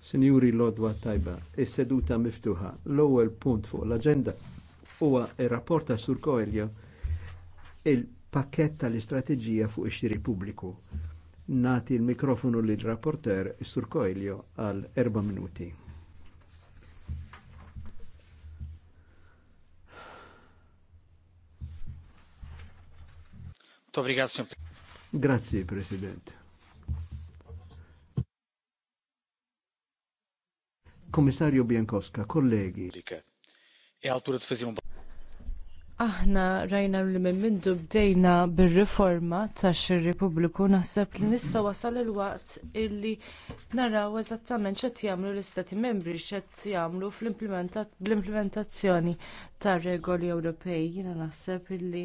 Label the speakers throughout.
Speaker 1: Signori Lodwa Tajba, is-seduta miftuħa. L-ewwel punt fuq l-aġenda huwa r rapporta Sur Koelja il-pakket tal-istrateġija fuq ix-xiri pubbliku. Nati l-mikrofonu lil rapporter Sur Koelja għal erba' minuti. Grazie, Presidente. Komissarju Bjankowska, kollegi. E
Speaker 2: Aħna rajna li minn mindu bdejna bir-riforma tax ir republiku naħseb li nissa wasal il-waqt illi naraw eżattament x'qed jagħmlu l-Istati Membri x'qed jagħmlu fl-implementazzjoni tar-regoli Ewropej. Jiena naħseb illi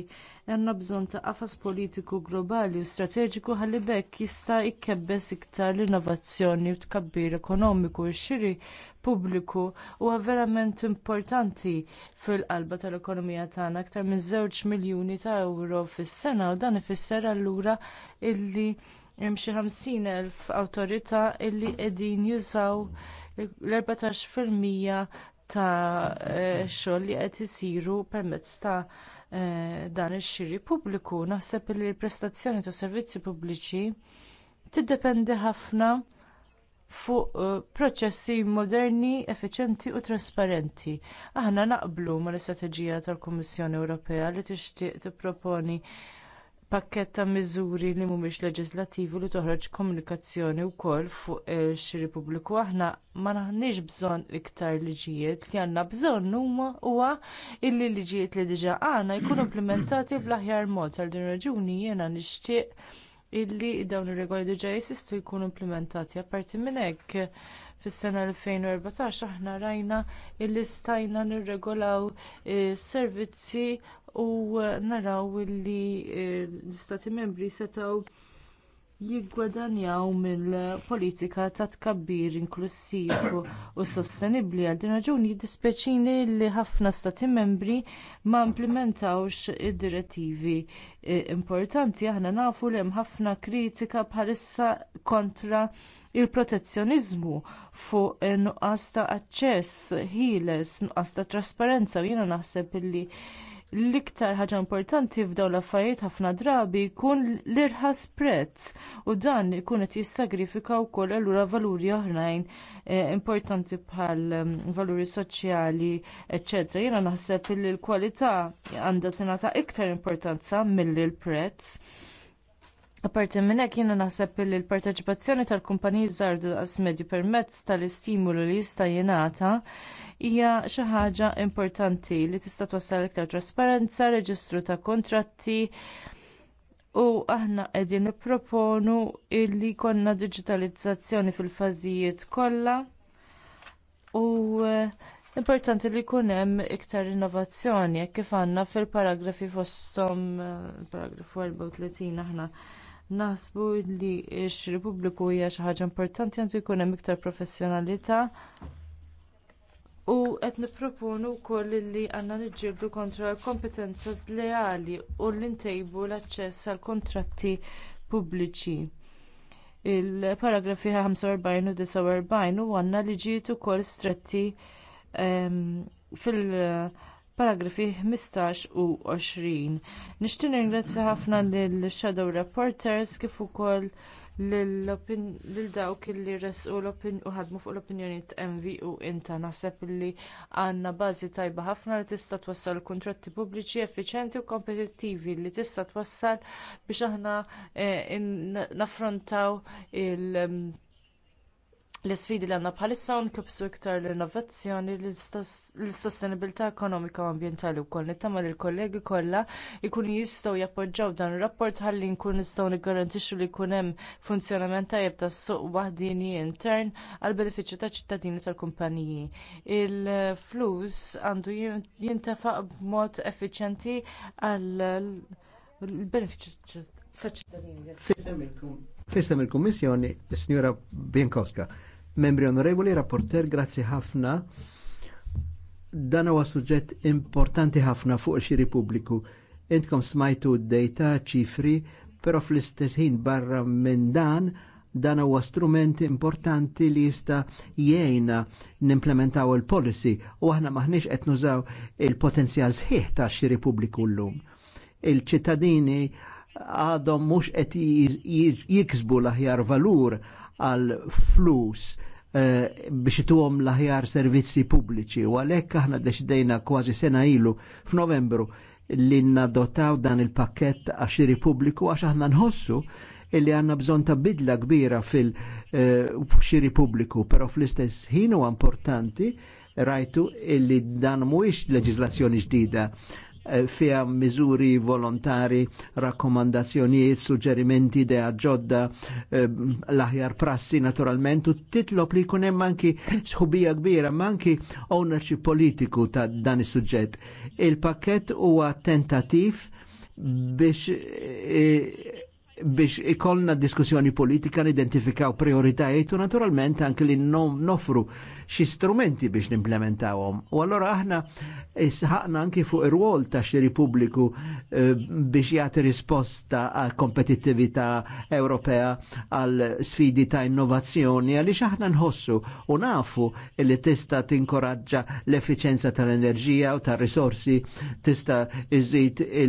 Speaker 2: għandna bżonn ta' qafas politiku globali u strateġiku ħalli bekk jista' jikkebbes iktar l-innovazzjoni u tkabbir ekonomiku u xiri pubbliku huwa verament importanti fil-qalba tal-ekonomija tagħna aktar minn żewġ miljuni ta' euro fis-sena u dan ifisser allura illi hemm xi ħamsin elf awtorità illi qegħdin jużaw l-14 fil-mija ta' eh, xogħol li qed isiru permezz ta' eh, dan ix-xiri pubbliku. Naħseb li l-prestazzjoni ta' servizzi pubbliċi tiddependi ħafna fuq eh, proċessi moderni, effiċjenti u trasparenti. Aħna naqblu mal istrateġija tal-Kummissjoni Ewropea li tixtieq tipproponi pakkett ta' miżuri li mhumiex leġislattivi li toħroġ komunikazzjoni wkoll fuq ix-xiri pubbliku aħna ma naħniex bżonn iktar liġijiet li għandna bżonn huma huwa illi liġijiet li diġà għandna jkunu implementati fl-aħjar mod għal din raġuni jiena nixtieq illi dawn ir-regoli diġà jeżistu jkunu implementati apparti minn hekk fis-sena 2014 aħna rajna illi stajna nirregolaw is-servizzi eh, u uh, naraw li uh, l-istati membri setgħu jiggwadanjaw mill-politika ta' tkabbir inklusiv u sostenibbli għal din raġuni jiddispjaċini li ħafna stati membri ma implementawx id-direttivi uh, importanti aħna nafu li hemm ħafna kritika bħalissa kontra il-protezzjoniżmu fuq nuqqas ta' aċċess ħiles, nuqqas ta' trasparenza u jiena naħseb illi l-iktar ħaġa importanti f'dawn l-affarijiet ħafna drabi jkun l-irħas prezz u dan ikun qed jissagrifika wkoll allura valuri oħrajn eh, importanti bħal mm, valuri soċjali, eċċ. Jiena naħseb li l-kwalità għandha tingħata iktar importanza milli l-prezz Apparti minn hekk jiena naħseb li l-parteċipazzjoni tal-kumpaniji żgħar daqs medju permezz tal-istimulu li jista' jingħata hija xi ħaġa importanti li tista' twassal iktar trasparenza, reġistru ta' kontratti. u aħna qegħdin nipproponu li jkollna diġitalizzazzjoni fil-fażijiet kollha u eh, Importanti li jkun hemm iktar innovazzjoni kif għandna fil-paragrafi fosthom eh, paragrafu 34 aħna naħsbu li x-xiri pubbliku hija xi ħaġa importanti għandu jkun hemm iktar professjonalità u qed nipproponu wkoll li għandna niġġieldu kontra l-kompetenza leali u li ntejbu l-aċċess għal kuntratti pubbliċi il-paragrafi 45 u 49 u għandna liġijiet ukoll stretti ehm, fil- paragrafi 15 u 20. Nixtieq ningrazzja ħafna lill-Shadow Reporters kif ukoll lil dawk li resqu u ħadmu fuq l-opinjonijiet MV u inta naħseb li għandna bażi tajba ħafna li tista' twassal kuntratti pubbliċi effiċjenti u kompetittivi li tista' twassal biex aħna eh, naffrontaw il- l-isfidi li għandna bħalissa nkibsu iktar l-innovazzjoni l-sostenibilità ekonomika u ambjentali wkoll nittama li l-kollegi kollha jkunu jistgħu jappoġġjaw dan ir-rapport ħalli nkunu nistgħu niggarantixxu li jkun hemm funzjonament tajjeb tas-suq waħdini intern għall benefiċċju taċ-ċittadini tal-kumpaniji. Il-flus għandu jintefaq b'mod effiċjenti għall
Speaker 1: benefiċċju taċ-ċittadini. Fisem il-Kummissjoni, Signora Bienkowska. Membri onorevoli, rapporter, grazie ħafna. Dan huwa suġġett importanti ħafna fuq xiri pubbliku. Intkom smajtu d-dejta ċifri, però fl-istess ħin barra minn dan dan huwa strument importanti li jista jgħinna nimplementaw il-policy u aħna maħniex qed nużaw il-potenzjal sħiħ ta' xiri pubbliku llum. Il-ċittadini għadhom mhux qed jiksbu l-aħjar valur għal flus eh, biex ituhom l-aħjar servizzi pubbliċi u għalhekk aħna deċidejna kważi sena ilu f'Novembru li nadotaw dan il-pakket għax pubbliku għax aħna nħossu illi għanna bżon ta' bidla kbira fil-xiri eh, pubbliku, pero fl-istess ħin u importanti rajtu illi dan mhuwiex leġislazzjoni ġdida Eh, fija mizuri volontari, rakkomandazzjonijiet, suġġerimenti, idea ġodda, eh, l prassi naturalment u titlop li kunem manki sħubija kbira, ma ownership politiku ta' dan is-suġġett. Il-pakket huwa tentativ biex eh, biex ikollna diskussjoni politika nidentifikaw prioritajiet u naturalment anki li nofru xi strumenti biex nimplementawhom. U allora aħna isħaqna anki fuq ir-rwol ta' xiri pubbliku eh, biex jagħti risposta għal kompetittività Ewropea għal sfidi ta' innovazzjoni għaliex aħna nħossu u nafu li tista' tinkoraġġa l effiċjenza tal-enerġija u tar-risorsi tista' iżid eh,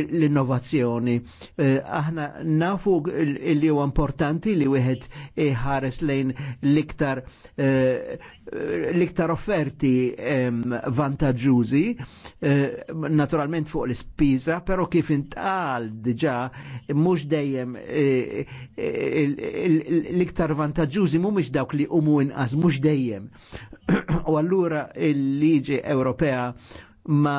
Speaker 1: l-innovazzjoni. Eh, aħna nafu li huwa importanti li wieħed iħares lejn l-iktar l-iktar eh, l-iktar offerti vantaġuzi vantaġġużi eh, naturalment fuq l-ispiża, però kif intqal diġà mhux dejjem eh, l-iktar vantaġuzi mhumiex dawk li umu inqas mhux dejjem. U allura il-liġi Ewropea ma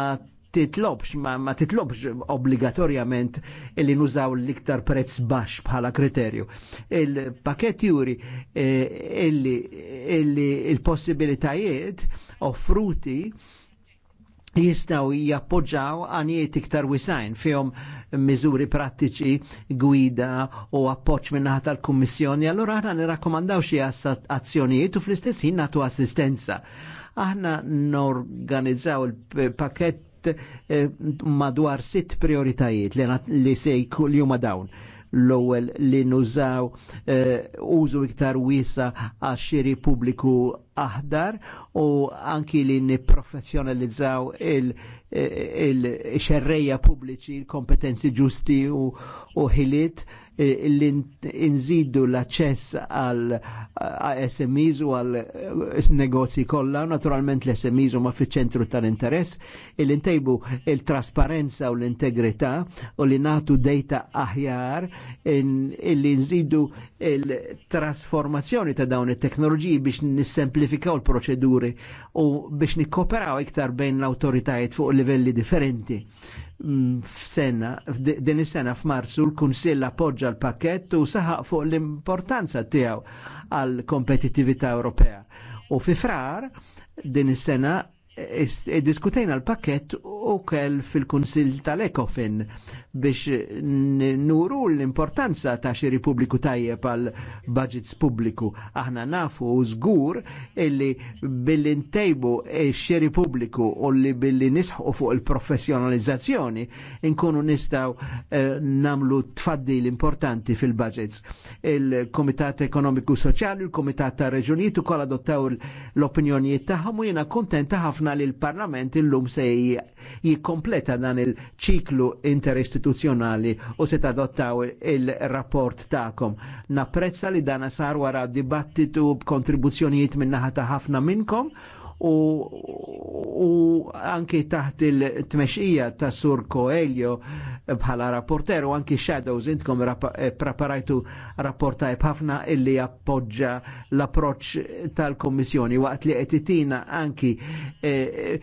Speaker 1: titlobx, ma, ma titlobx obbligatorjament li nużaw l-iktar prezz baxx bħala kriterju. il paket juri eh, illi il-possibilitajiet offruti jistaw jappoġġaw għanijiet iktar wisajn fihom miżuri prattiċi, gwida u appoċ minnaħat tal-Kummissjoni, allora aħna nirakkomandaw xi azzjonijiet u fl-istess ħin assistenza. Aħna norganizzaw il pakett Eh, madwar sitt prioritajiet li sej kull juma dawn l-ewwel li nużaw eh, użu iktar wiesa għax xiri pubbliku aħdar u anki li nipprofessjonalizzaw il-xerreja eh, pubbliċi, il-kompetenzi ġusti u ħiliet li nżidu l-aċċess għal SMEs u għal eh, negozji kollha, naturalment l-SMEs huma fiċ-ċentru tal-interess, li ntejbu il-trasparenza u l-integrità u li natu data aħjar illi nżidu il-trasformazzjoni ta' dawn it-teknoloġiji biex nissemplifikaw l-proċeduri u biex nikkoperaw iktar bejn l-autoritajiet fuq livelli differenti. Mm, F'senna, din is-sena f'Marzu l-Kunsill appoġġa l-pakkett u saħaq fuq l-importanza tiegħu għal kompetittività Ewropea. U fi frar din is-sena diskutejna l-pakkett u kell fil-Kunsil tal-Ekofin biex nuru l-importanza ta' xi Repubbliku tajjeb għal budgets pubbliku. Aħna nafu u żgur illi billi ntejbu xi Repubbliku u li billi nisħu fuq il-professjonalizzazzjoni inkunu nistaw eh, namlu tfaddil importanti fil-budgets. Il-Komitat Ekonomiku Soċjali, il-Komitat ta' Reġunijiet ukoll adottaw l-opinjonijiet tagħhom u jiena kuntenta ħafna li l-Parlament illum se jikkompleta dan il-ċiklu interistituzzjonali u se tadottaw il-rapport ta'kom. Napprezza li dana sar wara dibattitu b'kontribuzzjonijiet minnaħata ħafna minnkom u, u anki taħt il-tmexija ta' Sur Coelho bħala rapporter u anki Shadows intkom eh, preparajtu rapportaj bħafna illi appoġġa l-approċ tal-Kommissjoni waqt li qed anki eh,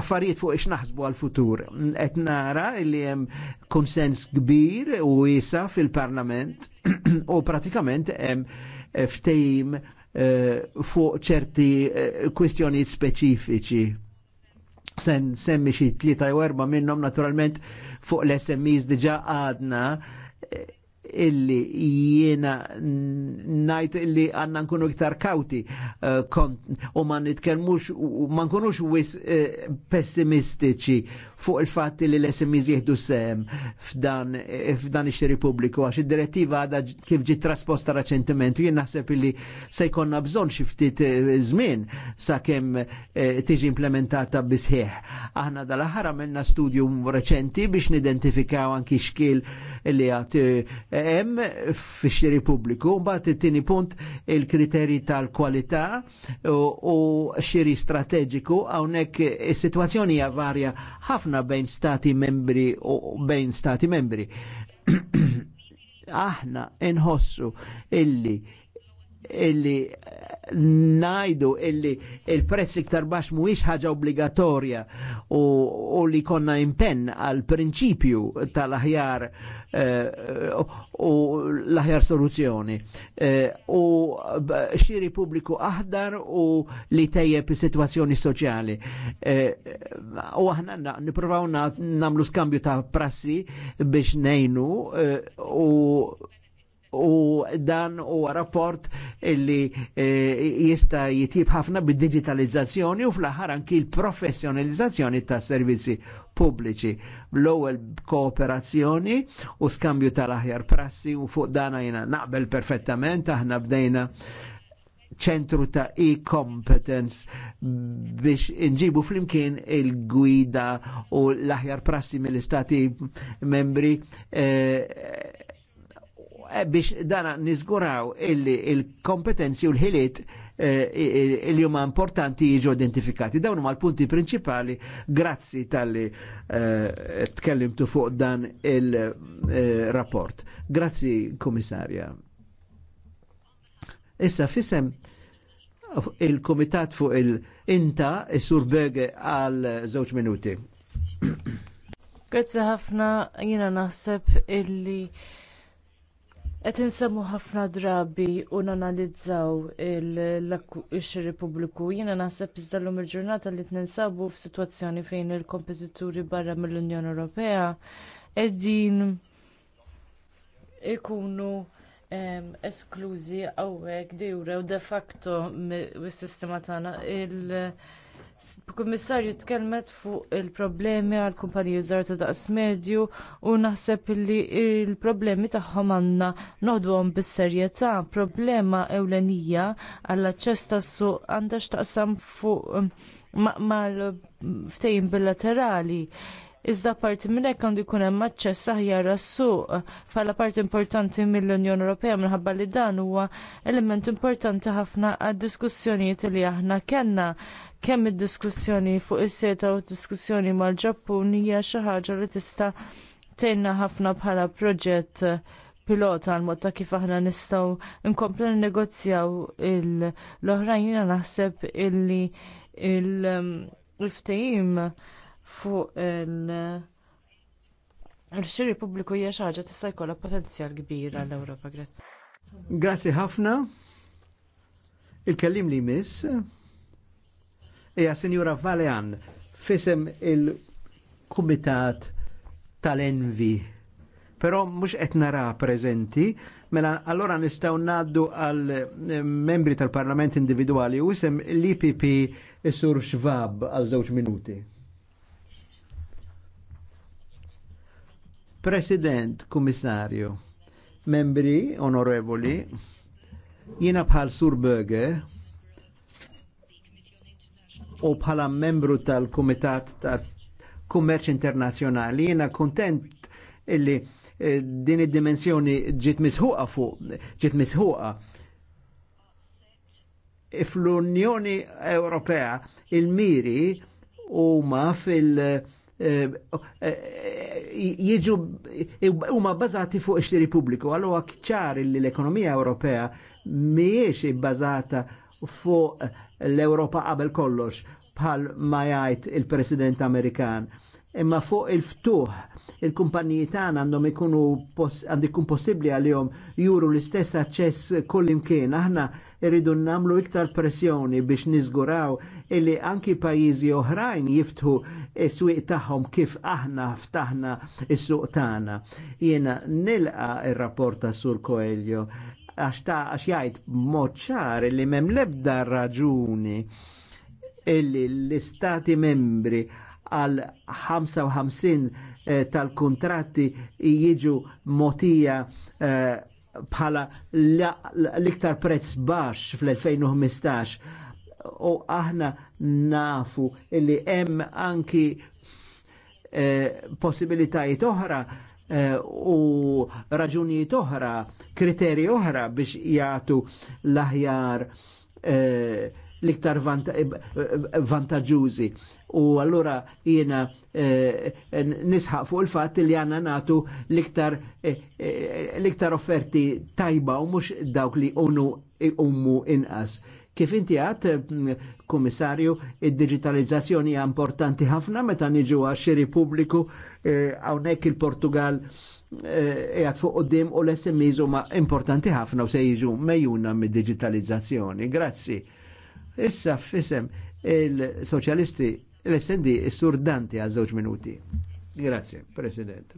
Speaker 1: affarijiet fuq ix-naħsbu għal-futur. Qed nara illi hemm konsens kbir u wiesa fil-Parlament u pratikament hemm ftejim Eh, fuq ċerti eh, kwistjoni speċifiċi. Sen semmi xi tlieta jew erba' minnhom naturalment fuq l-SMEs diġà għadna eh, illi jiena najt illi għanna nkunu iktar kawti u ma nitkelmux u ma nkunux wis uh, pessimistiċi fuq il fatti li l-SMEs jieħdu sem f'dan, f'dan ix-xiri pubbliku għax id-direttiva għadha kif ġiet trasposta reċentement u jien naħseb li se jkollna bżonn xi ftit eh, żmien sakemm eh, tiġi implementata bisħieħ. Aħna dal-aħħar għamilna studju reċenti biex nidentifikaw anki xkil li għat eh, hemm fix-xiri pubbliku, mbagħad it-tieni punt il-kriterji tal-kwalità u xiri strateġiku hawnhekk is-sitwazzjoni hija varja ħafna ħafna bejn stati membri u bejn stati membri. Aħna inħossu illi illi najdu illi il-prezz iktar baxx mhuwiex ħaġa obbligatorja u, u li konna impenn għal prinċipju tal-aħjar Eh, u l-aħjar soluzzjoni. Eh, u xiri pubbliku aħdar u li tejjeb is-sitwazzjoni soċjali. Eh, u aħna nippruvaw namlu skambju ta' prassi biex nejnu u u dan u rapport illi eh, jista jitjib ħafna bid-digitalizzazzjoni u fl-aħħar anki l-professjonalizzazzjoni ta' servizzi pubbliċi. L-ewwel kooperazzjoni u skambju tal-aħjar prassi u fuq dan jina naqbel perfettament aħna bdejna ċentru ta' e-competence biex inġibu flimkien il-gwida u l-aħjar prassi mill-istati membri eh, Eh, biex dana nizguraw il-kompetenzi il u l-ħiliet eh, il huma importanti jiġu identifikati. Dawn huma l-punti principali grazzi tal-li eh, tkellimtu fuq dan il-rapport. grazzi, komissarja. Issa fissem il-komitat fuq il-inta, il-sur Böge għal żewġ minuti. Grazzi ħafna,
Speaker 2: jina naħseb illi Qed insemmu ħafna drabi u nanalizzaw ix-xiri pubbliku jiena naħseb iżda llum il-ġurnata li ninsabu f'sitwazzjoni fejn il-kompetituri barra mill-Unjoni Ewropea qegħdin ikunu esklużi hawnhekk de u de facto mis-sistema tagħna il- kummissarju tkellmet fuq il-problemi għall kumpaniji żgħar ta' daqs medju u naħseb li l problemi tagħhom għandna noħduhom bis-serjetà. Problema ewlenija għall aċċess tas-suq għandha x'taqsam fuq um, mal-ftehim bilaterali. Iżda parti minn hekk għandu jkun hemm aċċess aħjar għas-suq bħala parti importanti mill-Unjoni Ewropea minħabba li dan huwa element importanti ħafna għad-diskussjonijiet li aħna kellna kemm id-diskussjoni fuq is-seta u d-diskussjoni mal-Ġappun hija xi ħaġa li tista' tgħinna ħafna bħala proġett pilota għal mod ta' kif aħna nistgħu nkomplu nnegozjaw l-oħrajn jiena naħseb illi um, l-ftehim fuq il-xiri pubbliku hija xi ħaġa tista' jkollha potenzjal kbir għall-Ewropa. Grazzi.
Speaker 1: Grazzi ħafna. Il-kellim li miss hija Signora Valean fisem il-Kumitat tal-Envi. Però mhux etnara nara mela allora nistgħu ngħaddu għal eh, membri tal-Parlament individuali u isem l-IPP Sur Schwab għal żewġ minuti. President, Kummissarju, membri onorevoli, jiena bħal Sur Böge, u bħala membru tal-Kumitat ta' Kummerċ Internazzjonali Jena kontent illi eh, din id-dimensjoni ġiet misħuqa fuq, ġiet misħuqa. Fl-Unjoni Ewropea il-miri huma fil- eh, eh, jiġu huma bbażati fuq ix-xiri pubbliku, għallu ċar li l-ekonomija Ewropea mhijiex bbażata fuq l-Europa qabel kollox bħal ma jgħid il-President Amerikan. Imma fuq il-ftuħ, il-kumpaniji tagħna għandhom ikunu għandu jkun possibbli għalihom juru l-istess aċċess kull imkien. Aħna irridu nagħmlu iktar pressjoni biex niżguraw illi anki pajjiżi oħrajn jiftħu is-swieq tagħhom kif aħna ftaħna is-suq tagħna. Jiena nilqa ir-rapport ta' Sur Coelho għax ta' għax jgħid moċċar li mem lebda raġuni illi l-istati membri għal 55 eh, tal-kontratti jiġu motija eh, bħala l-iktar prezz baxx fl-2015 u aħna nafu illi hemm anki eh, possibilitajiet oħra Eh, u raġuni toħra, kriteri oħra biex jgħatu l-aħjar eh, l-iktar eh, U allura jiena nisħaq fuq il-fatt li għanna natu l-iktar offerti tajba u mux dawk li unu ummu inqas. Kif inti għat, mm, komissarju, id-digitalizzazzjoni importanti ħafna meta niġu għaxxiri pubbliku hawnhekk il-Portugal eh, qiegħed fuq qudiem u l-SMEs huma importanti ħafna u se jiġu mejjuna mid-digitalizzazzjoni. Grazzi. Issa fisem il-soċjalisti l-SND is-sur Danti għal żewġ minuti. Grazzi, President.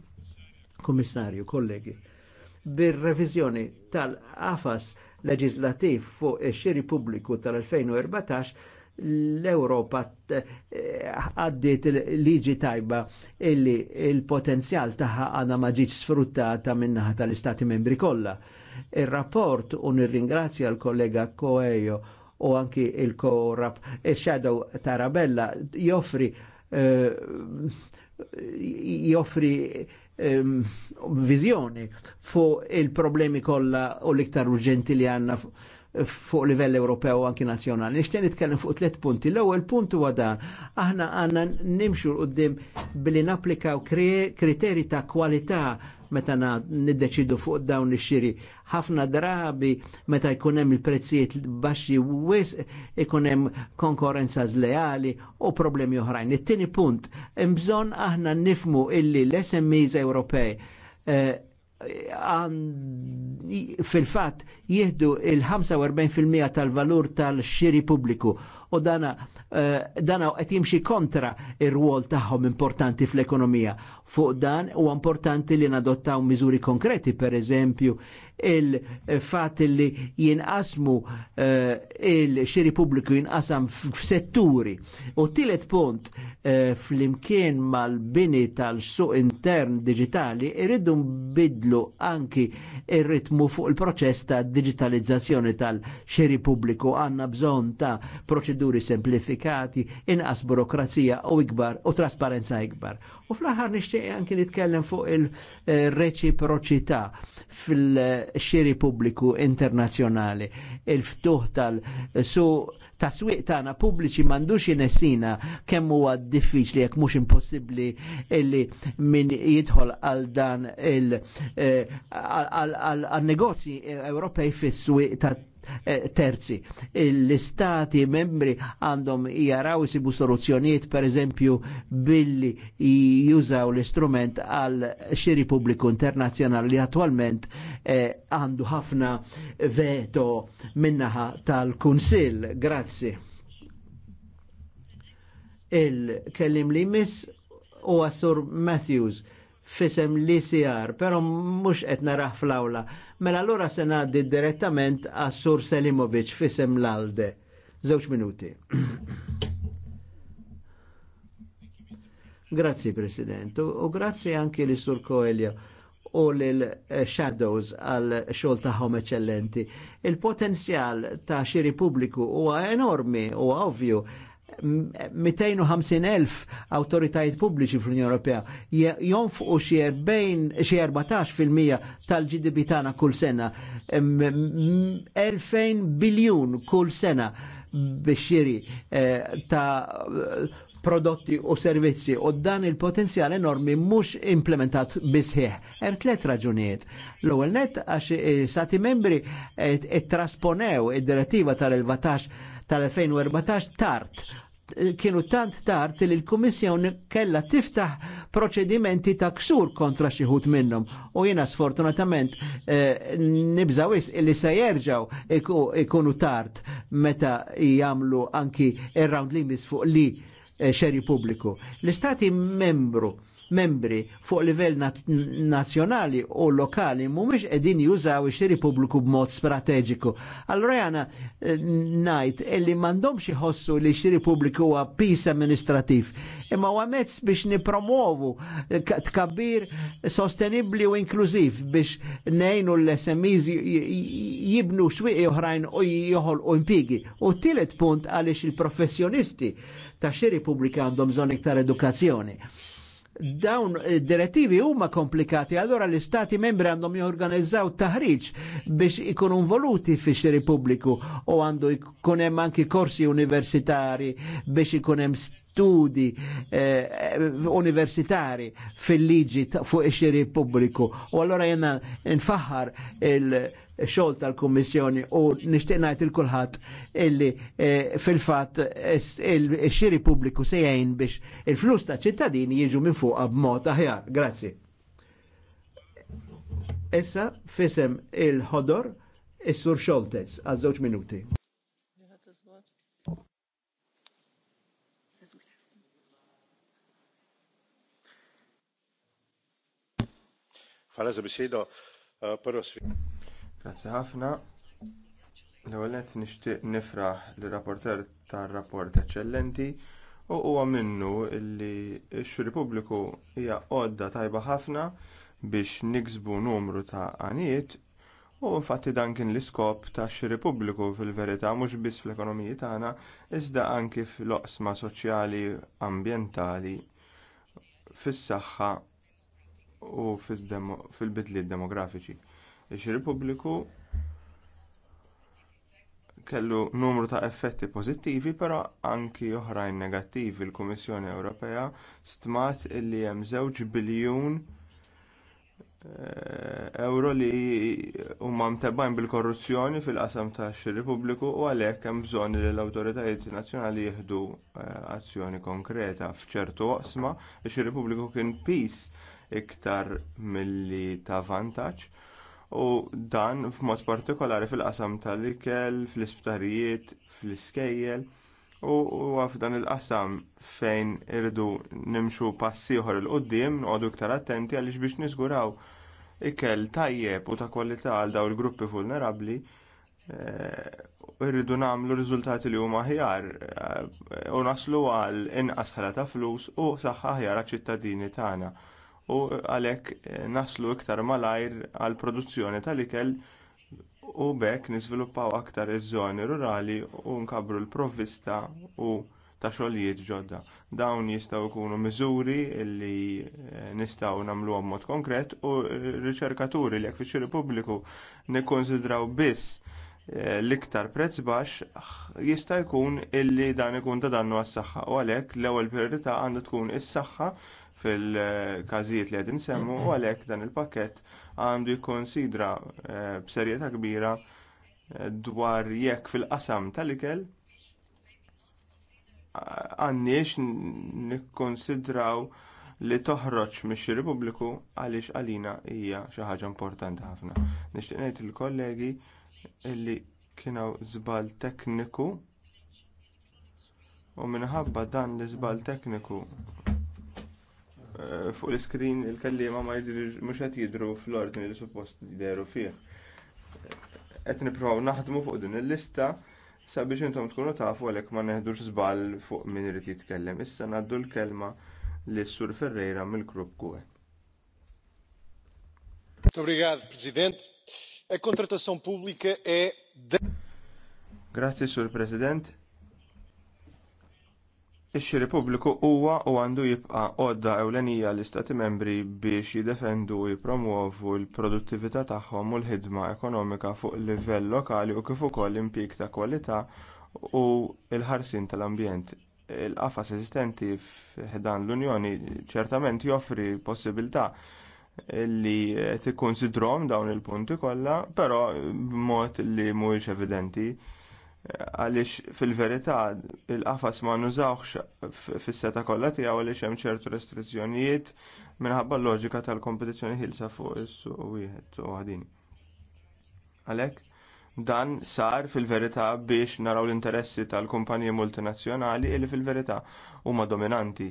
Speaker 1: Komissarju, kollegi. Bir-reviżjoni tal-AFAS leġislativ fuq ix-xiri pubbliku tal-2014 l-Europa eh, għaddit liġi tajba illi il-potenzjal taħħa għana maġiċ sfruttata minnaħa tal-Istati membri kollha. Il-rapport un nirringrazzja l-kollega Coelho u anki il-korab, il-shadow e Tarabella joffri uh, joffri um, eh, vizjoni fu il-problemi kolla u l-iktar urġenti li għanna fuq livell Ewropew u anki nazzjonali. Nixtieq nitkellem fuq tliet punti. L-ewwel punt huwa dan. Aħna għandna nimxu qudiem billi napplikaw kriteri ta' kwalità meta niddeċidu fuq dawn ix-xiri. Ħafna drabi meta jkun hemm il-prezzijiet baxxi wisq ikun hemm konkurenza żleali u problemi oħrajn. It-tieni punt, hemm bżonn aħna nifmu illi l-SMEs Ewropej eh, fil-fat jihdu il-45% tal-valur tal-xiri pubbliku u dana eh, dana qed jimxi kontra ir-rwol tagħhom importanti fl-ekonomija. Fuq dan u importanti li nadottaw miżuri konkreti, per eżempju, il-fat li jinqasmu eh, il-xiri pubbliku jinqasam f'setturi. U tielet punt eh, fl-imkien mal-bini tal-suq intern digitali irridu nbidlu anki ir-ritmu fuq il-proċess ta' digitalizzazzjoni tal-xiri pubbliku għanna bżon ta' proċeduri proċeduri semplifikati, inqas burokrazija u ikbar u trasparenza ikbar. U fl-aħħar nixtieq anki nitkellem fuq il-reċiproċità fil-xiri pubbliku internazzjonali, il-ftuħ tal-su taswiq tagħna pubbliċi m'għandux inessina kemm huwa diffiċli jekk mhux impossibbli illi min jidħol għal dan il eh, negozji Ewropej fis-swieq Eh, terzi. L-istati membri għandhom jaraw isibu soluzzjoniet per eżempju billi jużaw l-istrument għal xiri pubbliku internazzjonali li attualment eh, għandu ħafna veto minnaħa tal-Kunsil. Grazzi. Il-kellim li miss u għassur Matthews fisem li sijar, pero mux qed raħ fl-awla. Mela allura se ngħaddi direttament għassur Selimovic fisem l-Alde. Żewġ minuti. grazzi President, u grazzi anki li Sur Koelja u l-Shadows eh, għal xol taħħom eccellenti. Il-potenzjal ta' xiri pubbliku huwa enormi u ovvju 250.000 autoritajiet pubbliċi fl-Unjoni Ewropea jonfqu xi 14% tal-GDP tagħna kull sena. 2000 biljun kull sena biex jiri eh, ta' prodotti u servizzi u dan il-potenzjal enormi mhux implementat bisħieħ. Er tliet raġunijiet. L-ewwel net għax stati membri trasponew id-direttiva tal-14 tal-2014 tard kienu tant tard li l-Kummissjoni kella tiftaħ proċedimenti ta' ksur kontra xi ħut minnhom. U jiena sfortunatament eh, nibżaw nibżawis li se jerġgħu ikunu tard meta jagħmlu anki ir-round limits fuq li eh, xeri pubbliku. L-istati membru membri fuq livell nazzjonali u lokali mhumiex qegħdin jużaw ix-xiri pubbliku b'mod strateġiku. Allura jana eh, ngħid illi m'għandhomx iħossu li x-xiri pubbliku huwa pis amministrativ, imma huwa mezz biex nipromovu eh, tkabbir sostenibbli u inklużiv biex nejnu l-SMEs jibnu xwieqi oħrajn u u impigi. U tielet punt għaliex il-professjonisti ta' xiri pubblika għandhom bżonn iktar edukazzjoni dawn direttivi huma komplikati, allora l-istati membri għandhom jorganizzaw taħriġ biex ikunu involuti fi xiri pubbliku u għandu ikun hemm anki korsi universitari biex ikunem studi eh, universitari fil-liġi fuq ix-xiri pubbliku. U allora jenna nfaħħar il- xol tal kommissjoni u nixtieq ngħid il kulħadd illi eh, fil-fatt il-xiri pubbliku se jgħin biex il-flus ta' ċittadini jiġu minn fuqha b'mod aħjar. Grazzi. Issa fisem il-ħodor is-sur Xoltes għal żewġ minuti.
Speaker 3: Hvala za besedo. Eh, prvo svet.
Speaker 4: Grazzi ħafna. L-ewwel qed nixtieq nifraħ l rapporter tar-rapport eċċellenti u huwa minnu li x-xuri pubbliku hija għodda tajba ħafna biex niksbu numru ta' għanijiet u infatti dan kien l-iskop ta' xiri pubbliku fil-verità mhux biss fl-ekonomiji tagħna iżda anki fl-oqsma soċjali ambjentali fis-saħħa u fil-bidliet demografiċi. Ix-Repubbliku kellu numru ta' effetti pożittivi però anki oħrajn negattivi l-Kummissjoni Ewropea stmat li hemm żewġ biljun eh, euro li huma mtebbgħin bil-korruzzjoni fil-qasam tax-Repubbliku u għalhekk hemm bżonn li l-awtoritajiet nazzjonali jieħdu eh, azzjoni konkreta f'ċertu oqsma biex ir-Repubbliku kien peace iktar milli ta' vantaġġ u dan f'mod partikolari fil-qasam tal-ikel, fl-isptarijiet, fl-iskejjel u f'dan il-qasam fejn irridu nimxu pass ieħor il qudiem noqogħdu iktar attenti għaliex biex niżguraw ikel tajjeb u ta' kwalità għal dawn il-gruppi vulnerabbli eh, irridu nagħmlu riżultati li huma aħjar eh, u naslu għal inqas ħala ta' flus u saħħa aħjar għaċ-ċittadini tagħna u għalhekk eh, naslu iktar malajr għall produzzjoni tal-ikel u b'hekk niżviluppaw aktar iż-żoni rurali u nkabbru l-provvista u ta' xogħlijiet ġodda. Dawn jistgħu jkunu miżuri li eh, nistgħu nagħmluhom mod konkret u r-riċerkaturi li jekk fix pubbliku nikkonsidraw biss eh, l-iktar prezz baxx jista' jkun illi dan ikun ta' dannu għas-saħħa u għalhekk l-ewwel priorità għandha tkun is-saħħa fil-każijiet li qed insemmu u għalhekk dan il-pakkett għandu jikkunsidra eh, b'serjetà kbira eh, dwar jekk fil-qasam tal-ikel għandniex nikkonsidraw li toħroġ mix pubbliku għaliex għalina hija xi ħaġa importanti ħafna. Nixtieq ngħid il-kollegi li kienu żball tekniku u minħabba dan l-iżball tekniku Eh, fuq l-iskrin il-kellima ma jidri mux għet jidru fl-ordni li suppost jidru fih. Għet niprofaw naħdmu fuq din il-lista sabiex intom tkunu tafu għalek ma neħdux zbal fuq min irid jitkellem. Issa naddu l-kelma li sur Ferreira mill-grupp Kue. Obrigado, Presidente. Grazie, Sur President ix-xiri pubbliku huwa u għandu jibqa' għodda ewlenija l-istati membri biex jiddefendu u jippromuovu l-produttività tagħhom u l-ħidma ekonomika fuq livell lokali u kif ukoll impjieg ta' kwalità u l-ħarsien tal-ambjent. Il-qafas eżistenti f'dan l-Unjoni ċertament joffri possibilità li tikkunsidrom dawn il-punti kollha, però b'mod li mhuwiex evidenti għaliex fil-verità il-qafas ma nużawx fis-seta kollha tiegħu għaliex hemm ċertu restrizzjonijiet minħabba l-loġika tal-kompetizzjoni ħilsa fuq is-suq wieħed u għadin. Għalhekk dan sar fil-verità biex naraw l-interessi tal-kumpaniji multinazzjonali li fil-verità huma dominanti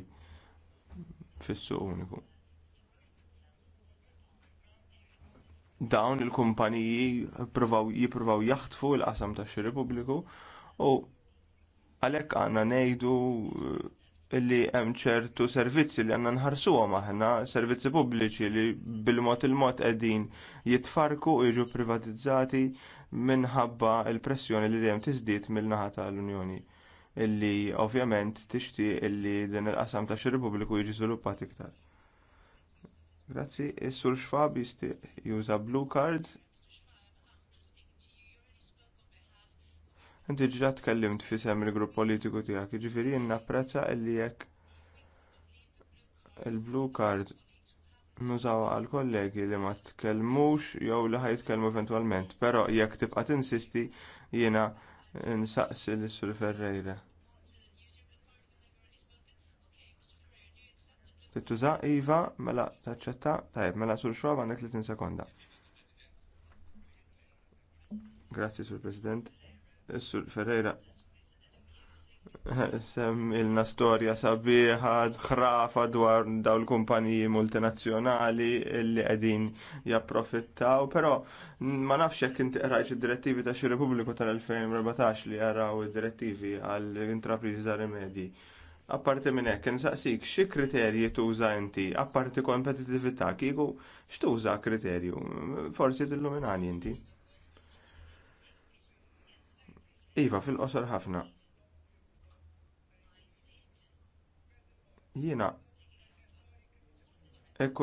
Speaker 4: fis-suq uniku. dawn il-kumpaniji jippruvaw jaħtfu l-qasam tax xi Repubbliku u għalhekk għandna ngħidu eh, li hemm ċertu servizzi li għandna nħarsuhom aħna, servizzi pubbliċi li bil-mod il-mod qegħdin jitfarku u jiġu privatizzati minħabba l pressjoni li dejjem tiżdied mill-naħa tal-Unjoni illi ovvjament tixtieq illi din il-qasam ta' Xi Repubbliku jiġi żviluppat iktar. Grazzi, is-sur e Schwab jista' juża blue card. Inti ġra tkellimt f'isem il-grupp politiku tiegħek, jiġifieri napprezza li jekk il-blue card nużawha għal kollegi li ma tkellmux jew li ħajtkellmu eventwalment, però jekk tibqa' tinsisti jiena nsaqsi lis sur Ferreira. Tittuża iva mela taċċetta tajjeb mela sur xogħol għandek 30 sekonda. Grazzi sur President. Sur Ferreira Semmilna storja sabiħa ħrafa dwar daw l-kumpaniji multinazzjonali li qegħdin japprofittaw, però ma nafx jekk inti qrajx id-direttivi ta' xi Repubbliku tal-2014 li jaraw id-direttivi għall intrapriżi ta' rimedji Apparti minn hekk insaqsik xi kriterji tuża inti, apparti kompetitività kieku x'tuża kriterju, forsi tilluminani inti. Iva fil-qosor ħafna. Jiena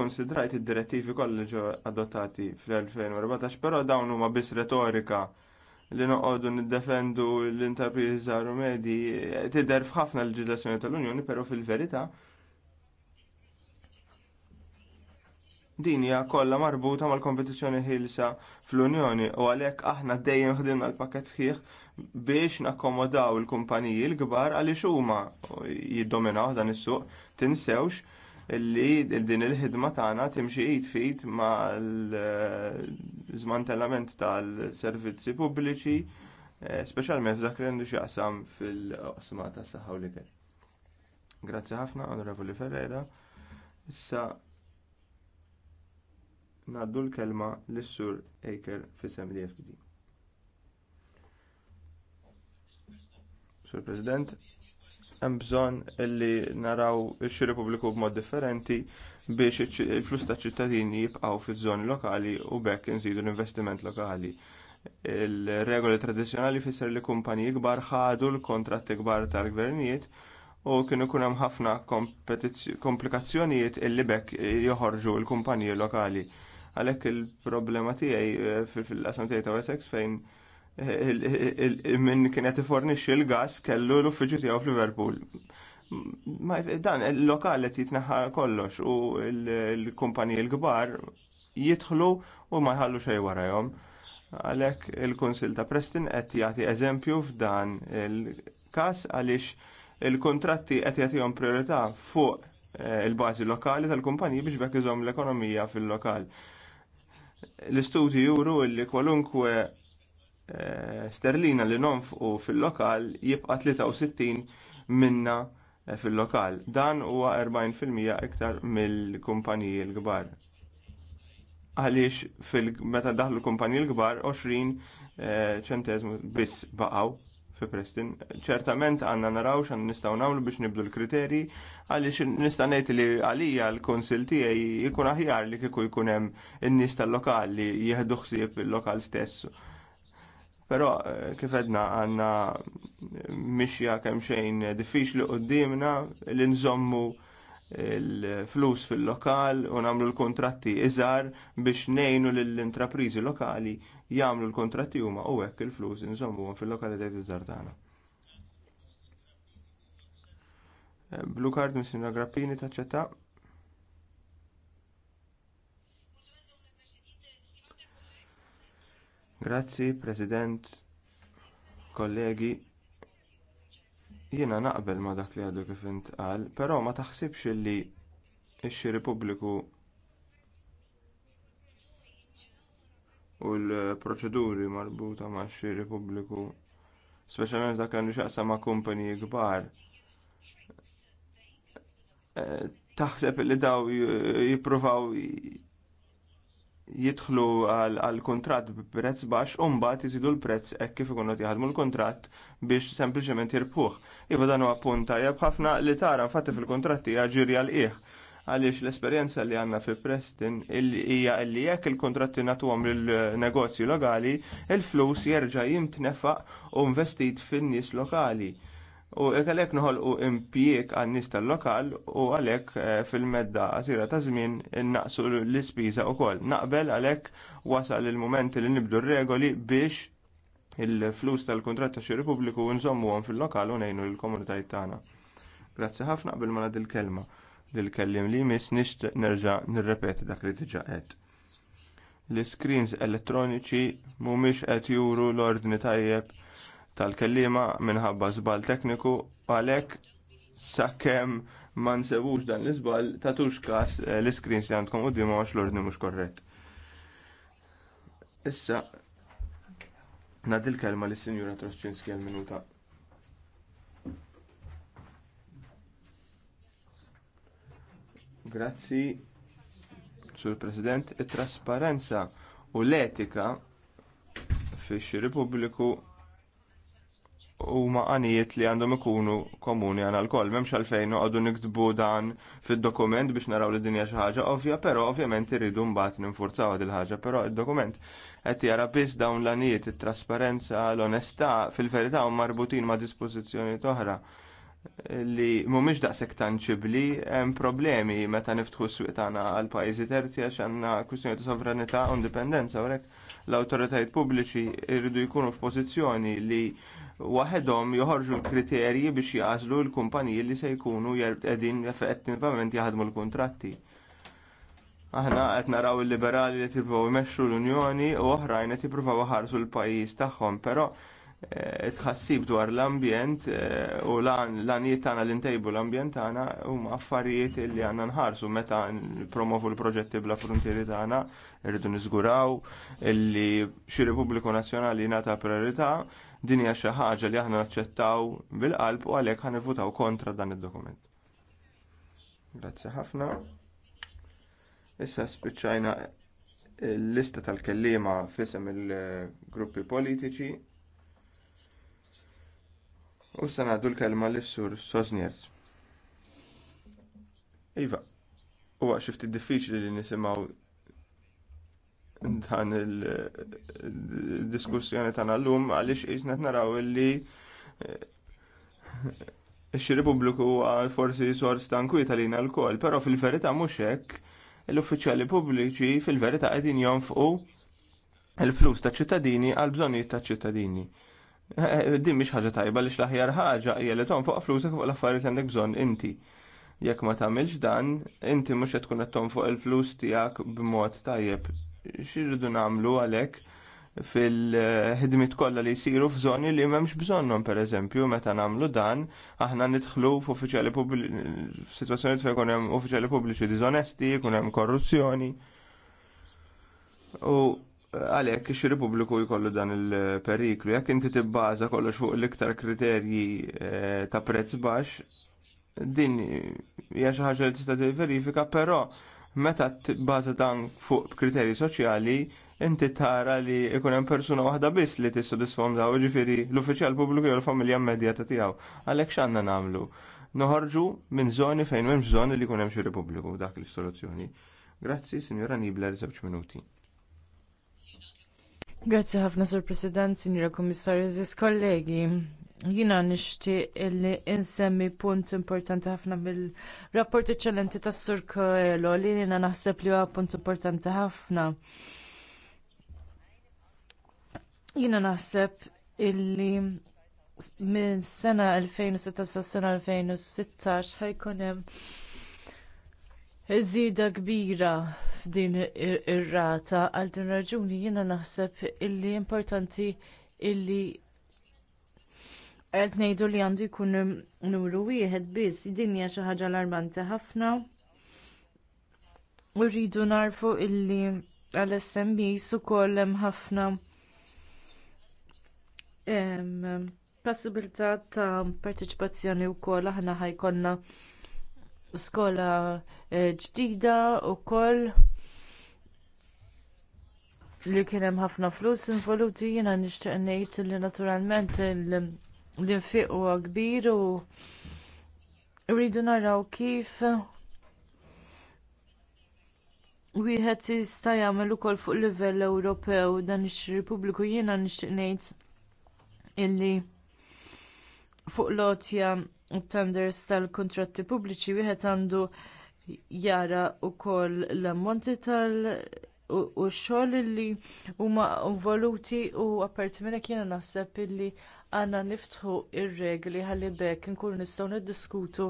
Speaker 4: konsidrajt id-direttivi kollu ġew adottati fl-2014, però dawn huma biss retorika li noqogħdu niddefendu l-intrapriża rumedi tidher f'ħafna l l-ġidazzjoni tal-Unjoni, però fil-verità din hija kollha marbuta mal-kompetizzjoni ħilsa fl-Unjoni u għalhekk aħna dejjem ħdimna l-pakket sħiħ biex nakkomodaw il-kumpaniji l-kbar għaliex huma jiddominaw dan is-suq tinsewx Illi din il-ħidma tagħna timxi id fit ma' l-żmantellament tal-servizzi pubbliċi, eh, speċjalment dak li għandu x'jaqsam fil-qosma tas-saħħa u l-ikel. Grazzi ħafna, Onorevoli Ferreira. Issa ngħaddu l-kelma lis-sur Aker fisem l-FDD. Sur President, hemm bżonn li naraw ix-xiri pubbliku b'mod differenti biex il-flus ta' ċittadini jibqgħu fiż-żoni lokali u bekk inżidu l-investiment lokali. Il-regoli tradizzjonali fisser li kumpaniji kbar ħadu l-kontratti kbar tal-gvernijiet u kienu kun hemm ħafna komplikazzjonijiet illi bekk joħorġu l-kumpaniji lokali. Għalhekk il-problema tiegħi eh, fil-qasam tiegħi ta' Wessex fejn minn kienet ifornixxi l-gas kellu l-uffiċċju tiegħu f'Liverpool. Ma dan il-lokal qed jitneħħa kollox u l-kumpaniji l-kbar jidħlu u ma jħallu xejn warahom. Għalhekk il-Kunsil ta' Preston qed jagħti eżempju f'dan il-każ għaliex il-kontratti qed jagħtihom priorità fuq eh, il-bażi lokali tal-kumpaniji biex bekk iżhom l-ekonomija fil-lokal. L-istudji juru li kwalunkwe Eh, sterlina li nonfqu fil-lokal jibqa' 63 minna eh, fil-lokal. Dan huwa 40% iktar mill-kumpaniji l-kbar. Għaliex meta daħlu l-kumpaniji l-kbar 20 eh, ċentezmu biss baqgħu fi Preston. ċertament għandna naraw xan nistgħu nagħmlu biex nibdu l-kriterji għaliex nista' ngħid li għalija l-konsil tiegħi jkun aħjar li kieku jkun hemm in-nies tal-lokal li jieħdu ħsieb il-lokal stess Però eh, kif edna għanna mixja kemm xejn diffiċli għoddimna li nżommu il-flus fil-lokal u nagħmlu l-kontratti iżgħar biex ngħinu lill-intrapriżi lokali jagħmlu l-kontratti huma u hekk il-flus inżommuhom fil-lokalitajt iżar tagħna. Eh, Blue card minn Grappini taċċetta. Grazzi, President, kollegi. Jiena naqbel ma dak li għadu kif intqal, però ma taħsibx li x xi Repubbliku u l-proċeduri marbuta ma' xi pubbliku, speċjalment dak li xaqsa ma' kumpaniji kbar. Eh, taħseb li daw jippruvaw jidħlu għal kuntratt bi prezz baxx u mbagħad iżidu l-prezz hekk kif ikunu jaħdmu l kuntratt biex sempliċement jirbħuh. Iva dan huwa punt tajjeb ħafna li tara infatti fil-kontratti ġiri għal qiegħ għaliex l-esperjenza li għandna fi Preston hija li jekk il-kontratti nagħtuhom lin negozji lokali, il-flus jerġa' jintnefaq u investit fin-nies lokali u għalek nħol u impijek għan tal-lokal u għalek eh, fil-medda għasira ta' zmin naqsu l-ispiża u kol. Naqbel għalek wasal il-moment li nibdu regoli biex il-flus tal-kontrat ta' xir publiku nżommu għan fil-lokal u nejnu l-komunitajt tagħna. Grazzi ħafna qbel ma il kelma l-kellim li mis nisht nerġa nirrepeti dak li diġa qed. L-screens elettroniċi mhumiex qed juru l-ordni tajjeb tal-kellima minħabba żball tekniku għalhekk sakemm ma nsewux dan l-iżball tagħtux każ eh, l-iskrin li għandkom quddiem għax l-ordni mhux korrett. Issa nadil kelma lis-Sinjura Trosċinski għal minuta. Grazzi, Sur President, it-trasparenza u l-etika fix-xiri pubbliku huma għanijiet li għandhom ikunu komuni għana l-koll. Memx għalfejn għadu niktbu dan fil-dokument biex naraw li dinja xaħġa ovvja, pero ovvjament irridu mbagħad ninfurzaw għad il-ħaġa, pero il-dokument qed jara biss dawn l-għanijiet, it-trasparenza, l onesta fil-verità huma marbutin ma' dispozizjoni oħra li mhumiex daqshekk tanċibli hemm problemi meta niftħu s-swieq tagħna għal pajjiżi terzi għax għandna kwistjoni ta' sovranità u indipendenza u l-awtoritajiet pubbliċi jridu jkunu f'pożizzjoni li waħedhom joħorġu l-kriterji biex jaqżlu l-kumpaniji li se jkunu qegħdin effettivament jaħdmu l-kuntratti. Aħna qed naraw il-liberali li tippruvaw imexxu l-Unjoni u oħrajn qed jippruvaw iħarsu l-pajjiż tagħhom, però eh, tħassib dwar l-ambjent eh, u l-għaniet tagħna l ntejbu l-ambjent tagħna huma affarijiet li għandna nħarsu meta promovu l-proġetti bla frontieri tagħna irridu niżguraw li xi Repubbliku Nazzjonali nata priorità Din hija xi ħaġa li aħna naċċettaw bil-qalb u għalhekk ħanivvutaw kontra dan id-dokument. Grazzi ħafna. Issa spiċċajna l-lista tal kelliema f'isem il-gruppi politiċi. U sanadu l-kelma l-sur Sosniers. Iva, huwa xifti diffiċli li nisimgħu dan il-diskussjoni tagħna llum għaliex qisna naraw li eh, x xiri pubbliku forsi sors tankwita lina l-kol, però fil-verità mhux hekk l-uffiċjali pubbliċi fil-verità qegħdin jonfqu l-flus ta' ċittadini għal bżonnijiet taċ ċittadini. Eh, eh, din mhix ħaġa tajba li l-aħjar ħaġa hija li tonfoq flusek fuq l-affarijiet li għandek bżonn inti. Jekk ma tagħmilx dan, inti mhux qed tkun qed tonfoq il-flus tiegħek b'mod tajjeb xirridu nagħmlu għalhekk fil-ħidmit kollha li jsiru f'żoni li m'hemmx bżonnhom pereżempju meta nagħmlu dan aħna nidħlu f'uffiċjali pubbliċi f'sitwazzjonijiet fejn hemm uffiċjali pubbliċi diżonesti, jkun hemm korruzzjoni. U għalhekk ix-xiri pubbliku jkollu dan il-periklu. Jekk inti tibbaża kollox fuq l-iktar kriterji eh, ta' prezz baxx, din hija xi ħaġa li tista' verifika, però meta tibbaża dan fuq kriterji soċjali, inti tara li jkun hemm persuna waħda biss li tissodisfahom daw, jiġifieri l-uffiċjal pubbliku jew l-familja immedjata tiegħu. Għalhekk x'għandna nagħmlu? Noħorġu minn żoni fejn m'hemmx żoni li jkun hemm xi Repubbliku dak l istoluzzjoni Grazzi, Sinjora Nibler, żewġ minuti.
Speaker 2: Grazzi ħafna, Sur President, Sinjora Kommissarju, Ziz kollegi. Jina nishti illi insemmi punt importanti ħafna mill-rapport eċċellenti tas Sur Coelho li jina naħseb li huwa punt importanti ħafna. Jina naħseb illi minn sena 2016 sa sena 2016 ħajkun hemm Iżida kbira f'din ir-rata għal din raġuni jiena naħseb illi importanti illi qed ngħidu li għandu jkun numru wieħed biss din hija xi ħaġa alarmanti ħafna u rridu narfu illi għal smbs ukoll hemm ħafna possibilità ta' parteċipazzjoni wkoll aħna ħajkonna skola eh, ġdida wkoll li kien hemm ħafna flus involuti jiena nixtieq ngħid li naturalment l-infiq huwa kbir u rridu naraw kif wieħed jista' jagħmel ukoll fuq livell Ewropew dan ix-xiri jiena nixtieq ngħid illi fuq lotja u tenders tal-kuntratti pubbliċi wieħed għandu jara wkoll l-ammonti tal- u x-xogħol li huma voluti u apparti minn hekk jiena naħseb illi għandna niftħu r regli ħalli bekk inkunu nistgħu niddiskutu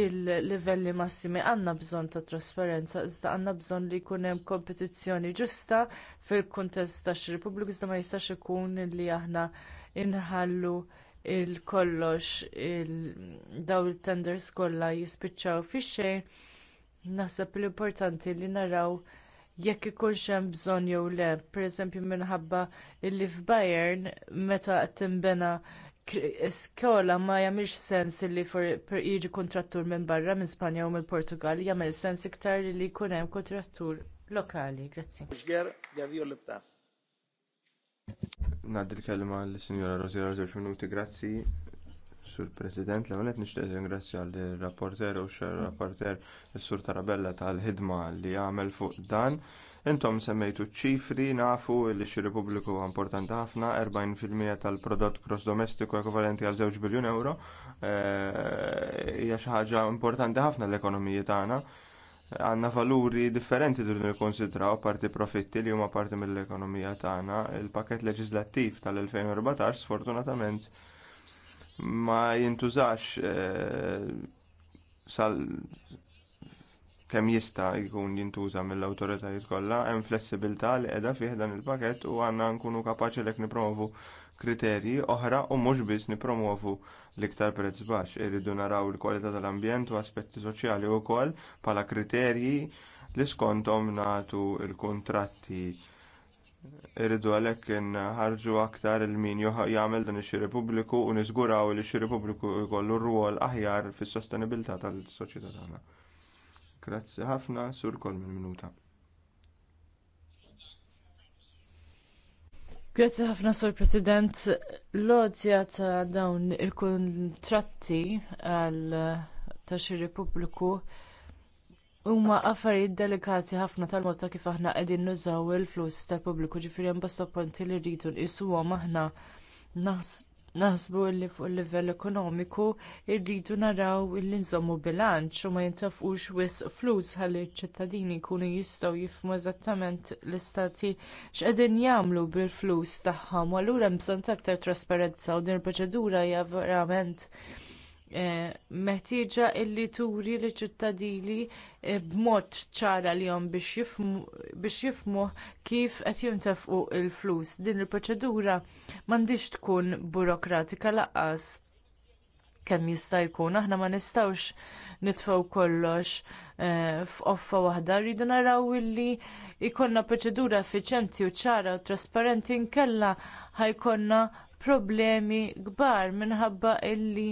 Speaker 2: il-livelli massimi għandna bżonn ta' trasparenza, iżda għandna bżonn li jkun hemm kompetizzjoni ġusta fil-kuntest tax xiri pubbliku iżda ma jistax ikun li aħna inħallu il-kollox il daw il-tenders kollha jispiċċaw fix xejn. Naħseb l-importanti li naraw jekk ikunx hemm bżonn jew le, pereżempju minħabba li f'Bayern meta timbena tinbena skola ma jagħmilx sens li jiġi kuntrattur minn barra minn Spanja u mill Portugal, jagħmel sens iktar li jkun hemm kuntrattur lokali.
Speaker 3: Grazzi.
Speaker 4: Naddi l-kelma l-Sinjora Rosira minuti, grazzi. Sur President, l għonet nixtieq ringrazzja l rapporter u xer rapporter Sur Tarabella tal-ħidma li għamel fuq dan. Intom semmejtu ċifri nafu li xi Repubbliku importanti ħafna 40% tal-prodott gross domestiku ekvivalenti għal 2 biljun euro. Eh, hija xi ħaġa importanti ħafna l-ekonomiji tagħna għanna valuri differenti dun nikkonsidraw parti profitti li huma parti mill-ekonomija tagħna. Il-pakett leġislattiv tal-2014 sfortunatament ma jintużax eh, sal kemm jista' jkun jintuża mill-awtoritajiet kollha hemm flessibilità li qiegħda fih dan il-pakett u għandna nkunu kapaċi lek nipromovu kriterji oħra u mhux biss nippromovu l-iktar prezz baxx. Irridu naraw il-kwalità tal-ambjent u aspetti soċjali wkoll bħala kriterji li skontom nagħtu l-kuntratti Irridu għalhekk inħarġu aktar il min jagħmel dan ix-xiri pubbliku u niżguraw li xi xiri pubbliku jkollu rwol aħjar fis-sostenibilità tal-soċjetà tagħna. Grazzi ħafna sur kol minuta.
Speaker 2: Grazzi ħafna Sur President. Lodja ta' dawn il kuntratti għal ta' xi Repubbliku huma affarijiet delikati ħafna tal-mod ta' kif aħna qegħdin nużaw il-flus tal-pubbliku ġifieri hemm bosta punti li rridu nqisuhom aħna naħsbu li fuq il-livell ekonomiku rridu naraw li nżommu bilanċ u ma jintafux wisq flus ħalli ċ-ċittadini jkunu jistgħu jifhmu eżattament l-istati x'qegħdin jagħmlu bil-flus tagħhom u allura hemm bżonn ta' aktar trasparenza u din il-proċedura hija verament Eh, meħtieġa li turi liċ ċittadini eh, b'mod ċara lihom biex jifhmu kif qed jintefqu l-flus. Din il-proċedura m'għandix tkun burokratika lanqas kemm jista' jkun aħna ma nistgħux nitfgħu kollox eh, f'offa waħda rridu naraw illi jkollna proċedura effiċjenti u ċara u trasparenti nkella ħajkollna problemi kbar minħabba illi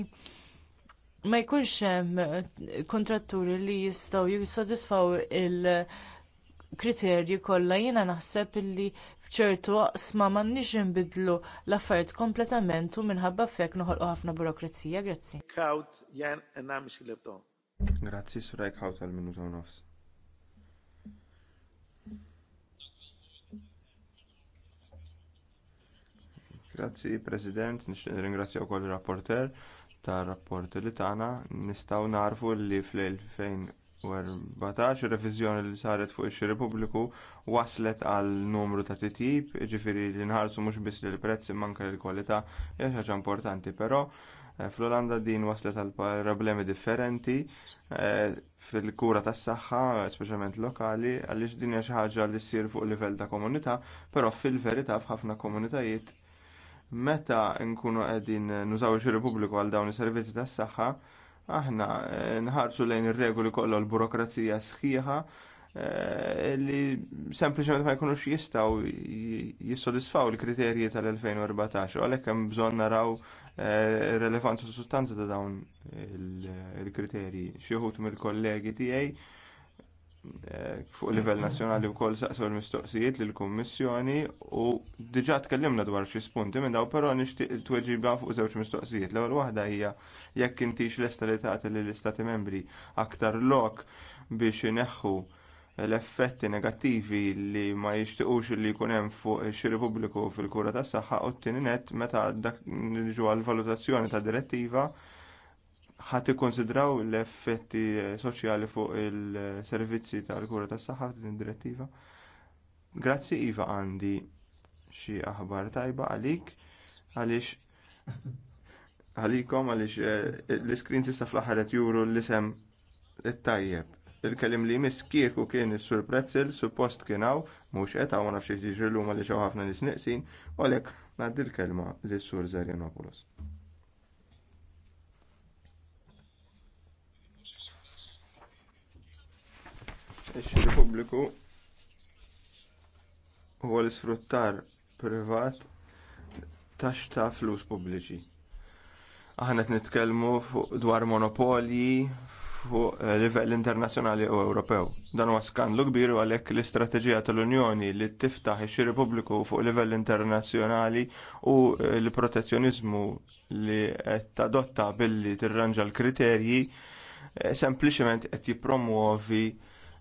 Speaker 2: ma jkunx hemm eh, kontratturi li jistgħu jissodisfaw il-kriterji kollha jiena naħseb illi f'ċertu qsma m'għandniex inbidlu l-affarijiet kompletament u minħabba f'hekk noħolqu ħafna burokrazija. Grazzi.
Speaker 3: Kaut jan enam xilibtu.
Speaker 4: Grazzi Suraj Kaut għal-minuta u nofs. Grazzi President, nixtieq nirringrazzja wkoll ir-rapporter tar rapporti li tagħna nistgħu narfu li fl-2014 ir-reviżjoni li saret fuq ix-xiri pubbliku waslet għal numru ta' titjib, jiġifieri li nħarsu mhux biss li prezz imma anke l-kwalità hija xi ħaġa importanti, però eh, fl-Olanda din waslet għal problemi differenti eh, fil-kura tas saħħa speċjalment lokali, għaliex din hija xi ħaġa li ssir fuq livell ta' komunità, però fil-verità f'ħafna komunitajiet meta nkunu qegħdin nużaw ix-Repubbliku għal dawn is-servizzi tas-saħħa, aħna eh, nħarsu lejn ir-regoli kollha l-burokrazija sħiħa eh, li sempliċement ma jkunux jistgħu jissodisfaw l-kriterji tal-2014 u għalhekk hemm bżonn naraw eh, relevanza u sustanza ta' dawn il-kriterji. Xi wħud mill-kollegi tiegħi fuq livell nazzjonali wkoll saqsaw il-mistoqsijiet lill kummissjoni u diġa' tkellimna dwar xi spunti minn daw però nixtieq tweġiba fuq żewġ mistoqsijiet. L-ewwel waħda hija jekk intix lesta li tagħti lill-Istati Membri aktar lok biex ineħħu l-effetti negattivi li ma jixtiequx li jkun hemm fuq ix-xiri pubbliku fil-kura tas-saħħa u t-tieni nett meta dak niġu għall valutazzjoni tad direttiva ħat ikkonsidraw l-effetti soċjali fuq il-servizzi tal-kura tas-saħħa din direttiva. Grazzi Iva għandi xi aħbar tajba għalik għaliex għalikom għaliex eh, l-iskrin sista fl-aħħar qed juru l-isem it-tajjeb. Il-kelim li jmiss kieku kien is-sur Pretzel suppost kien hawn mhux qed hawn nafx jiġri llum għaliex hawn ħafna nisneqsin u għalhekk ngħaddi l-kelma lis-sur Zerjanopoulos. ix-xiri pubbliku huwa l-isfruttar privat tax ta' flus pubbliċi. Aħna qed nitkellmu dwar monopolji fuq eh, livell internazzjonali u Ewropew. Dan huwa skandlu kbir u għalhekk l-istrateġija tal-Unjoni li tiftaħ ix-xiri pubbliku fuq livell internazzjonali u eh, l-protezzjoniżmu li qed tadotta billi tirranġa l-kriterji eh, sempliċement qed jippromuovi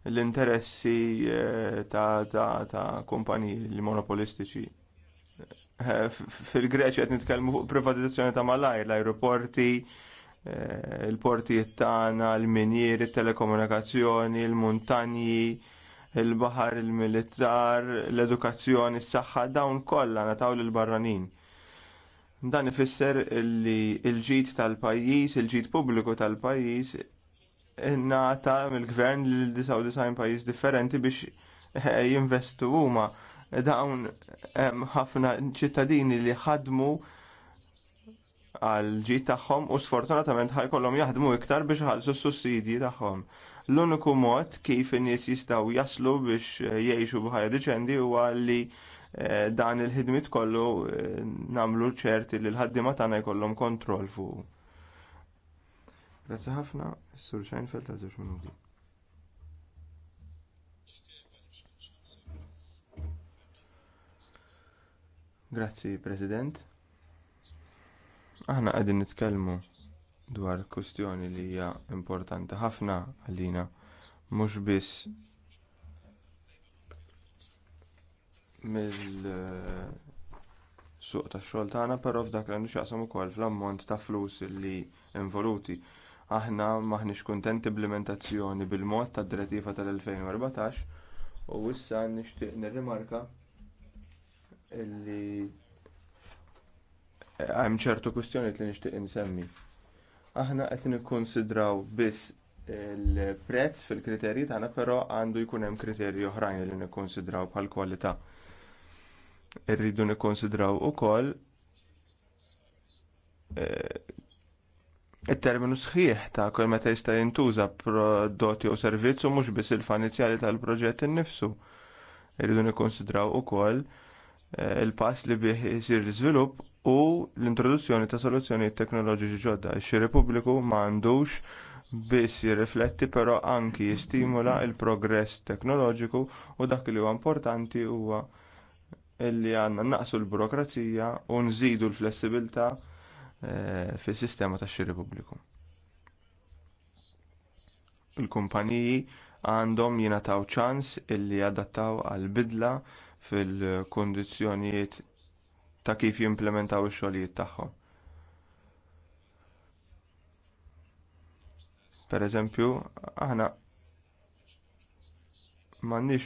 Speaker 4: l-interessi eh, ta', ta, ta kumpaniji monopolistiċi. Eh, Fil-Greċja qed nitkellmu fuq privatizzazzjoni ta' malajr, l-ajruporti, eh, il-portijiet tagħna, l-minjir, it-telekomunikazzjoni, il-muntanji, il-baħar, il-militar, l-edukazzjoni, s-saħħa, dawn kollha nataw lill barranin Dan ifisser li l ġid tal-pajjiż, il-ġid pubbliku tal-pajjiż nata mill-gvern lil 99 pajjiż differenti biex eh, jinvestu huma dawn eh, ħafna ċittadini li ħadmu għal ġid tagħhom u sfortunatament ħajkollhom jaħdmu iktar biex ħalsu s-sussidji tagħhom. L-uniku mod kif in-nies jistgħu jaslu biex eh, jgħixu bħajja diċendi huwa li dan il-ħidmit kollu namlu ċerti li l-ħaddima tagħna jkollhom kontroll fuq. Grazzi ħafna, Sur Scheinfeld ta' żewġ minuti. Grazzi, President. Aħna qegħdin nitkellmu dwar kwistjoni li hija importanti ħafna għalina mhux biss mill-suq tax-xogħol tagħna, però f'dak għandu nixaqsam ukoll fl-ammont ta' flus li involuti aħna maħniex kuntenti bl-implementazzjoni bil-mod tad-direttiva tal-2014 u issa nixtieq nirrimarka li hemm ċertu kwistjonijiet li nixtieq insemmi. Aħna qed nikkonsidraw biss il-prezz fil-kriterji tagħna però għandu jkun hemm kriterji oħrajn li nikkonsidraw bħal kwalità. Irridu nikkonsidraw ukoll eh, Il-terminu sħiħ ta' kol meta jista' jintuża prodotti u servizzu mhux biss il fanizjali tal-proġett innifsu. Irridu nikkonsidraw ukoll eh, il-pass li bih jisir l-iżvilupp u l-introduzzjoni ta' soluzzjonijiet teknoloġiċi ġodda. Ix-xiri pubbliku m'għandux biss jirrifletti però anki jistimula l progress teknoloġiku u dak li huwa importanti huwa li għandna naqsu l-burokrazija u nżidu l-flessibilta' Eh, fis-sistema tax-xiri pubbliku. Il-kumpaniji għandhom jingħataw ċans illi jadattaw għal bidla fil-kundizzjonijiet ta' kif jimplementaw ix-xogħlijiet tagħhom. Pereżempju, aħna m'għandniex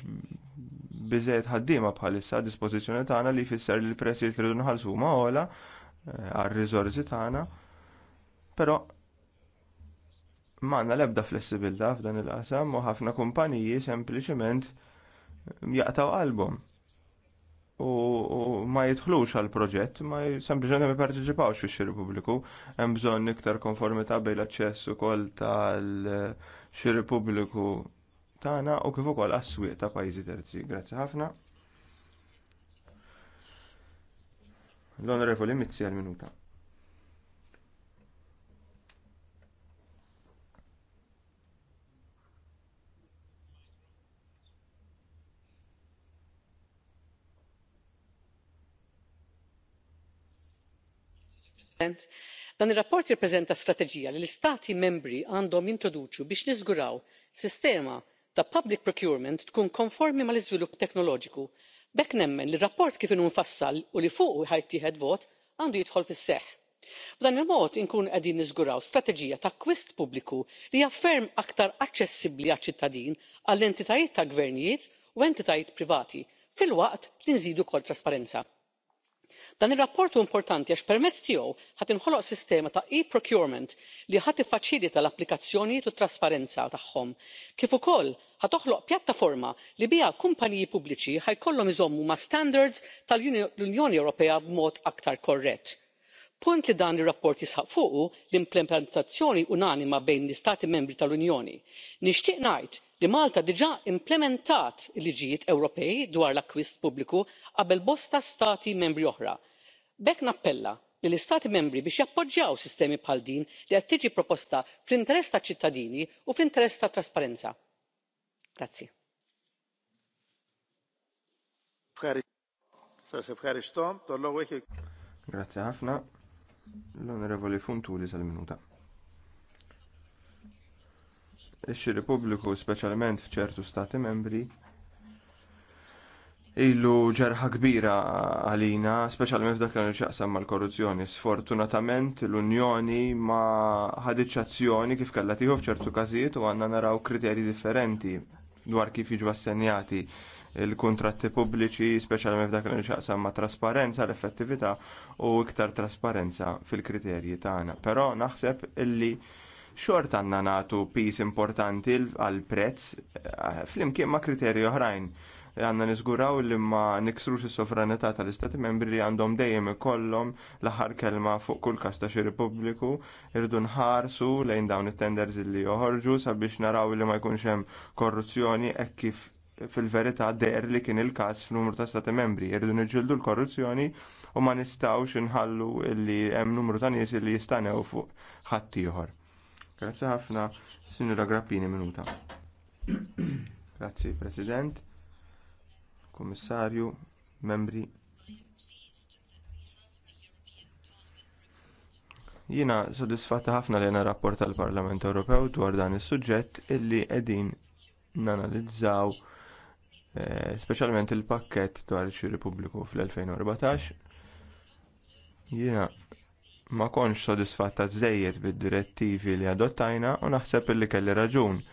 Speaker 4: biżejjed ħaddiema bħalissa għad dispożizzjoni tagħna li jfisser li l-prezzijiet li rridu nħallsu huma ogħla għar rizorzi tagħna, però m'għandna l-ebda flessibilità f'dan il-qasam u ħafna kumpaniji sempliċement jaqtaw qalbhom u ma jidħlux għal proġett, ma sempliċement ma jipparteċipawx fix-xiri pubbliku, hemm bżonn iktar konformità bejn l-aċċess ukoll tal-xiri pubbliku tagħna u kif ukoll għas-swieq ta' pajjiżi terzi. Grazzi ħafna. L-Onorevoli Mizzi għal-minuta.
Speaker 5: president dan ir-rapport jirrappreżenta strateġija li l-istati membri għandhom jintroduċu biex niżguraw sistema ta' public procurement tkun konformi mal-iżvilupp teknoloġiku b'hekk nemmen li rapport kif inhu mfassal u li fuq ħajtieħed vot għandu jidħol fis seħħ. b'dan il-mod inkunu qegħdin niżguraw strateġija ta' kwist pubbliku li jafferm aktar aċċessibbli għaċ-ċittadin għall entitajiet ta' gvernijiet u entitajiet privati filwaqt li nżidu wkoll trasparenza dan ir-rapport hu importanti għax permezz tiegħu ħadd inħoloq sistema ta' eprocurement li ħadd iffaċilita l-applikazzjonijiet u t-trasparenza tagħhom kif ukoll ħadd toħloq pjattaforma li biha kumpaniji pubbliċi ħajkollhom iżommu ma' standards tal-unjoni ewropea b'mod aktar korrett punt li dan ir-rapport jisħaq fuqu l-implementazzjoni unanima bejn l-istati membri tal-unjoni. nixtieq ngħid li malta diġà implementat il-liġijiet ewropej dwar l-akkwist pubbliku qabel bosta stati membri oħra. b'hekk nappella lill-istati membri biex jappoġġjaw sistemi bħal din li qed tiġi proposta fl-interess taċ-ċittadini u fl-interess tat-trasparenza. Grazzi.
Speaker 4: Grazie ħafna. L-Onorevoli Funturi sal-minuta. Ix-xiri pubbliku, speċjalment f'ċertu stati membri, ilu ġerħa kbira għalina, speċjalment f'dak li xaqsam mal-korruzzjoni. Sfortunatament l-Unjoni ma ħaditx azzjoni kif kellha tieħu f'ċertu każijiet u għandna naraw kriterji differenti dwar kif jiġu assenjati il-kontratti pubbliċi, speċjalment f'dak li xaqsam ma' trasparenza, l-effettività u iktar trasparenza fil-kriterji tagħna. Però naħseb illi xort għandna nagħtu pis importanti għal prezz eh, flimkien ma' kriterji oħrajn għandna nisguraw li ma niksrux is-sovranità tal-istati membri li għandhom dejjem ikollhom l-aħħar kelma fuq kull każ ta' xi Repubbliku irdu nħarsu lejn dawn it-tenders li joħorġu sabiex naraw li ma jkunx hemm korruzzjoni hekk kif fil-verità der li kien il-każ f'numru ta' stati membri. Irridu niġġieldu l-korruzzjoni u ma nistgħux inħallu li hemm numru ta' nies li jistanew fuq ħadd ieħor. Grazzi ħafna, Sinjura Grappini minuta. Grazzi, President. Kummissarju, membri. Jiena sodisfatta ħafna li rapport tal-Parlament Ewropew dwar dan is-suġġett illi qegħdin nanalizzaw eh, speċjalment il-pakkett dwar ix-xiri pubbliku fl-2014. Jiena ma konx sodisfatta żejjed bid-direttivi li adottajna u naħseb illi kelli raġun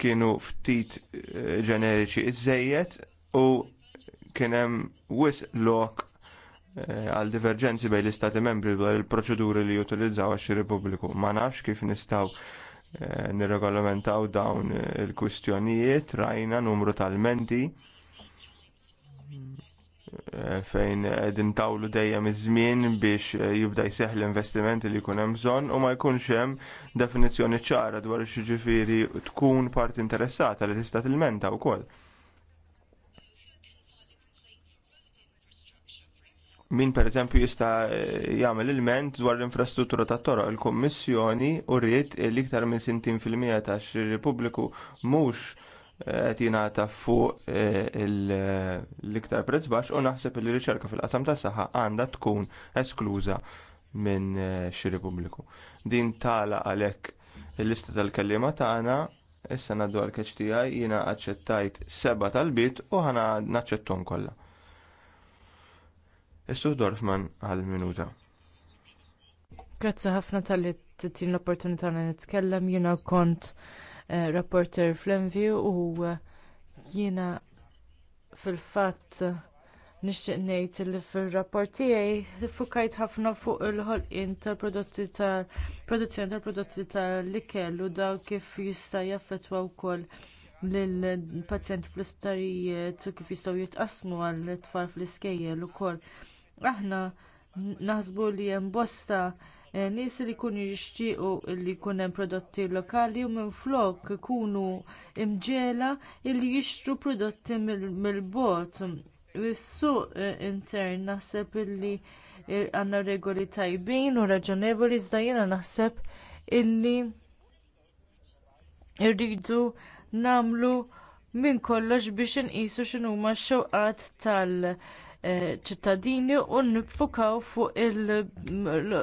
Speaker 4: kienu ftit eh, ġeneriċi iżejjed u kien hemm wisq lok eh, għal diverġenzi bejn l-istati membri dwar il-proċeduri li jutilizzaw għax ir-Repubbliku. Ma nafx kif nistgħu eh, nirregolamentaw dawn il-kwistjonijiet rajna numru tal-menti fejn din tawlu dejjem iż-żmien biex eh, jibda jseħħ l-investiment li jkun hemm bżonn u ma jkunx hemm definizzjoni ċara dwar xiġifieri tkun parti interessata li tista' tilmenta wkoll. Min pereżempju jista' jagħmel ilment dwar l-infrastruttura ta' toroq il-Kummissjoni u rrid li iktar minn sintin fil-mija tax-Repubbliku mhux ta' fuq eh, l-iktar prezz baxx u naħseb li riċerka fil-qasam tas-saħħa għandha tkun eskluża minn eh, xiri pubbliku. Din tala għalhekk il-lista tal-kellima tagħna issa ngħaddu għal catch tiegħi jiena aċċettajt seba tal-bit u ħana naċċettuhom kollha. Issu Dorfman għal minuta.
Speaker 2: Grazzi ħafna tal-li t-tin l-opportunità li nitkellem jiena kont Eh, rapporter fl-envi u eh, jiena fil-fatt nixtieq ngħid li fir-rapport tiegħi fukajt ħafna fuq il-ħolqien tal-prodotti tal-produzzjoni tal-prodotti tal-ikel u daw kif jista' jaffettwa wkoll lill-pazjenti fl-isptarijiet u kif jistgħu jitqassmu għall tfal fl-iskejjel ukoll aħna naħsbu li hemm bosta Eh, nies li jkunu jixtiequ li jkun hemm prodotti lokali u minflok ikunu imġela li jixtru prodotti mill-bogħod. Is-suq eh, intern naħseb illi eh, għandna regoli tajbin u raġonevoli iżda jiena naħseb illi rridu nagħmlu minn kollox biex inqisu x'inhuma x-xewqat tal- ċittadini u niffukaw fuq il-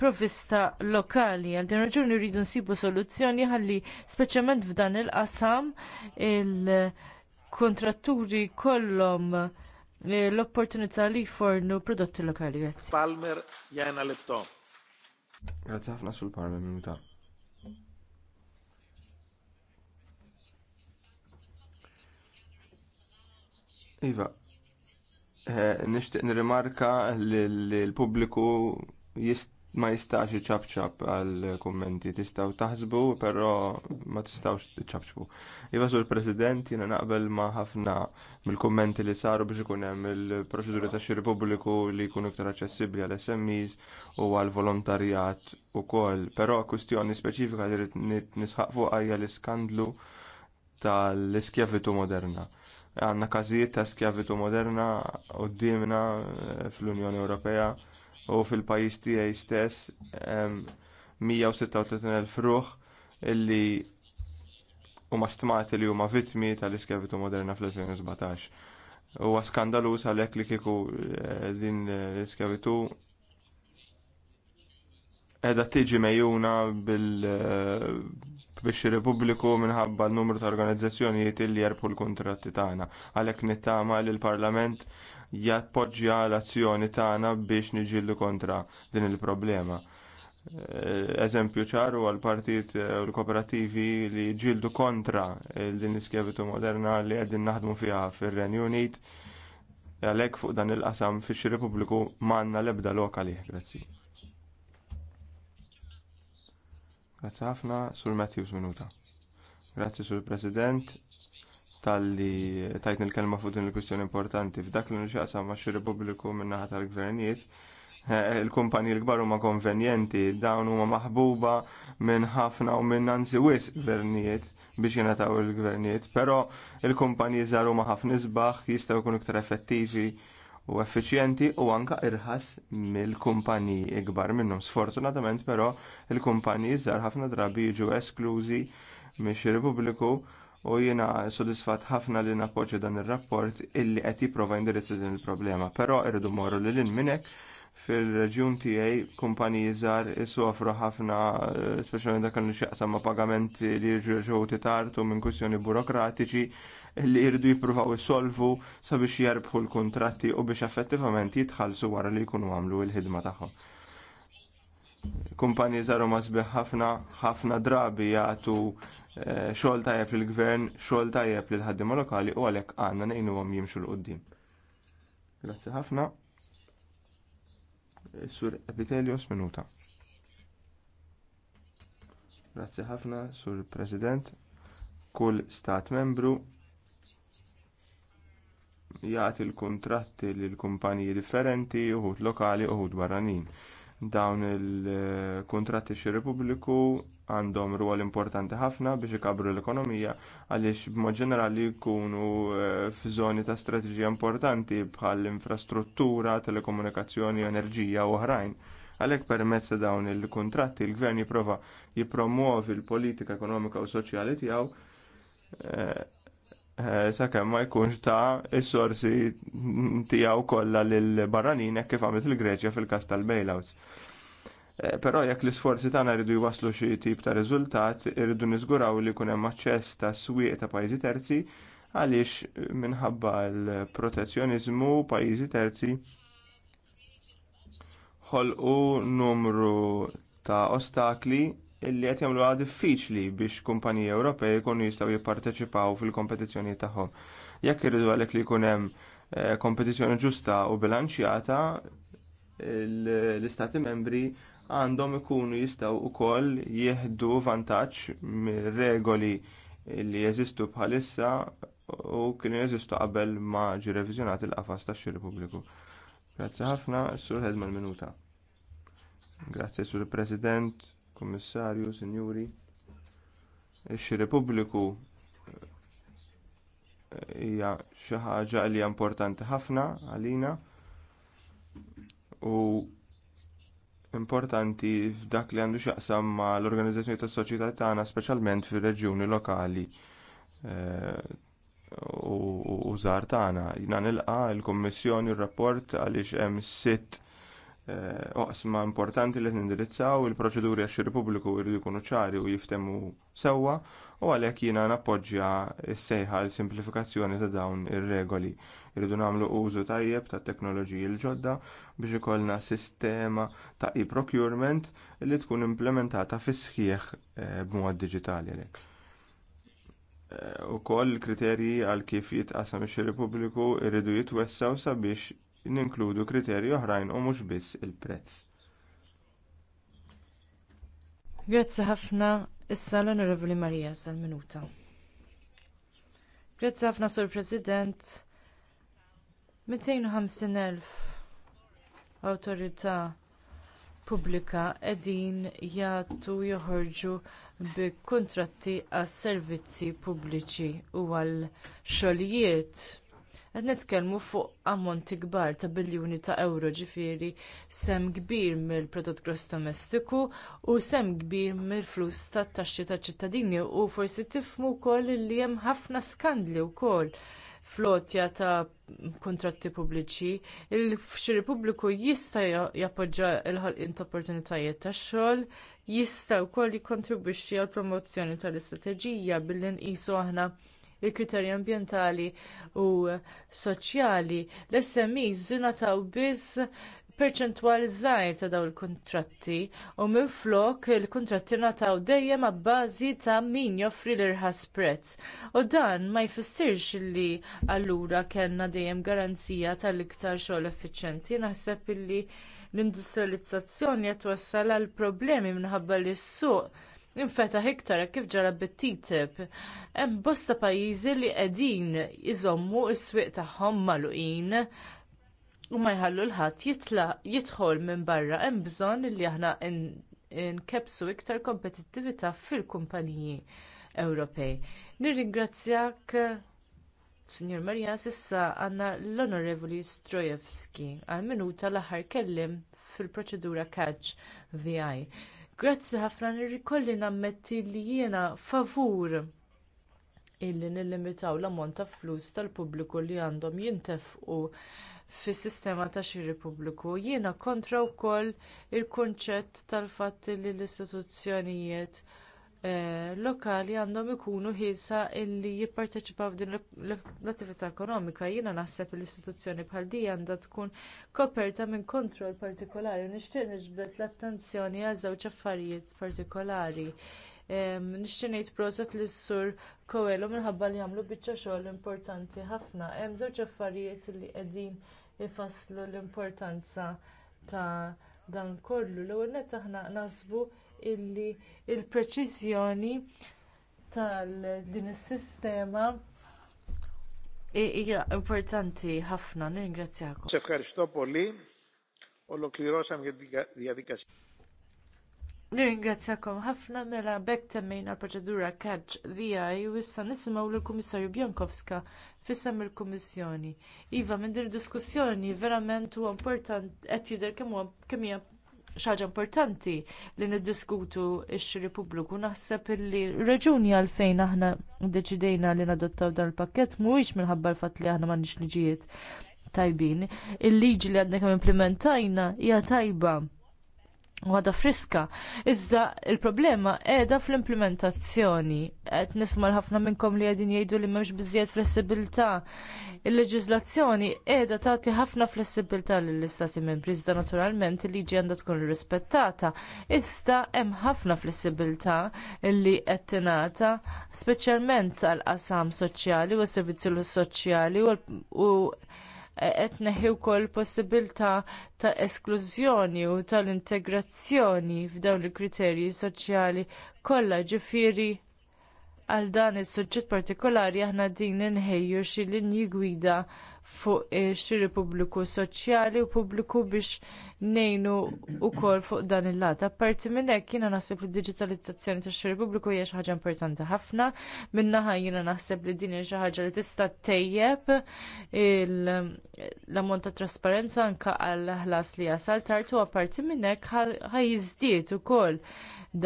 Speaker 2: provvista lokali. Għal din raġuni rridu nsibu soluzzjoni ħalli speċjalment f'dan il-qasam il-kontratturi kollhom eh, l-opportunità li jfornu prodotti lokali.
Speaker 3: Grazie. Palmer jena Lipto.
Speaker 4: Grazie ħafna sul Palmer minuta. Iva, eh, nishtiq nirimarka li l-pubbliku jist ma jistax iċabċab għal kummenti tistaw taħsbu, però ma tistawx iċabċbu. Iva sur president jiena naqbel ma ħafna mill-kummenti li saru biex ikun hemm il-proċeduri ta' xiri pubbliku li jkunu iktar aċċessibbli għal SMEs u għal volontarjat ukoll, però kwistjoni speċifika li nisħaq fuq għajja l-iskandlu tal-iskjavitu moderna għanna każijiet ta' skjavitu moderna d-dimna eh, fl-Unjoni Ewropea u fil-pajjiż tiegħi stess 136,000 fruħ illi huma stmati li huma vittmi tal-iskevitu moderna fl-2017. Huwa skandaluż għalhekk li kieku eh, din eh, l-iskevitu edha tiġi mejjuna bil eh, biex Repubbliku minħabba n-numru ta' organizzazzjonijiet li jerpu l-kontratti tagħna. Għalhekk nittama lill l-Parlament jappoġġja l-azzjoni tagħna biex niġillu kontra din il-problema. Eh, eżempju ċaru għal partit u eh, l-kooperativi li ġildu kontra eh, din l-iskjavitu moderna li qegħdin naħdmu fiha fir-Renju Unit għalhekk fuq dan il-qasam fix Repubbliku manna l-ebda lokali. Grazzi. Grazzi ħafna, Sur Matthews Minuta. Grazzi Sur President, tal-li tajt nil kelma fuq din il-kwistjoni importanti. F'dak li nxaqsam ma' xi Repubbliku minnaħa tal-gvernijiet, eh, il-kumpani l-kbar huma konvenjenti, dawn huma maħbuba minn ħafna u minn anzi wis gvernijiet biex jingħataw il-gvernijiet, però il-kumpani żgħar huma ħafna isbaħ jistgħu jkunu iktar effettivi u effiċjenti u anke irħas mill-kumpaniji kbar minnhom. Sfortunatament però il kumpanji żgħar ħafna drabi jiġu esklużi minn ir-Repubbliku u jiena sodisfat ħafna li nappoġġja dan ir-rapport illi qed jipprova jindirizza din il-problema. Però irridu morru lil hinn minn hekk fil-reġjun tiegħi kumpaniji żgħar isofru ħafna eh, speċjalment dak li xaqsam ma' pagamenti li tard u minn kwistjoni burokratiċi li jridu jippruvaw isolvu sabiex jarbħu l-kuntratti u biex effettivament jitħallsu wara li jkunu għamlu l-ħidma tagħhom. Kumpaniji żgħar huma sbieħ ħafna ħafna drabi jagħtu xogħol tajjeb lill gvern xogħol tajjeb lill ħaddiema lokali u għalhekk għandna ngħinuhom jimxu l qudiem Grazzi ħafna. Sur Epitelios Minuta. Grazzi ħafna, Sur President. Kull stat membru jagħti l-kuntratti lil kumpaniji differenti, uħud lokali, uħud barranin dawn il-kontratti xi Repubbliku għandhom rwol importanti ħafna biex ikabru l-ekonomija għaliex b'mod ġenerali jkunu eh, f'żoni ta' strateġija importanti bħal infrastruttura, telekomunikazzjoni, enerġija u oħrajn. Għalhekk permezz ta' dawn il-kontratti il-gvern jipprova jippromuovi l-politika ekonomika u soċjali tiegħu eh, Eh, sakemm ma jkunx ta' is-sorsi tiegħu kollha lil barranin kif għamilt il-Greċja fil-każ tal-bailouts. Eh, però jekk l-isforzi tagħna rridu jwaslu xi tip ta' riżultat, irridu niżguraw li jkun hemm aċċess ta' swieq ta' pajjiżi terzi għaliex minħabba l-protezzjoniżmu pajjiżi terzi ħolqu numru ta' ostakli illi qed jagħmluha diffiċli biex kumpaniji Ewropej jkunu jistgħu jipparteċipaw fil-kompetizzjoni tagħhom. Jekk irridu għalhekk li jkun hemm eh, kompetizzjoni ġusta u bilanċjata, l-istati membri għandhom ikunu jistgħu wkoll jieħdu vantaġġ mir-regoli li jeżistu bħalissa u kienu jeżistu qabel ma ġi revizjonat il-qafas tax-xiri pubbliku. Grazzi ħafna, Sur Hedman Minuta. Grazzi, Sur President Kummissarju, Sinjuri, ix xi Repubbliku eh, hija xi ħaġa li hija importanti ħafna għalina u importanti f'dak li għandu x'jaqsam mal l-organizzazzjoni tas-soċjetà tagħna speċjalment fir-reġjuni lokali eh, u żgħar tagħna. Jina nilqa' l-Kummissjoni r-rapport għaliex hemm sitt Eh, oqsma importanti li nindirizzaw il-proċeduri għax Republiku jridu jkunu ċari u jiftemu sewwa u għalhekk jiena nappoġġja s-sejħa l simplifikazzjoni ta' dawn ir-regoli. Irridu nagħmlu użu tajjeb tat teknoloġiji l-ġodda biex ikollna sistema ta' e-procurement li tkun implementata fis-sħiħ eh, b'mod diġitali għalhekk. Eh, ukoll kriterji għal kif jitqasam ix-Republiku jridu jitwessaw sabiex ninkludu kriterji oħrajn u mhux biss il-prezz.
Speaker 2: Grazzi ħafna issa l-Onorevoli Marija sal-minuta. Grazzi ħafna Sur President 250.000 awtorità pubblika qegħdin jagħtu joħorġu bi kuntratti għas servizzi pubbliċi u għal xogħlijiet Qed nitkellmu fuq ammonti kbar ta' biljuni ta' euro ġifieri sem kbir mill-prodott gross domestiku u sem kbir mill-flus tat-taxxi taċ-ċittadini u forsi tifhmu wkoll li hemm ħafna skandli wkoll flotja ta' kuntratti pubbliċi, il-xiri pubbliku jista' jappoġġja l-ħolqien ta' opportunitajiet tax-xogħol, jista' wkoll jikkontribwixxi għall promozzjoni tal-istrateġija billi nqisu aħna il-kriterji ambjentali u soċjali, l-SMEs żinataw biss perċentwal żgħir ta' dawn il kuntratti u minflok il kuntratti nataw dejjem abbażi ta' min joffri l-irħas prezz. U dan ma jfissirx li allura kellna dejjem garanzija tal-iktar xogħol effiċjenti. Naħseb illi l-industrializzazzjoni qed wassal għal problemi minħabba li s-suq infetaħ iktar kif ġara bit-TTIP. Hemm bosta pajjiżi li qegħdin iżommu s-swieq tagħhom magħluqin u ma jħallu l-ħadd jidħol minn barra hemm bżonn li aħna nkebsu iktar kompetittività fil-kumpaniji Ewropej. Nirringrazzjak Signor Marja, sissa għandna l-Onorevoli Strojewski għal minuta l-aħħar kelliem fil-proċedura catch VI. Grazzi ħafna nirrikolli nammetti li jiena favur illi nillimitaw l-ammont ta' flus tal-pubbliku li għandhom jintefqu fis-sistema ta' xiri pubbliku. Jiena kontra wkoll il-kunċett tal-fatt li l-istituzzjonijiet Eh, lokali għandhom ikunu ħilsa li jipparteċipaw f'din l-attività ekonomika jiena naħseb li istituzzjoni bħal din għandha tkun koperta minn kontroll partikolari u nixtieq niġbed l-attenzjoni għal żewġ affarijiet partikolari nixtieq ngħid proset lis sur Coelho minħabba li jagħmlu biċċa xogħol importanti ħafna hemm żewġ affarijiet li qegħdin ifasslu l-importanza ta' dan kollu l-ewwel nett aħna naħsbu illi l preċiżjoni tal din is-sistema hija importanti ħafna.
Speaker 3: Nirringrazzjakom.
Speaker 2: Nirringrazzjakom ħafna mela bekk temmejna l-proċedura catch DI u issa nisimgħu lill-Kummissarju Bjankowska fisem il-Kummissjoni. Iva minn din id-diskussjoni verament huwa importanti qed jidher kemm hija xaġa importanti li niddiskutu ix xiri pubbliku naħseb illi raġuni għalfejn aħna ddeċidejna li nadottaw dan il-pakkett mhuwiex minħabba l-fatt li aħna m'għandniex liġijiet tajbin. Il-liġi li għadna kemm implementajna hija tajba għada friska. Iżda l problema qiegħda fl-implementazzjoni. Qed nisma' ħafna minnkom li qegħdin jgħidu li m'hemmx biżżejjed flessibilità. Il-leġiżlazzjoni qiegħda tagħti ħafna flessibilità lill-istati membri iżda naturalment il-liġi għandha tkun rispettata. Iżda hemm ħafna flessibilità li qed tingħata speċjalment għall qasam soċjali u s-servizzi soċjali u qed neħi wkoll possibilità ta' esklużjoni u tal-integrazzjoni f'dawn il-kriterji soċjali kollha ġifieri għal dan is-suġġett partikolari aħna qegħdin inħejju xi linji gwida fuq ix-xiri pubbliku soċjali u pubbliku biex ngħinu wkoll fuq dan il-lat. Apparti minn hekk jiena naħseb li d-diġitalizzazzjoni tax-xiri pubbliku hija xi ħaġa importanti ħafna, min-naħa jiena naħseb li din hija xi ħaġa li tista' tejjeb l-ammont ta' trasparenza anke għall ħlas li jasal tartu apparti minn hekk ħajjiżdied ukoll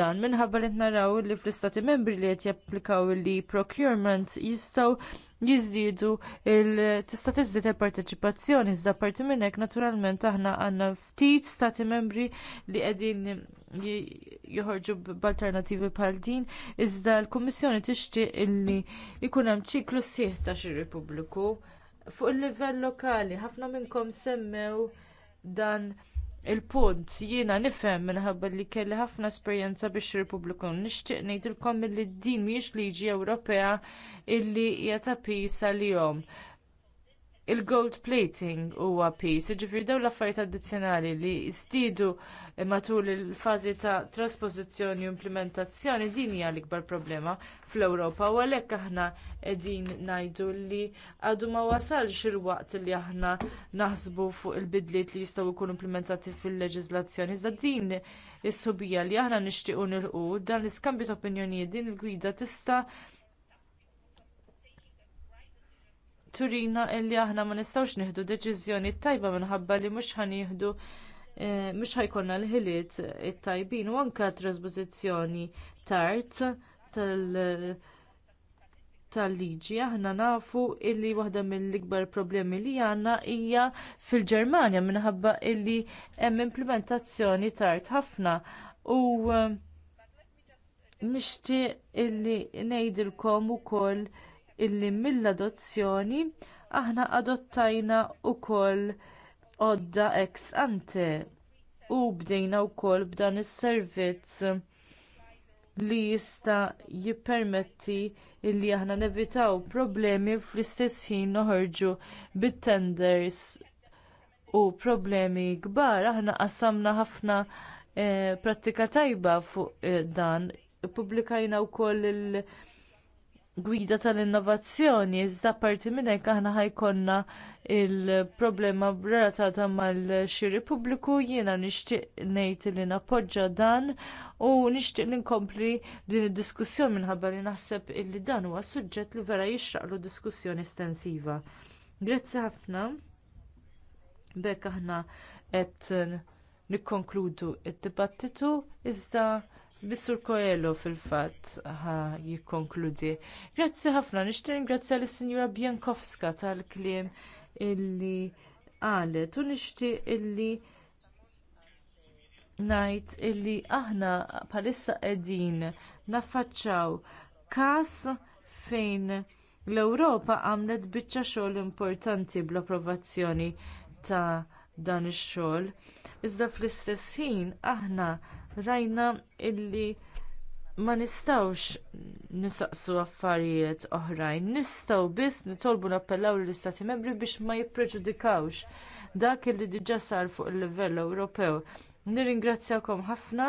Speaker 2: dan minħabba li naraw li fl-istati membri li qed japplikaw il-procurement jistgħu jiżdiedu tista' tiżdied il-parteċipazzjoni iżda apparti minn hekk naturalment aħna għandna ftit stati membri li qegħdin joħorġu b'alternattivi bħal din iżda l-kummissjoni tixtieq illi jkun hemm ċiklu sieħ ta' xiri pubbliku fuq il-livell lokali ħafna minnkom semmew dan il-punt jiena nifhem minħabba li kelli ħafna esperjenza biex repubblikan nixtieq ngħidilkom milli din mhijiex liġi ewropea illi qiegħda ta' pis għalihom il-gold plating huwa piece, jiġifieri dawn l-affarijiet addizzjonali li jstidu matul il-fażi ta' traspożizzjoni u implementazzjoni din hija l-ikbar problema fl-Ewropa u għalhekk aħna qegħdin ngħidu li għadu ma wasalx il-waqt li aħna naħsbu fuq il-bidliet li jistgħu jkunu implementati fil-leġiżlazzjoni. Iżda din is-subija li aħna nixtiequ nilqu dan l-iskambju ta' opinjonijiet din il-gwida tista' turina illi aħna ma nistgħux nieħdu deċiżjoni tajba minħabba li mhux ħanieħdu eh, mhux ħajkonna l-ħiliet it-tajbin u anke trasposizzjoni tard tal-liġi aħna nafu illi waħda mill-ikbar problemi li għandna hija fil-Ġermanja minħabba illi hemm implementazzjoni tard ħafna u eh, nixtieq illi ngħidilkom ukoll illi mill-adozzjoni aħna adottajna wkoll għodda ex ante u bdejna wkoll b'dan is-servizz li jista' jippermetti illi aħna nevitaw problemi fl-istess ħin noħorġu bit-tenders u problemi kbar aħna qassamna ħafna eh, prattika tajba fuq eh, dan. ippubblikajna wkoll gwida tal-innovazzjoni, iżda parti minn hekk aħna ħajkonna l problema relatata mal-xiri pubbliku jiena nixtieq ngħid li nappoġġa dan u nixtieq li nkompli din id-diskussjoni minħabba li naħseb illi dan huwa suġġett li vera jixraqlu diskussjoni estensiva. Grazzi ħafna. B'hekk aħna qed nikkonkludu d dibattitu iżda Bissur Koelo fil-fatt ħa jikkonkludi. Grazzi ħafna, nixtieq grazzi għal signora Bjankowska tal-kliem illi qalet u nixtieq illi ngħid illi aħna bħalissa qegħdin naffaċċaw każ fejn l-Ewropa għamlet biċċa xogħol importanti bl-approvazzjoni ta' dan ix-xogħol. Iżda fl-istess ħin aħna rajna illi ma nistgħux nisaqsu affarijiet oħrajn, nistgħu biss nitolbu nappellaw lill-Istati Membri biex ma jippreġudikawx dak li diġà sar fuq il-livell Ewropew. Nirringrazzjakom ħafna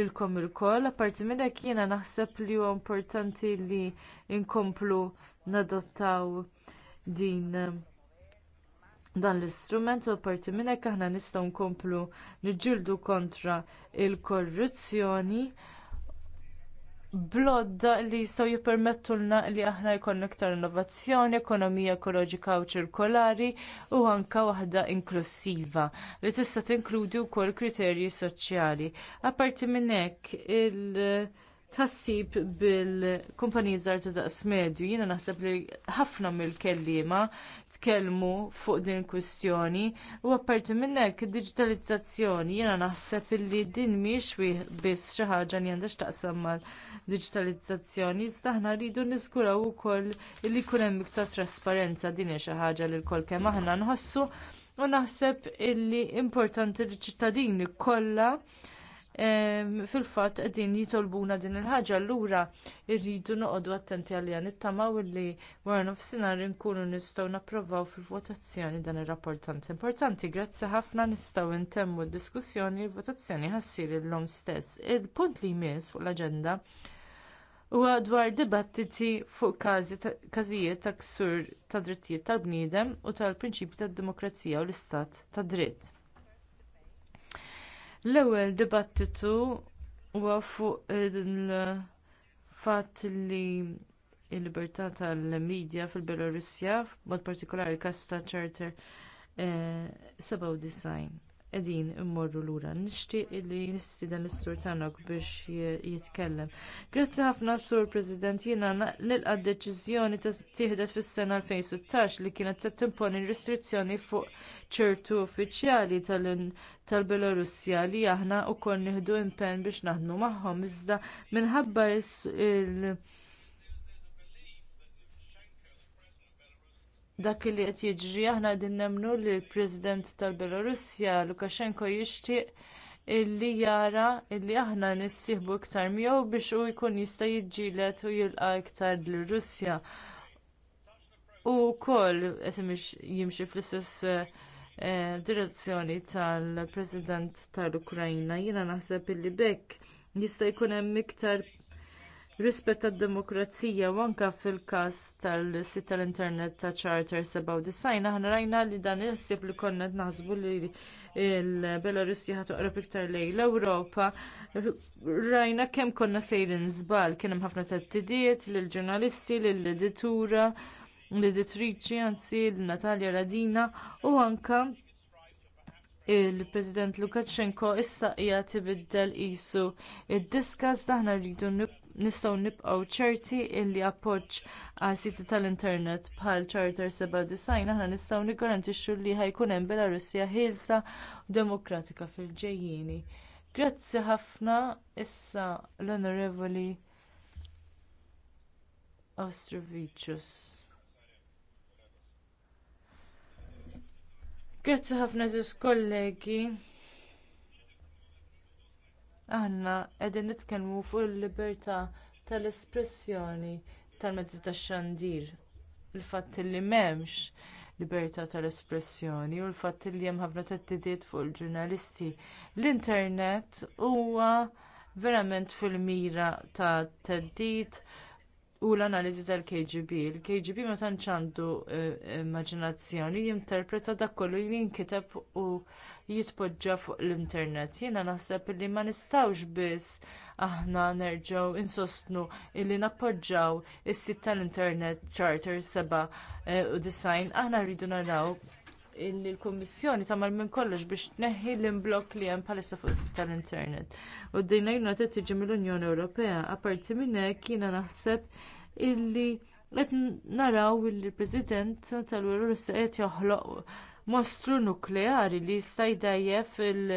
Speaker 2: lilkom ilkoll, apparti minn hekk jiena naħseb li huwa importanti li nkomplu nadottaw din dan l-istrument u apparti minn hekk aħna nistgħu nkomplu niġġieldu kontra l-korruzzjoni blodda li jistgħu jippermettulna li aħna jkollna iktar innovazzjoni, ekonomija ekoloġika u ċirkolari u anke waħda inklusiva li tista' tinkludi wkoll kriterji soċjali. Apparti minn hekk il- tassib bil kumpaniż żgħar ta' daqs medju, jiena naħseb li ħafna mill-kelliema tkellmu fuq din il-kwistjoni u apparti minn hekk id-diġitalizzazzjoni jiena naħseb li din mhix biss xi ħaġa li għandha x'taqsam mal-diġitalizzazzjoni iżda aħna rridu niżguraw ukoll li jkun hemm iktar trasparenza din hi xi ħaġa li lkoll kemm aħna nħossu u naħseb illi importanti li ċittadini kollha fil-fatt qegħdin jitolbuna din il-ħaġa allura rridu noqogħdu attenti għalija nittamaw illi wara nofsinhar inkunu nistgħu napprovaw fil-votazzjoni dan ir-rapport tant importanti. Grazzi ħafna nistgħu ntemmu d-diskussjoni il-votazzjoni ħassir illum stess. Il-punt li jmiss fuq l-aġenda huwa dwar dibattiti fuq każijiet ta' ksur ta' drittijiet tal-bniedem u tal-prinċipji tad-demokrazija u l-istat ta' dritt L-ewwel dibattitu huwa fuq il-fatt li l-libertà tal-midja fil-Belorussja, b'mod partikolari każ ta' Charter 97. Eh, qegħdin immorru lura. Nixtieq li nistieden is-Sur Tanok biex jitkellem. Grazzi ħafna Sur President jiena nilqa' d-deċiżjoni tieħdet fis-sena 2016 li kienet se timponi restrizzjoni fuq ċertu uffiċjali tal-Belorussja li aħna wkoll nieħdu impenn biex naħdmu magħhom iżda minħabba il- dak li qed jiġri aħna qegħdin nemmnu li l-President tal-Belorussja Lukashenko jixtieq illi jara illi aħna nissieħbu iktar miegħu biex hu jkun jista' jiġġieled u jilqa' iktar lir-Russja. U wkoll qed jimxi fl-istess eh, direzzjoni tal-President tal-Ukrajna. Jiena naħseb illi b'hekk jista' jkun hemm iktar rispett tad-demokrazija u anke fil-każ tal-sit tal-internet ta' charter 97 aħna rajna li dan il li konna qed naħsbu li l-Belarusja ħat toqrob iktar lejn l-Ewropa rajna kemm konna sejrin żball kien hemm ħafna tattidiet lill-ġurnalisti lill-editura l-editriċi anzi l-Natalja Radina u anke il-President Lukashenko issa qiegħed ibiddel qisu id-diskas daħna rridu nip nistgħu nibqgħu ċerti li appoġġ għal siti tal-internet bħal charter 97 aħna nistgħu niggarantixxu li ħajkun hemm Belarusja ħielsa u demokratika fil-ġejjieni. Grazzi ħafna issa l-Onorevoli Ostrovicius. Grazzi ħafna żewġ kollegi aħna qegħdin nitkellmu fuq il-libertà tal-espressjoni tal-mezzi tax-xandir il-fatt li m'hemmx libertà tal-espressjoni u l-fatt li hemm ħafna theddidiet fuq il-ġurnalisti l-internet huwa verament fil-mira ta' theddid u l-analiżi tal-KGB. Il-KGB ma tantx għandu eh, immaġinazzjoni jinterpreta dak kollu li jinkiteb u jitpoġġa fuq l-internet. Jiena naħseb li ma nistgħux biss aħna nerġgħu insostnu illi nappoġġaw is-sit tal-internet Charter seba' eh, u design aħna rridu naraw illi l-Kummissjoni tagħmel minn kollox biex tneħħi l-imblokk li hemm bħalissa fuq is-sit tal-Internet. U d-dejna qed tiġi mill-Unjoni Ewropea, apparti minn hekk jiena naħseb illi qed naraw illi l-President tal-Urussi qed joħloq mostru nukleari li jista' jdajjef il-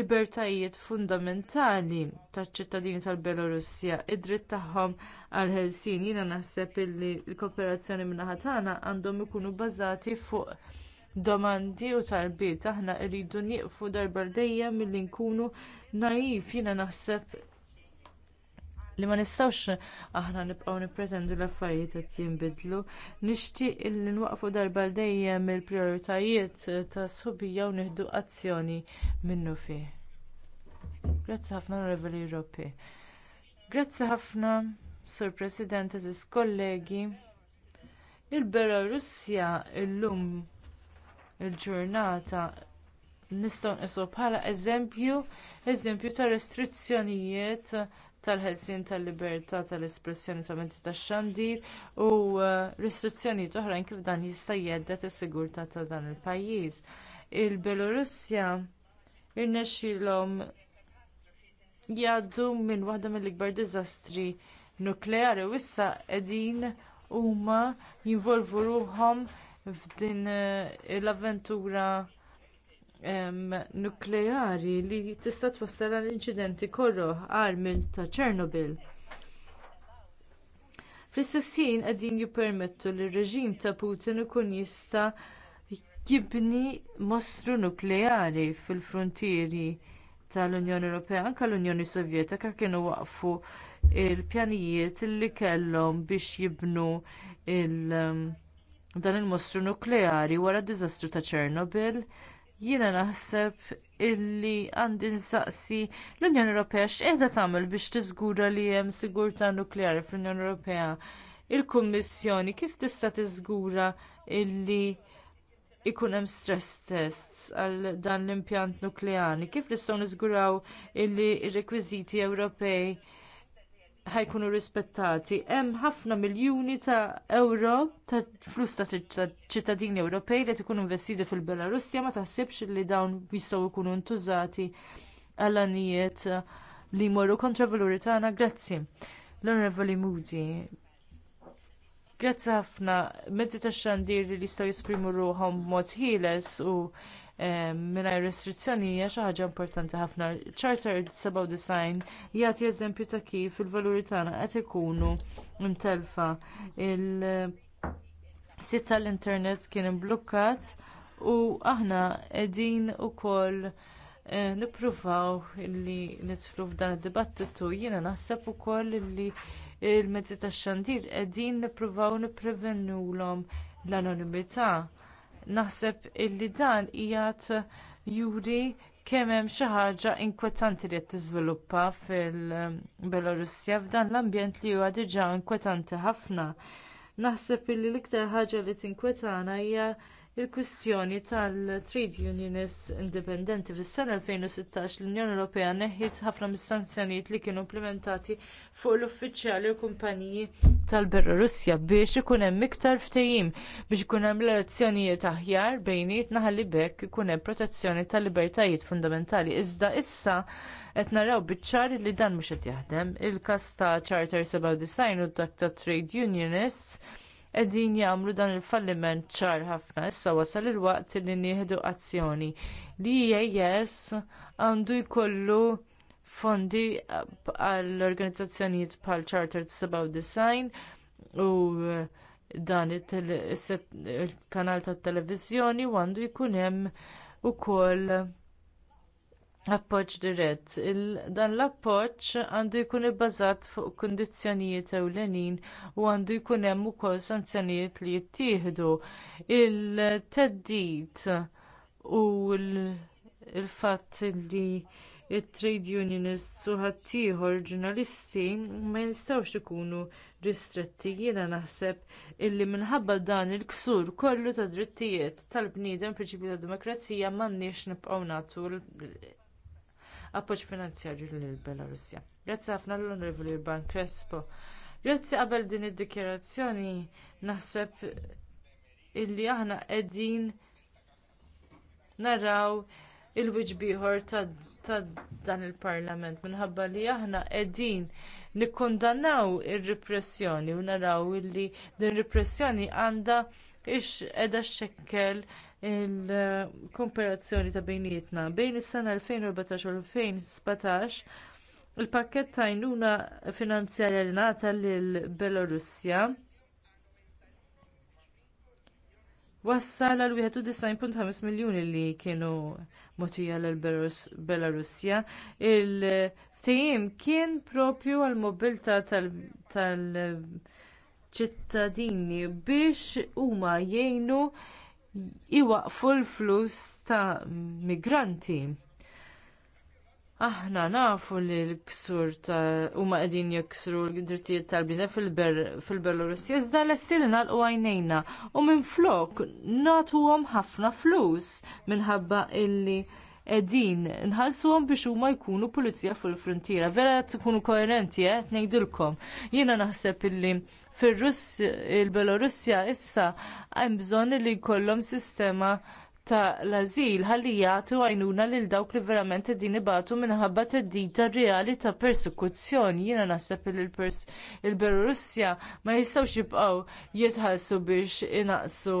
Speaker 2: libertajiet fundamentali taċ-ċittadini tal-belorussja id-dritt tagħhom għal ħelsien jiena naħseb illi l-kooperazzjoni min-naħa tagħna għandhom ikunu bbażati fuq domandi u talbiet aħna rridu nieqfu darba dejjem milli nkunu naif jiena naħseb li ma nistgħux aħna nibqgħu nippretendu l-affarijiet qed jinbidlu nixtieq illi nwaqfu darba dejjem il-prijoritajiet ta' subija u nieħdu azzjoni minnu fih. Grazzi ħafna Onorevoli Europi. Grazzi ħafna Sur President, eżis kollegi. Il-Belorussja illum il-ġurnata nistgħu nqisu bħala eżempju eżempju ta' restrizzjonijiet tal-ħelsien tal-libertà tal-espressjoni ta' mezzi tax-xandir u uh, restrizzjonijiet oħrajn kif dan jista' jgħeddet is-sigurtà ta' dan il-pajjiż. Il-Belorussja irnexxilhom jgħaddu minn waħda mill-ikbar diżastri nukleari u issa qegħdin huma jinvolvu ruhom f'din eh, l-avventura nukleari li tista' twassal għal inċidenti korroħ għal ta' Chernobyl. fl-istess ħin qegħdin jippermettu li r-reġim ta' putin ikun jista' jibni mostru nukleari fil-fruntieri tal-unjoni ewropea anke l-unjoni sovjetika kienu waqfu l pjanijiet li kellhom biex jibnu il- dan il-mostru nukleari wara d-diżastru ta' ċernobil jiena naħseb illi għandi nsaqsi l-Unjoni Ewropea x'qiegħda tagħmel biex tiżgura li hemm sigurtà nukleari fl-Unjoni Ewropea. Il-Kummissjoni kif tista' tiżgura illi ikun hemm stress tests għal dan l-impjant nukleari? Kif nistgħu niżguraw illi r-rekwiżiti Ewropej ħajkunu rispettati. Hemm ħafna miljuni ta' euro ta' flus ta' ċittadini Ewropej li tkun investiti fil-Belarusja ma taħsibx li dawn jistgħu jkunu ntużati għal li jmorru kontra valuri tagħna. Grazzi. L-Onorevoli Moody. Grazzi ħafna mezzi tax xandir li jistgħu jesprimu ruħhom b'mod ħieles u mingħajr restrizzjoni hija xi ħaġa importanti ħafna. Charter 97 jagħti eżempju ta' kif il-valuri tagħna qed ikunu mtelfa. Il-sit tal-internet kien imblukkat u aħna qegħdin ukoll eh, nippruvaw li nidħlu f'dan id-dibattitu jiena naħseb ukoll li l mezzi tax-xandir qegħdin nippruvaw nipprevenulhom l-anonimità naħseb illi dan qiegħed juri kemm hemm xi ħaġa inkwetanti li qed tiżviluppa fil-Belorussja f'dan l-ambjent li huwa diġà inkwetanti ħafna. Naħseb illi l-iktar ħaġa li tinkwetana hija il-kwistjoni tal-trade unionists indipendenti fis-sena 2016 l-Unjoni Ewropea neħħiet ħafna mis-sanzjonijiet li kienu implementati fuq l-uffiċjali u kumpaniji tal-Belorussja biex ikun hemm iktar ftehim biex ikun hemm elezzjonijiet aħjar bejnietna ħalli bekk ikun hemm protezzjoni tal-libertajiet fundamentali. Iżda issa qed naraw biċ-ċar li dan mhux qed jaħdem. Il-każ ta' Charter 97 u dak ta' Trade Unionists qegħdin jagħmlu dan il-falliment ċar ħafna. Issa wasal il-waqt li nieħdu azzjoni. Li EAS għandu jkollu fondi għall organizzazzjonijiet bħal Charter 97 u dan il-kanal tat-televiżjoni u għandu jkun hemm ukoll appoġġ dirett dan l-appoġġ għandu jkun ibbażat fuq kundizzjonijiet ewlenin u għandu jkun hemm ukoll sanzjonijiet li jittieħdu il-theddid u l-fatt li t trade unionists u ħaddieħor ġurnalisti ma jistgħux ikunu ristretti jiena naħseb illi minħabba dan il-ksur kollu ta' drittijiet tal-bniedem prinċipju tad demokrazija m'għandniex nibqgħu nagħtu appoġġ finanzjarju lill belarusja Grazzi ħafna l-Onorevoli Ban Crespo. Grazzi qabel din id dikjarazzjoni naħseb illi aħna qegħdin naraw il-wiġbieħor ta' dan il-Parlament minħabba li aħna qegħdin nikkundannaw ir-repressjoni u naraw illi din ir-repressjoni għandha ix qiegħda il-komparazzjoni ta' bejnietna. Bejn is-sena 2014 u 2017 il-pakkett ta' għajnuna finanzjarja li ngħata lill belorussja wassal għal 91.5 miljuni li kienu mogħtija lill belorussja il-ftehim kien proprju għall mobilta tal-ċittadini biex huma jgħinu iwaqfu l-flus ta' migranti. Aħna nafu li l-ksur ta' huma qegħdin jeksru l-drittijiet tal-bina fil-Belorussja iżda l li nalqu għajnejna u minflok nagħtuhom ħafna flus minħabba illi qegħdin nħallsuhom biex huma jkunu pulizija fil-frontiera. Vera ikunu koerenti qed eh? ngħidilkom. Jiena naħseb illi il-Belorussja issa hemm bżonn li jkollhom sistema ta' l-azil ħalli jagħtu għajnuna lil dawk li verament qegħdin ibatu minħabba theddida reali ta' persekuzzjoni. Jiena naħseb li l-Belorussja ma jistgħux jibqgħu jitħallsu biex inaqsu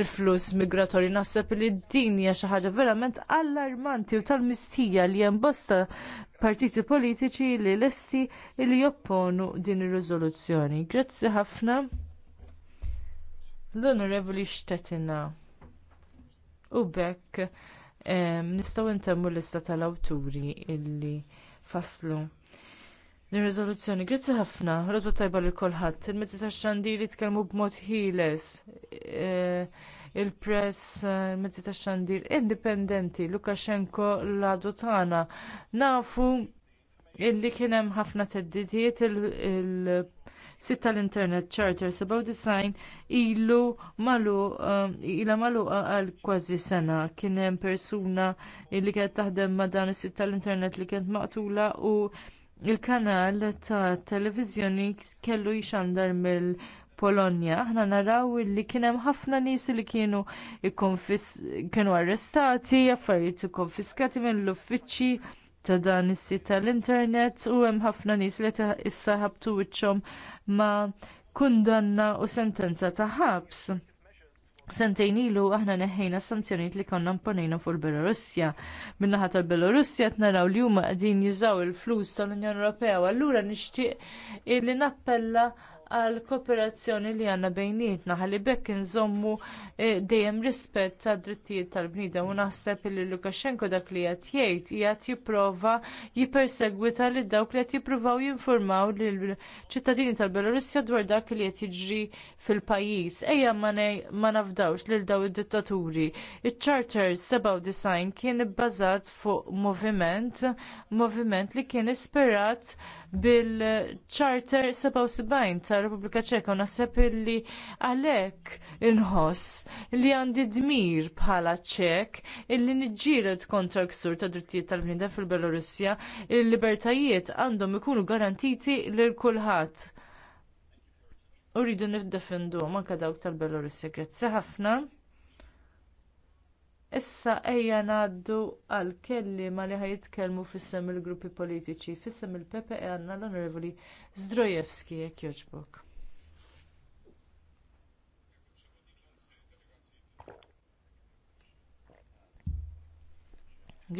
Speaker 2: l fluss migratorji. Naħseb li din hija xi ħaġa verament allarmanti u tal-mistija li hemm bosta partiti politiċi li lesti li jopponu din ir-riżoluzzjoni. Grazzi ħafna l-Onorevoli Xtetina. U bekk nistgħu ntemmu l-lista tal-awturi illi faslu. nir riżoluzzjoni grazzi ħafna, rodwa tajba li kolħat, il-mezzi tax xandiri tkellmu b'mod ħieles. E, il-press, eh, mezzi tax xandir indipendenti, Lukashenko l-adutana. Nafu illi kien hemm ħafna teddidiet il- sitta l-internet charter 97 ilu malu uh, eh, malu għal kważi sena kien hemm persuna li kienet taħdem ma' dan is-sit tal-internet li kienet maqtula u l kanal tat televiżjoni kellu jxandar mill Polonja. Aħna naraw li kien hemm ħafna nies li kienu kienu arrestati, affarijiet konfiskati mill-uffiċċji ta' dan is-sit tal-internet u hemm ħafna nies li issa ħabtu wiċċhom ma' kundanna u sentenza ta' ħabs. Sentejn ilu aħna neħħejna sanzjonijiet li konna mponejna fuq il-Belorussja. Min-naħa tal-Belorussja qed naraw li huma qegħdin jużaw il-flus tal-Unjoni Ewropea u allura nixtieq li nappella għal kooperazzjoni li għandna bejnietna ħalli bekk inżommu eh, dejjem rispett tad drittijiet tal-bniedem u naħseb li Lukashenko dak li qed jgħid qiegħed jipprova jippersegwita lil dawk li qed jippruvaw jinformaw lill ċittadini tal-Belorussja dwar dak li qed jiġri fil-pajjiż. Ejja ma nafdawx lil daw id-dittaturi. Iċ-Charter 97 kien ibbażat fuq moviment, moviment li kien isperat bil-Charter 77 tar Repubblika Ċeka u naħseb illi għalhekk inħoss li għandi dmir bħala ċek illi niġġieled kontra l-ksur ta' drittijiet tal-bniedem fil-Belorussja il-libertajiet għandhom ikunu garantiti lil kulħadd. Uridu nifdefendu manka dawk tal-Belorussja. Grazzi ħafna. Issa ejja ngħaddu għal kelliema li ħajitkellmu f'isem il-gruppi politiċi f'isem il-PPE e għandna l-Onorevoli Zdrojewski jekk jogħġbok.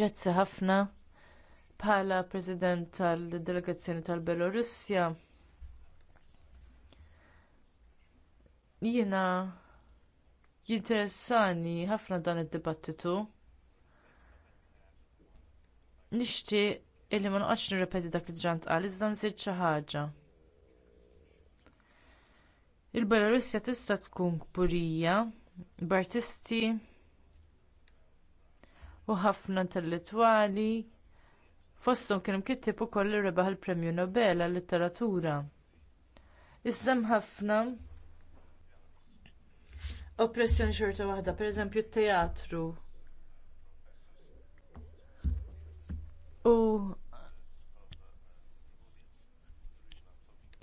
Speaker 2: Grazzi ħafna bħala President tal-Delegazzjoni tal-Belorussja. Jiena Jinteressani ħafna dan id-dibattitu. Nixtieq illi ma noqgħodx nirrepeti dak li ġrant qal iżda nsir xi ħaġa. Il-Belarusja tista' tkun kburija b'artisti u ħafna intellettwali fosthom kien imkittib ukoll li rebaħ il-Premju Nobel għal-Litteratura. Iżda ħafna oppressjoni xorta waħda, pereżempju t teatru U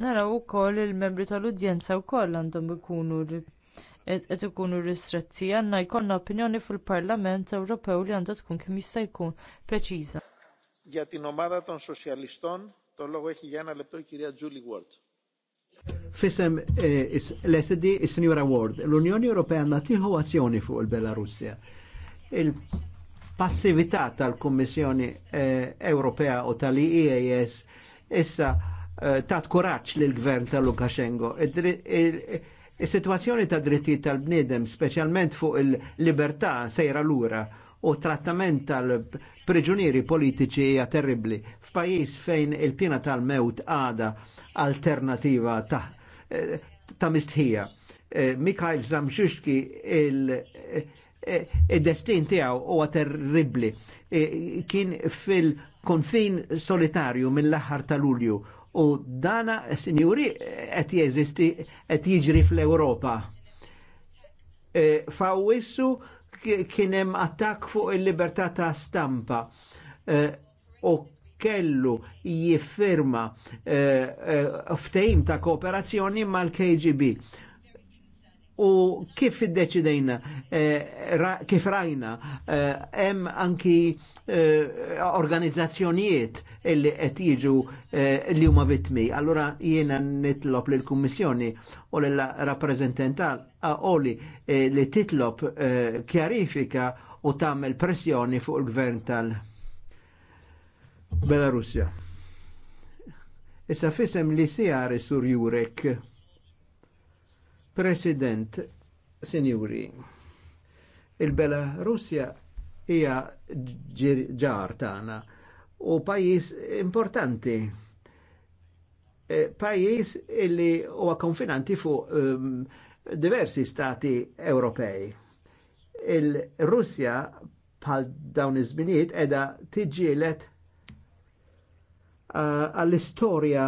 Speaker 2: naraw ukoll il-membri tal-udjenza wkoll għandhom ikunu qed ikunu ristretti għandna jkollna opinjoni fil-Parlament Ewropew li għandha tkun kemm jista' jkun preċiża.
Speaker 1: Fisem l-SD eh, is senior Ward, l-Unjoni Ewropea natiħu tieħu azzjoni fuq il-Belarusja. Il-passività tal-Kummissjoni eh, Ewropea u tal-IEAS issa eh, tat koraċ lil gvern tal-Lukashenko. Is-sitwazzjoni ta' dritti tal-bniedem, speċjalment fuq il-libertà sejra lura u trattament tal-priġunieri politiċi hija terribli f'pajjiż fejn il piena tal-mewt għada alternativa ta' Eh, ta' mistħija. Eh, Mikhail Zamxuxki il-destin eh, tiegħu huwa terribli. Kien fil-konfin solitarju mill-aħħar tal-Ulju u dana, sinjuri, qed jeżisti qed jiġri fl-Ewropa. Fawissu kien hemm fuq il-libertà ta' stampa u kellu jiffirma eh, eh, ftejm ta' kooperazzjoni mal-KGB. U kif iddeċidejna, eh, kif rajna, hemm anki organizzazzjonijiet li qed jiġu li huma vittmi. Allura jiena nitlob lill kummissjoni u lill rappreżentantal oli li titlob kjarifika u tagħmel pressjoni fuq il-gvern tal- Belarusja. Issa fisem li sijar sur Jurek. President, Sinjuri, il-Belarusja hija ġar tagħna u pajis importanti. E, pajis illi huwa konfinanti fuq um, diversi stati Ewropej. Il-Russja pal dawn iż-żminijiet qiegħda tiġġielet għall-istorja,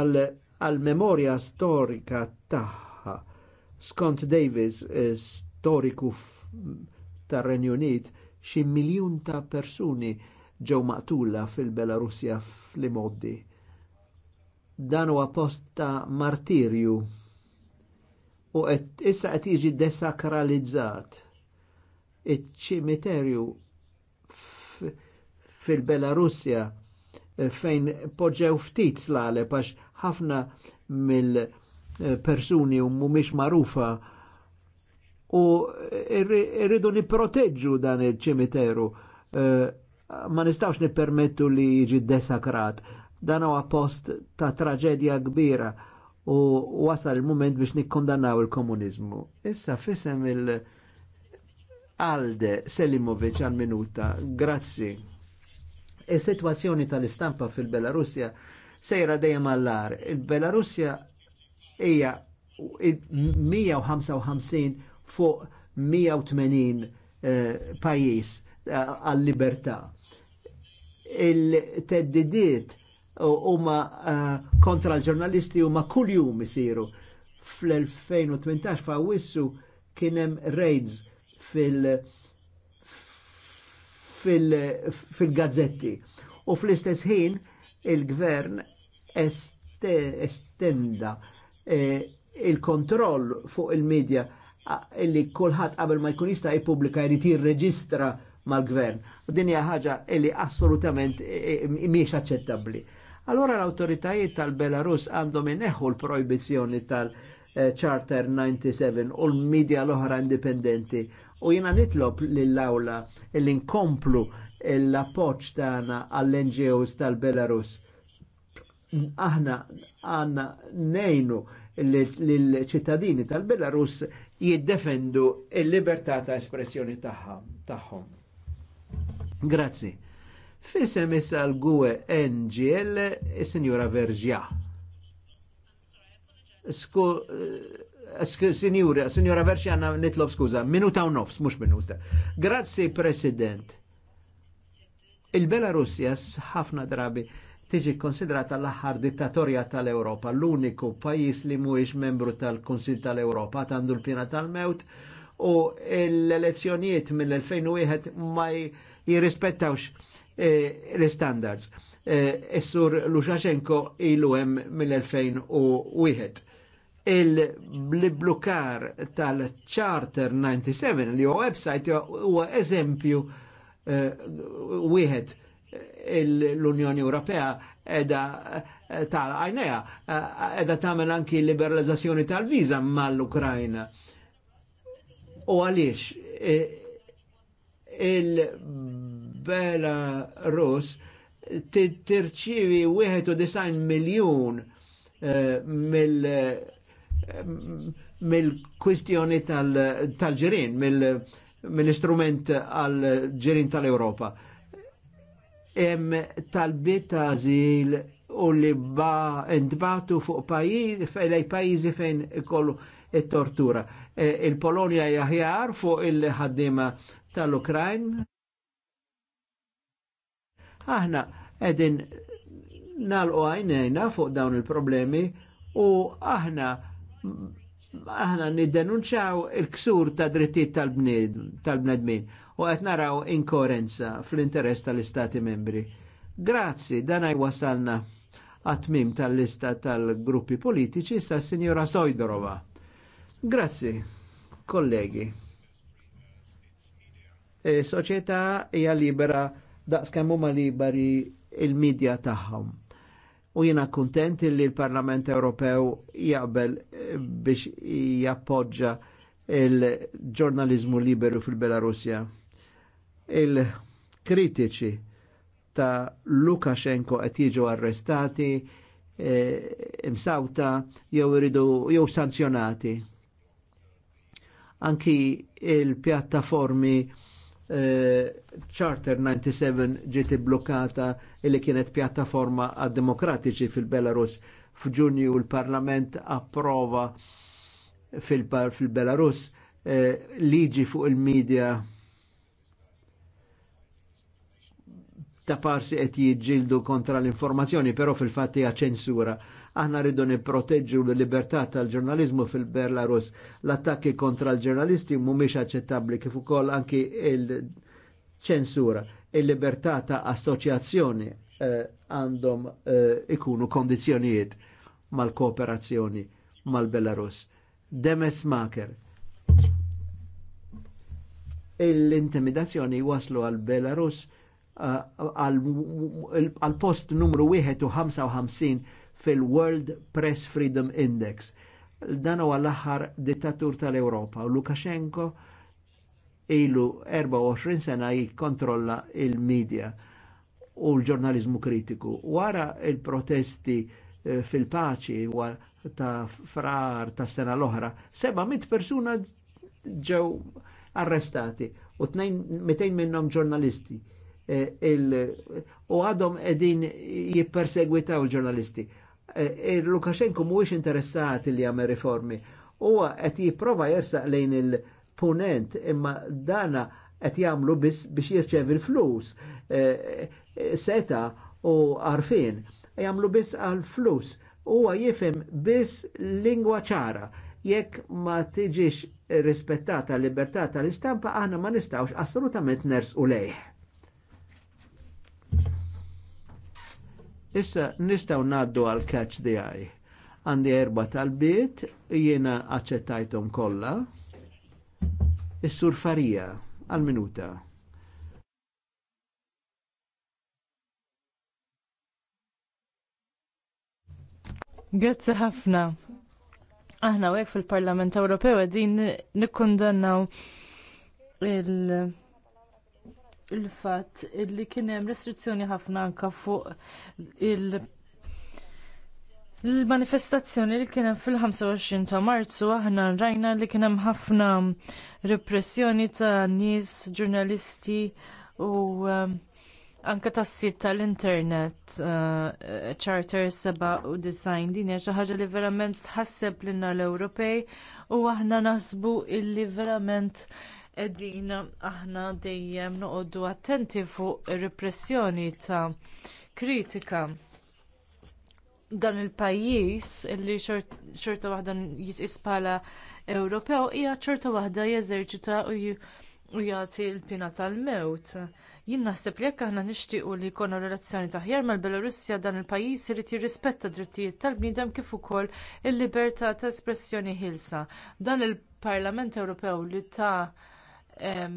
Speaker 1: għall-memoria storika tagħha. Skont Davis, storiku tar-Renju Unit, xi miljun ta' persuni ġew maqtula fil-Belarusja fl-imoddi. Dan huwa post ta' martirju u qed issa qed jiġi desakralizzat. Iċ-ċimiterju fil-Belarusja Eh, fejn poġġew ftit slale għax ħafna mill-persuni u mumiex marufa u irridu niproteġġu dan il-ċimiteru. Eh, ma nistawx nippermettu li jiġi desakrat. Dan huwa post ta' traġedja kbira u wasal il-moment biex nikkondannaw il-komunizmu. Issa fisem il- Alde Selimovic għal minuta. Grazzi. Is-sitwazzjoni tal-istampa fil-Belarusja sejra dejjem għallar. Il-Belarusja hija 155 fuq 180 pajjiż eh, pajis eh, għal-libertà. Il-teddidiet huma eh, kontra l-ġurnalisti huma kuljum isiru. Fl-2018 fawissu kienem raids fil- uh, fil-gazzetti. u fl-istess ħin il-gvern estenda eh, il-kontroll fuq il-medja illi kolħat qabel ma jkun jista' jippubblika jrid jirreġistra mal-gvern. U din hija ħaġa illi assolutament eh, eh, mhijiex aċċettabbli. Allora l-autoritajiet tal-Belarus għandhom ineħħu l-projbizzjoni tal-Charter 97 u l-medja l-oħra indipendenti U jena nitlob lill-awla li nkomplu l-appoċ tagħna għall-NGOs tal-Belarus. Aħna għanna nejnu l-ċittadini tal-Belarus jiddefendu il-libertà ta' espressjoni tagħhom. Grazzi. Fisem issa l-gwe NGL, il signora Verġja. Signora, signora Verxi nitlob skuza, minuta u nofs, mux minuta. Grazzi, President. Il-Belarusja ħafna drabi tiġi konsidrata l-aħħar dittatorja tal-Europa, l-uniku pajis li mhuwiex membru tal-Kunsil tal-Europa, għandu l-pjena tal-mewt, u l-elezzjonijiet mill-2001 ma jirrispettawx eh, l-standards. Essur eh, Lushashenko ilu hemm mill-2001 il-blukar tal-Charter 97 li huwa website huwa eżempju eh, wieħed eh, l-Unjoni Ewropea edha eh, tal ajnea edha tamen anki liberalizzazzjoni tal-viza mal-Ukrajna. U għaliex, il-Bela Rus tirċivi 91 miljon mill mill-kwistjoni tal-ġirin, tal mill-istrument għal-ġirin tal-Europa. Hemm tal-bit ta' azil u li ba intbatu fuq pajjiż fejn pajjiżi fejn ikollu it-tortura. E, Il-Polonja jaħjar fuq il-ħaddima tal-Ukrajn. Aħna qegħdin nalqu għajnejna fuq dawn il-problemi u aħna aħna niddenunċaw il-ksur ta' drittijiet tal-bnedmin u qed naraw inkoerenza fl-interess tal-istati membri. Grazzi, dan wasalna għatmim tal-lista tal-gruppi politiċi sa' Signora Sojdorova. Grazzi, kollegi. E, Soċieta hija libera daqs kemm huma liberi il-medja tagħhom u jina kontent li l-Parlament Ewropew jaqbel eh, biex jappoġġa il-ġurnalizmu liberu fil-Belarusja. Il-kritiċi ta' Lukashenko qed jiġu arrestati, e, imsawta jew iridu jew sanzjonati. Anki il-pjattaformi Eh, Charter 97 ġiet blokkata li kienet pjattaforma għad-demokratiċi fil-Belarus. F'Ġunju l-Parlament approva fil-Belarus eh, liġi fuq il-medja ta' parsi qed jiġġieldu kontra l-informazzjoni, però fil-fatt hija ċensura. Aħna rridu nipproteġġu l-libertà tal-ġurnalizmu fil-Belarus. L-attakki kontra l-ġurnalisti mhumiex aċċettabbli kif ukoll anki il-ċensura. Il-libertà ta' assoċjazzjoni għandhom eh, eh, ikunu kondizjonijiet mal-kooperazzjoni mal-Belarus. Demes Maker. L-intimidazzjoni waslu għal-Belarus għal-post numru 1 u fil-World Press Freedom Index. Dan huwa l-aħħar dittatur tal-Ewropa u Lukashenko ilu 24 sena jikkontrolla il-medja u l-ġurnalizmu kritiku. Wara il-protesti eh, fil-paċi ta' frar ta' sena l-oħra, 700 persuna ġew arrestati u 200 minnhom ġurnalisti. Eh, il, u għadhom edin jippersegwitaw il-ġurnalisti. Eh, eh, Lukashenko mhuwiex interessat li jagħmel riformi. Huwa qed jipprova jersaq lejn il-punent imma dana qed jagħmlu biss biex jirċevi l-flus eh, seta u arfin Jagħmlu biss għal-flus. Huwa jifhem biss lingwa ċara. Jekk ma tiġix rispettata l-libertà tal-istampa aħna ma nistgħux assolutament ners u lejh. Issa nistgħu naddu għal catch the eye. Għandi erba tal-bit, jiena aċċettajthom kollha. Is-sur Farija għal minuta.
Speaker 2: Grazzi ħafna. Aħna għek fil-Parlament Ewropew għedin nikkondannaw il- il-fatt li kien hemm restrizzjoni ħafna anke fuq il- manifestazzjoni li kien hemm fil-25 ta' Marzu aħna rajna li kien hemm ħafna repressjoni ta' nies, ġurnalisti u um, anke tas-sit tal-internet uh, charter seba' u design din xi ħaġa li verament tħasseb lilna l-Ewropej u aħna naħsbu illi verament qegħdin aħna dejjem noqogħdu attenti fuq ir-repressjoni ta' kritika dan il-pajjiż li xorta waħda jitqis bħala Ewropew hija xorta waħda jeżerċita u jagħti l-pina tal-mewt. Jien naħseb li jekk aħna nixtiequ li jkollna relazzjoni taħjar mal-Belorussja dan il-pajjiż irid jirrispetta d-drittijiet tal-bniedem kif ukoll il-libertà ta' espressjoni ħilsa. Dan il-Parlament Ewropew li ta' Eh,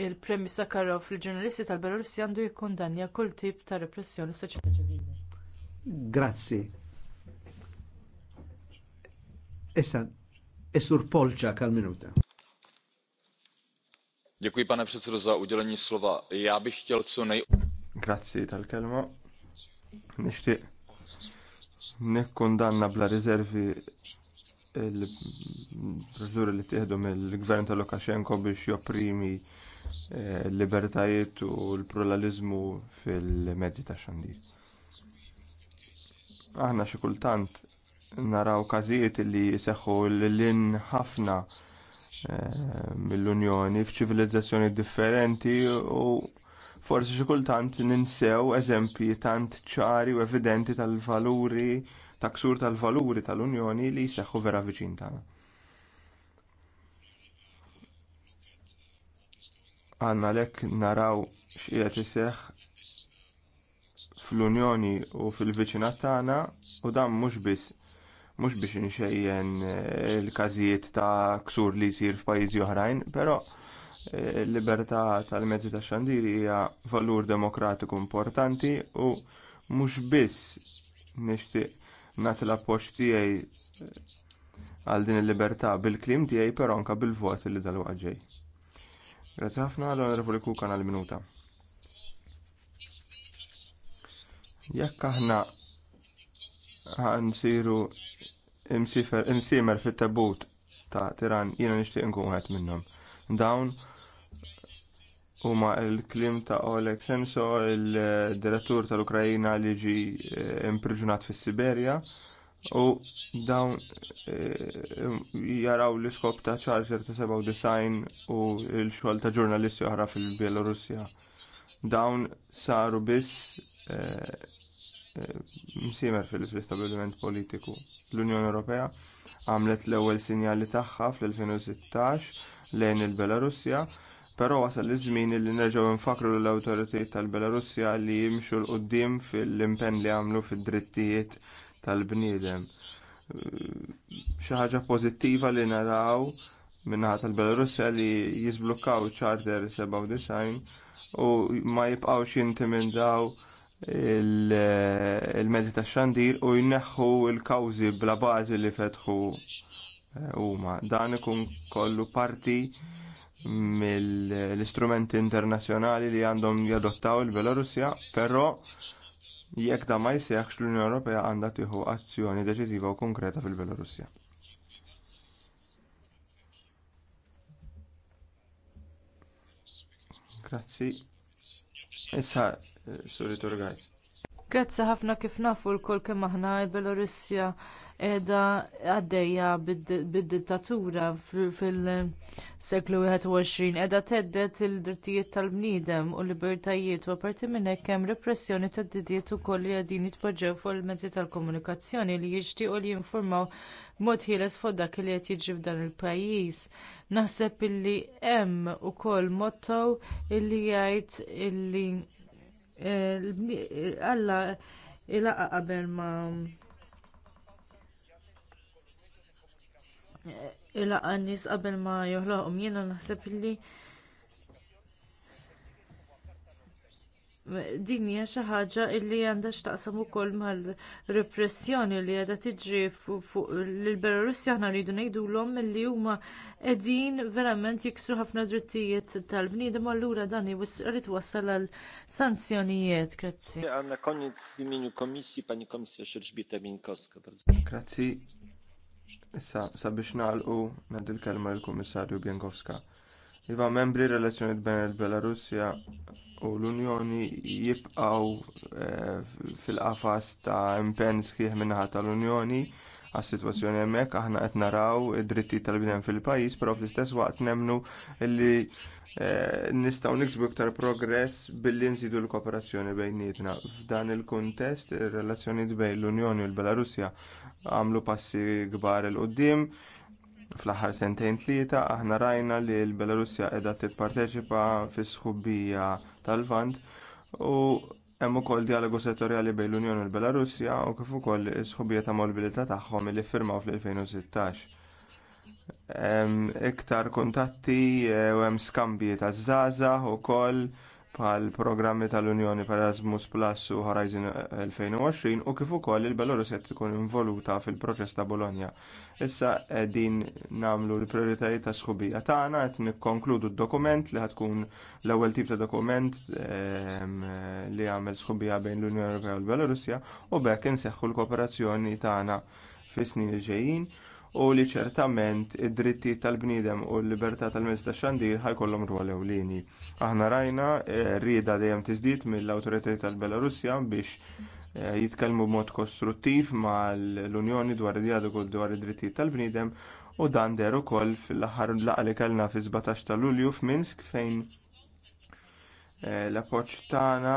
Speaker 2: il-premju Sakharov il-ġurnalisti tal-Belorussi għandu jikkundanja kull tip ta' repressjoni soċjali ċivili.
Speaker 1: Grazzi. Issa, Isur Polċa kal-minuta.
Speaker 3: Děkuji, pane
Speaker 2: předsedo, za udělení slova. Já bych chtěl co nej...
Speaker 1: Grazzi tal-kelma.
Speaker 4: Nixtieq. Nekkondanna bla riservi il-proċedura li tieħdu mill-gvern ta' Lukashenko biex jopprimi eh, l-libertajiet u l-pluralizmu fil-mezzi ta' xandir. Aħna xi kultant naraw każijiet li l lil ħafna eh, mill-Unjoni f'ċivilizzazzjoni differenti u forsi xi kultant ninsew eżempji tant ċari u evidenti tal-valuri ta' ksur tal-valuri tal-Unjoni li jseħħu vera viċin tagħna. Għanna lek naraw x'qiegħed iseħħ fl-Unjoni u fil-viċinat tagħna u dan mhux biss mhux biex inxejjen eh, il-każijiet ta' ksur li jsir f'pajjiżi oħrajn, però eh, l-libertà tal-mezzi tax xandir hija valur demokratiku importanti u mhux biss nixtieq nagħti l-appoġġ tiegħi eh, għal din il-libertà bil-klim tiegħi però anke bil-vot li dalwaqt ġej. Grazzi ħafna l-Onorevoli Kukan għal minuta. Jekk aħna ħansiru imsimer fit-tabut ta' Tiran jiena nixtieq nkun wieħed minnhom. Dawn huma l-kliem ta' Oleg Senso, il-direttur tal-Ukrajina li ġi eh, impriġunat fis-Siberja u dawn eh, jaraw l-iskop ta' ċarġer ta' 97 u l-xogħol ta' ġurnalisti oħra fil-Bielorussja. Dawn saru biss eh, msimer fil-istabiliment politiku. L-Unjoni Ewropea għamlet l-ewwel sinjali tagħha fl-2016 lejn il belarussja però wasal iż-żmien li nerġgħu nfakru lill awtoritajiet tal belarussja li jimxu l qudiem fil-impenn li għamlu fid-drittijiet tal-bniedem. Xi ħaġa pożittiva li naraw minnaħa tal belarussja li jiżblukkaw charter 97 u ma jibqgħux jintimidaw il-mezzi tax xandir u jneħħu l kawżi bla bażi li fetħu Eh, huma dan ikun kollu parti mill-istrumenti internazzjonali li għandhom jadottaw il-Belarusja, però jekk da ma jsejħx l-Unjoni Ewropea għandha tieħu azzjoni deċiżiva u konkreta fil-Belarusja. Grazzi. Issa, eh, Suri Turgajs.
Speaker 2: Grazzi ħafna kif nafu l-kol kemm aħna l-Belorussja qiegħda għaddejja bid-dittatura fil-seklu 21 qiegħda teddet il-drittijiet tal-bniedem u l-libertajiet u apparti minn hekk hemm repressjoni tad-didiet ukoll li qegħdin jitpoġġew fuq il-mezzi tal-komunikazzjoni li jixtiequ li jinformaw b'mod ħieles fuq dak li qed jiġri f'dan il-pajjiż. Naħseb illi hemm ukoll motto illi jgħid illi eh, Alla ilaqa qabel ma' ilaqan nies qabel ma joħloqhom jiena naħseb li din hija xi ħaġa li għandha x'taqsam ukoll mal-repressjoni li qiegħda tiġri fuq lill-Belorussja aħna rridu ngħidulhom milli huma qegħdin verament jiksru ħafna drittijiet tal-bniedem allura dan irid wassal għal sanzjonijiet. Grazzi.
Speaker 3: Għandna koniec w imieniu komisji pani komisarz Minkowska.
Speaker 4: Grazzi. Issa, sabiex nagħlqu nagħdi il kelma lill-Kummissarju Bienkowska. Iva membri relazzjonijiet bejn il-Belarusja u l-Unjoni jibqgħu eh, fil-qafas ta' impenn sħiħ min-naħa tal-Unjoni għas-sitwazzjoni hemmhekk aħna qed naraw id-dritti tal-bnedmin fil-pajjiż, però fl-istess waqt nemnu li eh, nistgħu niksbu iktar progress billi nżidu l-kooperazzjoni bejnietna. F'dan il-kuntest ir-relazzjonijiet bejn l-Unjoni u l-Belarusja għamlu passi kbar il qudiem fl-aħħar sentejn tlieta aħna rajna li l-Belarusja qiegħda tipparteċipa fis-sħubija tal-Vant u Hemm ukoll dialogu settorjali bejn l-Unjoni u l-Belarusja u kif ukoll is-sħubijiet ta' mobilità tagħhom li ffirmaw fl-2016. Hemm iktar kuntatti eh, u hemm skambji ta' żgħażagħ ukoll bħal programmi tal-Unjoni per Erasmus Plus u Horizon 2020 u kif ukoll il-Belarus qed tkun involuta fil-proċess ta' Bologna. Issa qegħdin nagħmlu l-prijoritajiet ta' sħubija tagħna qed nikkonkludu d-dokument li ħatkun l-ewwel tip ta' dokument ehm, li għamel sħubija bejn l-Unjoni Ewropea u l belorussja u bekk inseħħu l-kooperazzjoni tagħna fis-snin ġejjin u li ċertament id-drittijiet tal-bniedem u l-libertà tal-mezz tax-xandir ħajkollhom rwol ewlieni. Aħna rajna eh, rieda dejjem tiżdied mill-awtoritajiet tal-Belarusja biex eh, jitkellmu b'mod kostruttiv mal-Unjoni dwar id-dialogu dwar id-drittijiet tal-bniedem u dan der ukoll fl-aħħar laqgħa li kellna fis 17 ta' Lulju f'Minsk fejn eh, l-appoġġ tagħna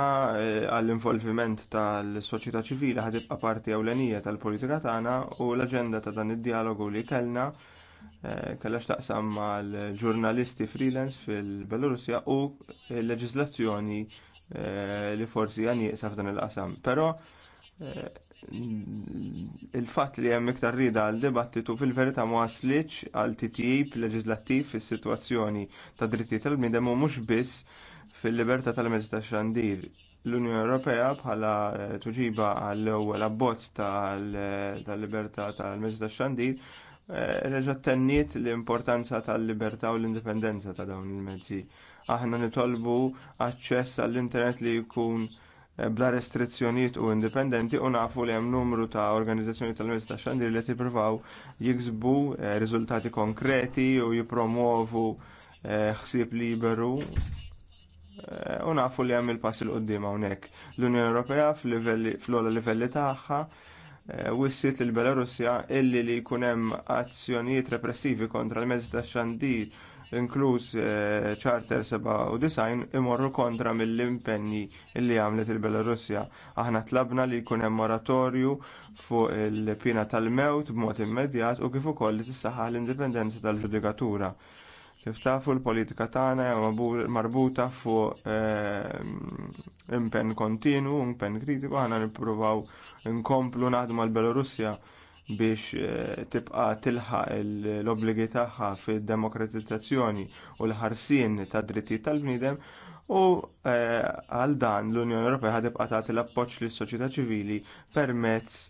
Speaker 4: għall-involviment tal-soċjetà ċivili ħad tibqa' parti ewlenija tal-politika tagħna u l-aġenda ta' dan id-dialogu li kellna Eh, kellax taqsam mal ġurnalisti freelance fil-Belarusja u l-leġiżlazzjoni eh, li forsi għan jiqsaf dan il-qasam. Però eh, il-fatt li hemm iktar rida għal dibattitu fil-verità ma waslitx għal titjib leġislattiv fis-sitwazzjoni ta' drittijiet tal-bniedem u mhux biss fil-libertà tal-mezz ta' xandir. L-Unjoni Ewropea bħala tuġiba għall ewwel abbozz tal-libertà tal-mezz tax xandir reġa' tenniet l-importanza tal-libertà u l-indipendenza ta' dawn il-mezzi. Aħna nitolbu aċċess għall-internet li jkun eh, bla restrizzjonijiet u indipendenti u nafu li hemm numru ta' organizzazzjoni tal mezzi ta' xandir li tippruvaw jiksbu eh, riżultati konkreti u jipromovu eh, ħsieb liberu u nafu li hemm il-pass il qudiem hawnhekk. L-Unjoni Ewropea fl ewwel livelli tagħha Eh, wissiet il belarusja illi li jkun hemm azzjonijiet repressivi kontra l-mezzi tax xandir inkluż eh, charter 97 imorru kontra mill-impenni li għamlet il-Belarusja. Aħna tlabna li jkun hemm moratorju fuq il-pina tal-mewt b'mod immedjat u kif ukoll li tissaħħa l-indipendenza tal-ġudikatura. Kif tafu l-politika tagħna hija marbuta fuq ehm, impenn kontinu, impenn kritiku, aħna nippruvaw nkomplu naħdmu mal belorussja biex eh, tibqa tilħaq l-obligi tagħha fid-demokratizzazzjoni u l-ħarsien tad drittijiet tal-bniedem u eh, għal dan l-Unjoni Ewropea ħadibqa tagħti l-appoġġ lis-soċjetà ċivili permezz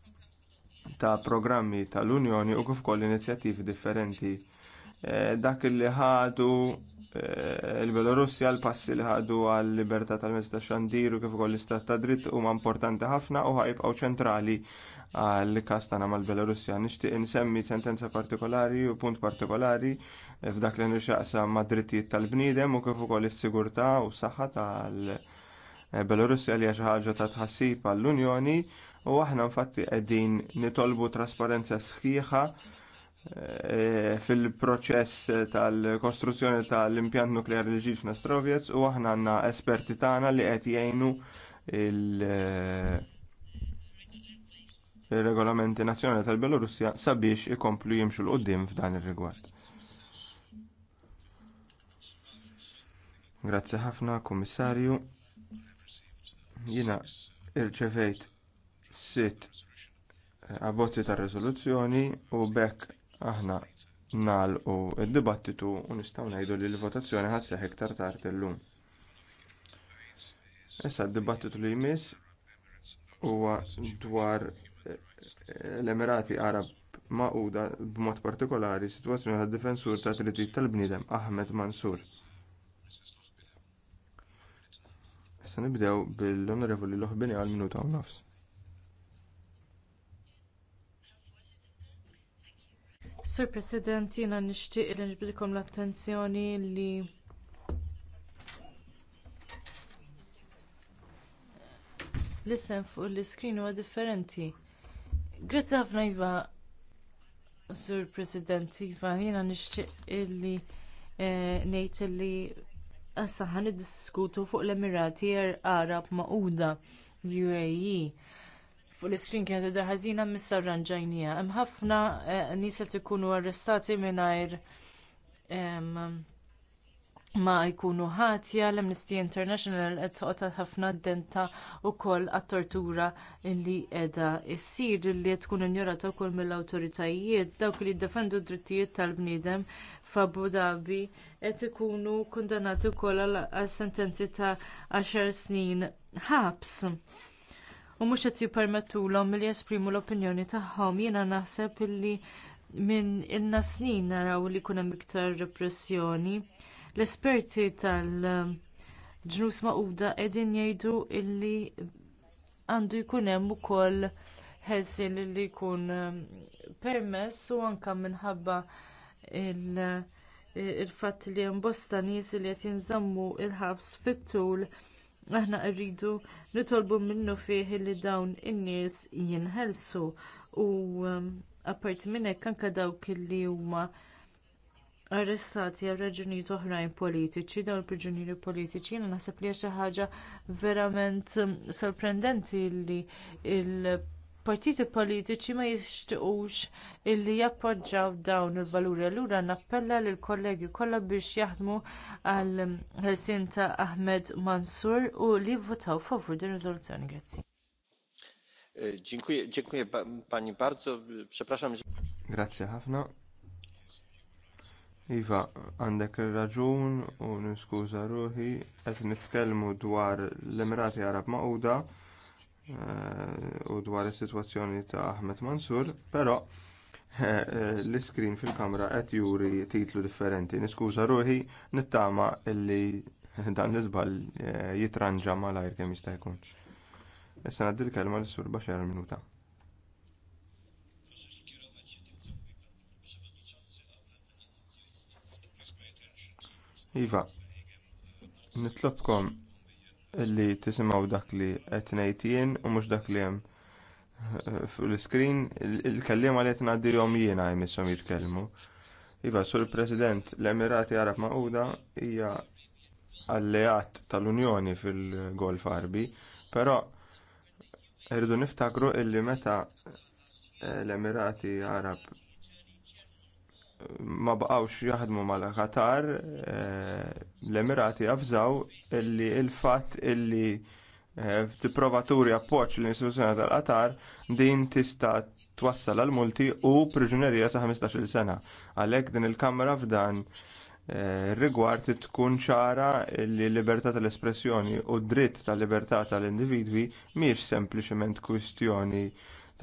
Speaker 4: ta' programmi tal-Unjoni u kif ukoll inizjattivi differenti. Eh, dak li ħadu eh, il-Belorussja l-passi li ħadu għal libertà tal-mezz ta' xandir u kif ukoll l-istat ta' dritt huma importanti ħafna u ħajbqgħu ċentrali għal każ tagħna mal-Belorussja. Nixtieq insemmi sentenza partikolari u punt partikolari eh, f'dak li nixaqsam ma' drittijiet tal-bniedem u kif ukoll is-sigurtà u s-saħħa tal-Belorussja li hija xi ħaġa ta' tħassib għall-Unjoni u aħna infatti qegħdin nitolbu trasparenza sħiħa Eh, fil-proċess tal-kostruzzjoni tal-impjant nukleari li ġie f'Nastrovjec u aħna għandna esperti tagħna li qed jgħinu il-regolamenti eh, nazzjonali tal-Belorussja sabiex ikomplu jimxu l-qoddim f'dan ir-rigward. Grazzi ħafna, Kummissarju. Jiena irċevejt sitt abbozzi tar-riżoluzzjoni u bekk aħna ngħalqu d-dibattitu u nistgħu ngħidu li l-votazzjoni ħasseħ iktar tard illum. Issa d-dibattitu li jmiss huwa dwar eh, l-Emirati Arab Magħquda b'mod partikolari sitwazzjoni tad difensur ta' trittijiet tal-bniedem Ahmed Mansur. Issa nibdew bil-Onorevoli Loħbini għal minuta u
Speaker 2: Sur President, jiena nixtieq li nġbilkom l-attenzjoni li l-isem fuq l-iskrin huwa differenti. Grazzi ħafna iva, Sur President, iva, jiena nixtieq li eh, ngħid li issa ħan niddiskutu fuq l-Emirati Arab Magħquda l-UAE fuq l-iskrin kienet idher ħażina missa rranġajnija. Hemm ħafna eh, nies qed ikunu arrestati mingħajr ma jkunu ħatja l-Amnesty International qed toqgħod ħafna d-denta wkoll għat-tortura li qiegħda ssir li tkun injorata wkoll mill-awtoritajiet dawk li jiddefendu d-drittijiet tal-bniedem f'Abu Dhabi qed ikunu kundannati wkoll għal sentenzi ta' għaxar snin ħabs u mhux qed jippermettulhom li jesprimu l-opinjoni tagħhom jiena naħseb illi minn ilna snin naraw li jkun hemm iktar repressjoni l-esperti tal-ġnus magħquda qegħdin jgħidu li għandu jkun hemm ukoll ħelsien li jkun ehm, permess u anke minħabba l- il-fatt li hemm bosta nies li qed jinżammu l ħabs fit-tul aħna rridu nitolbu minnu fih li dawn in-nies jinħelsu u um, apparti minn hekk anke dawk li huma arrestati għal raġunijiet oħrajn politiċi dawn il-priġunieri politiċi jiena naħseb li hija xi ħaġa verament um, sorprendenti li l partiti politiċi ma jixtiequx illi jappoġġjaw dawn il-valuri allura nappella lill kollegi kollha biex jaħdmu għal ħelsien ta' ahmed mansur u li jivvotaw favur din ir-riżoluzzjoni grazzi.
Speaker 3: Eh, dziękuję pani bardzo. Przepraszam.
Speaker 4: Grazie ħafna. Iva, għandek raġun u niskuża ruħi qed nitkellmu dwar l-Emirati Arab Magħquda Eh, u dwar is-sitwazzjoni ta' Ahmed Mansur, però eh, eh, l-iskrin fil-kamra qed juri titlu differenti. Niskuża ruħi nittama illi dan l-iżball jitranġa malajr kemm jista' jkunx. Issa ngħaddi l-kelma lis sur Bashar minuta. Iva, nitlobkom li tisimgħu dak li qed ngħid jien u mhux dak li hemm eh, fuq l-iskrin il-kellima li qed ngħaddihom jiena jmisshom jitkellmu. Iva, sur President, l-Emirati Arab Magħquda hija alleat tal-Unjoni fil-Golf Arbi, però irridu niftakru illi meta eh, l-Emirati Arab ma baqgħux jaħdmu mal-Qatar eh, l-Emirati avżaw illi il-fatt illi eh, tipprovaturi appoġġ l-istituzzjoni tal-Qatar din tista' twassal għal multi u priġunerija sa' 15-il sena. Għalhekk din il-Kamra f'dan eh, rigward tkun ċara li l-libertà tal-espressjoni u d dritt tal-libertà tal-individwi mhijiex sempliċement kwistjoni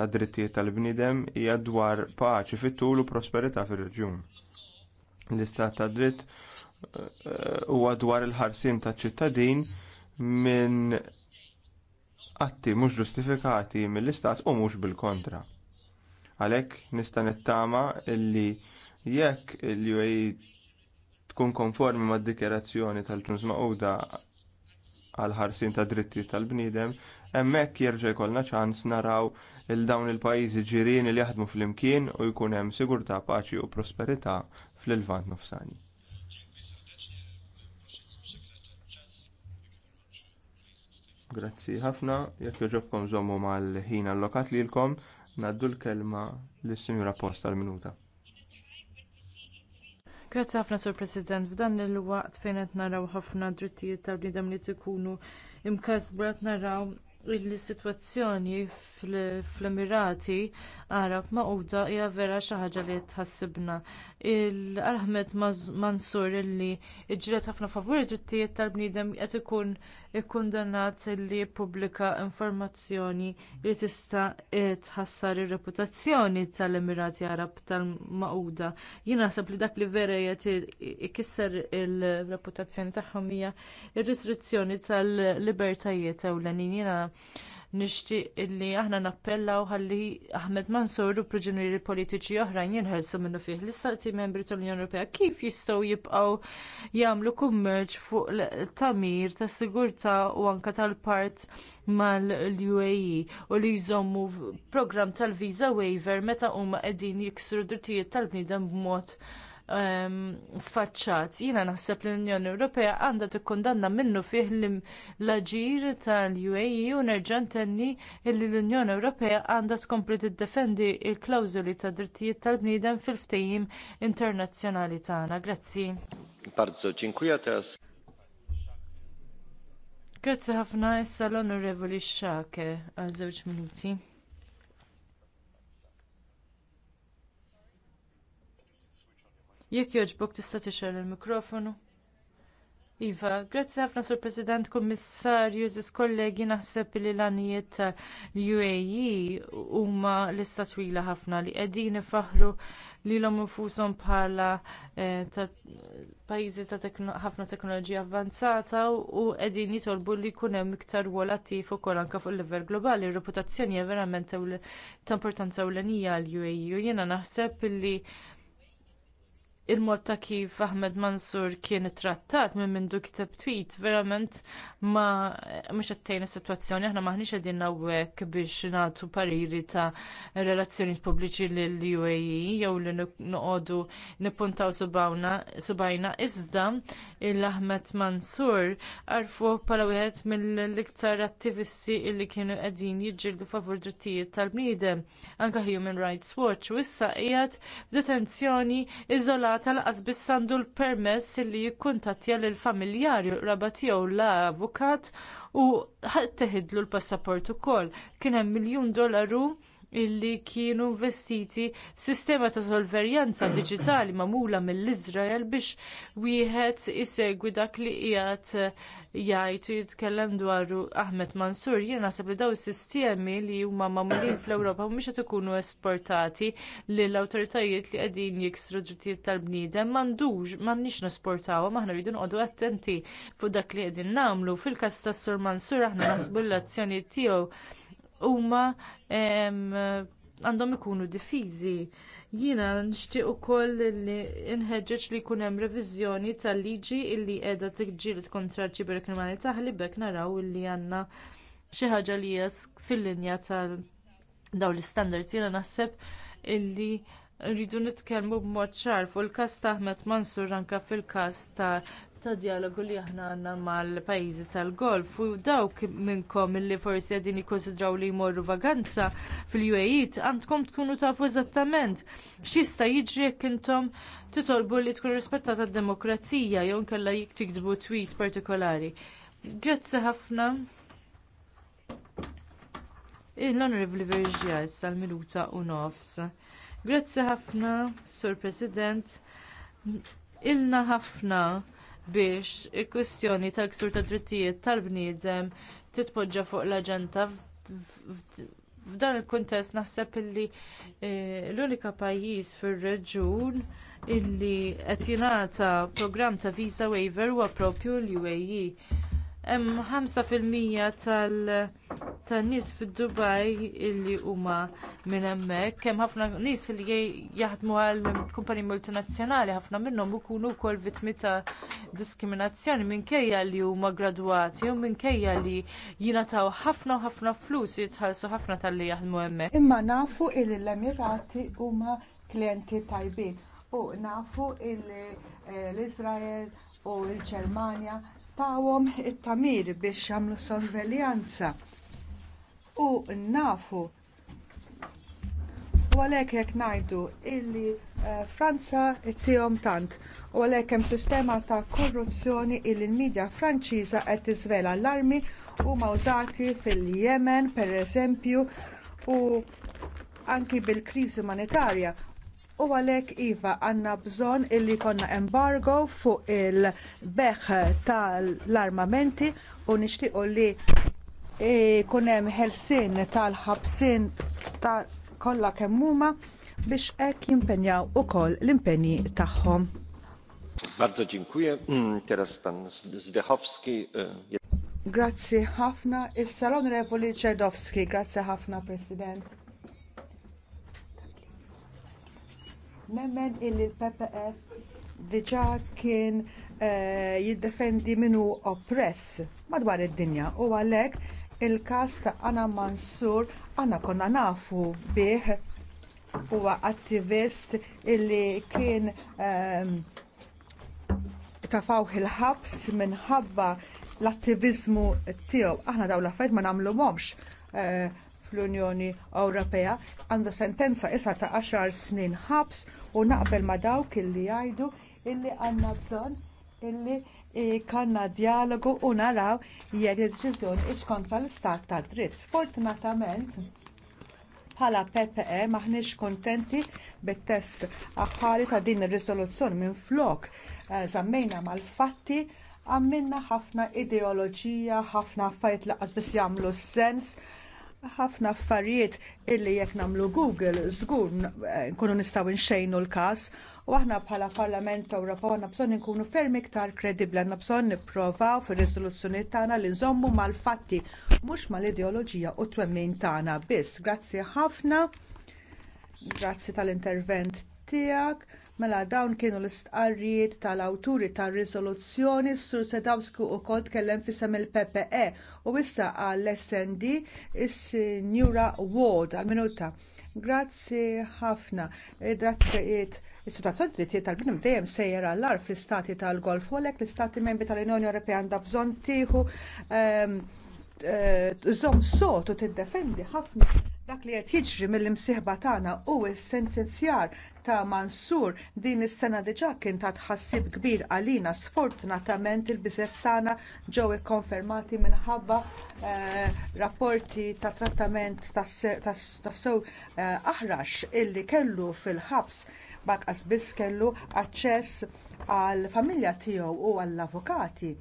Speaker 4: tad drittijiet tal-bniedem hija dwar paċi fit-tul u prosperità fir-reġjun. L-istat ta' dritt eh, huwa dwar il-ħarsien taċ-ċittadin minn atti mhux ġustifikati mill-istat u mhux bil-kontra. Għalhekk nista' nittama li jekk il-UAE tkun konformi mad dikjerazzjoni tal-ġuns Magħquda għal ħarsien tad drittijiet tal-bniedem, hemmhekk jerġa' jkollna ċans naraw il dawn il-pajjiżi ġirin li jaħdmu flimkien u jkun hemm sigurtà, paċi u prosperità fl-Ilvant nofsani. Grazzi ħafna, jekk joġobkom żommu mal-ħin allokat lilkom, ngħaddu l-kelma lis-Sinjura Post għal-minuta.
Speaker 2: Grazzi ħafna, Sur President, f'dan il-waqt fejn qed naraw ħafna drittijiet tal-bniedem li tkunu imkasbra naraw il-sitwazzjoni fl-emirati għarab magħquda hija vera xi ħaġa li tħassibna il-ahmed mansur illi ġġieled ħafna favur id-drittijiet tal-bniedem qed ikun ikkundannat li jippubblika informazzjoni li tista' eh, tħassar ir-reputazzjoni tal-emirati arab tal-magħquda jien naħseb li dak li vera qed ikisser ir-reputazzjoni tagħhom hija r ristrizzjoni tal-libertajiet ewlenin jiena nixtieq illi aħna nappellaw ħalli Ahmed Mansur u proġenieri politiċi oħrajn jinħelsu minnu fih l-istati membri tal-Unjoni Ewropea kif jistgħu jibqgħu jagħmlu kummerċ fuq tamir tas sigurtà u anke tal-part mal-UAE u li jżommu programm tal-visa waiver meta huma qegħdin jiksru drittijiet tal-bniedem b'mod Ehm, sfaċċat. Jiena naħseb l-Unjoni Ewropea għandha tikkundanna minnu fih l-aġir tal-UAE u nerġa' ntenni li l-Unjoni Ewropea għandha tkompli tiddefendi l klawżuli ta' drittijiet tal-bniedem fil-ftehim internazzjonali tagħna. Grazzi.
Speaker 3: Bardzo dziękuję
Speaker 2: Grazzi ħafna issa l-Onorevoli Xake għal żewġ minuti. Jekk jogħġbok tista' tixel il-mikrofonu. Iva, grazzi ħafna sur President Kummissarju, ziz kollegi naħseb li l-għanijiet tal-UAE huma lista twila ħafna li qegħdin ifaħru lilhom infushom bħala eh, pajjiżi ta' ħafna teknoloġija avvanzata u qegħdin jitolbu li jkun hemm iktar wol attiv ukoll anke fuq livell globali. Ir-reputazzjoni hija verament ta' importanza ewlenija għall UAE u jiena naħseb li il-mod ta' kif Ahmed Mansur kien trattat minn minn duk tab tweet verament ma mhux għattejna situazzjoni aħna maħniex qegħdin hawnhekk biex nagħtu pariri ta' relazzjonijiet pubbliċi lill UAE jew li noqogħdu nippuntaw subajna iżda il-Ahmed Mansur arfu bħala wieħed mill-iktar attivisti li kienu qegħdin jiġġieldu favur drittijiet tal-bniedem anke Human Rights Watch u issa qiegħed detenzjoni iżolata l-akkużata lanqas biss għandu l-permess li jikkuntattja lill familjari u raba tiegħu l-avukat u ħadd l-passaport ukoll. Kien hemm miljun dollaru illi kienu investiti f'sistema ta' sorveljanza diġitali magħmula mill-Iżrael biex wieħed isegwi dak li qiegħed jgħid u jitkellem dwaru Ahmed Mansur. Jien naħseb li dawn is-sistemi li huma magħmulin fl-Ewropa mhumiex qed ikunu esportati lill awtoritajiet li qegħdin jiksru drittijiet tal-bniedem m'għandux m'għandniex nesportawhom aħna rridu noqogħdu attenti fuq dak li qegħdin nagħmlu fil-każ tas-Sur Mansur aħna naħsbu l-azzjonijiet tiegħu huma għandhom ikunu diffiżi. Jiena nixtieq ukoll li nħeġġeġ li jkun hemm reviżjoni tal-liġi li qiegħda tiġġieled kontra ċiberkriminalità ħalli bekk naraw li għandna xi ħaġa li hija fil-linja tal dawn l-istandards. Jiena naħseb illi rridu nitkellmu b'mod ċar fuq il-każ ta' Ahmed Mansur anke fil-każ ta' ta' dijalogu li aħna għandna mal-pajjiżi tal-golf u dawk minnkom li forsi qegħdin jikkonsidraw li jmorru vaganza fil-UAE għandkom tkunu tafu eżattament x'jista' jiġri jekk intom titolbu li tkun rispettata d-demokrazija jew inkella jekk tikdbu tweet partikolari. Grazzi ħafna. L-Onorevoli Verġja sal minuta u nofs. Grazzi ħafna, Sur President. Ilna ħafna biex il-kwistjoni tal-ksur tad drittijiet tal-bniedem titpoġġa fuq l-aġenda f'dan il-kuntest naħseb illi eh, l-unika pajjiż fir-reġjun illi qed jingħata programm ta' visa waiver huwa proprju l-UAE hemm 5% tal- tan-nies fid-Dubai illi huma minn hemmhekk hemm ħafna nies li jaħdmu għal kumpaniji multinazzjonali ħafna minnhom ikunu wkoll vittmi ta' diskriminazzjoni minkejja li huma gradwati u minkejja li jingħataw ħafna u ħafna flus jitħallsu ħafna talli jaħdmu hemmhekk.
Speaker 6: Imma nafu li l-Emirati huma klienti tajbin u nafu l eh, izrael u l-Ġermanja pawom it-tamir biex jagħmlu sorveljanza u nafu u għalhekk jekk ngħidu illi eh, Franza ittihom tant u għalhekk hemm sistema ta' korruzzjoni illi l-midja Franċiża qed tiżvela l-armi huma użati fil-Yemen pereżempju u anki bil-kriżi umanitarja U għalhekk Iva għandna bżonn illi jkollna embargo fuq il-beħ tal-armamenti u nixtiequ li jkun e, hemm ħelsien tal-ħabsin tal kollha kemm huma biex hekk jimpenjaw ukoll l-impenji tagħhom.
Speaker 3: Bardzo dziękuję. Mm, teraz pan Zdechowski. E,
Speaker 6: Grazzi ħafna. Is-Salon Revoli Ċerdowski. Grazzi ħafna, President. Nemmen illi l-PPF diġa kien eh, jiddefendi minnu oppress madwar id-dinja u għalhekk il każ ta' Anna Mansur aħna konna nafu bih huwa attivist illi kien ehm, tafaw il-ħabs minħabba l-attivizmu tiegħu. Aħna dawn l-affarijiet ma nagħmluhomx eh, fl-Unjoni Ewropea għandha sentenza issa ta' 10 snin ħabs u naqbel ma' dawk illi jgħidu illi għandna bżonn illi e, kanna dijalogu u naraw jekk id-deċiżjoni ix kontra l-istat ta' dritt. Sfortunatament, bħala PPE maħniex kuntenti bit-test aħħari ta' din ir-riżoluzzjoni minflok e, żammejna mal-fatti għamilna ħafna ideoloġija, ħafna affarijiet laqas biss jagħmlu sens ħafna affarijiet illi jekk nagħmlu Google żgur eh, nkunu nistgħu nxejnu l-każ u aħna bħala Parlament Ewropew għandna bżonn inkunu ferm iktar kredibbli għandna bżonn nipprovaw fir-riżoluzzjoni tagħna li nżommu mal-fatti mhux mal-ideoloġija u twemmin tagħna biss. Grazzi ħafna. Grazzi tal-intervent tiegħek. Mela dawn kienu l-istqarrijiet tal-awturi tar-riżoluzzjoni Sur Sedawsku wkoll tkellem fisem il-PPE u issa għall-SND is-Sinjura Ward għal-minuta. Grazzi ħafna. Drattijiet Is-situazzjoni drittijiet tal-bnum dejjem sejjer għall-ar fl-istati tal-Golf u għalhekk l-istati membri tal-Unjoni Ewropea għandha bżonn tieħu ehm, Eh, żomm sot u tiddefendi ħafna dak li qed jiġri mill-imsieħba tagħna u s-sentenzjar ta' Mansur din is-sena diġà kien ta' tħassib kbir għalina sfortunatament il-biżgħet tagħna ġew ikkonfermati minħabba eh, rapporti ta' trattament tas-sew eh, aħrax illi kellu fil-ħabs b'qas biss kellu aċċess għall familja tiegħu u għall-avukati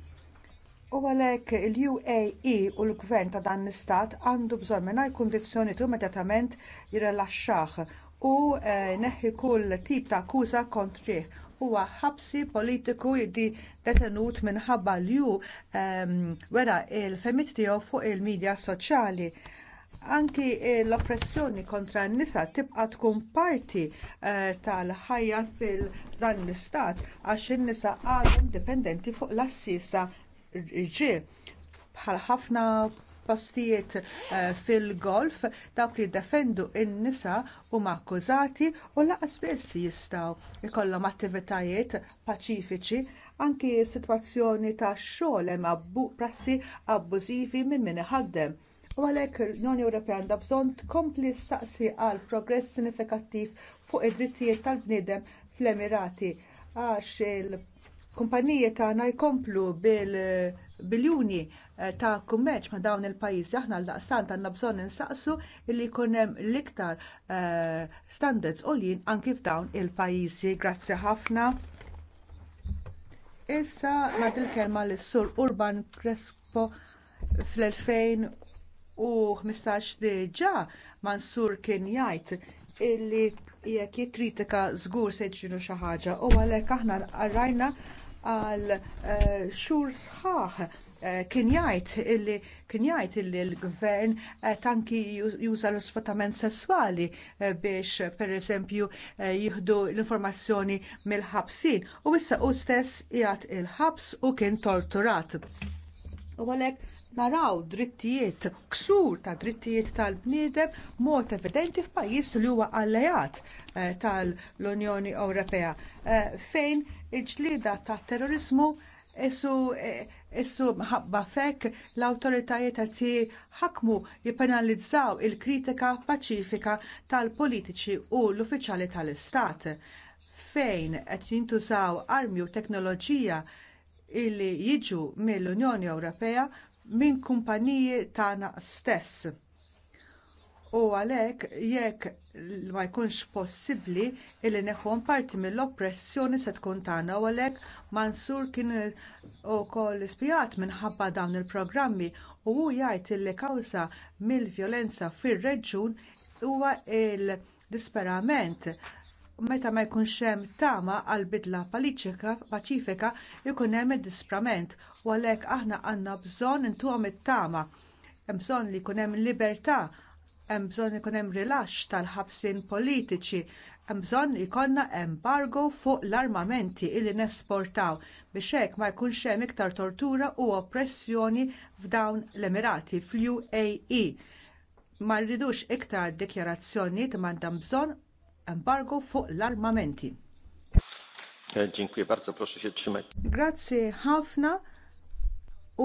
Speaker 6: U għalhekk il-UAE u l-gvern ta' dan l-istat għandu bżonn mingħajr kundizzjoni tu immediatament jirrelaxxah u eh, neħi kull tip ta' akkuża kontrih. Huwa ħabsi politiku jiddi detenut minħabba li ju ehm, wera il-femit tiegħu fuq il-medja soċjali. Anki l-oppressjoni kontra n-nisa tibqa tkun parti eh, tal-ħajja fil-dan l-istat għax in-nisa għadhom dipendenti fuq l-assisa Ġie, bħal ħafna postijiet eh, fil-golf dawk li defendu in-nisa huma akkużati u lanqas biss jistgħu jkollhom attivitajiet paċifiċi anki sitwazzjoni tax xogħol hemm prassi abbużivi minn min iħaddem. U għalhekk l-Unjoni Ewropea għandha bżonn tkompli saqsi għal progress sinifikattiv fuq id-drittijiet tal-bniedem fl-Emirati għax kumpanijiet tagħna jkomplu bil-biljuni eh, ta' kummerċ ma' dawn il-pajjiżi aħna l daqstant għandna bżonn insaqsu li jkun hemm l-iktar eh, standards għoljin anki f'dawn il-pajjiżi. Grazzi ħafna. Issa nagħti il-kelma lis sur Urban Crespo fl-2015 diġà Mansur kien jgħid illi jekk jikkritika żgur se jiġri xi ħaġa u għalhekk aħna rajna għal eh, xur sħaħ eh, kien jgħid illi kien jgħid illi l-gvern eh, tanki juża l-sfruttament sesswali biex pereżempju jieħdu l-informazzjoni mill-ħabsin u issa hu stess jgħat il-ħabs u kien torturat. U għalhekk naraw drittijiet, ksur ta' drittijiet tal-bniedem mod evidenti f'pajjiż li huwa alleat eh, tal-Unjoni Ewropea eh, fejn il-ġlieda tat terrorizmu Issu, eh, mħabba fekk l awtoritajiet qed ħakmu jippenalizzaw il-kritika paċifika tal-politiċi u l-uffiċjali tal-istat fejn qed jintużaw armi u teknoloġija li jiġu mill-Unjoni Ewropea minn kumpaniji tagħna stess. U għalhekk jekk ma jkunx possibbli li neħħon parti mill-oppressjoni se tkun tagħna u għalhekk Mansur kien ukoll spjat minħabba dawn il-programmi u hu jgħid li kawża mill-vjolenza fir-reġjun huwa l disperament meta ma jkunx hemm tama għal bidla paċifika jkun hemm id-disprament u għalhekk aħna għandna bżonn intuhom it-tama. Hemm bżonn li jkun hemm libertà, hemm bżonn ikun hemm rilaxx tal-ħabsin politiċi, hemm bżonn jkollna embargo fuq l-armamenti li nesportaw biex hekk ma jkunx hemm iktar tortura u oppressjoni f'dawn l-Emirati fl-UAE. Ma rridux iktar dikjarazzjoni m'għandhom bżonn embargo fuq l-armamenti.
Speaker 3: Eh, bardzo,
Speaker 6: Grazie ħafna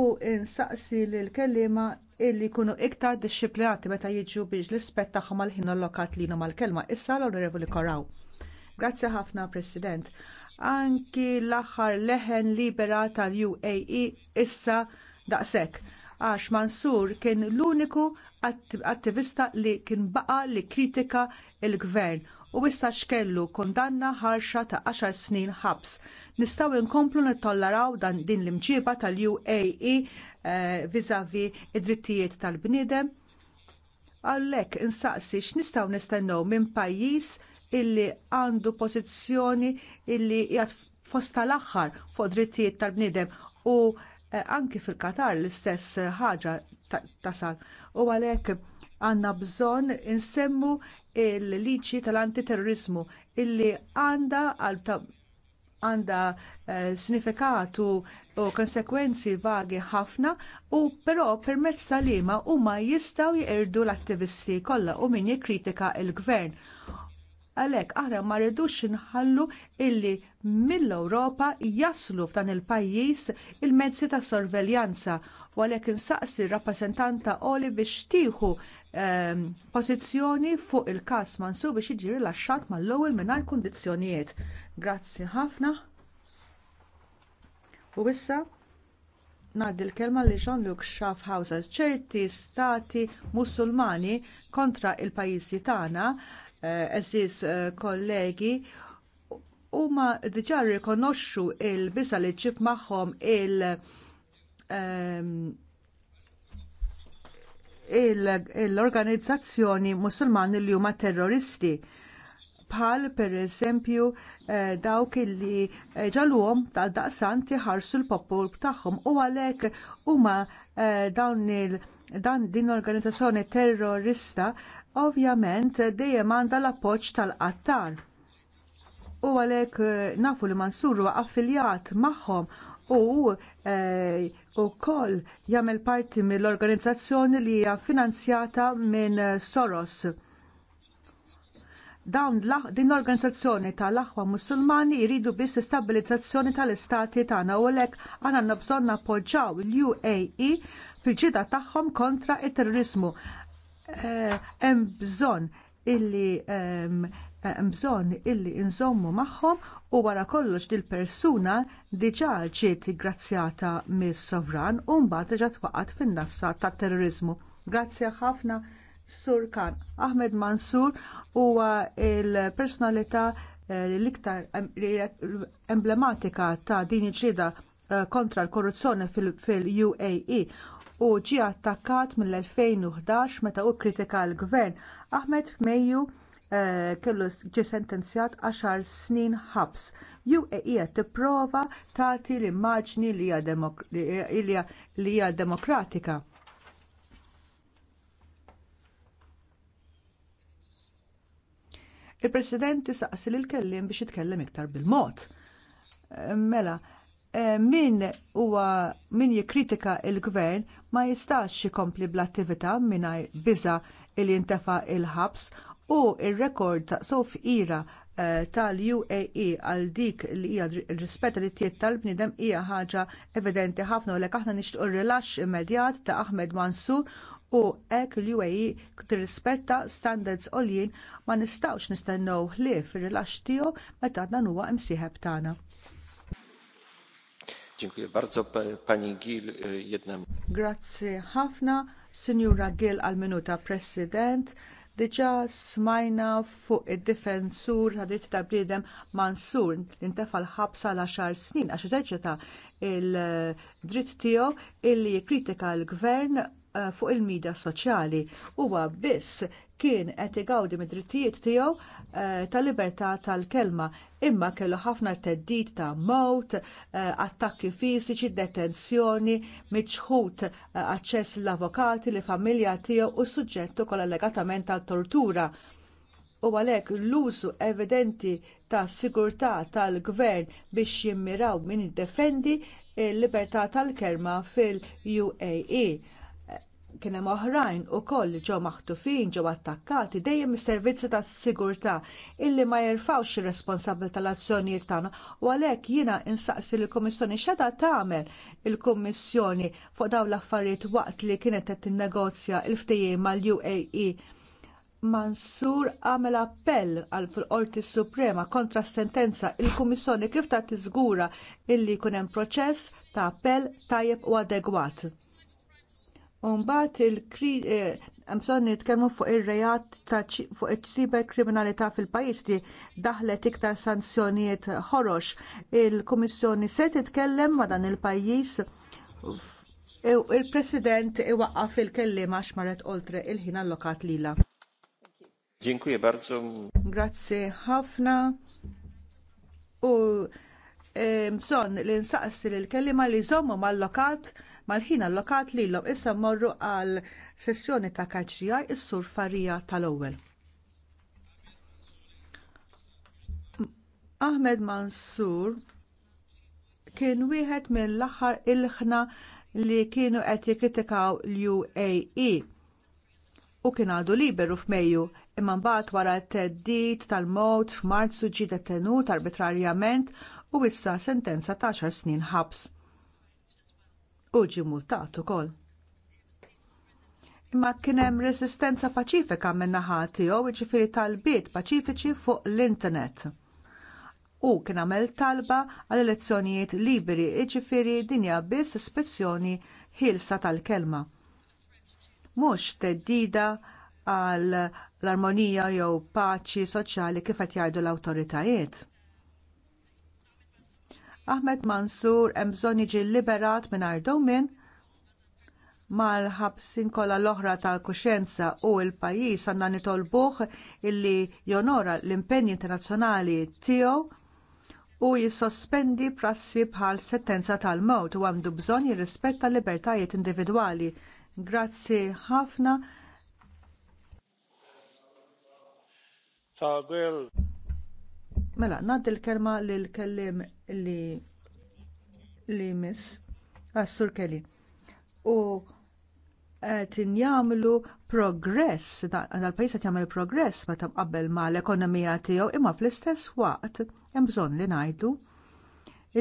Speaker 6: u insaqsi lill kelliema illi jkunu iktar disciplinati meta jiġu biex l-rispett tagħhom għal ħin allokat li mal-kelma. Issa l-Onorevoli Koraw. Grazzi ħafna, President. Anki l-aħħar leħen libera tal-UAE issa daqshekk għax Mansur kien l-uniku attivista li kien baqa li kritika l gvern u issa xkellu kundanna ħarxa ta' 10 snin ħabs. Nistgħu nkomplu nittolleraw dan din l-imġiba tal-UAE eh, viżavi id-drittijiet tal-bniedem. Għalhekk insaqsi x'nistgħu nistennew minn pajjiż illi għandu pożizzjoni illi qiegħed fost tal-aħħar fuq drittijiet tal-bniedem u eh, anki fil-Katar l-istess ħaġa tasal. U għalhekk għandna bżonn insemmu il-liċi tal-antiterrorizmu illi għandha għandha eh, sinifikatu u konsekwenzi vagi ħafna u però permezz tal liema huma jistgħu jqerdu l-attivisti kollha u min jikkritika l gvern Għalhekk aħna ma rridux nħallu illi mill-Ewropa jaslu f'dan il-pajjiż il-mezzi ta' sorveljanza u għalhekk insaqsi r-rappreżentanta Oli biex tieħu Ehm, pożizzjoni fuq il-każ Mansur biex jiġi rilaxxat mal-ewwel mingħajr kundizzjonijiet. Grazzi ħafna. U issa ngħaddi l-kelma li Jean-Luc Schaffhauser ċerti stati Musulmani kontra l pajjiżi tagħna, eh, eżis eh, kollegi, huma diġà rikonoxxu l bisa li ġib magħhom il- ehm, l-organizzazzjoni musulmani li huma terroristi bħal pereżempju eh, dawk illi eh, ġalluhom tal daqsan tiħarsu l-popol tagħhom u għalhekk huma eh, dawn il dan din organizzazzjoni terrorista ovvjament dejjem għandha l-appoġġ tal-qattar. U għalhekk eh, nafu li Mansur huwa affiljat magħhom Eh, u koll jagħmel parti mill-organizzazzjoni li hija finanzjata minn Soros. Dawn din l-organizzazzjoni tal-aħwa musulmani jridu biss stabilizzazzjoni tal-istati tagħna u għalhekk għandna bżonn appoġġjaw l-UAE fil-ġida tagħhom kontra it terrorizmu eh, hemm bżonn illi ehm, bżonn illi nżommu magħhom u wara kollox dil persuna diġà ġiet grazzjata mis-sovran u mbagħad diġà twaqgħet fin-nassa tat-terrorizmu. Grazzi ħafna Sur Khan. Ahmed Mansur huwa l personalità eh, l-iktar emblematika ta' din ġrida eh, kontra l-korruzzjoni fil-UAE u ġie attakkat mill-2011 meta hu kkritika l-gvern. Ahmed f'Mejju Eh, kellu ġie sentenzjat għaxar snin ħabs. UE hija tipprova tagħti l-immaġni li hija demokratika. Il-President saqsi l kellim biex jitkellem iktar bil-mod. Eh, mela, eh, min huwa min jikkritika l gvern ma jistax jikompli bl-attività mingħajr biża' li jintefa' il-ħabs u r rekord ta' sof ira eh, tal-UAE għal dik li hija rispetta li tiet tal-bniedem hija ħaġa evidenti ħafna u lek aħna nixtiequ rilax immedjat ta' Ahmed Mansur u hekk l-UAE tirrispetta standards għoljin ma nistgħux nistennew ħlief ir-rilax tiegħu meta għadna nuwa msieħeb tagħna.
Speaker 3: Dziękuję bardzo pani Gil eh, jedna.
Speaker 6: Grazie ħafna, Signora Gil għal minuta President. Diġà smajna fuq id-difensur ta' dritti ta' bliedem Mansur li ntefal ħabsa l għaxar snin għax eżerċita il-dritt tiegħu illi jikkritika l-gvern Eh, fuq il midja soċjali huwa biss kien qed igawdi mid-drittijiet tiegħu eh, tal-libertà tal-kelma imma kellu ħafna teddid ta' mawt, eh, attakki fiżiċi, detenzjoni, miċħud aċċess l-avokati, li familja tiegħu u suġġett ukoll allegatament tal-tortura. U għalhekk l-użu evidenti ta' sigurtà tal-gvern biex jimmiraw min iddefendi l libertà tal-kelma fil-UAE kien hemm oħrajn ukoll li ġew maħtufin ġew attakkati dejjem is-servizzi tas-sigurtà illi ma jerfawx ir-responsabilità tal-azzjonijiet tagħna u għalhekk jiena insaqsi lill-Kummissjoni x'għadha tagħmel il-Kummissjoni fuq dawn l-affarijiet waqt li kienet qed tinnegozja l-ftehim mal-UAE Mansur għamel appell għal fil-Qorti Suprema kontra s-sentenza il-Kummissjoni kif ta' tiżgura illi jkun hemm proċess ta' appell tajjeb u adegwat. Umbat il-kri eh, bżonn nitkellmu fuq ir-rejat fuq it-triber kriminalità fil-pajjiż li daħlet iktar sanzjonijiet ħorox. Il-Kummissjoni se titkellem ma' dan il-pajjiż il-President iwaqqaf il-kelliem għax maret oltre il-ħin allokat lila.
Speaker 3: Dziękuję bardzo.
Speaker 6: Grazie ħafna. U eh, bżonn li il l-kellima li żommu mal-lokat mal-ħin allokat lilhom issa mmorru għal sessjoni ta' kaċċija is-sur Farija tal-ewwel. Ahmed Mansur kien wieħed mill-aħħar il-ħna li kienu qed jikkritikaw l-UAE u kien għadu liberu f'Mejju imma mbagħad wara t-teddid tal mowt f'Marzu ġie detenut arbitrarjament u issa sentenza ta' 10 snin ħabs u ġie multat ukoll. Imma kien hemm resistenza paċifika minna ħati tiegħu jiġifieri talbiet paċifiċi fuq l-internet. U kien għamel talba għal elezzjonijiet liberi jiġifieri dinja biss ispezzjoni ħilsa tal-kelma. Mhux teddida għal l-armonija jew paċi soċjali kif qed jgħidu l-awtoritajiet. Ahmed Mansur hemm bżonn jiġi liberat mingħajr domin. mal-ħabsin kollha l-oħra tal-kuxjenza u l-pajjiż għandna nitolbuh illi jonora l-impenni internazzjonali tiegħu u jissospendi prassi bħal sentenza tal-mewt u għandu bżonn jirrispetta l-libertajiet individwali. Grazzi ħafna. Mela, ngħaddi l-kelma lill kellim li li miss għassur ah, kelli Kelly. U qed eh, jagħmlu progress, dal pajis qed jagħmel progress meta mqabbel ma l-ekonomija tiegħu imma fl-istess waqt hemm bżonn li ngħidu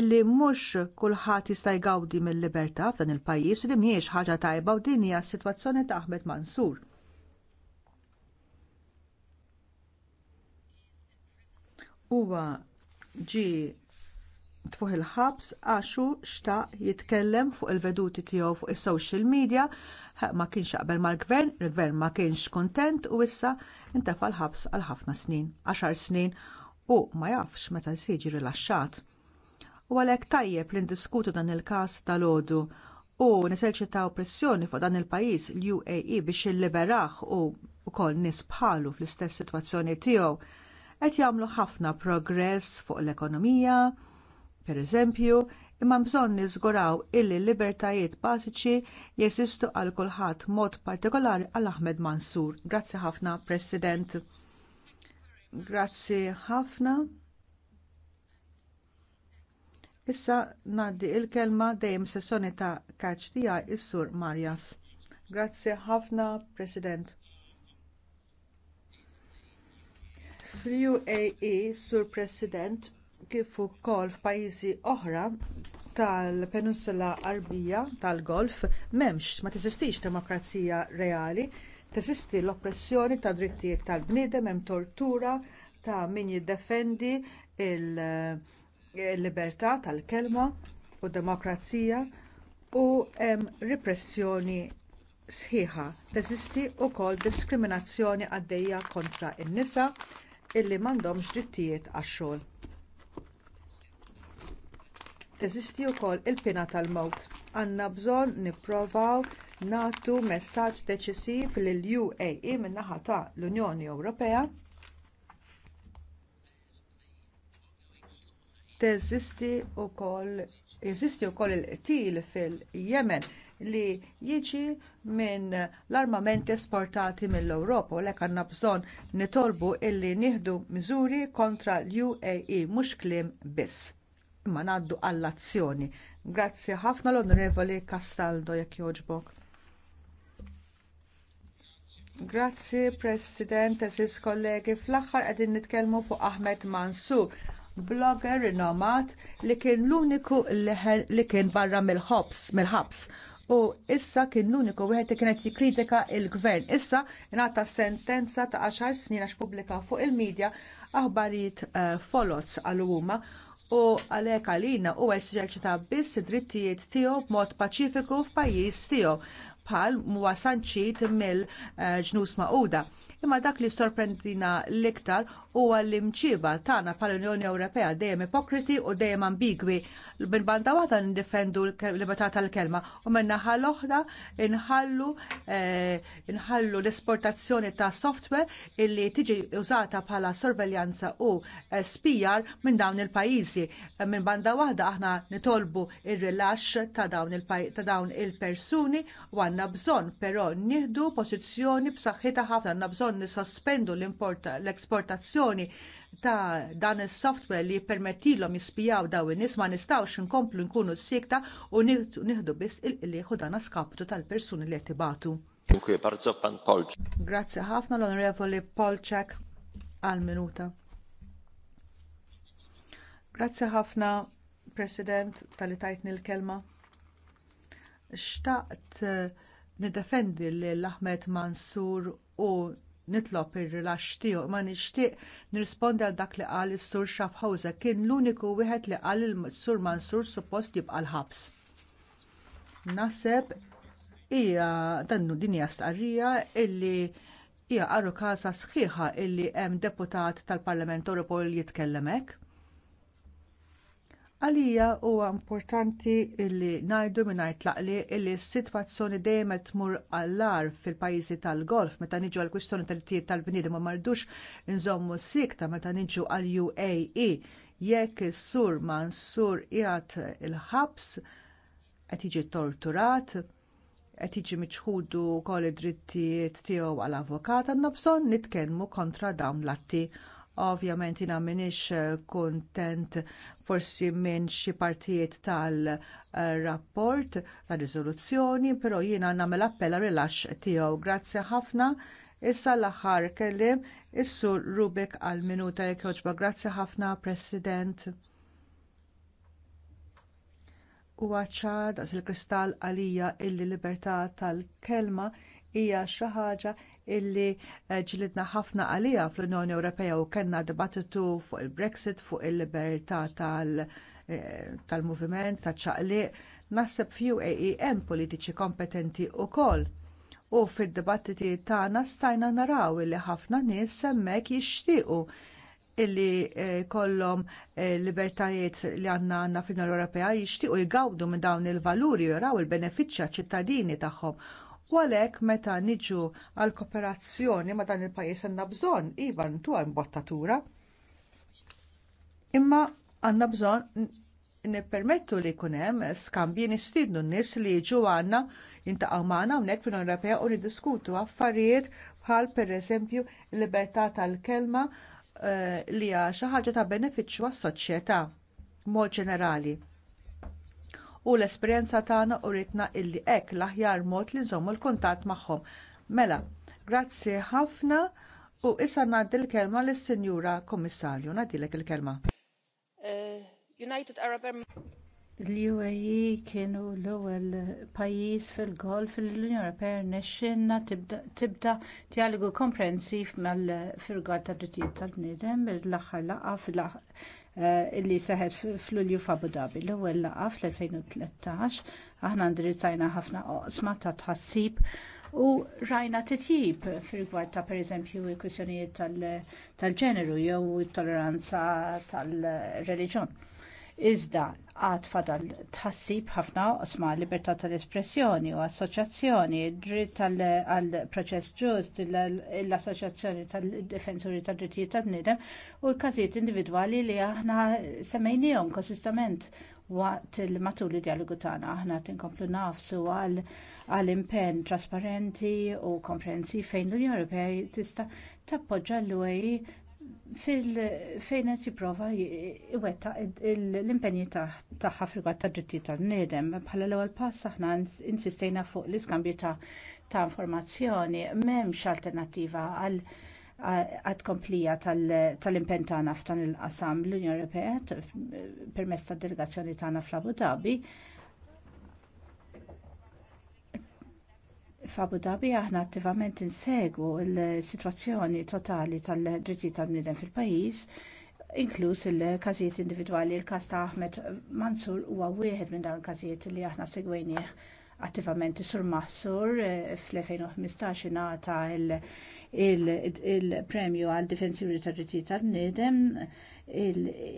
Speaker 6: illi mhux kulħadd jista' jgawdi mill-libertà f'dan il-pajjiż u li mhijiex ħaġa tajba u din hija s-sitwazzjoni ta' Ahmed Mansur. Huwa ġi tfuħ il-ħabs għaxu xta' jitkellem fuq il-veduti tiegħu fuq is-social media ma kienx jaqbel mal-gvern, il-gvern ma kienx kuntent u issa intefa' l-ħabs għal ħafna snin, għaxar snin u ma jafx meta jiġi rilaxxat. U għalhekk tajjeb li ndiskutu dan il-każ tal-għodu u neserċitaw pressjoni fuq dan il-pajjiż l-UAE biex illiberaħ u wkoll nies bħalu fl-istess sitwazzjoni tiegħu qed jagħmlu ħafna progress fuq l-ekonomija, pereżempju, imma bżonn niżguraw illi libertajiet bażiċi jeżistu għal kulħadd mod partikolari għal Ahmed Mansur. Grazzi ħafna, President. Grazzi ħafna. Issa ngħaddi l kelma dejjem sessjoni ta' kaċ tiegħi is-Sur Marjas. Grazzi ħafna, President. Fl-UAE, Sur President, kif ukoll f'pajjiżi oħra tal-Peninsula Arbija tal-Golf m'hemmx ma teżistix demokrazija reali, teżisti l-oppressjoni tad drittijiet tal-bniedem hemm tortura ta' min jiddefendi l libertà tal-kelma u d demokrazija u hemm repressjoni sħiħa. Teżisti wkoll diskriminazzjoni għaddejja kontra n-nisa illi m'għandhomx drittijiet għax-xogħol teżisti wkoll il-pina tal-mewt. Għandna bżonn nipprovaw nagħtu messaġġ deċisiv lill UAE min-naħa ta' l-Unjoni Ewropea teżisti wkoll jeżisti wkoll il-qtil fil-Yemen li jiġi minn l-armamenti esportati mill-Ewropa u lek għandna bżonn nitolbu illi nieħdu miżuri kontra l-UAE mhux kliem biss imma ngħaddu għall-azzjoni. Grazzi ħafna l-Onorevoli Castaldo jekk jogħġbok. Grazzi President, eżis kollegi, fl-aħħar qegħdin nitkellmu fuq Ahmed Mansur blogger rinomat li kien l-uniku li kien barra mill-ħobs, mill-ħabs. U issa kien l-uniku wieħed li kienet jikkritika l gvern Issa ingħata sentenza ta' 10 snin għax pubblika fuq il-medja aħbarijiet uh, folots għal huma u għalhekk għalina huwa eserċita biss id-drittijiet tiegħu b'mod paċifiku f'pajjiż tiegħu bħal huwa sanċit mill-ġnus Magħquda. Imma dak li sorprendina l-iktar huwa l-imċiba tagħna bħala Unjoni Ewropea dejjem ipokriti u dejjem ambigwi. bil banda waħda nindifendu l-libertà tal-kelma u minn naħa l-oħra eh, inħallu l-esportazzjoni ta' software illi tiġi użata bħala sorveljanza u eh, spijar minn dawn il-pajjiżi. Minn banda waħda aħna nitolbu il rilaxx ta' dawn il-persuni u għandna bżonn però nieħdu pożizzjoni b'saħħitha ħafna għanna bżonn nisospendu l-eksportazzjoni l-applikazzjoni ta' dan is-software li jippermettilhom jispijaw daw in-nies ma nistgħux inkomplu nkunu s-sikta u nieħdu biss il-qliħu dan skaptu tal-persuni li qed ibatu. Grazzi ħafna l-Onorevoli Polczak għal minuta. Grazzi ħafna President tal-li tajtni l-kelma. Xtaqt eh, niddefendi lil Ahmed Mansur u nitlob ir-rilaxx tiegħu ma nixtieq nirrispondi għal dak li qal is-sur Schaffhauser kien l-uniku wieħed li qal il-sur Mansur suppost jibqa' l-ħabs. Naħseb hija dannu din hija stqarrija illi hija arru sħiħa illi hemm deputat tal-Parlament Ewropew li jitkellem hekk. Għalija huwa importanti li ngħidu mingħajr tlaqli li s-sitwazzjoni dejjem qed tmur għall-ar fil-pajjiżi tal-Golf meta niġu għall kwistjoni tal tijiet tal-bniedem ma mardux inżommu sikta meta niġu għall UAE jekk is-sur Mansur qiegħed il-ħabs qed jiġi torturat qed jiġi miċħudu wkoll id-drittijiet tiegħu għal avukat għandna bżonn nitkellmu kontra dawn l-atti ovvjament jina minix kontent forsi minn xi partijiet tal-rapport, tal-riżoluzzjoni, però jiena nagħmel appella rilax tiegħu. Grazzi ħafna. Issa l-aħħar kellim is-sur Rubik għal minuta jekk joġba. Grazzi ħafna, President. Huwa ċar daqs il-kristall għalija illi libertà tal-kelma hija xi ħaġa illi eh, ġilidna ħafna għalija fl-Unjoni Ewropea u kellna dibattitu fuq il-Brexit, fuq il-libertà eh, tal-moviment, tal taċ-ċaqliq, naħseb fju e politiċi kompetenti wkoll. U fid-dibattiti tagħna stajna naraw li ħafna nies hemmhekk jixtiequ illi eh, kollom libertajiet li għandna għandna fin Ewropea jixtiequ jgawdu minn dawn il-valuri jaraw il-benefiċċja ċittadini tagħhom U għalhekk meta niġu għal kooperazzjoni ma' dan il-pajjiż għandna bżonn iva ntuha bottatura, Imma għandna bżonn nippermettu li jkun hemm skambji nistiednu n-nies li jiġu għandna jintaqgħu magħna hawnhekk fl Ewropea u niddiskutu affarijiet bħal pereżempju l-libertà tal-kelma eh, li hija xi ħaġa ta' benefiċċju għas-soċjetà b'mod ġenerali u l-esperjenza tagħna u ritna illi hekk l-aħjar mod li nżommu l-kuntatt magħhom. Mela, grazzi ħafna u issa ngħaddi l-kelma lis-Sinjura Kommissarju. Ngħadilek il-kelma.
Speaker 5: Eh, United Arab l-UAE
Speaker 6: kienu l-ewwel pajjiż fil-golf
Speaker 7: l-Unjoni Ewropea rnexxinna tibda dialogu komprensiv mal-firgwar tad-drittijiet tal-bniedem l-aħħar laqgħa Eh, illi seħed fl-Ulju f'Abu Dhabi. L-ewwel laqgħa fl-2013 aħna ndirizzajna ħafna oqsma ta' tħassib u rajna titjib fil-gwar ta' pereżempju l kwistjonijiet tal-ġeneru jew it-toleranza tal-reliġjon. Iżda għad fadal tħassib ħafna osma libertà tal-espressjoni u assoċjazzjoni, dritt għal-proċess ġust, l-assoċjazzjoni tal-difensuri tal-drittijiet tal-bnidem u l-każijiet individwali li aħna semmejnijom konsistament waqt il-matul dialogu tagħna aħna tinkomplu nafsu għal impenn trasparenti u komprensi fejn l-Unjoni Ewropea tista' tappoġġa l-UAE fejn qed jipprova iwetta l-impenji tagħha fil-rigward tad-drittijiet tal niedem bħala l-ewwel pass aħna insistejna fuq l-iskambju ta' informazzjoni m'hemmx alternattiva għal għad komplija tal-impenn tagħna f'dan il-qasam l-Unjoni Ewropea permezz tad-delegazzjoni tagħna fl-Abu Dhabi F'Abu Dhabi aħna attivament insegwu l-sitwazzjoni totali tal-drittijiet tal-bniedem fil-pajjiż, inkluż il-każijiet individwali. Il-każ ta' Ahmed Mansur huwa wieħed minn dawn il-każijiet li aħna segwejnieh attivament sur Maħsur eh, fl-2015 ingħata il-premju għal difensuri tad drittijiet tal-bniedem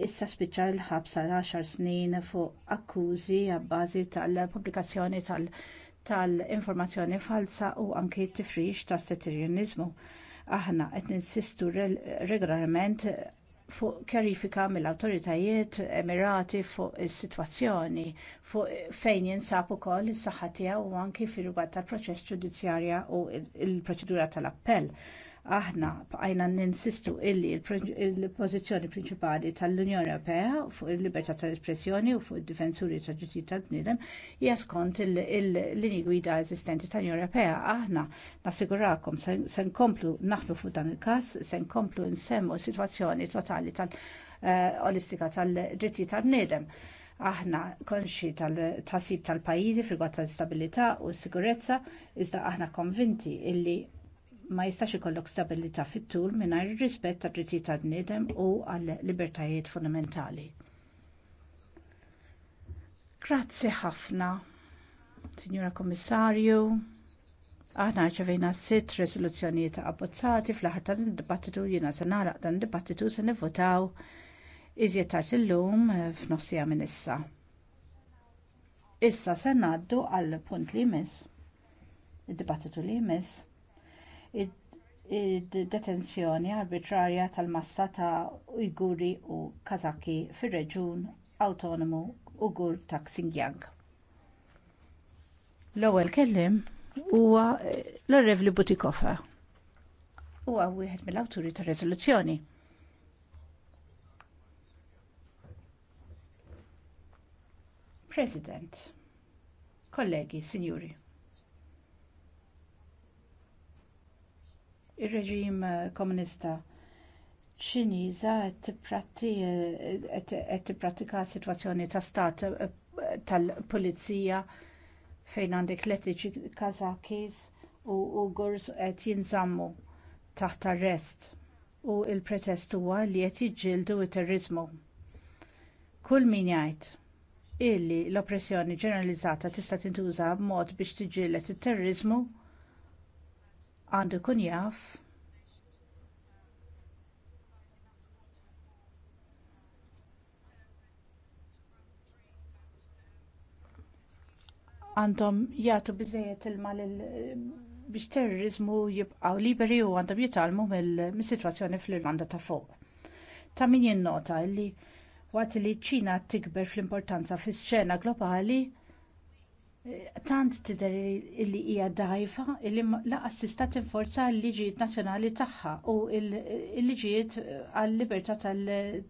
Speaker 7: issa spiċċa l-ħabs għal 10 snin fuq akkużi għabbażi tal-pubblikazzjoni tal-, -pubblikazzjoni tal tal-informazzjoni falsa u anki t-tifrix ta' settirjonizmu. Aħna qed ninsistu regolarment fuq kjarifika mill-awtoritajiet Emirati fuq is-sitwazzjoni fuq fejn jinsab ukoll is-saħħa tiegħu u anki fir-rigward tal-proċess ġudizzjarja u l proċedura tal-appell Aħna bqajna ninsistu illi il-pożizzjoni prinċipali tal-Unjoni Ewropea fuq il-libertà tal-espressjoni u fuq id-difensuri tad ġittijiet tal-bniedem hija skont il-linji gwida eżistenti tal-Unjoni Ewropea. Aħna nassigurakom se nkomplu naħlu fuq dan il-każ, se nkomplu nsemmu s-sitwazzjoni totali tal-olistika eh, tal-drittijiet tal-bniedem aħna konxi tal-tasib tal-pajizi fil tal stabilità u s sigurezza, iżda aħna konvinti illi ma jistax ikollok stabilità fit-tul mingħajr ir-rispett tad drittijiet tan bniedem u għall-libertajiet fundamentali. Grazzi ħafna, Sinjura Kommissarju. Aħna ċevejna sitt resoluzzjonijiet abbozzati fl-aħħar dan id-dibattitu jiena se naraq dan id-dibattitu se nivvotaw iżjed tard illum eh, f'nofsija minn issa. Issa se ngħaddu għall punt li jmiss. Id-dibattitu li jmiss id-detenzjoni arbitrarja tal-massa ta' uiguri u kazaki fir-reġjun awtonomu uigur ta' xinjiang l-ewwel kelliem huwa l-Onorevoli Butikoffa. Huwa wieħed mill-awturi tar-riżoluzzjoni. President, kollegi, sinjuri. Ir-reġim komunista ċiniża qed tipprattika sitwazzjoni ta' stat tal-pulizija fejn għandek letiċi kazakis u Ugurs qed jinżammu taħt arrest u l pretest huwa li qed jiġġieldu t-terriżmu. Kull min jgħid illi l-oppressjoni ġeneralizzata tista' tintuża b'mod biex tiġġieled it-terriżmu għandu jkun jaf għandhom jagħtu biżżejjed ilma biex terrorizmu jibqaw liberi u għandhom jitalmu mill sitwazzjoni fl-Irlanda ta' fuq. Ta' min jinnota illi waqt li ċ-Ċina tikber fl-importanza fis-xena globali tant tidher li hija dgħajfa li lanqas tista' tinforza l-liġijiet nazzjonali tagħha u l-liġijiet eh, għall-libertà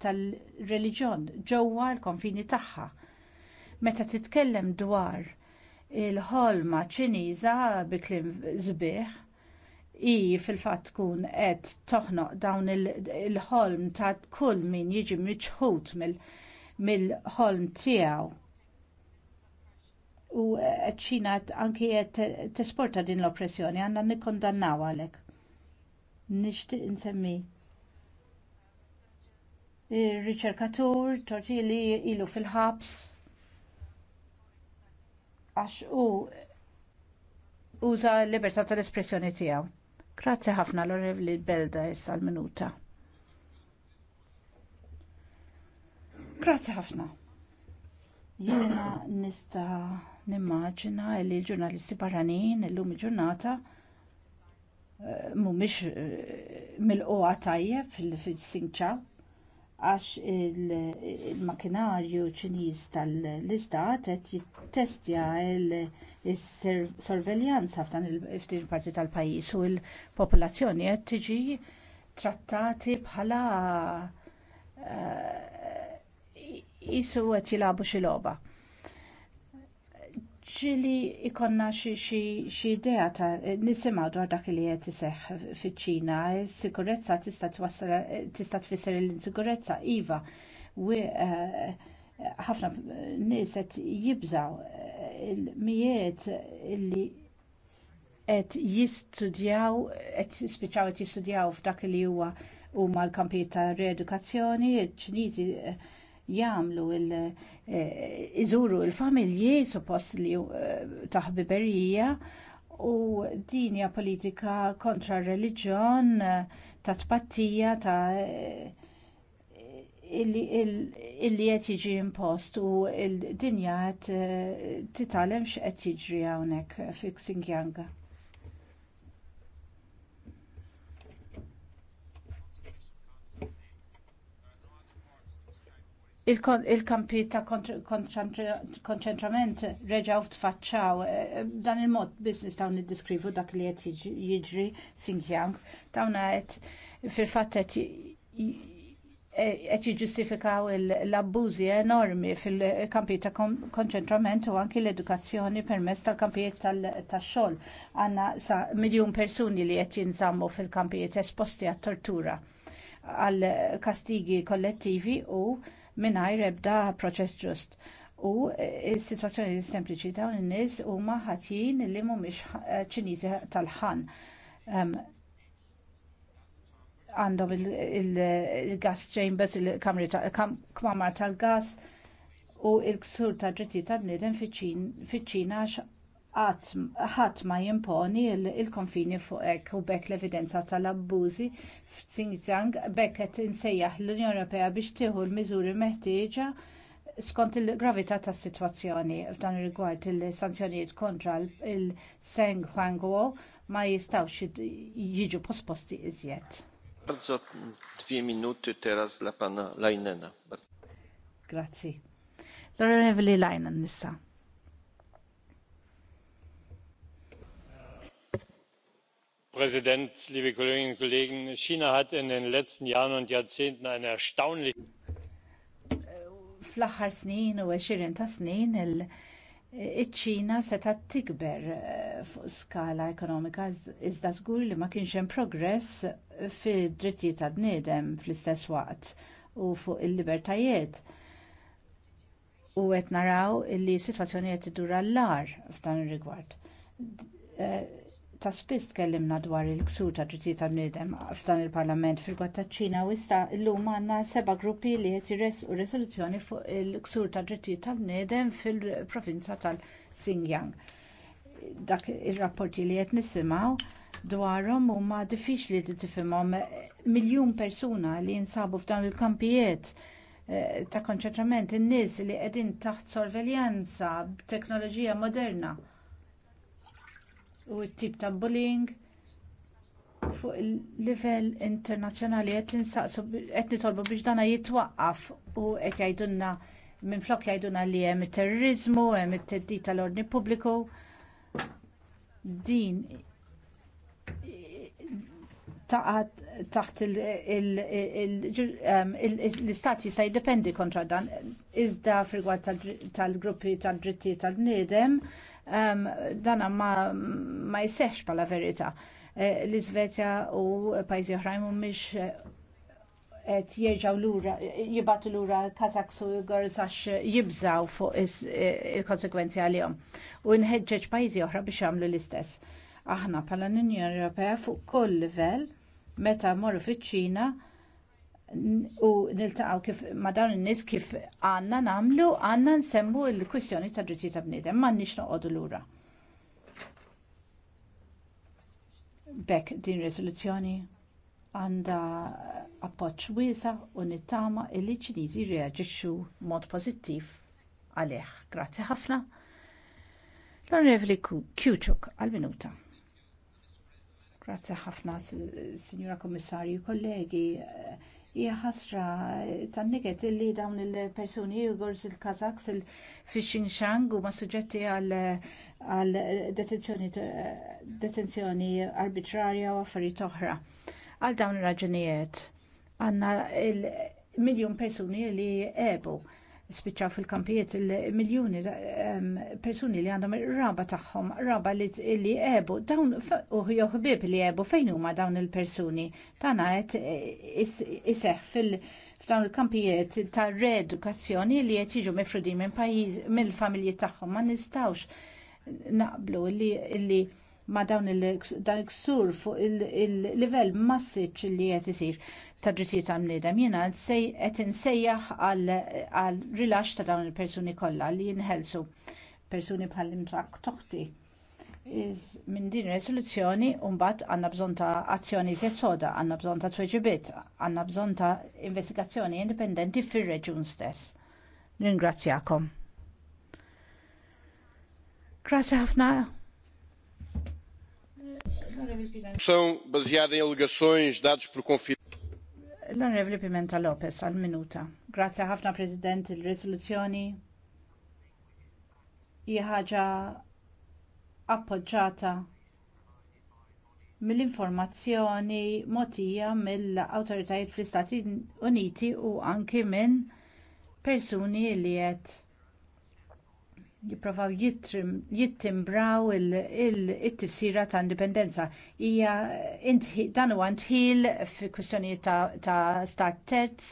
Speaker 7: tal-reliġjon ġewwa l-konfini tagħha. Meta titkellem dwar il-ħolma ċiniża bi kliem sbieħ hi fil-fatt tkun qed toħnoq dawn il-ħolm ta' kull min jiġi miċħud mill-ħolm tiegħu u ċina anki qed tesporta din l-oppressjoni għandna nikkondannaw għalhekk. Nixtieq insemmi il riċerkatur Tortili ilu fil-ħabs għax u uża l-libertà tal-espressjoni tiegħu. Grazzi ħafna l li Belda issa l-minuta. Grazzi ħafna. Jiena nista' nimmaġina li l-ġurnalisti barranin illum il-ġurnata eh, mhumiex eh, milquha tajjeb fil sinċa għax il-makinarju ċiniż tal-istat qed jittestja l-sorveljanza f'dan il parti tal-pajjiż u l-popolazzjoni qed tiġi trattati bħala qisu eh, qed jilagħbu xi logħba ġili ikonna xi idea ta' nisimgħu dwar dak li qed iseħħ fiċ-Ċina, sigurezza tista' tista' tfisser l-insigurezza iva u eh, ħafna niset jibżaw il mijiet li qed jistudjaw qed jispiċċaw qed jistudjaw f'dak li huwa huma l-kampijiet ta' reedukazzjoni, iċ-Ċiniżi eh, jagħmlu l- Eh, iżuru l-familji suppost li eh, berija u din hija politika kontra r-reliġjon ta' tpattija ta' eh, illi qed jiġi impost u d dinja qed titgħallem x'qed jiġri hawnhekk fi Xinjiang. il-kampi ta' konċentrament reġaw tfaċċaw eh, eh, dan il-mod biss nistgħu niddiskrivu dak li qed jiġri ta' dawna qed fil-fatt qed jiġġustifikaw l-abbużi enormi fil-kampi ta' konċentrament u anki l-edukazzjoni permezz tal-kampijiet tax-xogħol għandna sa miljun persuni li qed jinżammu fil-kampijiet esposti għat-tortura għal kastigi kollettivi u mingħajr ebda proċess ġust. U s-sitwazzjoni sempliċi dawn in-nies huma ħatjin li mhumiex eh, Ċiniżi tal-ħan. Ehm, għandhom il-gas chambers, il-kamra tal-gas u l-ksur ta' ġritti tal-bniedem fiċ-Ċina ħadd ma jimponi l-konfini fuq hekk u b'hekk l-evidenza tal-abbużi f'Xinjiang b'hekk qed insejjaħ l-Unjoni Ewropea biex tieħu l-miżuri meħtieġa skont il-gravità tas-sitwazzjoni f'dan ir-rigward il-sanzjonijiet kontra il-Seng Huangguo ma jistgħux jiġu posposti iżjed.
Speaker 3: Bardzo dwie minuti teraz dla pana Lajnena.
Speaker 7: Grazzi. L-Onorevoli Lajnen nissa.
Speaker 3: President, präsident liebe kolleginnen und kollegen! china hat in den letzten jahren und jahrzehnten eine erstaunliche.
Speaker 7: fl-aħħar snin u għexieren ta' snin iċ-ċina setgħet tikber eh, fuq skala ekonomika iżda żgur li ma kienx hemm progress fid-drittijiet tan-bniedem fl-istess waqt u fuq il-libertajiet u qed naraw li s-sitwazzjoni qed idur għall-agħar f'dan ir-rigward eh, ta' spiss tkellimna dwar il-ksur ta' drittijiet ta' bniedem f'dan il-Parlament fil-Gwatt taċ-Ċina u issa llum għandna seba' gruppi li qed jressqu resoluzzjoni fuq il-ksur ta' drittijiet ta' bniedem fil-provinza tal-Xinjiang. Dak ir-rapporti li qed nisimgħu dwarhom huma diffiċli li tifhimhom miljun persuna li jinsabu f'dawn il-kampijiet eh, ta' konċentrament in-nies li qegħdin taħt sorveljanza b'teknoloġija moderna u t-tip ta' bullying fuq il-livell internazzjonali qed ninsaqsu nitolbu biex dana jitwaqqaf u qed jgħidulna minflok jgħidulna li hemm it-terrorizmu, hemm it-teddid tal-ordni pubbliku. Din taqat taħt l-istati sa jiddependi kontra dan. Iżda frigwat tal-gruppi tal-dritti tal-bniedem, tal dana ma, ma jseħx pala verita. Eh, L-Izvezja u pajzi oħrajn mhumiex eh, qed l lura jibgħatu lura ura kazak su għax jibżaw fuq eh, il-konsekwenzi għalihom. U nħeġġeġ pajjiżi oħra biex jagħmlu l-istess. Aħna bħala l-Unjoni Ewropea fuq kull level meta morru fiċ-Ċina u niltaqgħu kif ma dawn in-nies kif għandna nagħmlu għandna nsemmu l-kwistjoni ta' drittijiet ta' bniedem m'għandniex noqogħdu lura. Bekk din riżoluzzjoni għandha appoġġ wiesa u nittama li ċiniżi reaġixxu mod pożittiv għalih. Grazzi ħafna. L-Onorevoli Kjuċuk għal-minuta. Grazzi ħafna, Signora Kommissarju, kollegi hija ħasra tan-niket illi dawn il-persuni Uyghurs il-Kazaks Shang u huma suġġetti għal għal detenzjoni arbitrarja u affarijiet oħra. Għal dawn ir-raġunijiet għandna il-miljon persuni li ebu spiċċaw fil-kampijiet il-miljuni ehm, persuni li għandhom raba tagħhom, raba li ebu, dawn u ħbieb li ebu fejn huma dawn il-persuni. Tana għedt iseħħ fil- f'dawn il-kampijiet ta' reedukazzjoni li qed jiġu mifrudin minn pajjiż mill-familji tagħhom ma nistgħux naqblu li ma dawn il-ksur fuq il-livell massiċ li qed isir ta' drittijiet tal bniedem jiena qed insejjaħ għal rilax ta' dawn il-persuni kollha li jinħelsu persuni bħal imtrak toħti. minn din ir-resoluzzjoni mbagħad għandna bżonn ta' azzjoni żied soda, għandna bżonn ta' tweġibiet, għandna bżonn ta' investigazzjoni indipendenti fir-reġjun stess. Ringrazzjakom. Grazie ħafna
Speaker 3: são baseada em alegações dados por confiança.
Speaker 7: L-Onorevoli Pimenta Lopez għal minuta. Grazzi ħafna President il-Risoluzzjoni. ħaġa appoġġata mill-informazzjoni mogħtija mill-awtoritajiet fl-Istati Uniti u anki minn persuni li qed jipprovaw jittimbraw il-tifsira ta' indipendenza. Ija, dan huwa ntħil fi kwistjonijiet ta' stat terz.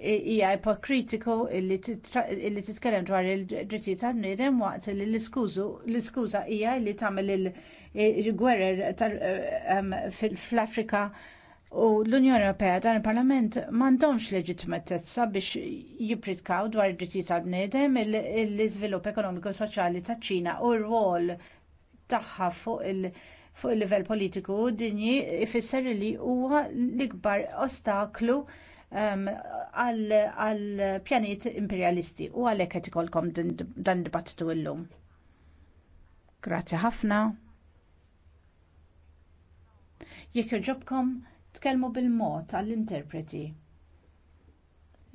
Speaker 7: Hija ipokritiku li titkellem dwar il-drittijiet tan-niedem waqt li l-iskuża hija li tagħmel il-gwerer eh, fl-Afrika U l-Unjoni Ewropea dan il-Parlament m'għandhomx leġitimatezza biex jippritkaw dwar id-drittijiet tal-bniedem l-iżvilupp ekonomiku soċjali taċ-Ċina u r-rwol tagħha fuq il- fuq il-livell politiku dinji ifisser li huwa l-ikbar ostaklu ehm, għal pjaniet imperialisti u għalhekk qed ikolkom dan dibattitu llum. Grazzi ħafna. Jekk joġobkom tkellmu bil-mod għall-interpreti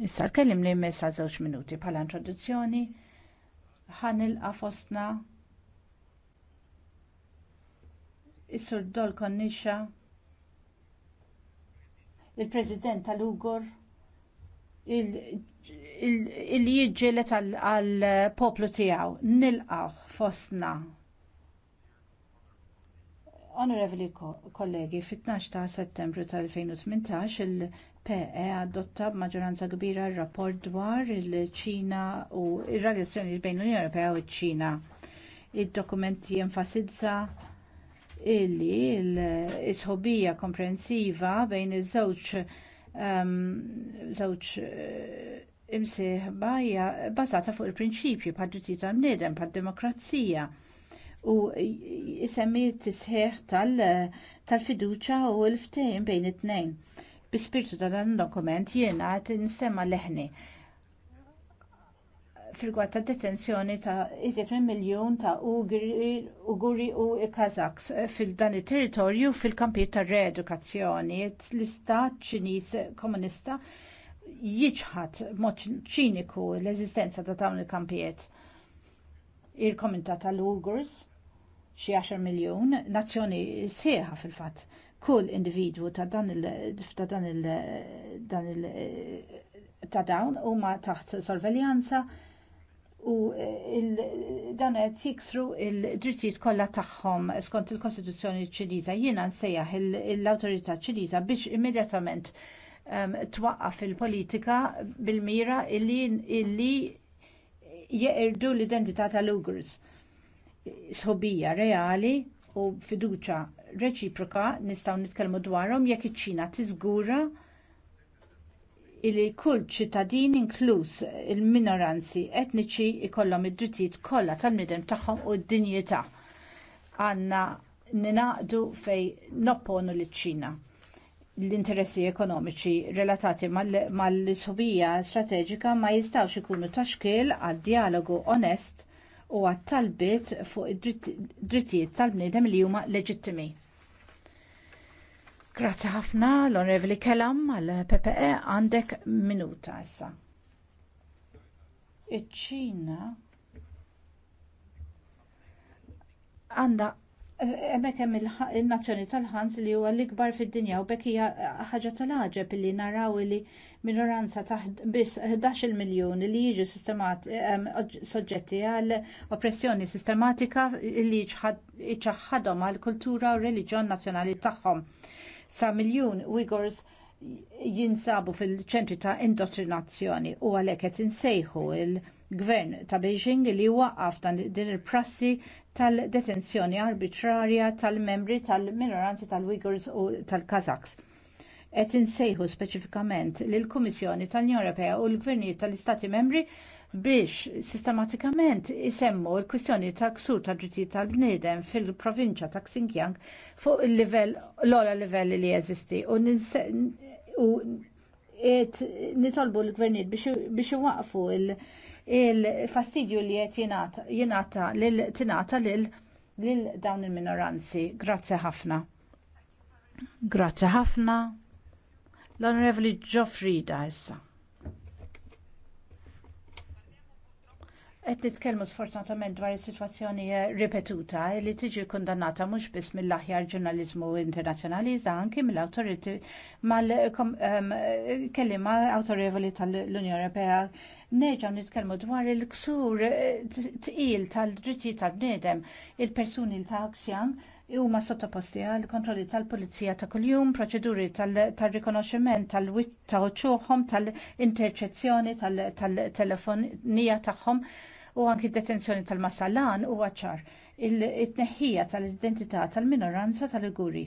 Speaker 7: issa l li jmiss għal żewġ minuti bħala introduzzjoni ħanilqa' fostna is-sur dol konixxa il-president tal-ugur il-li jiġġieled għall poplu tiegħu nilqgħu fostna Onorevoli kollegi, fit-12 ta' settembru tal-2018 il-PE adotta b'maġġoranza kbira r-rapport dwar il-ċina u r relazzjoni bejn l-Unjoni Ewropea u ċina Id-dokument jenfasizza illi l-isħobija komprensiva bejn iż-żewġ ehm, żewġ imsieħba hija bbażata fuq il prinċipju bħad-drittijiet tal-bniedem pad demokrazija u isemmiet tisħiħ tal-fiduċja u l-ftehim bejn it-tnejn. Bi spirtu ta' dan dokument jiena qed nsemma leħni fil-gwad ta' detenzjoni ta' iżjed minn miljun ta' Uguri u Kazaks fil-dan it-territorju fil-kampijiet ta' reedukazzjoni. L-istat Ċiniż komunista jiġħad mod ċiniku l-eżistenza ta' dawn il-kampijiet. Il-komunità tal-Ugurs xi 10 miljun nazzjoni sħiħa fil-fatt. Kull individwu ta' dan il ta' dawn huma taħt sorveljanza u dan qed jiksru l-drittijiet kollha tagħhom skont il-Kostituzzjoni Ċiniża jiena nsejjaħ l-awtorità Ċiniża biex immedjatament ehm, twaqqaf il-politika bil-mira illi jeqirdu l-identità tal ugurs sħobija reali u fiduċja reċiproka nistgħu nitkellmu dwarhom jekk iċ-ċina tiżgura li kull ċittadin inkluż il-minoranzi etniċi jkollhom id-drittijiet kollha tal-bniedem tagħhom u d-dinjità għandna ninaqdu fejn nopponu liċ ċina l-interessi ekonomiċi relatati mal-isħubija strateġika ma jistgħux ikunu taxkil għal dijalogu onest u għat-talbiet fuq id-drittijiet tal-bniedem li huma leġittimi. Grazzi ħafna l-Onorevoli Kellam għal PPE għandek minuta issa. Iċ-Ċina għandha hemmhekk hemm in-nazzjoni tal-ħans li huwa l-ikbar fid-dinja u bekk hija ħaġa tal-ħaġeb li naraw li minoranza ta' biss 11 miljun li jiġu soġġetti għal oppressjoni sistematika li jċaħħadhom għal kultura u reliġjon nazzjonali tagħhom. Sa miljun Uyghurs jinsabu fil-ċentri ta' indottrinazzjoni u għalhekk qed insejħu il-gvern ta' Beijing li dan din il-prassi tal-detenzjoni arbitrarja tal-membri tal-minoranzi tal-Uyghurs u tal-Kazaks qed insejħu speċifikament lill kummissjoni tal-Unjoni Ewropea u l-Gvernijiet tal-Istati Membri biex sistematikament isemmu l-kwistjoni ta' ksur ta' drittijiet tal-bniedem fil-provinċja ta' Xinjiang fuq il-livell l ogħla livell li jeżisti u qed nitolbu l-gvernijiet biex iwaqfu il-fastidju li qed jingħata lil tingħata lil lil dawn il-minoranzi. Grazzi ħafna. Grazzi ħafna. L-Onorevoli Ġofrida issa. Qed nitkellmu sfortunatament dwar is-sitwazzjoni eh, ripetuta li tiġi kundannata mhux biss mill-aħjar ġurnaliżmu internazzjonali iżda anki mill-awtoriti mal-kellima ehm, awtorevoli tal-Unjoni Ewropea nerġgħu nitkellmu dwar il-ksur eh, tqil tal-drittijiet tal-bniedem il-persuni ta' Aksjan huma sottoposti għal kontrolli tal-Pulizija ta' kuljum, proċeduri tal-rikonoxximent tal-wiċċuħom, tal-interċezzjoni tal-telefonija tagħhom u anki detenzjoni tal masalan u għacċar il-tneħħija tal-identità tal-minoranza tal-Iguri.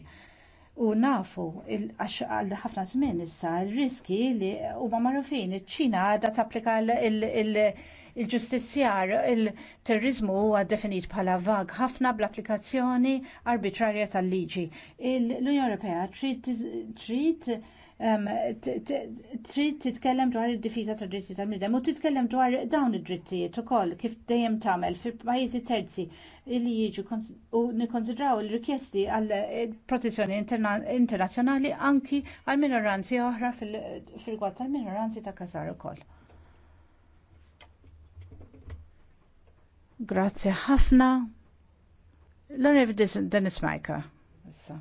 Speaker 7: U nafu, għal ħafna żmien issa, r riski li huma magħrufin, iċ-Ċina għadha tapplika l- Il-ġustizzjar, il-terrorizmu huwa definit bħala vag ħafna bl-applikazzjoni arbitrarja tal-liġi. L-Unjoni Ewropea trid trid titkellem dwar id-difiża tad-dritti tal-bniedem u titkellem dwar dawn id-drittijiet ukoll kif dejjem tagħmel fi pajjiżi terzi li jiġu u nikkonsidraw il-rikjesti għal protezzjoni internazzjonali anki għal minoranzi oħra fil-rigward tal-minoranzi ta' kasar ukoll. Grazzi ħafna. L-onev Dennis Majka. Issa.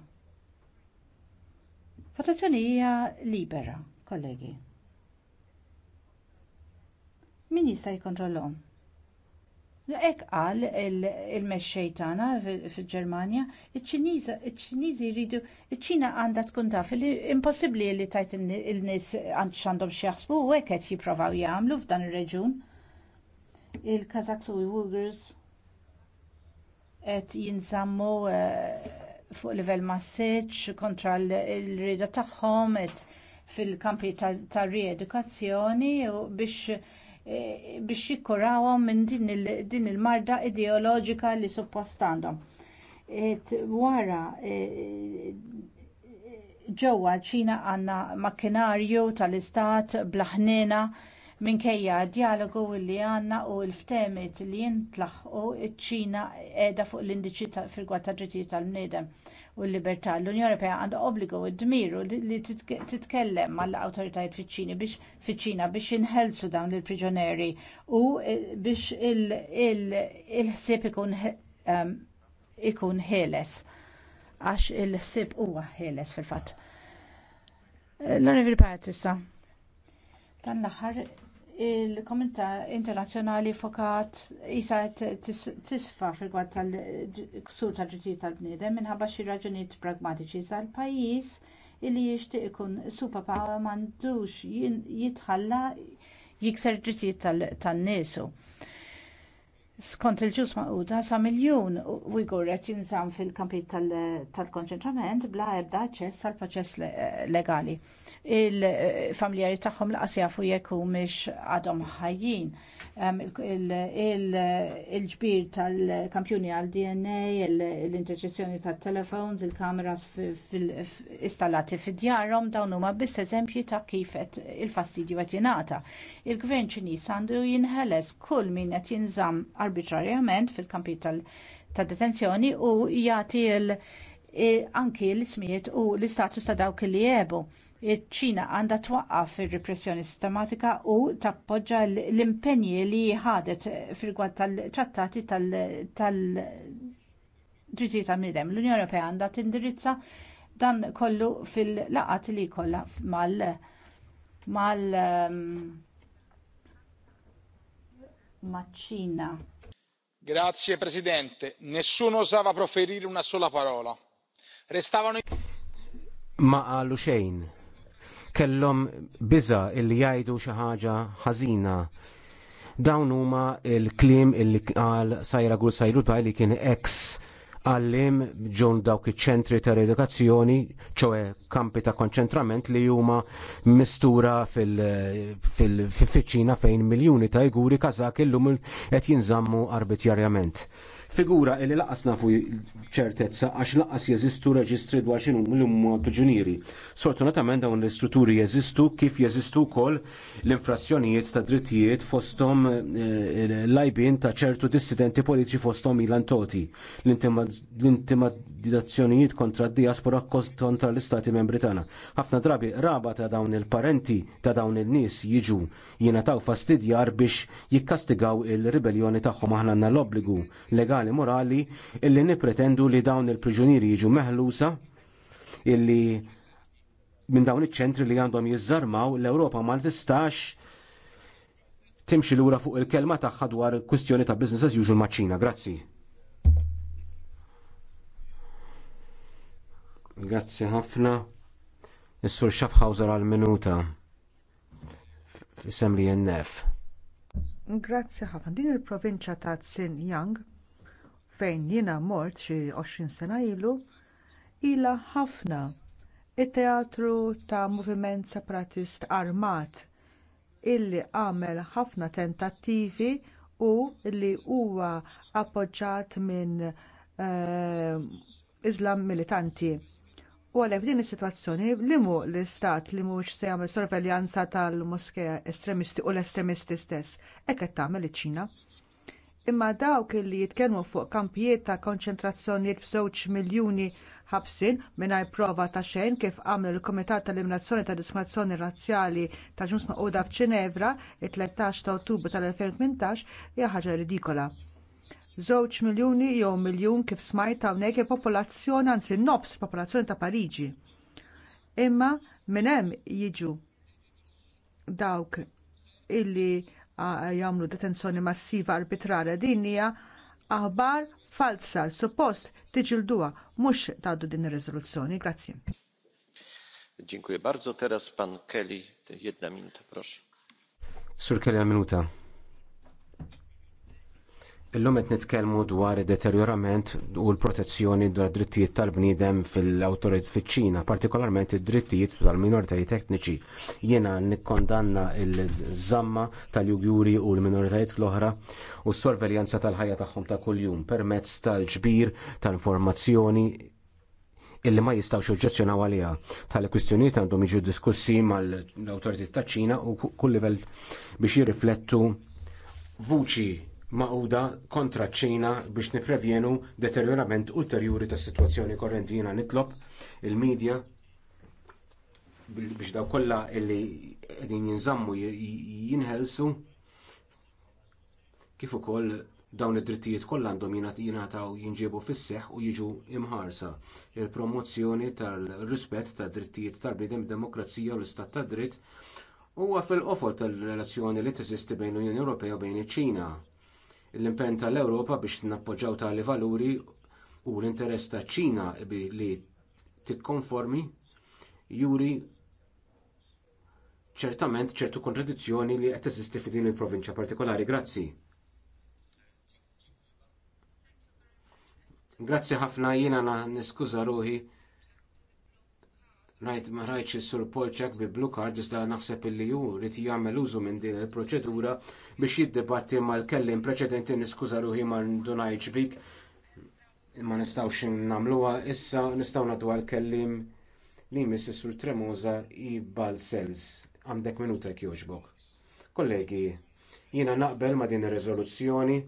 Speaker 7: Votazzjoni hija libera, kollegi. Min jista' jkontrollhom? Ek qal il-mexxej tagħna fil-Ġermanja, iċ-Ċiniżi jridu iċ-Ċina għandha tkun taf li impossibbli li tajt il-nies għandhom xi jaħsbu u hekk qed jipprovaw jagħmlu f'dan ir-reġun il-Kazaks u l-Uyghurs qed jinżammu eh, fuq livell massiċ kontra l-rida tagħhom fil-kampi tar riedukazzjoni u biex eh, biex jikkurawhom minn din il-marda ideoloġika li suppost għandhom. Wara eh, ġewwa ċina għandna makkinarju tal-istat blaħnina Minkejja d-dialogu li għandna u l-ftemit li jintlaħqu iċ-Ċina qiegħda fuq l-indiċi fil-gwatt ta' ġittijiet tal-bniedem u l-libertà. L-Unjoni Ewropea għandha obbligu u d-dmiru li titkellem mal awtoritajiet fiċ-Ċina biex inħelsu dawn il-priġonieri u e, biex il-ħsieb ikun ħieles għax il-ħsieb huwa ħieles fil-fatt. L-Unjoni Ewropea tista' dan l-aħħar il-komunità internazzjonali fokat isa tisfa fil-gwad tal-ksur tal ġutijiet tal-bniedem minħabba xi raġunijiet pragmatiċi iżda l-pajjiż li jixtieq ikun superpower m'għandux jitħalla jikser ġutijiet tan-niesu. Skont il-ġus maquda sa miljun Uyghur qed jinżamm fil-kampijiet tal-konċentrament bla ebda aċċess għal proċess legali. Il-familjari tagħhom laqas jafu jekk mhix għadhom ħajjin. Il-ġbir tal-kampjuni għal DNA, l-interċezzjoni tat-telefons, il-kameras installati fid-djarhom dawn huma biss eżempji ta' kif il-fastidju qed jingħata. Il-gvern Ċiniż għandu jinħeles kull min qed jinżamm arbitrarjament fil-kampi tad-detenzjoni u jagħti anki l-ismijiet u l-istatus ta' dawk li jebu. ċina għandha twaqqaf fil repressjoni sistematika u tappoġġa l-impenji li ħadet fil-gwad tal-trattati tal ġiġi tal midem. L-Unjoni Ewropea għandha tindirizza dan kollu fil-laqat li kolla mal mal ehm, ċina
Speaker 8: signor presidente nessuno osava proferire una sola parola. restavano. ma qalu xejn kellhom biża' illi jgħidu xi ħaġa ħażina. Dawn huma l-kliem illi qal Sajra Gul Sajrut li kien eks għallim ġun dawk iċ-ċentri ta' edukazzjoni, ċoe kampi ta' konċentrament li huma mistura fil-fiċina fejn miljuni ta' iguri kazak illum qed jinżammu arbitrarjament figura li laqas nafu ċertezza għax laqas jeżistu reġistri dwar xinu l-umma ġunieri. Sfortunatament dawn l-istrutturi jeżistu kif jeżistu wkoll l-infrazzjonijiet ta' drittijiet fosthom eh, lajbin ta' ċertu dissidenti politiċi fosthom il Toti. l intimad dazzjonijiet kontra d-diaspora kontra l-istati membri tagħna. Ħafna drabi raba ta' dawn il-parenti ta' dawn il-nies jiġu jingħataw fastidjar biex jikkastigaw il ribelljoni tagħhom aħna għandna l-obbligu legali morali illi nipretendu li dawn il-priġunieri jiġu meħlusa illi minn dawn iċ-ċentri li għandhom jiżarmaw l-Ewropa ma tistax timxi lura fuq il-kelma tagħha dwar kwistjoni ta' business as usual maċ-Ċina. Grazzi. Grazzi ħafna. Is-sur Schaffhauser għal minuta. Fissem li jennef.
Speaker 6: Grazzi ħafna. Din il-provinċja ta' Yang, fejn jiena mort xi 20 sena ilu ilha ħafna it-teatru ta' moviment separatist armat illi għamel ħafna tentattivi u li huwa appoġġat minn uh, Islam militanti. U għalhekk din is-sitwazzjoni li mu l-istat li mhux se jagħmel sorveljanza tal-moskeja estremisti u l-estremisti stess hekk qed tagħmel iċ-Ċina. Imma dawk li jitkellmu fuq kampijiet ta' konċentrazzjonijiet b'żewġ miljuni ħabsin mingħajr prova ta' xejn kif għamel il-Komitat tal-Eliminazzjoni ta' Diskriminazzjoni Razzjali ta' Ġnus Maquda f'Ċinevra it-13 ta' Ottubru tal-2018 hija ħaġa ridikola żewġ miljuni jew miljun kif smajt hawnhekk il-popolazzjoni anzi nofs popolazzjoni ta' Pariġi. Imma minn hemm jiġu dawk illi jagħmlu detenzjoni massiva arbitrarja din hija aħbar falsa suppost tiġilduha mhux tgħaddu din ir-riżoluzzjoni. Grazzi.
Speaker 3: Dziękuję bardzo. Teraz pan Kelly, jedna minuta, proszę.
Speaker 8: Sur Kelly, minuta. Illum qed nitkellmu dwar id-deterjorament u l-protezzjoni dwar drittijiet tal-bniedem fil-awtorit fiċ-Ċina, partikolarment id-drittijiet tal-minoritajiet etniċi. Jiena nikkondanna l-żamma tal-Juguri u l-minoritajiet l-oħra u s-sorveljanza tal-ħajja tagħhom ta' kuljum permezz tal-ġbir ta' informazzjoni illi ma jistawx oġġezzjonaw għaliha tal-kwistjonijiet għandhom jiġu diskussi mal-awtoritajiet taċ-Ċina u kull livell biex jirriflettu vuċi maquda kontra ċ-Ċina biex nipprevjenu deterjorament ulterjuri tas-sitwazzjoni korrentina nitlob il-medja biex daw kollha li qegħdin jinżammu jinħelsu kif ukoll dawn id-drittijiet kollha għandhom jingħataw jinġiebu fis-seħħ u jiġu imħarsa. Il-promozzjoni tal-rispett tad-drittijiet tal-bniedem demokrazija u l-istat tad dritt huwa fil-qofol tal-relazzjoni li teżisti bejn l-Unjoni Ewropea u bejn iċ-Ċina l-impenn tal-Ewropa biex nappoġġaw tali valuri u l-interess taċ ċina li tikkonformi juri ċertament ċertu kontradizzjoni li qed teżisti f'din il-provinċja partikolari. Grazzi. Grazzi ħafna jiena niskuża ruħi rajt ma rajtx is-sur Polċak bi blue card iżda naħseb illi hu rid jagħmel użu minn din il-proċedura biex jiddibatti mal-kellim preċedenti niskuża ruħi ma ndunajx bik ma nistgħux nagħmluha issa nistgħu nagħdu għall-kellim li miss is-sur Tremosa i Balsels. Għandek minuta jekk jogħġbok. Kollegi, jiena naqbel ma din ir-riżoluzzjoni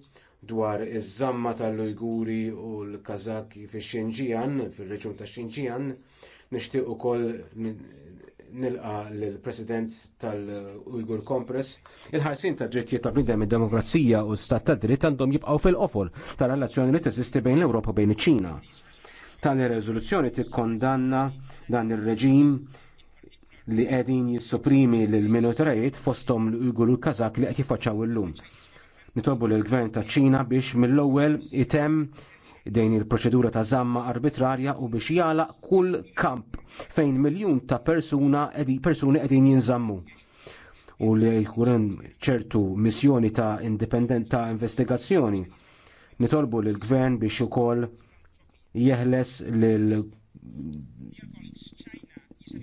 Speaker 8: dwar iż-żamma tal-Ujguri u l-Kazaki fix-Xinjiang, fir-reġjun tax-Xinjiang, Nixtieq ukoll nilqa l-President tal-Uyghur Compress. Il-ħarsin ta' drittijiet ta' bnidem id-demokrazija u stat ta' dritt għandhom jibqgħu fil-qofol ta' relazzjoni li teżisti bejn l-Ewropa bejn iċ-Ċina. Tali reżoluzzjoni tikkondanna dan ir-reġim li qegħdin jissuprimi lil minoritajiet fosthom l-Uyghur u l-Kazak li qed jifaċċaw illum. Nitobbu lill gvern taċ ċina biex mill-ewwel item dejn il-proċedura ta' żamma arbitrarja u biex jala kull kamp fejn miljun ta' persuna edi, persuni qegħdin jinżammu u li jkuren ċertu missjoni ta' indipendent ta' investigazzjoni. Nitolbu lill gvern biex ukoll jeħles lil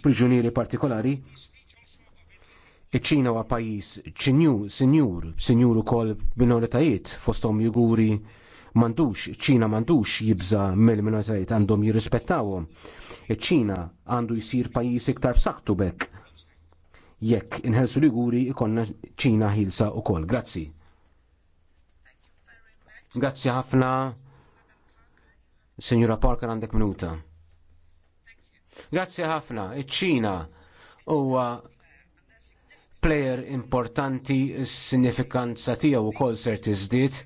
Speaker 8: priġunieri partikolari iċ-ċina huwa pajjiż ċinju, sinjur, sinjur ukoll minoritajiet fosthom Juguri, Mandux, ċina mandux jibża mill-minoritajiet għandhom jirrispettawhom. Iċ-Ċina għandu jsir pajjiż iktar b'saħħtu bekk. Jekk inħelsu Liguri ikonna ċina ħilsa ukoll. Grazzi. Grazzi ħafna. Signora Parker għandek minuta. Grazzi ħafna. Iċ-Ċina huwa plejer importanti s-sinifikanza tiegħu wkoll ser tiżdied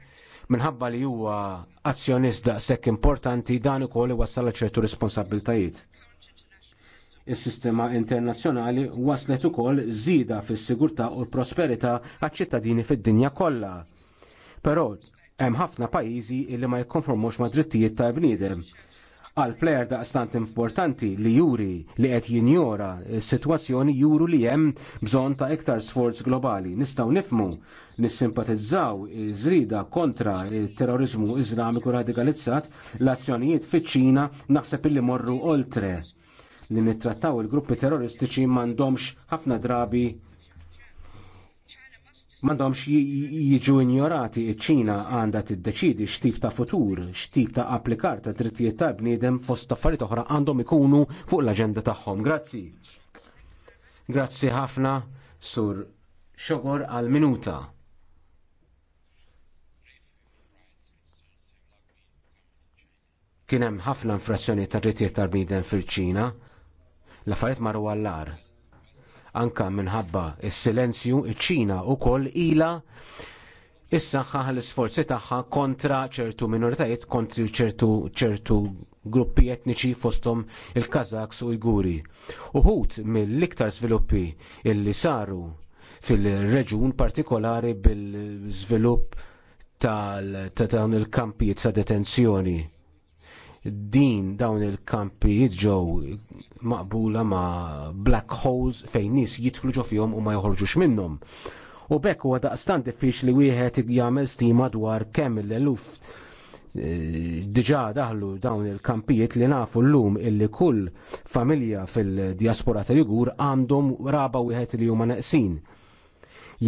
Speaker 8: minħabba li huwa azzjonist daqshekk importanti dan ukoll iwassal ċertu responsabiltajiet. Is-sistema internazzjonali waslet ukoll żieda fis-sigurtà u l-prosperità għaċ-ċittadini fid-dinja kollha. Però hemm ħafna pajjiżi li ma jikkonformux ma' drittijiet ta' bniedem. Għal plejer daqstant importanti li juri li qed jinjora s-sitwazzjoni juru li hemm bżonn ta' iktar sforz globali. Nistgħu nifmu nissimpatizzaw iż-żrida kontra il-terrorizmu iżlamiku radikalizzat l-azzjonijiet fiċ-Ċina naħseb illi morru oltre li nittrattaw il-gruppi terroristiċi m'għandhomx ħafna drabi m'għandhomx jiġu injorati iċ-Ċina għandha tiddeċidi x'tip ta' futur, x'tip ta' applikar ta' drittijiet ta' bniedem fost affarijiet oħra għandhom ikunu fuq l-aġenda tagħhom. Grazzi. Grazzi ħafna sur xogor għal minuta. Kien hemm ħafna infrazzjoni tar drittijiet tal-bniedem fil-Ċina. L-affarijiet marru għallar. Anka minħabba s-silenzju iċ-Ċina wkoll ilha issaħħaħ l-isforzi tagħha kontra ċertu minoritajiet kontra ċertu ċertu gruppi etniċi fosthom il-Kazaks u Iguri. Uħud mill-iktar sviluppi illi saru fil-reġun partikolari bil-svilupp tal-kampijiet ta' detenzjoni din dawn il kampi ġew maqbula ma' black holes fejn nies jidħlu ġo fihom u ma joħorġux minnhom. U bekk huwa daqstan diffiċ li wieħed jagħmel stima dwar kemm l-eluf eh, diġà daħlu dawn il-kampijiet li nafu llum illi kull familja fil-diaspora tal-Jugur għandhom raba wieħed li huma naqsin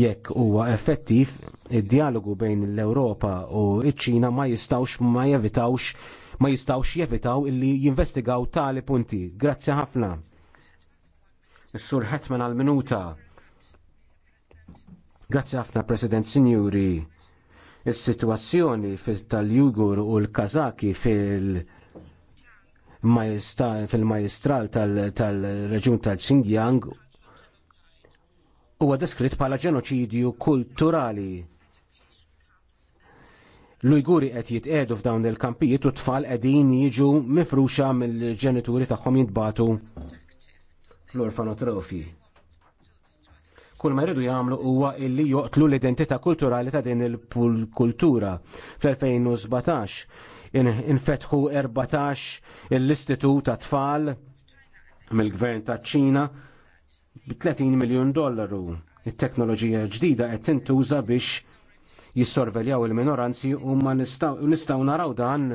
Speaker 8: jekk huwa effettiv id-dialogu bejn l-Ewropa u iċ ċina ma jistawx ma jevitawx ma jistawx jevitaw illi jinvestigaw tali punti. Grazzi ħafna. Is-sur ħetman għal-minuta. Grazzi ħafna, President Sinjuri. Is-sitwazzjoni tal-Jugur u l-Kazaki fil- fil-majestral tal-reġun tal-Xinjiang huwa deskritt bħala ġenoċidju kulturali l-Ujguri qed jitqedu f'dawn il-kampijiet u tfal qegħdin jiġu mifruxa mill-ġenituri tagħhom jintbatu fl-orfanotrofi. Kull ma jridu jagħmlu huwa illi joqtlu l-identità kulturali ta' din il-kultura. Fl-2017 infetħu 14 l-istitut ta' tfal mill-gvern ta' ċina bi 30 miljon dollaru. Il-teknoloġija ġdida qed tintuża biex jissorveljaw il-minoranzi u ma nistgħu naraw dan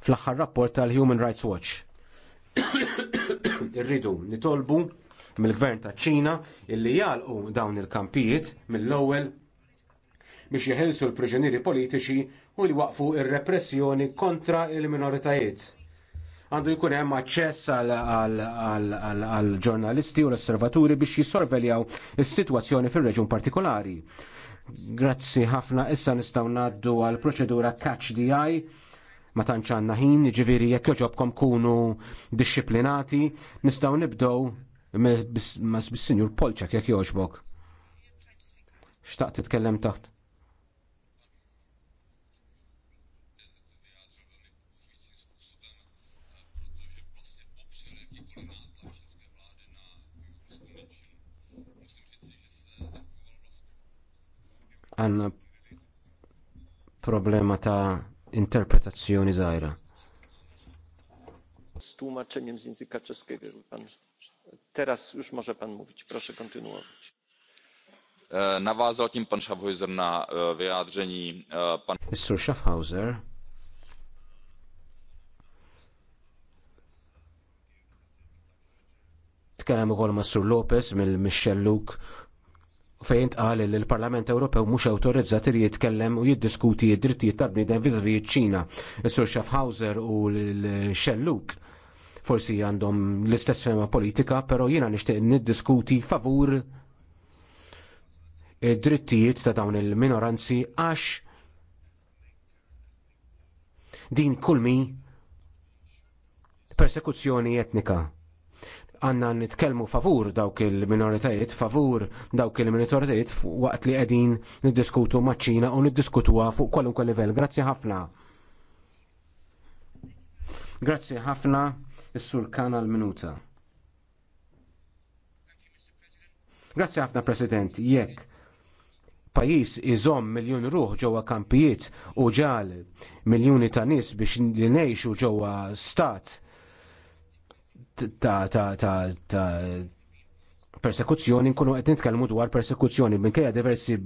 Speaker 8: fl-aħħar rapport tal-Human Rights Watch. Irridu nitolbu mill-gvern ta' ċina illi jalqu dawn il-kampijiet mill-ewwel biex jeħilsu l-priġunieri politiċi u li waqfu ir-repressjoni kontra il-minoritajiet. Għandu jkun hemm aċċess għal ġurnalisti u l-osservaturi biex jissorveljaw is-sitwazzjoni fir-reġun partikolari. Grazzi ħafna, issa nistaw naddu għal proċedura catch di ma tanċanna ħin, ġiviri jekk joġobkom kunu disciplinati, nistaw nibdow ma bis-senjur Polċak jekk joġbok. Xtaqt titkellem taħt? għanna problema ta' interpretazzjoni zaħira.
Speaker 3: Z tłumaczeniem zinzi języka czeskiego. Pan. Teraz już może pan mówić. Proszę
Speaker 8: kontynuować.
Speaker 2: E, Nawazał tím pan Schaffhauser na wyjadrzení
Speaker 8: e, e, pan... Mr. Schaffhauser. Tkellem ukoll ma' Sur Lopez mill Michel Luke fejn tqal li l-Parlament Ewropew mhux awtorizzat li jitkellem u jiddiskuti d-drittijiet tal-bniedem viżavi ċ-Ċina, is-Sur Schaffhauser u l-Xelluk. Forsi għandhom l-istess fema politika, però jiena nixtieq niddiskuti favur id-drittijiet ta' dawn il-minoranzi għax din kulmi persekuzzjoni etnika għanna nitkellmu favur dawk il-minoritajiet, favur dawk il-minoritajiet waqt li qegħdin niddiskutu maċ-Ċina u niddiskutuha fuq kwalunkwe livell. Grazzi ħafna. Grazzi ħafna is-sur kanal minuta. Grazzi ħafna President, jekk pajis iżom miljun ruħ ġewwa kampijiet u ġal miljuni ta' nies biex li ngħixu ġewwa stat ta' ta' ta' ta' persekuzzjoni nkunu qed nitkellmu dwar persekuzzjoni minkejja diversi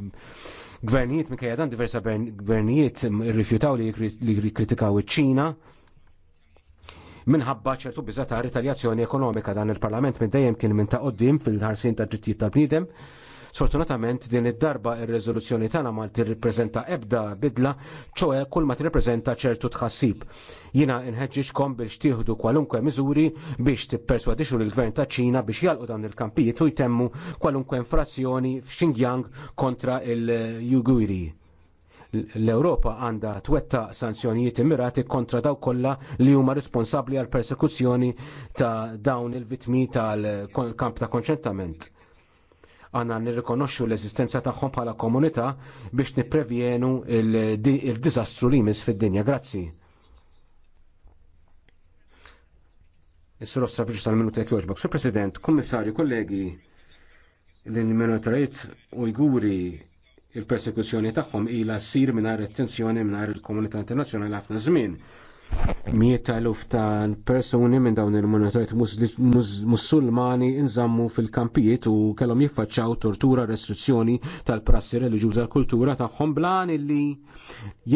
Speaker 8: gvernijiet minkejja dan diversa gvernijiet rrifjutaw li jikkritikaw iċ-Ċina minħabba ċertu biża ta' ritaljazzjoni ekonomika dan il-Parlament minn dejjem kien minn ta' qoddim fil-ħarsin ta' ġittijiet tal-bniedem Sfortunatament din id-darba ir-riżoluzzjoni tagħna ma tirrippreżenta ebda bidla, ċoe kull ma tirrippreżenta ċertu tħassib. Jiena inħeġġixkom biex tieħdu kwalunkwe miżuri biex tipperswadixu lill-Gvern ta' Ċina biex jalqu dan il-kampijiet u jtemmu kwalunkwe infrazzjoni f'Xinjiang kontra il jugwiri l-Europa għandha twetta sanzjonijiet immirati kontra daw kollha li huma responsabbli għal persekuzzjoni ta' dawn il-vitmi tal-kamp ta' konċentament għanna nirrikonoxxu l-eżistenza tagħhom bħala komunità biex nipprevjenu il-diżastru li jmiss fid-dinja. Grazzi. Is-sur biex tal jekk jogħġbok. Sur President, Kummissarju, kollegi, l-minoritajiet Ujguri il-persekuzzjoni tagħhom ilha ssir mingħajr attenzjoni mingħajr il-komunità internazzjonali ħafna żmien miet eluf ta' persuni minn dawn il-monitorit musulmani inżammu fil-kampijiet u kellhom jiffaċċaw tortura restrizzjoni tal-prassi reliġjuża kultura tagħhom blan illi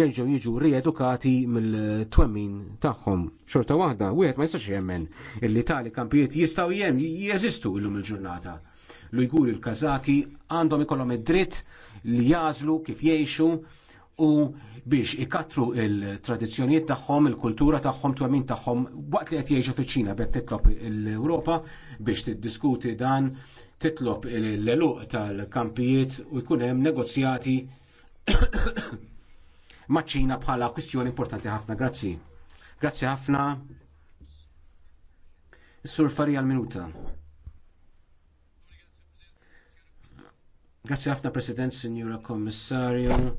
Speaker 8: jerġgħu jiġu riedukati mill-twemmin tagħhom. Xorta waħda, wieħed ma jistax jemmen illi tali kampijiet jistgħu jem jeżistu illum il-ġurnata. Lujgur il-Kazaki għandhom ikollhom id-dritt li jażlu kif jgħixu u biex ikatru il-tradizzjonijiet tagħhom, il-kultura tagħhom, twemmin tagħhom waqt li qed jgħixu fiċ-Ċina bekk titlob l-Ewropa biex tiddiskuti dan titlob l-eluq tal-kampijiet u jkun hemm negozjati maċ-Ċina bħala kwistjoni importanti ħafna. Grazzi. Grazzi ħafna. Sur Farija l-minuta. Grazzi ħafna President, Signora Kommissarju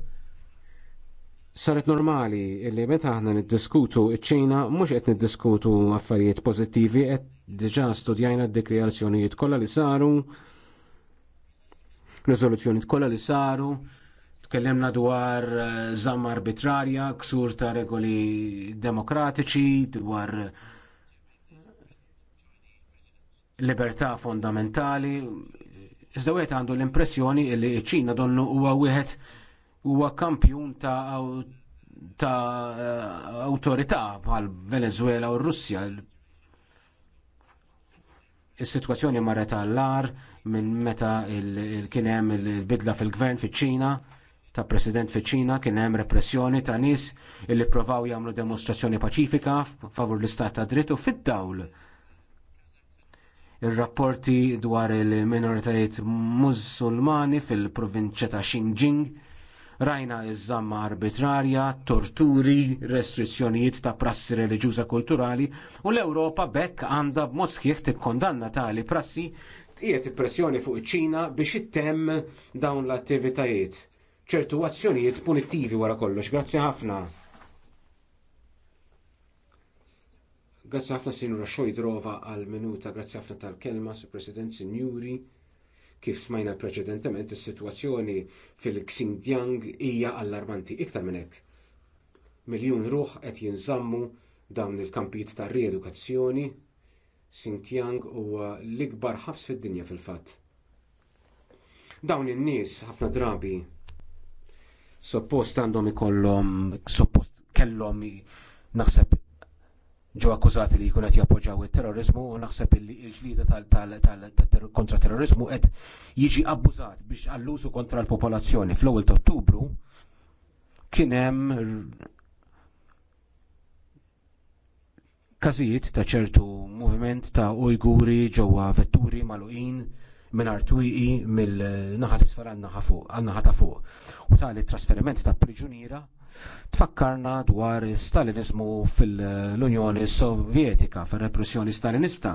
Speaker 8: saret normali li meta aħna niddiskutu iċ-Ċina mhux qed niddiskutu affarijiet pożittivi qed diġà studjajna d-dikreazzjonijiet kollha li saru riżoluzzjonijiet kollha li saru tkellimna dwar eh, żamma arbitrarja, ksur ta' regoli demokratiċi, dwar libertà fondamentali. Iżda wieħed għandu l-impressjoni li ċ-Ċina donnu huwa wieħed huwa kampjun ta' ta' eh, awtorità bħal Venezuela u Russja. Is-sitwazzjoni marret għall-ar minn meta kien hemm il-bidla fil-gvern fiċ-Ċina ta' president fiċ-Ċina kien hemm repressjoni ta' nies illi provaw jagħmlu demostrazzjoni paċifika favur l-istat ta' dritt u fid-dawl ir-rapporti dwar il-minoritajiet musulmani fil-provinċja ta' Xinjiang Rajna iż-żamma arbitrarja, torturi, restrizzjonijiet ta' prassi reliġjuża kulturali u l-Ewropa bekk għandha b'mod sħiħ tikkondanna tali prassi tqiet ippressjoni fuq iċ-Ċina biex ittemm dawn l-attivitajiet. ċertu azzjonijiet punittivi wara kollox. Grazzi ħafna. Grazzi ħafna sinjura Xojdrova għal minuta, grazzi ħafna tal-kelma, President Sinjuri. Kif smajna preċedentement, is-sitwazzjoni fil-Xinjiang hija allarmanti iktar minn hekk. Miljun ruħ qed jinżammu dawn il-kampijiet ta' riedukazzjoni. Xinjiang huwa l-ikbar ħabs fid-dinja fil-fatt. Dawn in-nies ħafna drabi suppost għandhom ikollhom suppost kellhom naħseb ġew akkużati li jkun qed jappoġġjaw it-terrorizmu u naħseb li l-ġlieda kontra terrorizmu qed jiġi abbużat biex għall-użu kontra l-popolazzjoni. Fl-ewwel ta' Ottubru kien hemm każijiet ta' ċertu moviment ta' Ujguri ġewwa vetturi maluqin minn artwiqi mill-naħa tisfar għan-naħa ta' fuq. U tali trasferiment ta' priġuniera tfakkarna dwar Stalinizmu fil-Unjoni Sovjetika, fil-repressjoni stalinista.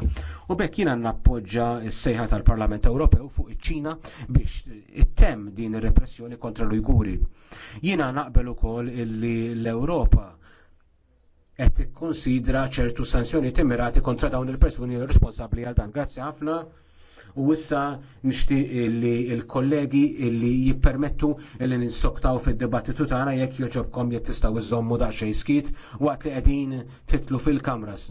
Speaker 8: U bekk jiena nappoġġa s-sejħa tal-Parlament Ewropew fuq iċ-Ċina biex it-tem din ir-repressjoni kontra l-Ujguri. Jiena naqbel ukoll illi l-Ewropa qed tikkonsidra ċertu sanzjoni timmirati kontra dawn il-persuni responsabbli għal dan. Grazzi ħafna. U issa nixtieq li l-kollegi li jippermettu li ninsoktaw fid-dibattitu tagħna jekk joġobkom jekk tistgħu iżommu daqsxejn skit waqt li qegħdin titlu fil-kamras.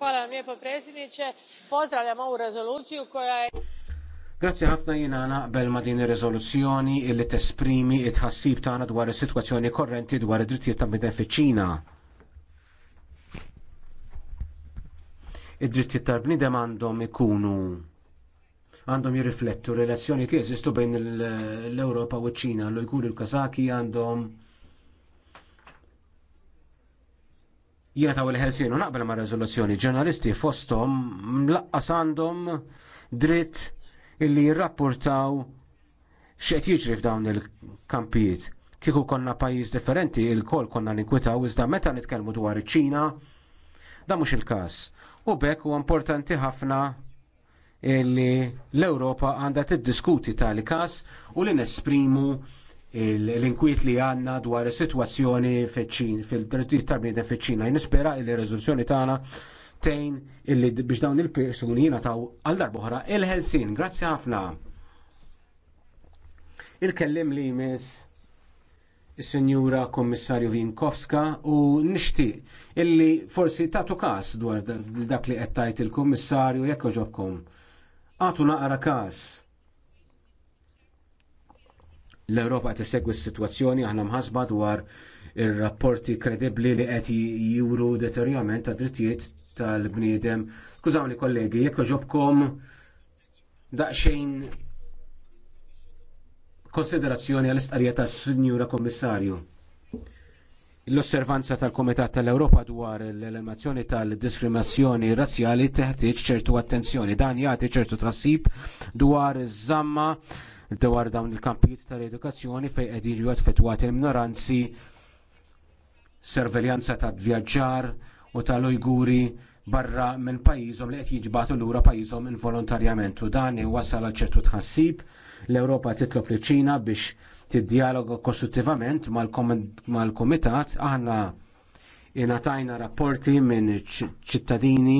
Speaker 2: Hvala vam lijepo predsjedniče. Pozdravljam ovu rezoluciju koja je
Speaker 8: Grazzi ħafna jina naqbel ma din ir-riżoluzzjoni illi tesprimi t tħassib tagħna dwar is-sitwazzjoni korrenti dwar id-drittijiet ta' bnedem fiċ-Ċina. id-drittijiet tal-bniedem għandhom ikunu għandhom jirriflettu relazzjoni li jeżistu bejn l-Ewropa u ċ-Ċina l jkunu l-Kazaki għandhom jiena taw il-ħelsienu naqbel ma' rezoluzzjoni ġurnalisti fosthom mlaqqas għandhom dritt illi jirrapportaw x'qed jiġri f'dawn il-kampijiet. Kieku konna pajjiż differenti, il-kol konna ninkwitaw iżda meta nitkellmu dwar iċ-Ċina, da mhux il-każ U bekk huwa importanti ħafna li l-Ewropa għandha tiddiskuti tali każ u li nesprimu l-inkwiet li għandna dwar is-sitwazzjoni fiċ fil-drittijiet tal-bniedem fiċ-Ċina. Nispera li r-riżoluzzjoni tagħna tejn illi biex dawn il-persuni jingħataw għal darbohra il ħelsien Grazzi ħafna. Il-kellim li jmiss Senjura Kommissarju Vinkowska u nixtieq illi forsi tagħtu każ dwar dak li qed tgħid il-Kummissarju jekk oġobkom. Għatu naqra każ l-Europa qed issegwi s-sitwazzjoni aħna mħasba dwar ir-rapporti kredibbli li qed juru deterjament ta' drittijiet tal-bniedem. Skużawni kollegi, jekk ġobkom daqsxejn konsiderazzjoni għall-istqarrija tas-Sinjura Kommissarju. L-osservanza tal-Komitat tal-Ewropa dwar l-elimazzjoni tal-diskriminazzjoni razzjali teħtieġ ċertu attenzjoni. Dan jagħti ċertu tħassib dwar iż-żamma dwar dawn il-kampijiet tal-edukazzjoni fejn qegħdin jiġu affettwati l-minoranzi, serveljanza ta' vjaġġar u tal-Ujguri barra minn pajjiżhom li qed jiġbatu lura pajjiżhom involontarjament u dan iwassal għal ċertu tħassib L-Ewropa titlob li ċina biex tiddialoga kostruttivament mal-Komitat aħna inatajna rapporti minn ċittadini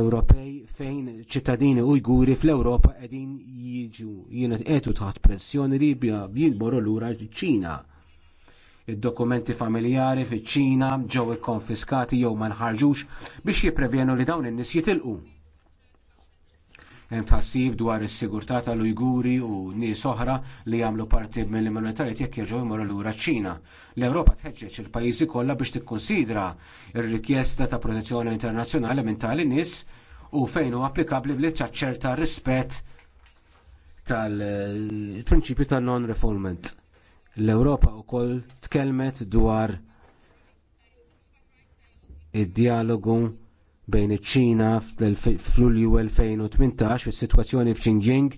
Speaker 8: Ewropej fejn ċittadini Ujguri fl-Ewropa qegħdin jiġu jienet etu taħt pressjoni li jinboru lura ura ċina Id-dokumenti familjari fiċ-Ċina ġew ikkonfiskati jew ma nħarġux biex jipprevjenu li dawn in-nies jitilqu. Hemm tħassib dwar is-sigurtà tal-Ujguri u nies oħra li jagħmlu parti mill-minoritarijiet jekk jerġgħu jmorru lura ċ-Ċina. L-Ewropa tħeġġeġ il-pajjiżi kollha biex tikkunsidra r-rikjesta ta' protezzjoni internazzjonali minn tali nies u fejn hu applikabbli bli ċerta rispett tal-prinċipju ta' non-refoulement. L-Ewropa wkoll tkellmet dwar id-dialogu bejn iċ-Ċina fl-Lulju 2018 fis-sitwazzjoni f'Xinjiang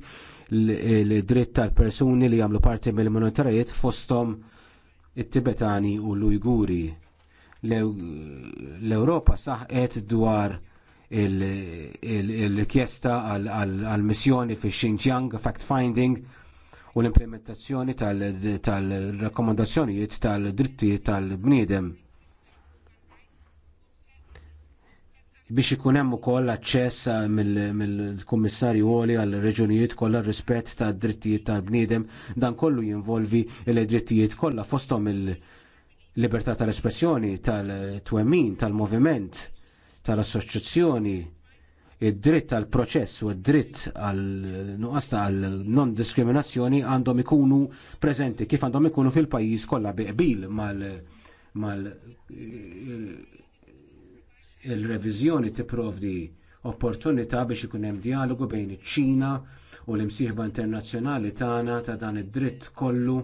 Speaker 8: l-dritt tal-persuni li jagħmlu parti mill-minoritarijiet fosthom it-Tibetani u l-Ujguri. L-Ewropa saħqet dwar il-rikjesta għal missjoni fi Xinjiang fact-finding u l-implementazzjoni tal-rakkomandazzjonijiet tal-drittijiet tal-bniedem. biex ikun hemm ukoll aċċess mill-Kummissarju għoli għall reġunijiet kollha rispett tad drittijiet tal-bniedem dan kollu jinvolvi l-drittijiet kollha fosthom il-libertà tal-espressjoni, tal-twemmin, tal-moviment, tal-assoċjazzjoni, id-dritt tal proċess u id-dritt għal nuqasta għal non diskriminazzjoni għandhom ikunu prezenti kif għandhom ikunu fil-pajjiż kollha biqbil mal mal Il-reviżjoni tipprovdi opportunità biex ikun hemm dialogu bejn iċ-Ċina u l-imsieħba internazzjonali tagħna ta' dan id-dritt kollu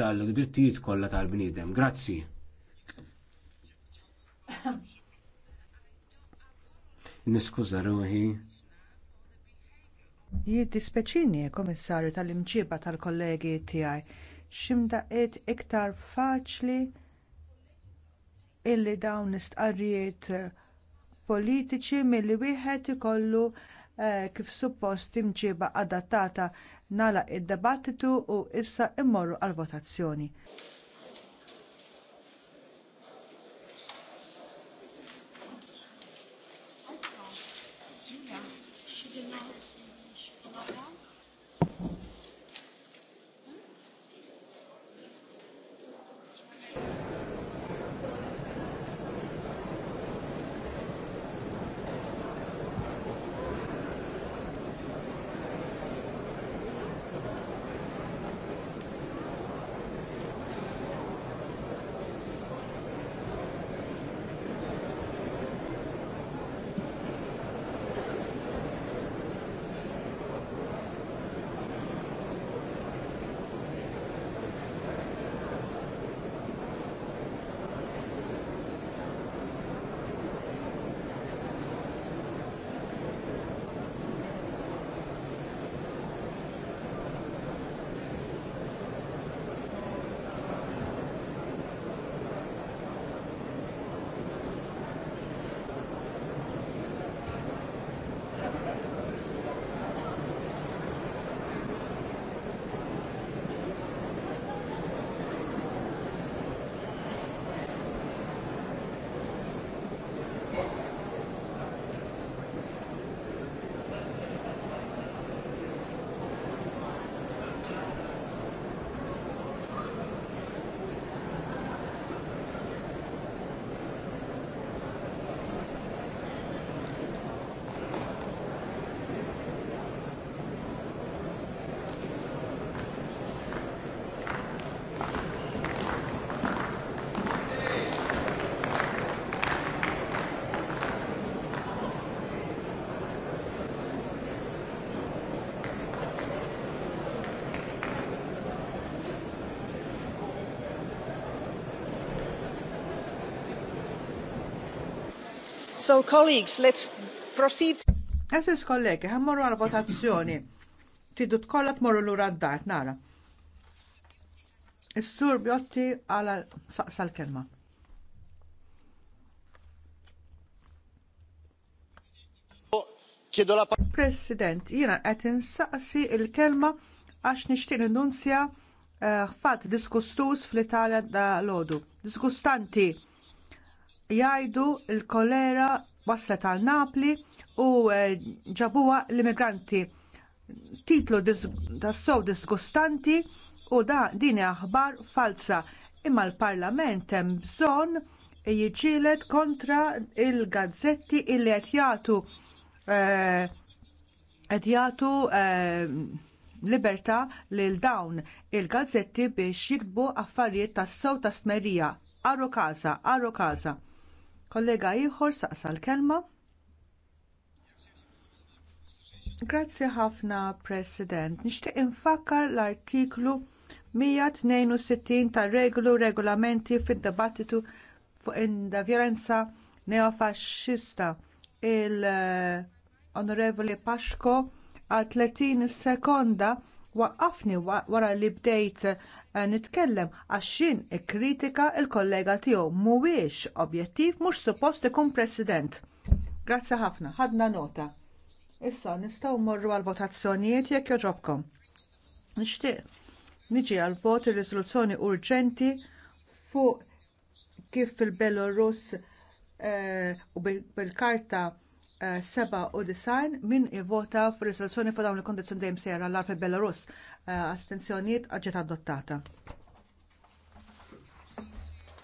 Speaker 8: tal-drittijiet kollha tal-bniedem. Grazzi. Niskuża ruħi.
Speaker 6: Jiddispeċini, komissarju, tal-imġiba tal-kollegi tiegħi X'imdaqiet iktar faċli illi dawn l-istqarrijiet eh, politiċi milli wieħed ikollu eh, kif suppost imġiba adattata nagħlaq id-debattitu u issa mmorru għall votazzjoni So colleagues, let's proceed. Għazis kollegi, ħammorru għal votazzjoni. Tidu t-morru l-ura d-dar, nara. Is-sur Bjotti għal saqsal kelma. President, jina qed insaqsi l kelma għax nixtieq nunzja eh, fatt diskustus fl-Italja da l-ħodu. lodu. Diskustanti jgħidu l-kolera waslet għal Napli u eh, ġabuha l-immigranti. Titlu tas-sow disgustanti u da din aħbar falsa imma l-Parlament hemm bżonn jiġilet kontra l gazzetti illi qed jagħtu eh, qed jagħtu eh, libertà lil dawn il-gazzetti biex jiktbu affarijiet tas-sew ta' smerija. Arro kaza, arro kaza. Kollega ieħor saqsa l-kelma. Grazzi ħafna, President. Nixtieq infakkar l-artiklu 162 tar regolu regolamenti fid-dibattitu fuq indavjerenza neofaxxista. Il-Onorevoli eh, Paxko għal 30 sekonda waqqafni wara li bdejt eh, nitkellem għaxin ikkritika l kollega tiegħu mhuwiex objettiv mhux suppost ikun president. Grazzi ħafna, ħadna nota. Issa nistgħu mmorru għall votazzjonijiet jekk joġobkom. Nixtieq niġi għal vot ir-riżoluzzjoni urġenti fuq kif fil-Belarus eh, u bil-karta 97 min ivvota f'risoluzzjoni fuq dawn il-kondizzjoni dejjem sejra l-arfi Belarus. Eh, Astenzjonijiet ġiet adottata.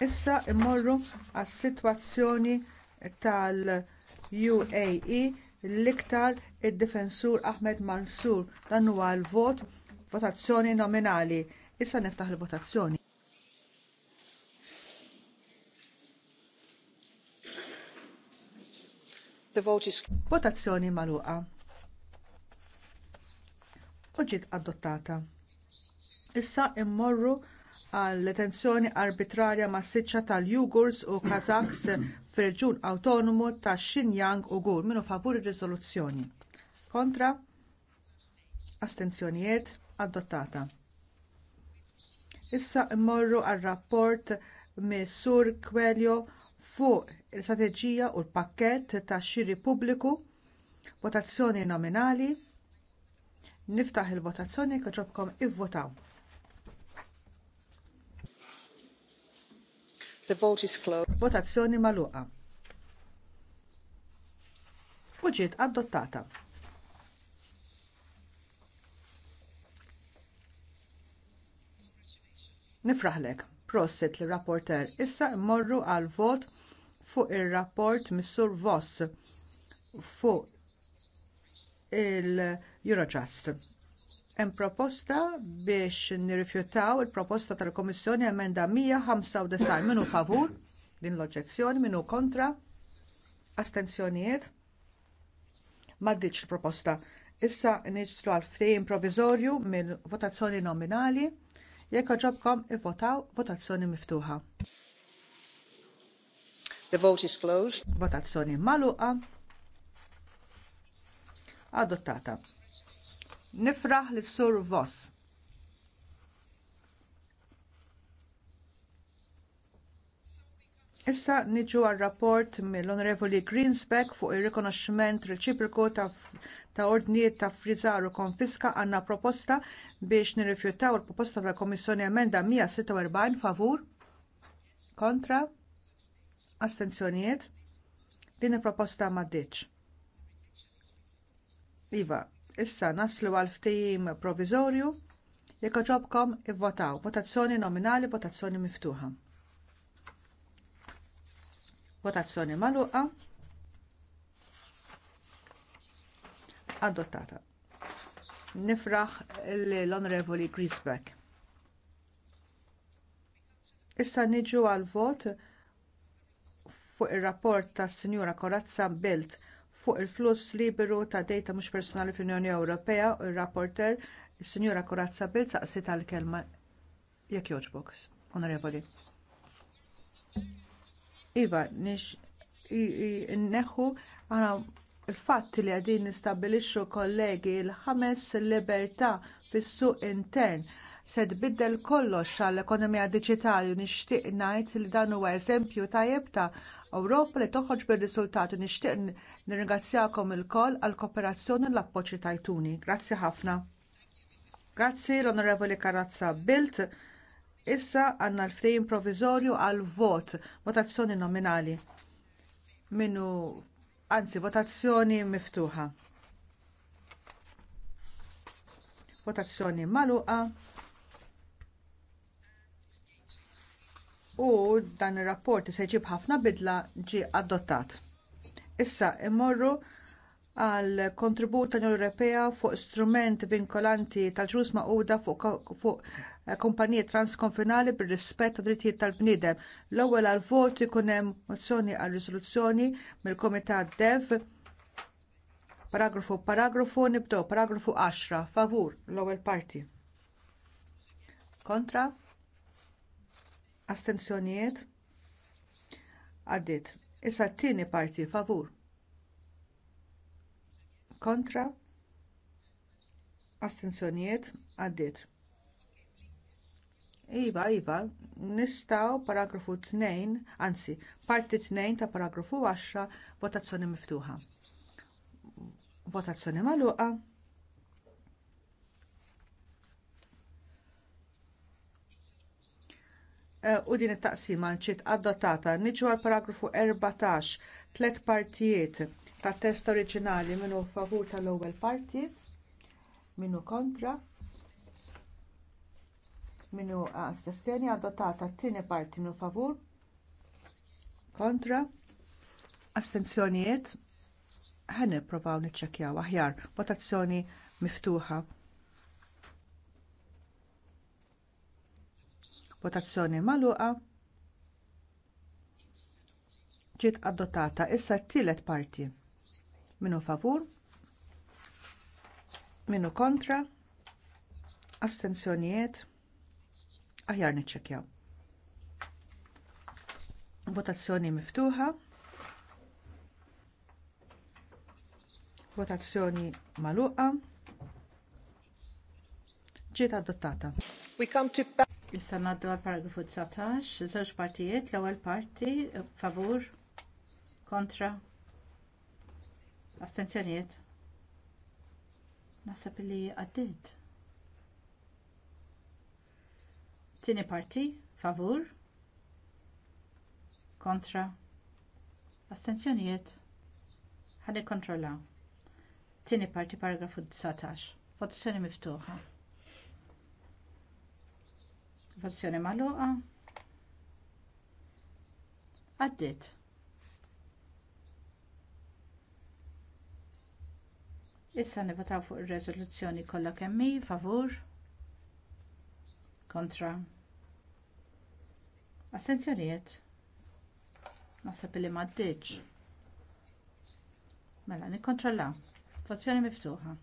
Speaker 6: Issa mmorru għas-sitwazzjoni tal-UAE l-iktar id-difensur Ahmed Mansur dan huwa l-vot votazzjoni nominali. Issa niftaħ il-votazzjoni. The vote is... Votazzjoni magħluqa. U ġiet adottata. Issa immorru għall detenzjoni arbitrarja massiċċa tal-Jugurs u Kazaks fir-reġjun awtonomu ta' Xinjiang Ugur minu favur ir-riżoluzzjoni. Kontra? Astenzjonijiet adottata. Issa immorru għar rapport mis Sur fuq il-strateġija u l-pakkett tax xiri pubbliku votazzjoni nominali niftaħ il-votazzjoni kħoġobkom ivvotaw. The vote is closed. Votazzjoni magħluqa. U ġiet adottata. Nifraħlek, prossit li rapporter issa mmorru għal vot fuq ir-rapport Missur Voss fuq il-Eurojust. Hemm proposta biex nirrifjutaw il-proposta tal kummissjoni emenda 195 minu favur din l-oġġezzjoni minu kontra astenzjonijiet m'għaddiċ il-proposta. Issa niġslu għal ftehim proviżorju minn votazzjoni nominali jekk ġobkom ivvotaw votazzjoni miftuħa. The vote is closed. Votazzjoni magħluqa. Adottata. Nifraħ li sur Voss. Issa niġu għal rapport mill-Onorevoli Greensbeck fuq ir-rikonoxximent reċiproku ta' ta' ordnijiet ta' frizzar u konfiska għandna proposta biex nirrifjutaw il-proposta tal-Komissjoni Emenda 146 favur kontra astenzjonijiet din il-proposta m'għaddietx. Iva, issa naslu għal ftehim proviżorju jekk ġobkom ivvotaw votazzjoni nominali votazzjoni miftuħa. Votazzjoni magħluqa adottata. Nifraħ l-Onorevoli Griesbeck. Issa niġu għal vot fuq ir-rapport tas-Sinjura Korazza Bilt fuq il-fluss liberu ta' dejta mhux personali fl-Unjoni Ewropea u r-rapporter is-Sinjura Korazza Bilt saqsi tal-kelma jekk jogħġbok, onorevoli. Iva, nix neħu għana il-fatt li għadin nistabilixxu kollegi l-ħames libertà fis-suq intern se tbiddel kollox għall-ekonomija diġitali u nixtieq ngħid li dan huwa eżempju tajjeb ta' Ewropa li toħroġ bir-riżultati nixtieq nirringrazzjakom ilkoll għal kooperazzjoni l appoġġi tajtuni. Grazzi ħafna. Grazzi l-Onorevoli Karazza Bilt. Issa għandna l-ftehim proviżorju għal vot, votazzjoni nominali. Minu anzi votazzjoni miftuħa. Votazzjoni magħluqa. u dan ir-rapport se jġib ħafna bidla ġie adottat. Issa immorru għal kontribut tal-Unjoni Ewropea fuq strument vinkolanti tal-ġus maquda fuq, fuq eh, kumpaniji transkonfinali bir rispett tad drittijiet tal-bniedem. L-ewwel għal vot ikun hemm mozzjoni għal riżoluzzjoni mill-Kumitat DEV paragrafu paragrafu nibdew paragrafu 10 favur l-ewwel parti. Kontra? astensjonijiet għaddit issa t-tieni parti favur kontra astensjonijiet għaddit iva iva nistgħu paragrafu 2 anzi parti 2 ta' paragrafu 10 votazzjoni miftuħa votazzjoni magħluqa Eh, u din it-taqsima ġiet adottata. Niġu għal paragrafu 14, tliet partijiet tat test oriġinali minnu favur tal-ewwel parti, minnu kontra, minnu astesteni adottata t-tieni parti minnu favur, kontra, astenzjonijiet, ħan nipprovaw niċċekkjaw aħjar votazzjoni miftuħa. Votazzjoni magħluqa. Ġiet adottata issa t-tielet parti. Minu favur? Minu kontra? Astenzjonijiet? Aħjar niċċekjaw. Votazzjoni miftuħa. Votazzjoni magħluqa ġiet adottata.
Speaker 5: We
Speaker 7: come to Issa ngħaddu għal paragrafu 19, żewġ partijiet, l-ewwel parti favur kontra astenzjonijiet. Naħseb li Tieni parti favur kontra astenzjonijiet. Ħalli kontrolla. Tieni parti paragrafu 19. Votazzjoni miftuħa. Votazzjoni magħluqa. Għaddit. Issa nivotaw fuq ir rezoluzzjoni kollha kemm hi favur kontra Assenzjonijiet. Naħseb li m'għaddiġ. Mela nikkontrollaw. Votazzjoni miftuħa.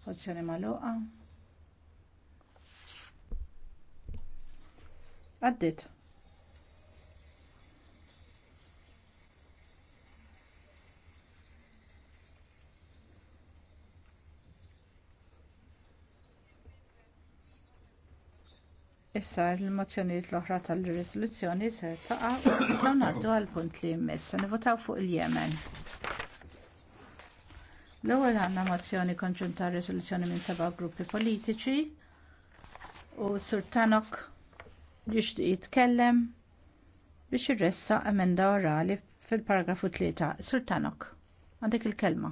Speaker 7: Votazzjoni magħluqa. Għaddit. Issa l-mozzjonijiet l-oħra tal-riżoluzzjoni se taqa' u nistgħu ngħaddu għall punt li jmiss. Nivotaw fuq il-Yemen. L-ewwel għandna mozzjoni konġunta riżoluzzjoni minn seba' gruppi politiċi u Sur Tanok jixtieq jitkellem biex irressa emenda orali fil-paragrafu 3. Sur Tanok, għandek il-kelma.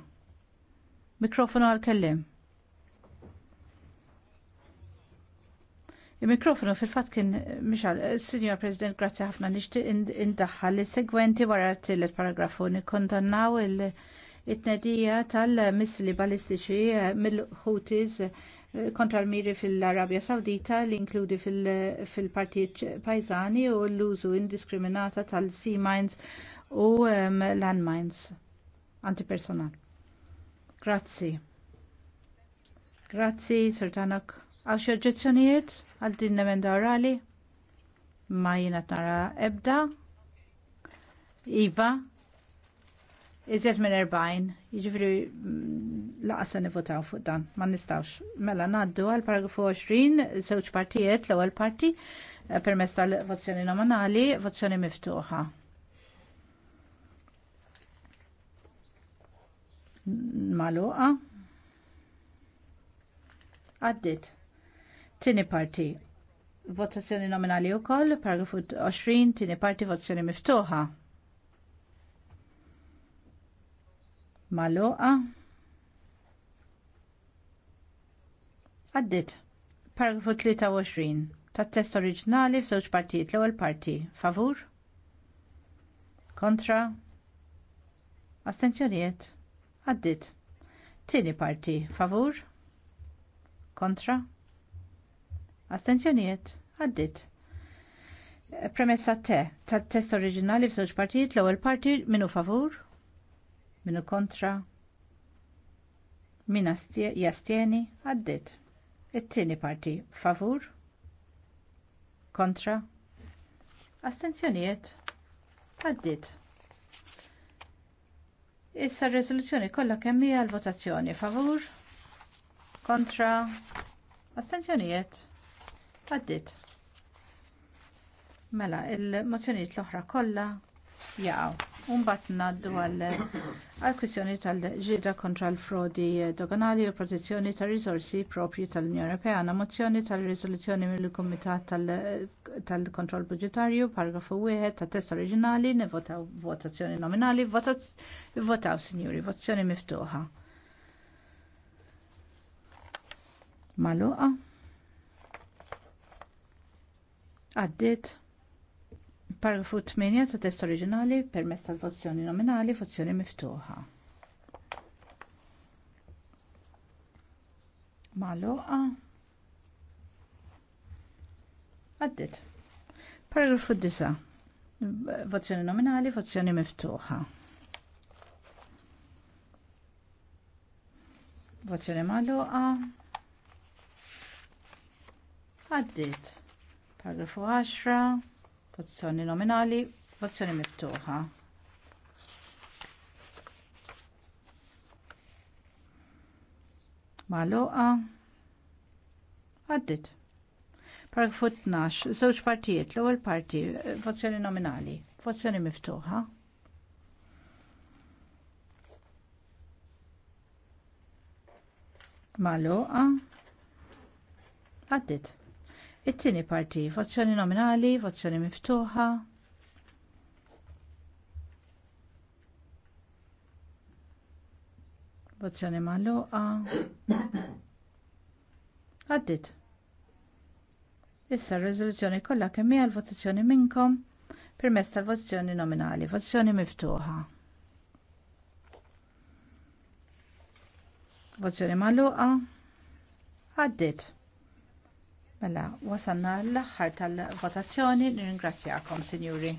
Speaker 7: Mikrofonu għal-kellim. Il-mikrofonu fil-fat kien mixal, Signor President, grazzi ħafna nixtieq indaħħal li segwenti wara t-tillet paragrafu nikkondannaw il- it-tnedija tal-missili balistiċi eh, mill-Houthis eh, kontra l-miri fil-Arabja Sawdita li inkludi fil-partijiet pajzani u l-użu indiskriminata tal-sea mines u ehm, landmines antipersonal. Grazzi. Grazzi, Sertanok. Għal xi oġġezzjonijiet għal din l-emenda orali? Ma jiena tara ebda. Iva, iżjed minn 40, jiġifieri mm, laqsa se nivotaw fuq dan, ma nistawx. Mela ngħaddu għal paragrafu 20 żewġ partijiet l-ewwel parti eh, permezz tal-votazzjoni nominali, votazzjoni miftuħa. Maluqa. Għaddit. Tini parti. Votazzjoni nominali wkoll, paragrafu 20, tini parti, votazzjoni miftuħa. maloqa Għaddit. Paragrafu 23. Tat test oriġinali f'żewġ partijiet l-ewwel parti. Favur? Kontra? Astenzjonijiet? Għaddit. Tieni parti. Favur? Kontra? Astenzjonijiet? Għaddit. Premessa te, tat test oriġinali f'żewġ partijiet l-ewwel parti minu favur? minn kontra min jastieni għaddiet it-tieni parti favur kontra astensjonijiet għaddiet issa r-riżoluzzjoni kollha kemm hija l-votazzjoni favur kontra astensjonijiet għaddiet mela l-mozzjonijiet l-oħra kollha jaqgħu u mbagħad ngħaddu għall-kwistjoni tal-ġieda kontra l-frodi doganali u protezzjoni tar-riżorsi proprji tal-unjoni ewropea mozzjoni tal-riżoluzzjoni mill-kumitat tal-kontroll budġetarju paragrafu wieħed tat-test oriġinali nivvotaw votazzjoni nominali ivvotaw sinjuri votazzjoni miftuħa magħluqa għaddiet Paragrafu 8 ta' test oriġinali permezz tal vozzjoni nominali, votazzjoni miftuħa. Maluqa. Għaddit. Paragrafu 9. Vozzjoni nominali, votazzjoni miftuħa. Vozzjoni magħluqa. Għaddit. Paragrafu 10. Votazzjoni nominali, votazzjoni miftuħa. Maluqa. Għaddit. Paragrafu 12, żewġ partijiet, l-ewwel parti, votazzjoni nominali, votazzjoni miftuħa. Maluqa. Għaddit. It-tieni parti, vozzjoni nominali, vozzjoni miftuħa. Vozzjoni magħluqa. Għaddit. Issa r-riżoluzzjoni kollha kemm hija l-votazzjoni minnkom permezz tal-votazzjoni nominali, votazzjoni miftuħa. Votazzjoni magħluqa. Għaddit. Mela, wasalna l-aħħar tal-votazzjoni, nirringrazzjakom, Sinjuri.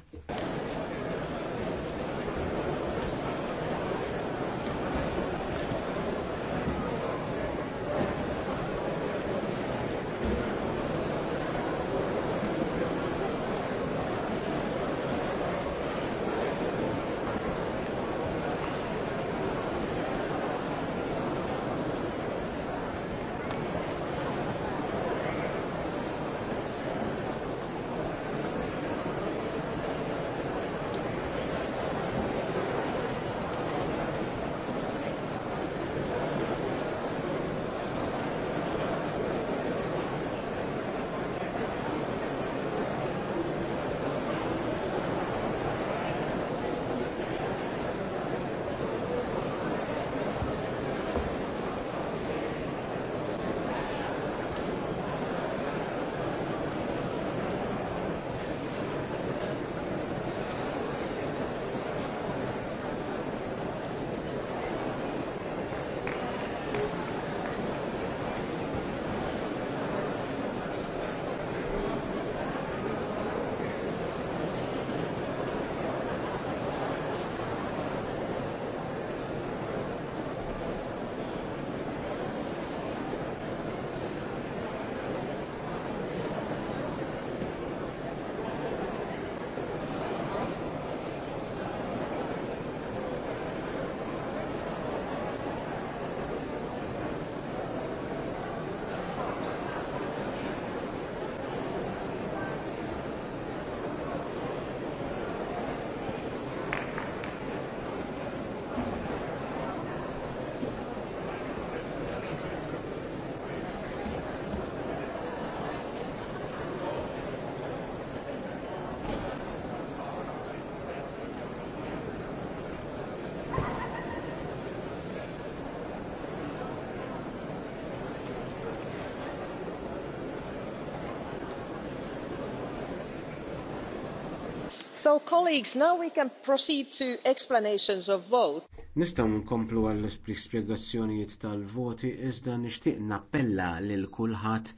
Speaker 6: So colleagues, now we can proceed to explanations of vote.
Speaker 8: Nistgħu nkomplu għall ispjegazzjonijiet tal-voti iżda nixtieq nappella lil kulħadd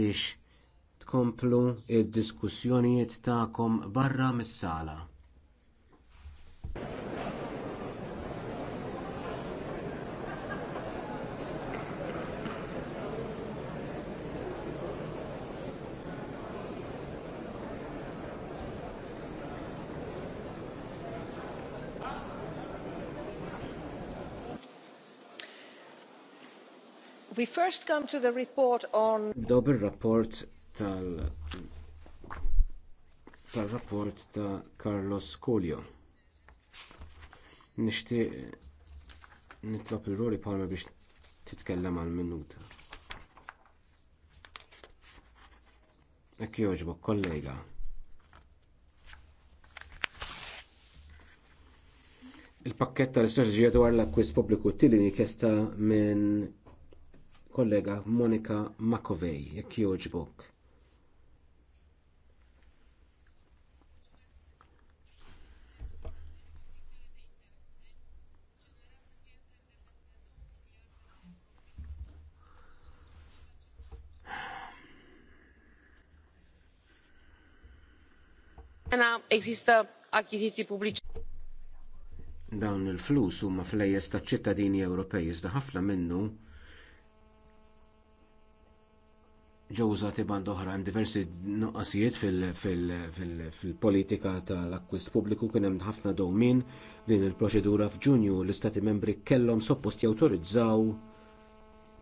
Speaker 8: biex tkomplu id-diskussjonijiet tagħkom barra mis-sala.
Speaker 6: We first come to the report on...
Speaker 8: rapport tal rapport ta' Carlos Coelho. Nixtieq nitlob il-roli palma biex titkellem għal minuta. Ekki jogħġbok, kollega. Il-pakket tal-istraġġija dwar l-akkwist pubbliku tili nikesta minn kollega Monika Makovej, jekk joġbok.
Speaker 9: Există achiziții publice.
Speaker 8: Dawn il-flus huma flejjes taċ-ċittadini Ewropej iżda ħafna minnu ġewza tiban oħra hemm diversi nuqqasijiet fil-politika tal-akkwist pubbliku kien hemm ħafna dowmin din il-proċedura f'Ġunju l-Istati membri kellhom suppost jawtorizzaw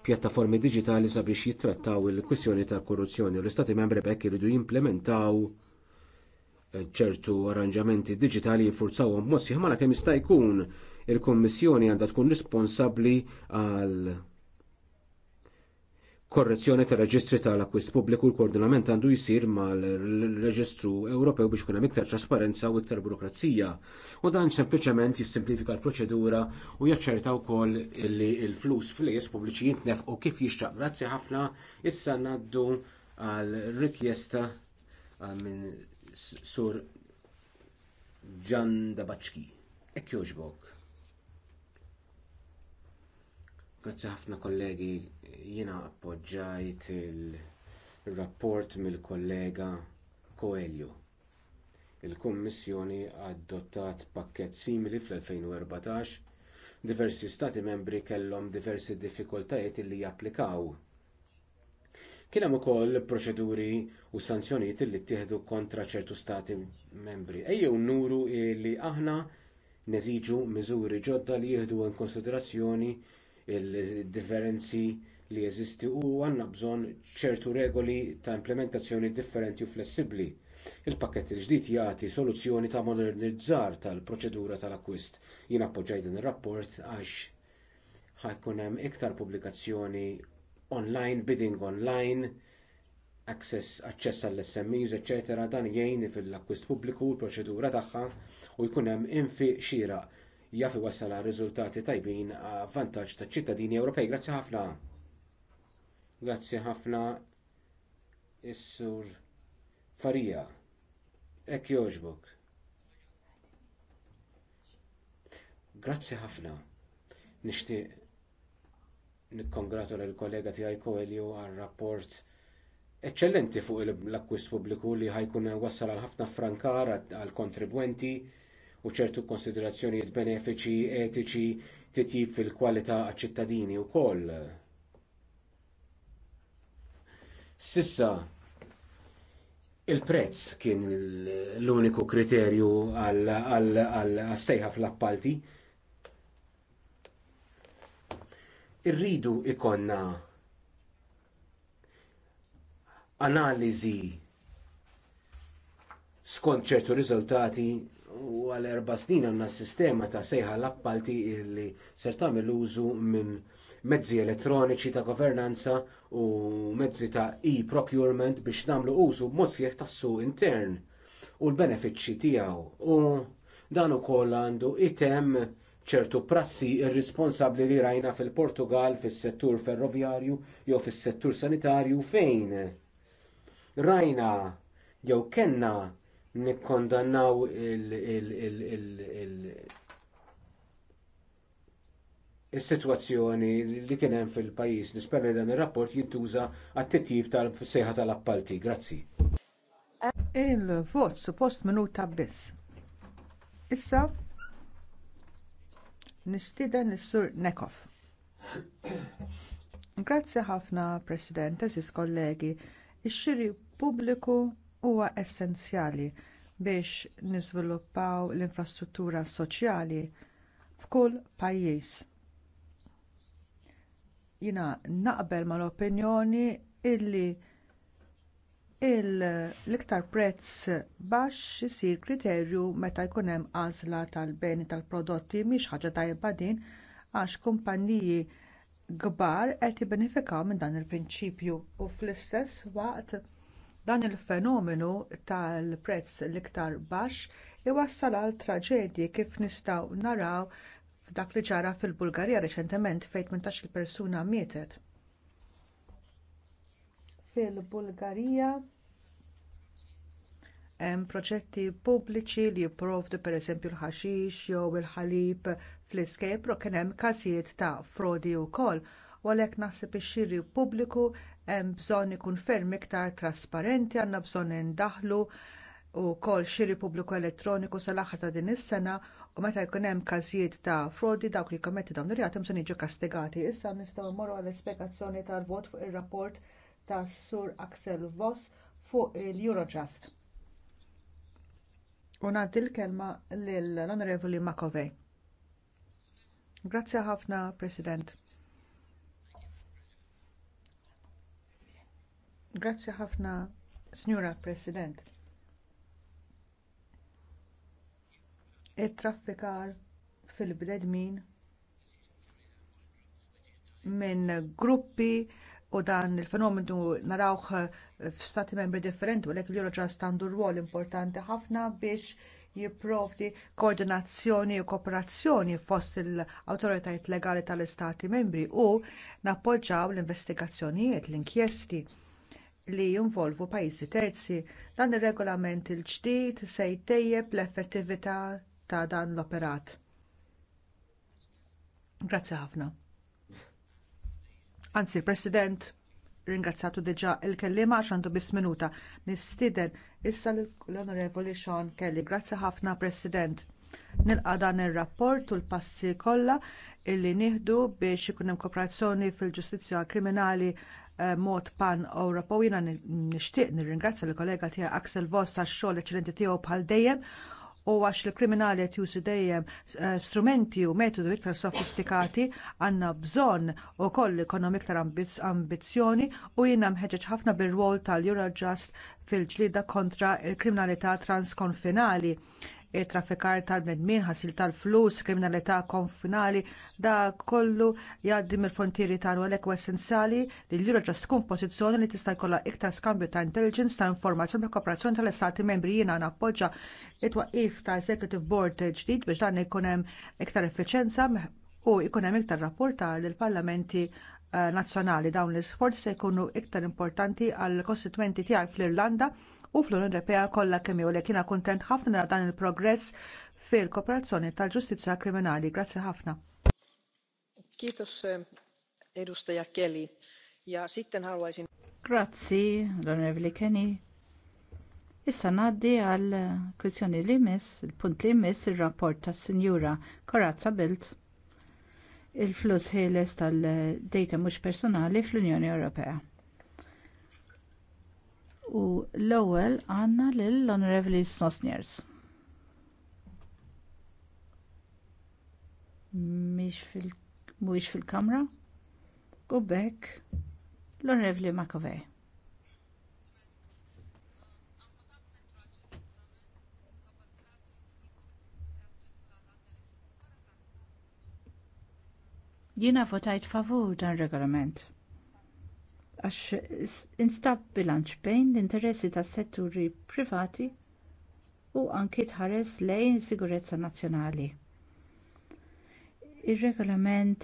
Speaker 8: pjattaformi diġitali sabiex jittrattaw il-kwistjoni tal-korruzzjoni u l-Istati membri b'hekk iridu jimplementaw ċertu arranġamenti diġitali jinfurzawhom mod sieħmana kemm jista' jkun il-Kommissjoni għandha tkun responsabbli għal korrezzjoni tar reġistri tal-akwist pubbliku l-koordinament għandu jsir mal-reġistru Ewropew biex kunem hemm iktar trasparenza u iktar burokrazija. U dan sempliċement jissimplifika l-proċedura u jaċċerta wkoll li l-flus flejes pubbliċi u kif jixtaq. Grazzi ħafna issa ngħaddu għal rikjesta minn sur Gian Dabaċki. Ekkjoġbok. Grazzi ħafna kollegi, jiena appoġġajt il-rapport mill-kollega Coelho. Il-Kummissjoni adottat pakkett simili fl-2014. Diversi stati membri kellhom diversi diffikultajiet li japplikaw. Kien hemm ukoll proċeduri u sanzjonijiet li ttieħdu kontra ċertu stati membri. Ejjew nuru li aħna neżiġu miżuri ġodda li jieħdu in konsiderazzjoni il-differenzi li jeżisti u għandna bżonn ċertu regoli ta' implementazzjoni differenti u flessibbli. Il-pakket il-ġdid jagħti soluzzjoni ta' modernizzar tal-proċedura tal-akwist. Jien appoġġaj din ir-rapport għax ħajkun hemm iktar pubblikazzjoni online, bidding online, access aċċess għall smis eċetera, dan jgħin fil-akwist pubbliku u l-proċedura tagħha u jkun hemm infi xieraq jaf iwassal riżultati tajbin vantaġġ taċ ċittadini Ewropej. Grazzi ħafna. Grazzi ħafna is-sur Farija. Ek jogħġbok. Grazzi ħafna. Nixtieq nikkongratula l-kollega tiegħi koelju għar-rapport eċċellenti fuq l-akkwist pubbliku li ħajkun wassal għal ħafna frankar għall kontribwenti u ċertu konsiderazzjonijiet benefiċi, etiċi, titjib fil-kwalità għaċ-ċittadini wkoll. Sissa, il-prezz kien l-uniku kriterju għal-sejħa fl-appalti. Irridu ikonna analiżi skont ċertu riżultati u għal erba' snin għandna sistema ta' sejħa l-appalti illi ser tagħmel użu minn mezzi elettroniċi ta' governanza u mezzi ta' e-procurement biex nagħmlu użu b'mod sieħ tas-suq intern u l-benefiċċji tiegħu. U dan ukoll għandu item ċertu prassi irresponsabbli li rajna fil-Portugal fis-settur ferroviarju jew fis-settur sanitarju fejn. Rajna jew kellna nikkondannaw il-situazzjoni li kien hemm fil-pajjiż. Nispera li dan ir-rapport jintuża għat-titjib tal-sejħa tal-appalti. Grazzi.
Speaker 6: Il-vot suppost minuta biss. Issa nistieden is-sur Nekov. Grazzi ħafna, President, eżis kollegi. Ix-xiri pubbliku huwa essenzjali biex niżviluppaw l-infrastruttura soċjali f'kull pajjiż. Jiena naqbel mal-opinjoni illi l-iktar prezz baxx isir kriterju meta jkun hemm għażla tal-beni tal-prodotti mhix ħaġa tajba din għax kumpaniji kbar qed jibbenefikaw minn dan il-prinċipju u fl-istess waqt Dan il-fenomenu tal-prezz l-iktar baxx iwassal għal traġedji kif nistgħu naraw dak li ġara fil-Bulgarija reċentement fejn 18 persuna mietet. Fil-Bulgarija hemm proġetti pubbliċi li jipprovdu pereżempju l-ħaxix jew il-ħalib fl-iskej pro kien hemm każijiet ta' frodi wkoll u għalhekk naħseb ix-xiri pubbliku hemm bżonn ikun ferm iktar trasparenti għandna bżonn indaħlu wkoll xiri pubbliku elettroniku sal-aħħar ta' din is-sena u meta jkun hemm każijiet ta' frodi dawk li jkommetti dawn ir-reati bżonn jiġu kastigati. Issa nistgħu mmorru għall ispjegazzjoni tal-vot fuq ir-rapport tas Sur Axel Voss fuq il-Eurojust. U ngħaddi l-kelma lill onorevoli Makovej. Grazzi ħafna, President. Grazzi ħafna, Signora President. it-traffikar fil-bledmin minn gruppi u dan il-fenomenu narawh f'stati membri differenti u l-ek l rwol importanti ħafna biex jipprovdi koordinazzjoni u kooperazzjoni fost il autoritajt legali tal-istati membri u nappoġġaw l-investigazzjonijiet, l-inkjesti li jinvolvu pajjiżi terzi. Dan ir-regolament il ġdid se jtejjeb l-effettività ta' dan l-operat. Grazzi ħafna. Anzi, President, ringrazzatu diġà il-kellima għax għandu biss minuta. Nistieden issa l-Onorevoli Sean Kelly. Grazzi ħafna, President. Nilqa dan ir-rapport u l-passi kollha illi nieħdu biex ikun hemm kooperazzjoni fil-ġustizzja kriminali Eh, mod pan Ewropew jiena nixtieq nirringrazzja l-kollega tija Axel Voss għax-xogħol eċċellenti tiegħu bħal dejjem u għax l kriminali qed jusi dejjem eh, strumenti u metodi iktar sofistikati għandna bżonn ukoll ikollhom iktar ambizzjoni u jiena mħeġġeġ ħafna bil rwol tal-Eurojust fil-ġlida kontra l kriminalità transkonfinali traffikar tal-bnedmin, ħasil tal-flus, kriminalità konfinali, da kollu jgħaddi mill-frontieri tagħna għalhekk essenzjali li l-Eurojust tkun pożizzjoni li tista' jkollha iktar skambju ta' intelligence ta' informazzjoni bil kooperazzjoni tal-Istati membri jiena nappoġġa it-twaqqif ta' Executive Board ġdid biex dan ikun hemm iktar effiċenza u jkun hemm iktar rapportar lill parlamenti eh, nazzjonali dawn l isforzi se jkunu iktar importanti għall kostitwenti tiegħi fl-Irlanda u fl-Unjoni Ewropea kollha kemm jew jiena kuntent ħafna nara dan il-progress fil-kooperazzjoni tal-ġustizzja kriminali. Grazzi ħafna. Kitos eh, edustaja Kelly. Ja sitten haluaisin...
Speaker 7: Grazzi, l-Onorevoli Kenny. Issa ngħaddi għal kwistjoni li jmiss, il-punt li jmiss ir rapport tas-Sinjura Korazza Bilt il-flus ħieles tal-data mhux personali fl-Unjoni Ewropea. U l-ewwel għandna lil l onorevoli Sosniers. Mhix fil Mhuwiex fil-kamra? U bekk l-Onorevoli Makovej. Jiena votajt favur dan regolament għax instab bilanċ bejn l-interessi tas-setturi privati u anki tħares lejn is-sigurezza nazzjonali ir-regolament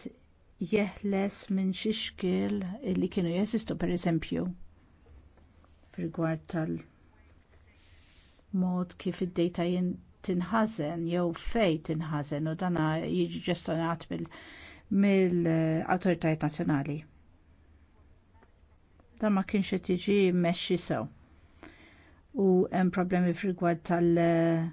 Speaker 7: jeħles minn xi xkiel li kienu jeżistu pereżempju rigward tal-mod kif id-dejta tinħażen jew fejn tinħażen u dan jiġi ġestjonat mill-awtoritajiet nazzjonali Ta' ma kienx qed jiġi mmexxi sew. U hemm problemi f'rigward tal- eh,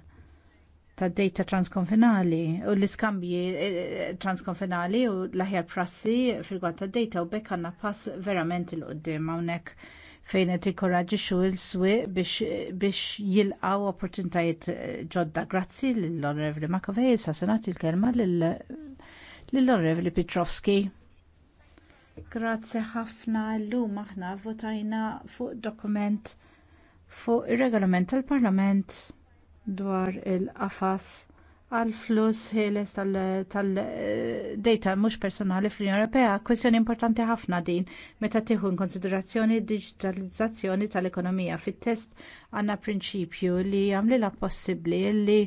Speaker 7: tad data transkonfinali u l-iskambji eh, transkonfinali u l-aħjar prassi fil-gwad tad data u bekk għanna pass verament il-qoddim hawnhekk fejn qed xu il swieq biex jilqgħu opportunitajiet eh, ġodda. Grazzi lill honorevli Makovej, sa senat il-kelma l-Honorevli Petrovski. Grazzi ħafna llum aħna votajna fuq dokument fuq ir-regolament tal-Parlament dwar il-qafas għal flus ħieles tal-data mhux personali fl-Unjoni Ewropea, kwestjoni importanti ħafna din meta tieħu konsiderazzjoni d digitalizzazzjoni tal-ekonomija. Fit-test għandna prinċipju li jagħmlilha possibbli li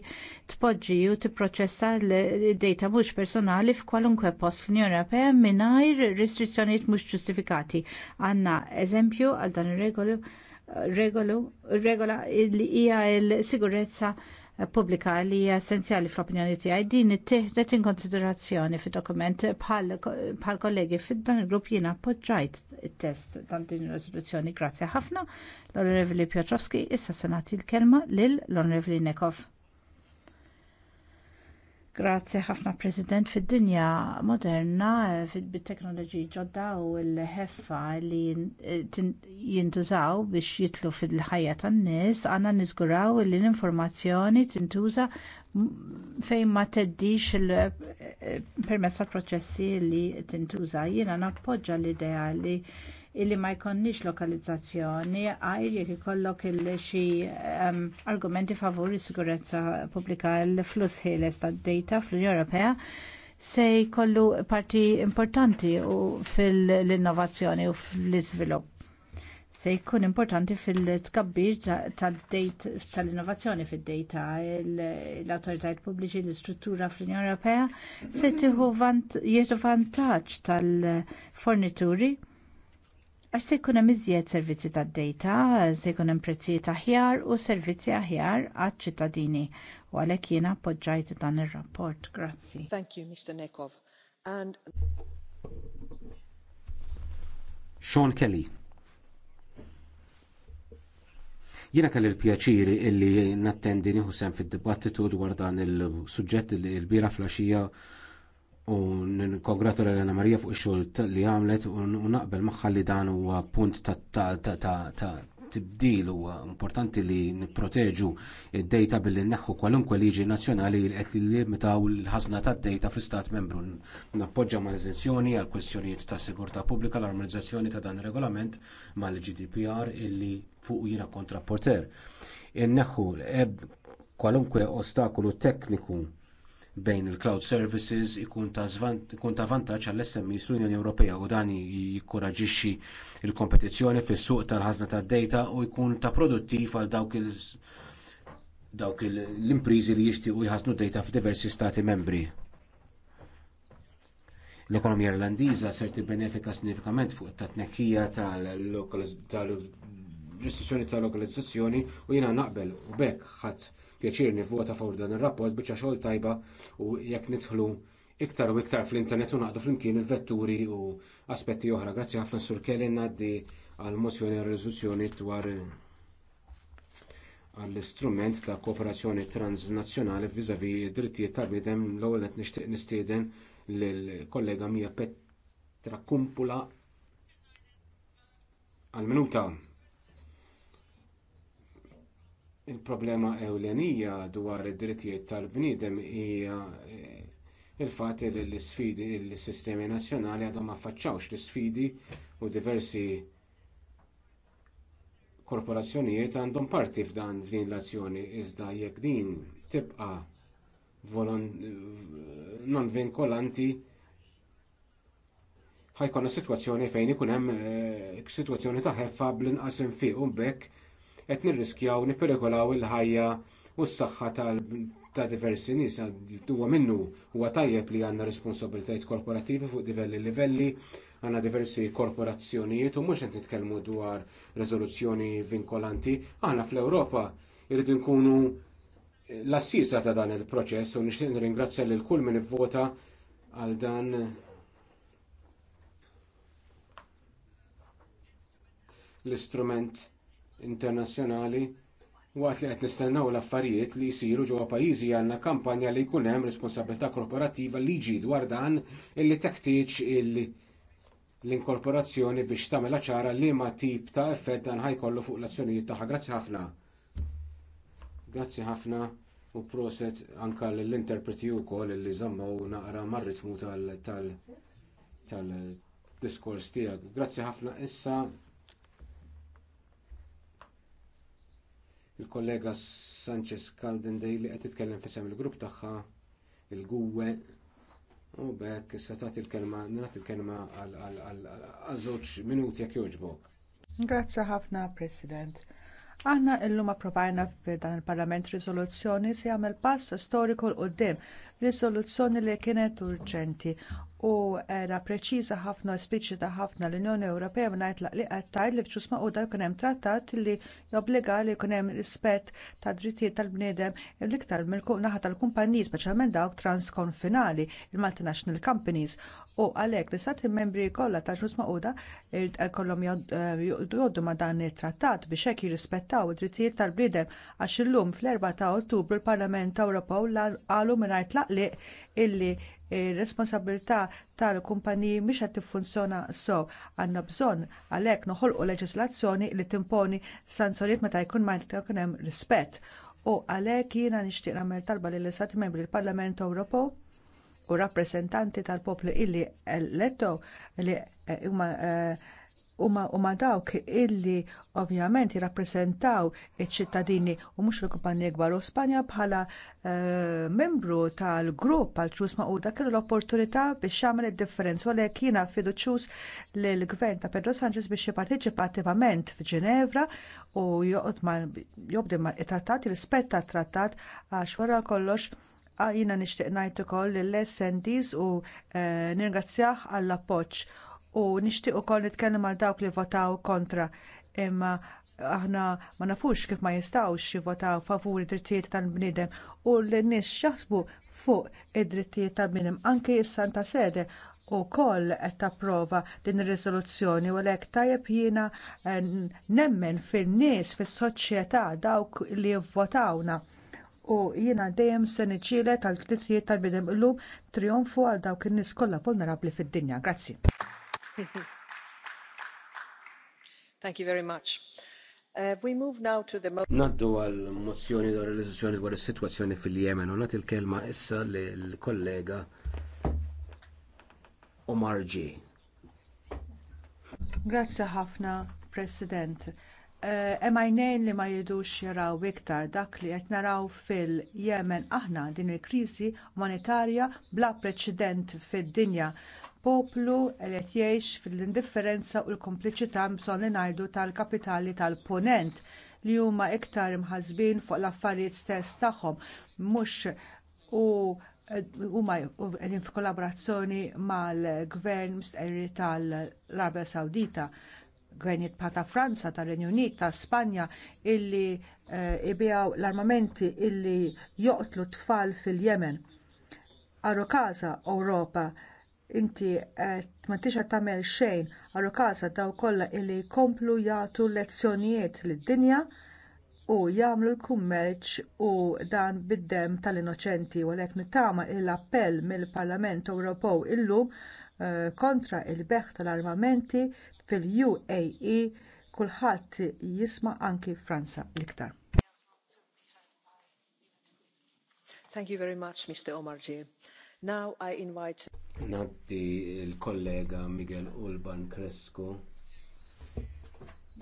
Speaker 7: tpoġġi u tipproċessa l-data mhux personali f'kwalunkwe post fl-Unjoni Ewropea mingħajr restrizzjonijiet mhux ġustifikati. Għandna eżempju għal dan ir regolu, regola li hija l-sigurezza pubblika li hija essenzjali fl-opinjoni tiegħi din ittieħdet in konsiderazzjoni fid-dokument bħal kollegi fid-dan il-grupp jien appoġġajt it-test tal din ir-riżoluzzjoni. Grazzi ħafna l-Onorevoli Piotrowski issa se nagħti l-kelma lil l-Onorevoli Nekov. Grazzi ħafna President fid-dinja moderna bit-teknoloġiji ġodda u l-ħeffa li eh, jintużaw biex jitlu fil-ħajja tan-nies għandna niżguraw li l-informazzjoni tintuża fejn ma teddix il-permess eh, tal-proċessi li tintuża. Jiena nappoġġa l-idea li illi ma jkonniex lokalizzazzjoni għajr jekk ikollok xi um, argumenti favur sigurezza pubblika l-fluss ħieles tad-data fl-Unjoni Ewropea se jkollu parti importanti fil-innovazzjoni u fl-iżvilupp. Se jkun importanti fil tkabbir tal-innovazzjoni fid-data l-awtoritajiet pubbliċi l-istruttura fl-Unjoni Ewropea se tieħu jieħdu vantaġġ tal-fornituri għax se jkun hemm iżjed servizzi tad-dejta, se jkun hemm prezzijiet aħjar u servizzi aħjar għaċ-ċittadini. U għalhekk jien appoġġjajt dan ir-rapport. Grazzi.
Speaker 6: Thank you, Mr. Nekov. And...
Speaker 8: Sean Kelly. Jiena kelli l-pjaċiri illi nattendi nieħu sem fid-dibattitu dwar dan il-suġġett il-bira flaxija u n-kongratula l-Anna Marija fuq ix-xogħol li għamlet u naqbel magħha li dan huwa punt ta' tibdil huwa importanti li nipproteġu id-dejta billi neħħu kwalunkwe liġi nazzjonali li qed limitaw l-ħasna tad-dejta fl-istat membru. Nappoġġa mal eżenzjoni għal kwestjonijiet ta' sigurtà pubblika l-armonizzazzjoni ta' dan ir-regolament mal-GDPR illi fuq jiena kontraporter. Inneħħu kwalunkwe ostakolu tekniku bejn il-cloud services ikun ta' vantaġġ għall smis l-Unjoni Ewropea u dan jikkoraġixxi l kompetizzjoni fis-suq tal-ħażna tad-data u jkun ta' produttiv għal dawk il- dawk l-imprizi li jixtiequ jħasnu data f'diversi stati membri. L-ekonomija irlandiża ser tibbenefika sinifikament fuq tat-tnekkija tal-restrizzjoni tal-lokalizzazzjoni u jiena naqbel u bekk ħadd pjaċir nivvota fawr dan ir-rapport biċċa xogħol tajba u jekk nidħlu iktar u iktar fl-internet u naqdu flimkien il-vetturi u aspetti oħra. Grazzi ħafna sur Kelly ngħaddi għal mozzjoni riżoluzzjoni dwar għall-istrument ta' kooperazzjoni transnazzjonali viżavi d-drittijiet tal-bniedem l-ewwel qed nixtieq nistieden lill-kollega mija Petra Kumpula għal-minuta il-problema ewlenija dwar id-drittijiet tal-bniedem hija eh, il-fatt li l-isfidi l-sistemi nazzjonali għadhom ma l-isfidi u diversi korporazzjonijiet għandhom parti f'dan f'din l-azzjoni iżda jekk din tibqa non vinkolanti ħajkonna sitwazzjoni fejn ikun hemm eh, sitwazzjoni ta' ħeffa bl-inqas infiq u bekk qed nirriskjaw nipperikolaw il-ħajja u s-saħħa ta' diversi nies huwa minnu huwa tajjeb li għandna responsabbiltajiet korporattivi fuq diversi livelli għandna diversi korporazzjonijiet u mhux qed nitkellmu dwar riżoluzzjoni vinkolanti aħna fl-Ewropa irridu nkunu l-assisa ta' dan il-proċess u nixtieq nirringrazzja lil kull min ivvota għal dan l-istrument internazzjonali waqt li qed nistennew l-affarijiet li jsiru ġewwa pajjiżi għandna kampanja li jkun hemm responsabilità korporattiva liġi dwar dan illi teħtieġ l-inkorporazzjoni biex tagħmilha ċara liema tip ta' effett dan ħajkollu fuq l-azzjonijiet tagħha. Grazzi ħafna. Grazzi ħafna u proset anke l-interpreti wkoll li żammaw naqra mar-ritmu tal-diskors tiegħek. Grazzi ħafna issa il-kollega Sanchez Calden li qed titkellem fisem il-grupp tagħha il-gwe u bekk issa tagħti il-kelma nagħti il-kelma għal żewġ minuti jekk jogħġbok.
Speaker 6: Grazzi ħafna President. Aħna illum approvajna f'dan il-Parlament riżoluzzjoni se jagħmel pass storiku l qudiem risoluzzjoni li kienet urġenti u era preċiża ħafna espliċita ħafna l-Unjoni Ewropea mingħajr li qed tgħid li f'ġus maquda jkun hemm trattat li jobbliga li jkun hemm rispett ta' drittijiet tal-bniedem l-iktar mill naħa tal-kumpaniji speċjalment dawk transkonfinali il-multinational companies u għalhekk li stati membri kollha ta' ġnus Magħquda kollhom eh, jgħoddu ma' dan it-trattat biex hekk jirrispettaw id-drittijiet tal-bliedem għax illum fl-4 ta' Ottubru il parlament Ewropew qalu mingħajr tlaqliq illi r responsabilità tal-kumpaniji mhix qed tiffunzjona sew. Għandna bżonn għalhekk noħolqu leġiżlazzjoni li timponi sanzjonijiet meta jkun ma jkun hemm rispett. U għalhekk jiena nixtieq nagħmel talba lill istati Membri l-Parlament Ewropew u rappreżentanti tal-poplu illi elettew li eh, eh, huma huma dawk illi ovvjament jirrappreżentaw iċ-ċittadini u mhux il-kumpanji kbar u Spanja bħala eh, membru tal-grupp għal ġus maquda kellu l-opportunità biex jagħmel id-differenza u għalhekk jiena fiduċjuż lill gvern ta' Pedro Sanchez biex jipparteċipa attivament f'Ġinevra u joqgħod ma' jobdi ma' trattati rispetta t-trattat għax wara kollox jiena nixtieq ngħid ukoll lill-SNDs u eh, nirgrazzjah għall appoġġ u nixtieq ukoll nitkellem għal dawk li votaw kontra imma aħna ma nafux kif ma jistgħux jivvotaw favur id-drittijiet tal-bniedem u l-nies x'jaħsbu fuq id-drittijiet tal-bniedem anke s-Santa Sede wkoll qed tapprova din ir-riżoluzzjoni u għalhekk tajjeb jiena eh, nemmen fin-nies fis-soċjetà dawk li jivvotawna u jiena dejjem se niċielet għal trittijiet tal-bidem illum trionfu għal dawk in-nies kollha vulnerabbli fid-dinja. Grazzi. Thank you very much. Uh, we move now to the
Speaker 8: Naddu għal mozzjoni dwar il-leżizzjoni dwar is-sitwazzjoni fil-Yemen u nagħti il-kelma issa lill kollega Omar G.
Speaker 6: Grazzi ħafna, President. Eh, emajnejn li ma jidux jaraw iktar dak li qed naraw fil-Jemen aħna din il-kriżi umanitarja bla preċedent fid-dinja. Poplu qed jgħix fil-indifferenza u l-kompliċità bżonn li ngħidu tal-kapitali tal-Punent li huma iktar imħasbin fuq l-affarijiet stess tagħhom mhux u eh, huma f'kollaborazzjoni mal-gvern mistqerri tal-Arabja Sawdita gvernijiet pa' ta' Franza, ta' Renju Unit, ta' Spanja illi eh, ibijaw l-armamenti illi joqtlu tfal fil-Jemen. Għarru kaza Ewropa, inti eh, ma tixa tagħmel xejn, għarru kaza daw kollha illi jkomplu jagħtu lezzjonijiet lid-dinja u jagħmlu l-kummerċ u dan bid-dem tal-innoċenti u għalhekk nittama l-appell mill-Parlament Ewropew illum eh, kontra l beħ tal-armamenti fil-UAE kulħadd jisma' anki Franza l-iktar. Thank you very much, Mr. Omar Omarji. Now I invite...
Speaker 8: Natti il-kollega Miguel Ulban Crescu.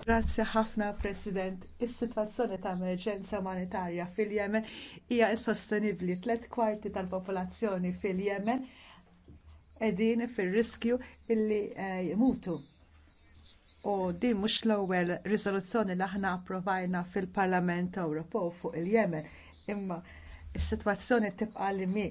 Speaker 6: Grazzi ħafna, President. Is-sitwazzjoni ta' emerġenza umanitarja fil-Yemen hija insostenibbli. Tlet kwarti tal-popolazzjoni fil-Yemen qegħdin fir-riskju illi eh, jmutu. Uh, u din mhux l-ewwel riżoluzzjoni li aħna approvajna fil-Parlament Ewropew fuq il jemen imma s sitwazzjoni tibqa' li mi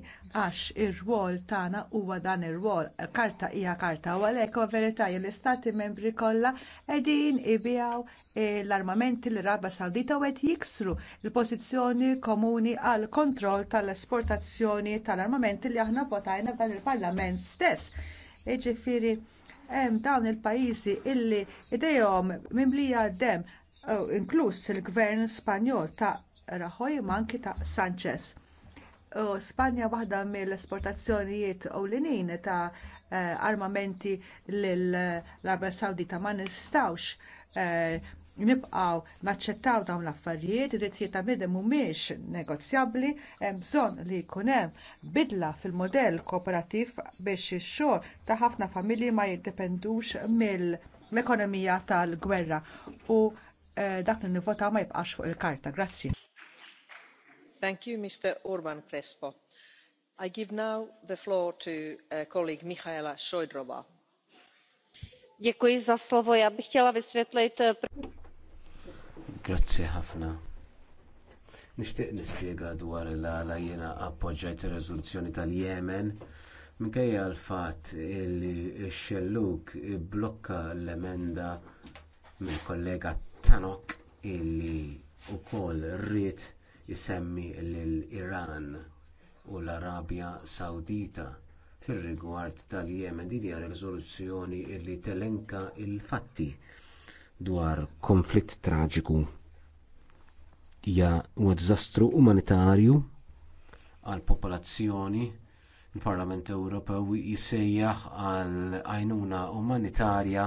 Speaker 6: għax ir-rwol tagħna huwa dan ir-rwol. Karta hija karta u għalhekk verità li l-istati membri kollha qegħdin ibijaw eh, l-armamenti l arabja Sawdita u qed jiksru l-pożizzjoni komuni għall kontroll tal-esportazzjoni tal-armamenti li aħna votajna dan il-Parlament stess. Hemm dawn il-pajjiżi illi idejhom mimlija dem, inkluż il-gvern Spanjol ta' Rajoy ma anki ta' Sanchez. Spanja waħda mill-esportazzjonijiet ewlenin ta' eh, armamenti lill arabja Sawdita ma nistawx eh, nibqaw naċċettaw dawn l-affarijiet, irrid drittijiet ta' bidem mhumiex negozjabbli, hemm bżonn li jkun hemm bidla fil-modell kooperattiv biex ix-xogħol ta' ħafna familji ma jiddependux mill-ekonomija tal-gwerra u eh, dak li nivvotaw ma jibqax fuq il-karta. Grazzi. Thank you, Mr. Urban Crespo. I give now the
Speaker 5: floor to uh, colleague Michaela Šojdrová. Děkuji za slovo. Já bych chtěla vysvětlit eh,
Speaker 8: Grazzi ħafna. Nixtieq nispjega dwar l-għala jiena appoġġajt ir-riżoluzzjoni tal-Yemen minkejja l-fatt li x-xelluk blokka l-emenda mill-kollega Tanok illi wkoll rrid jisemmi lill-Iran u l-Arabja Sawdita fir-rigward tal-Yemen din hija riżoluzzjoni li telenka l-fatti dwar konflitt traġiku hija huwa diżastru umanitarju għall popolazzjoni il-Parlament Ewropew jissejjaħ għal għajnuna umanitarja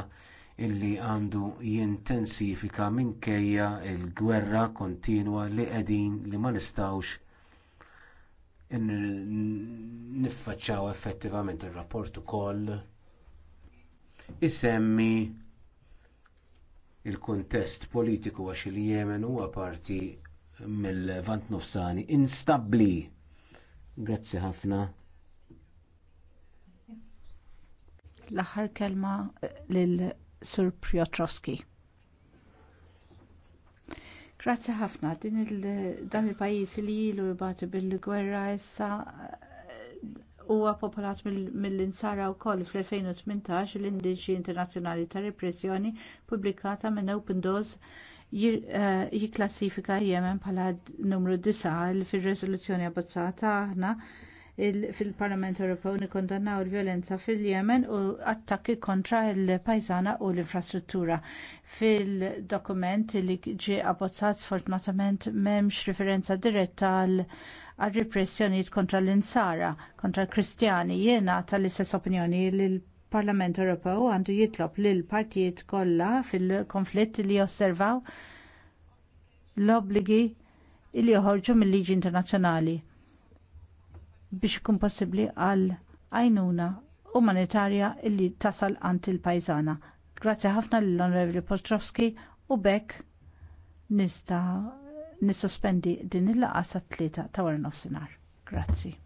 Speaker 8: illi għandu jintensifika minkejja l gwerra kontinwa li qegħdin li ma nistgħux niffaċċjaw effettivament ir-rapport ukoll isemmi il-kuntest politiku għax il-Jemen huwa parti mill-vant nofsani instabbli. Grazzi ħafna.
Speaker 7: L-aħħar kelma eh, lil Sur Piotrowski. Grazzi ħafna din il-dan il-pajjiż li ilu jibgħatu bil-gwerra issa huwa popolat mill-insara wkoll fl-2018 l-indiċi internazzjonali ta' repressjoni pubblikata minn Open Doors jikklassifika eh, Yemen bħala numru 9 fir reżoluzzjoni abbozzata aħna fil-Parlament Ewropew nikkondannaw il-vjolenza fil-Yemen u attakki kontra l pajzana u l-infrastruttura. Fil-dokument li ġie abbozzat sfortunatament m'hemmx riferenza diretta għal għal repressjonijiet kontra l-insara, kontra l-Kristjani, jiena tal-istess opinjoni li l-Parlament Ewropew għandu jitlob lill partijiet kollha fil-konflitt li josservaw l obbligi li joħorġu mill-liġi internazzjonali biex ikun possibbli għal għajnuna umanitarja li tasal għand il-pajzana. Grazzi ħafna lill onorevoli Potrovski u bekk nista' nissospendi din il-laqgħa sat-tlieta ta' wara nofsinhar. Grazzi.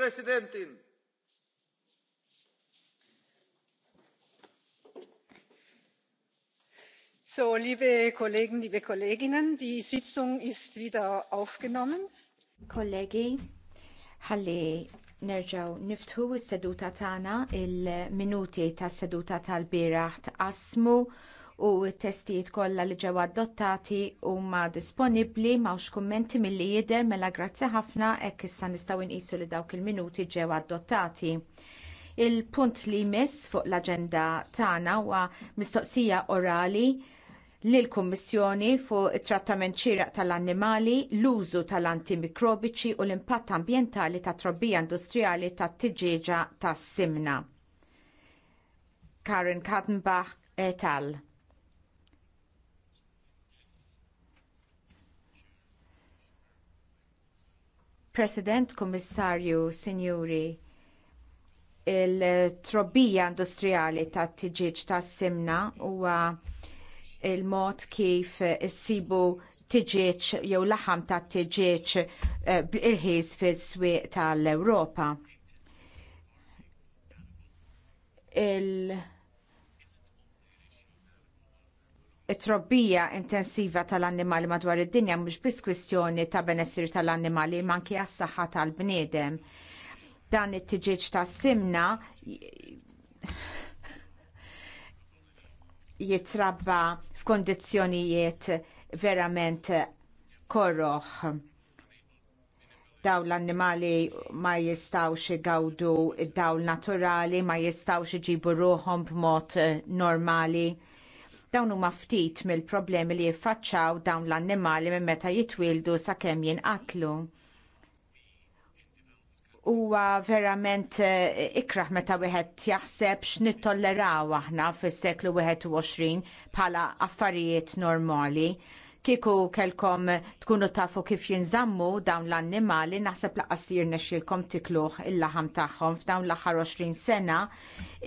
Speaker 1: presidentin
Speaker 9: So, liebe Kollegen, liebe Kolleginnen, die Sitzung ist wieder aufgenommen. Kollegi, halli nerġaw niftħu s-seduta tagħna il-minuti tas-seduta tal-bieraħ tqasmu u t-testijiet kollha li ġew adottati huma disponibbli m'hawnx kummenti milli jidher mela grazzi ħafna hekk issa nistgħu nqisu li dawk il-minuti ġew adottati. Il-punt li jmiss fuq l-aġenda tagħna huwa mistoqsija orali lill kummissjoni fuq it-trattament xieraq tal-annimali, l-użu tal-antimikrobiċi u l-impatt ambjentali tat trobbija industrijali tat-tiġeġa tas-simna. Karen Kadenbach et al. President, Kummissarju, Sinjuri, il-trobbija industrijali tat tiġiġ tas simna huwa l mod kif issibu tiġiġ jew laħam tat tiġiġ eh, irħis fis-swieq tal-Ewropa. il- it-trobbija intensiva tal-annimali madwar id-dinja mhux biss kwistjoni ta' benessir tal-annimali ma anki għas-saħħa tal-bniedem. Dan it-tiġiġ ta' simna jitrabba f'kondizzjonijiet verament korroħ daw l-annimali ma jistawx igawdu id-dawl naturali, ma jistawx iġibu ruħom b'mod normali. Dawn huma ftit mill-problemi li jiffaċċaw dawn l-annimali minn meta jitwildu sakemm jinqatlu. Huwa verament eh, ikraħ meta wieħed jaħseb x'nittolleraw aħna fis-seklu 21 bħala affarijiet normali Kieku kelkom tkunu tafu kif jinżammu dawn l-annimali naħseb jir nexilkom tikluħ il-laħam tagħhom f'dawn l-aħħar 20 sena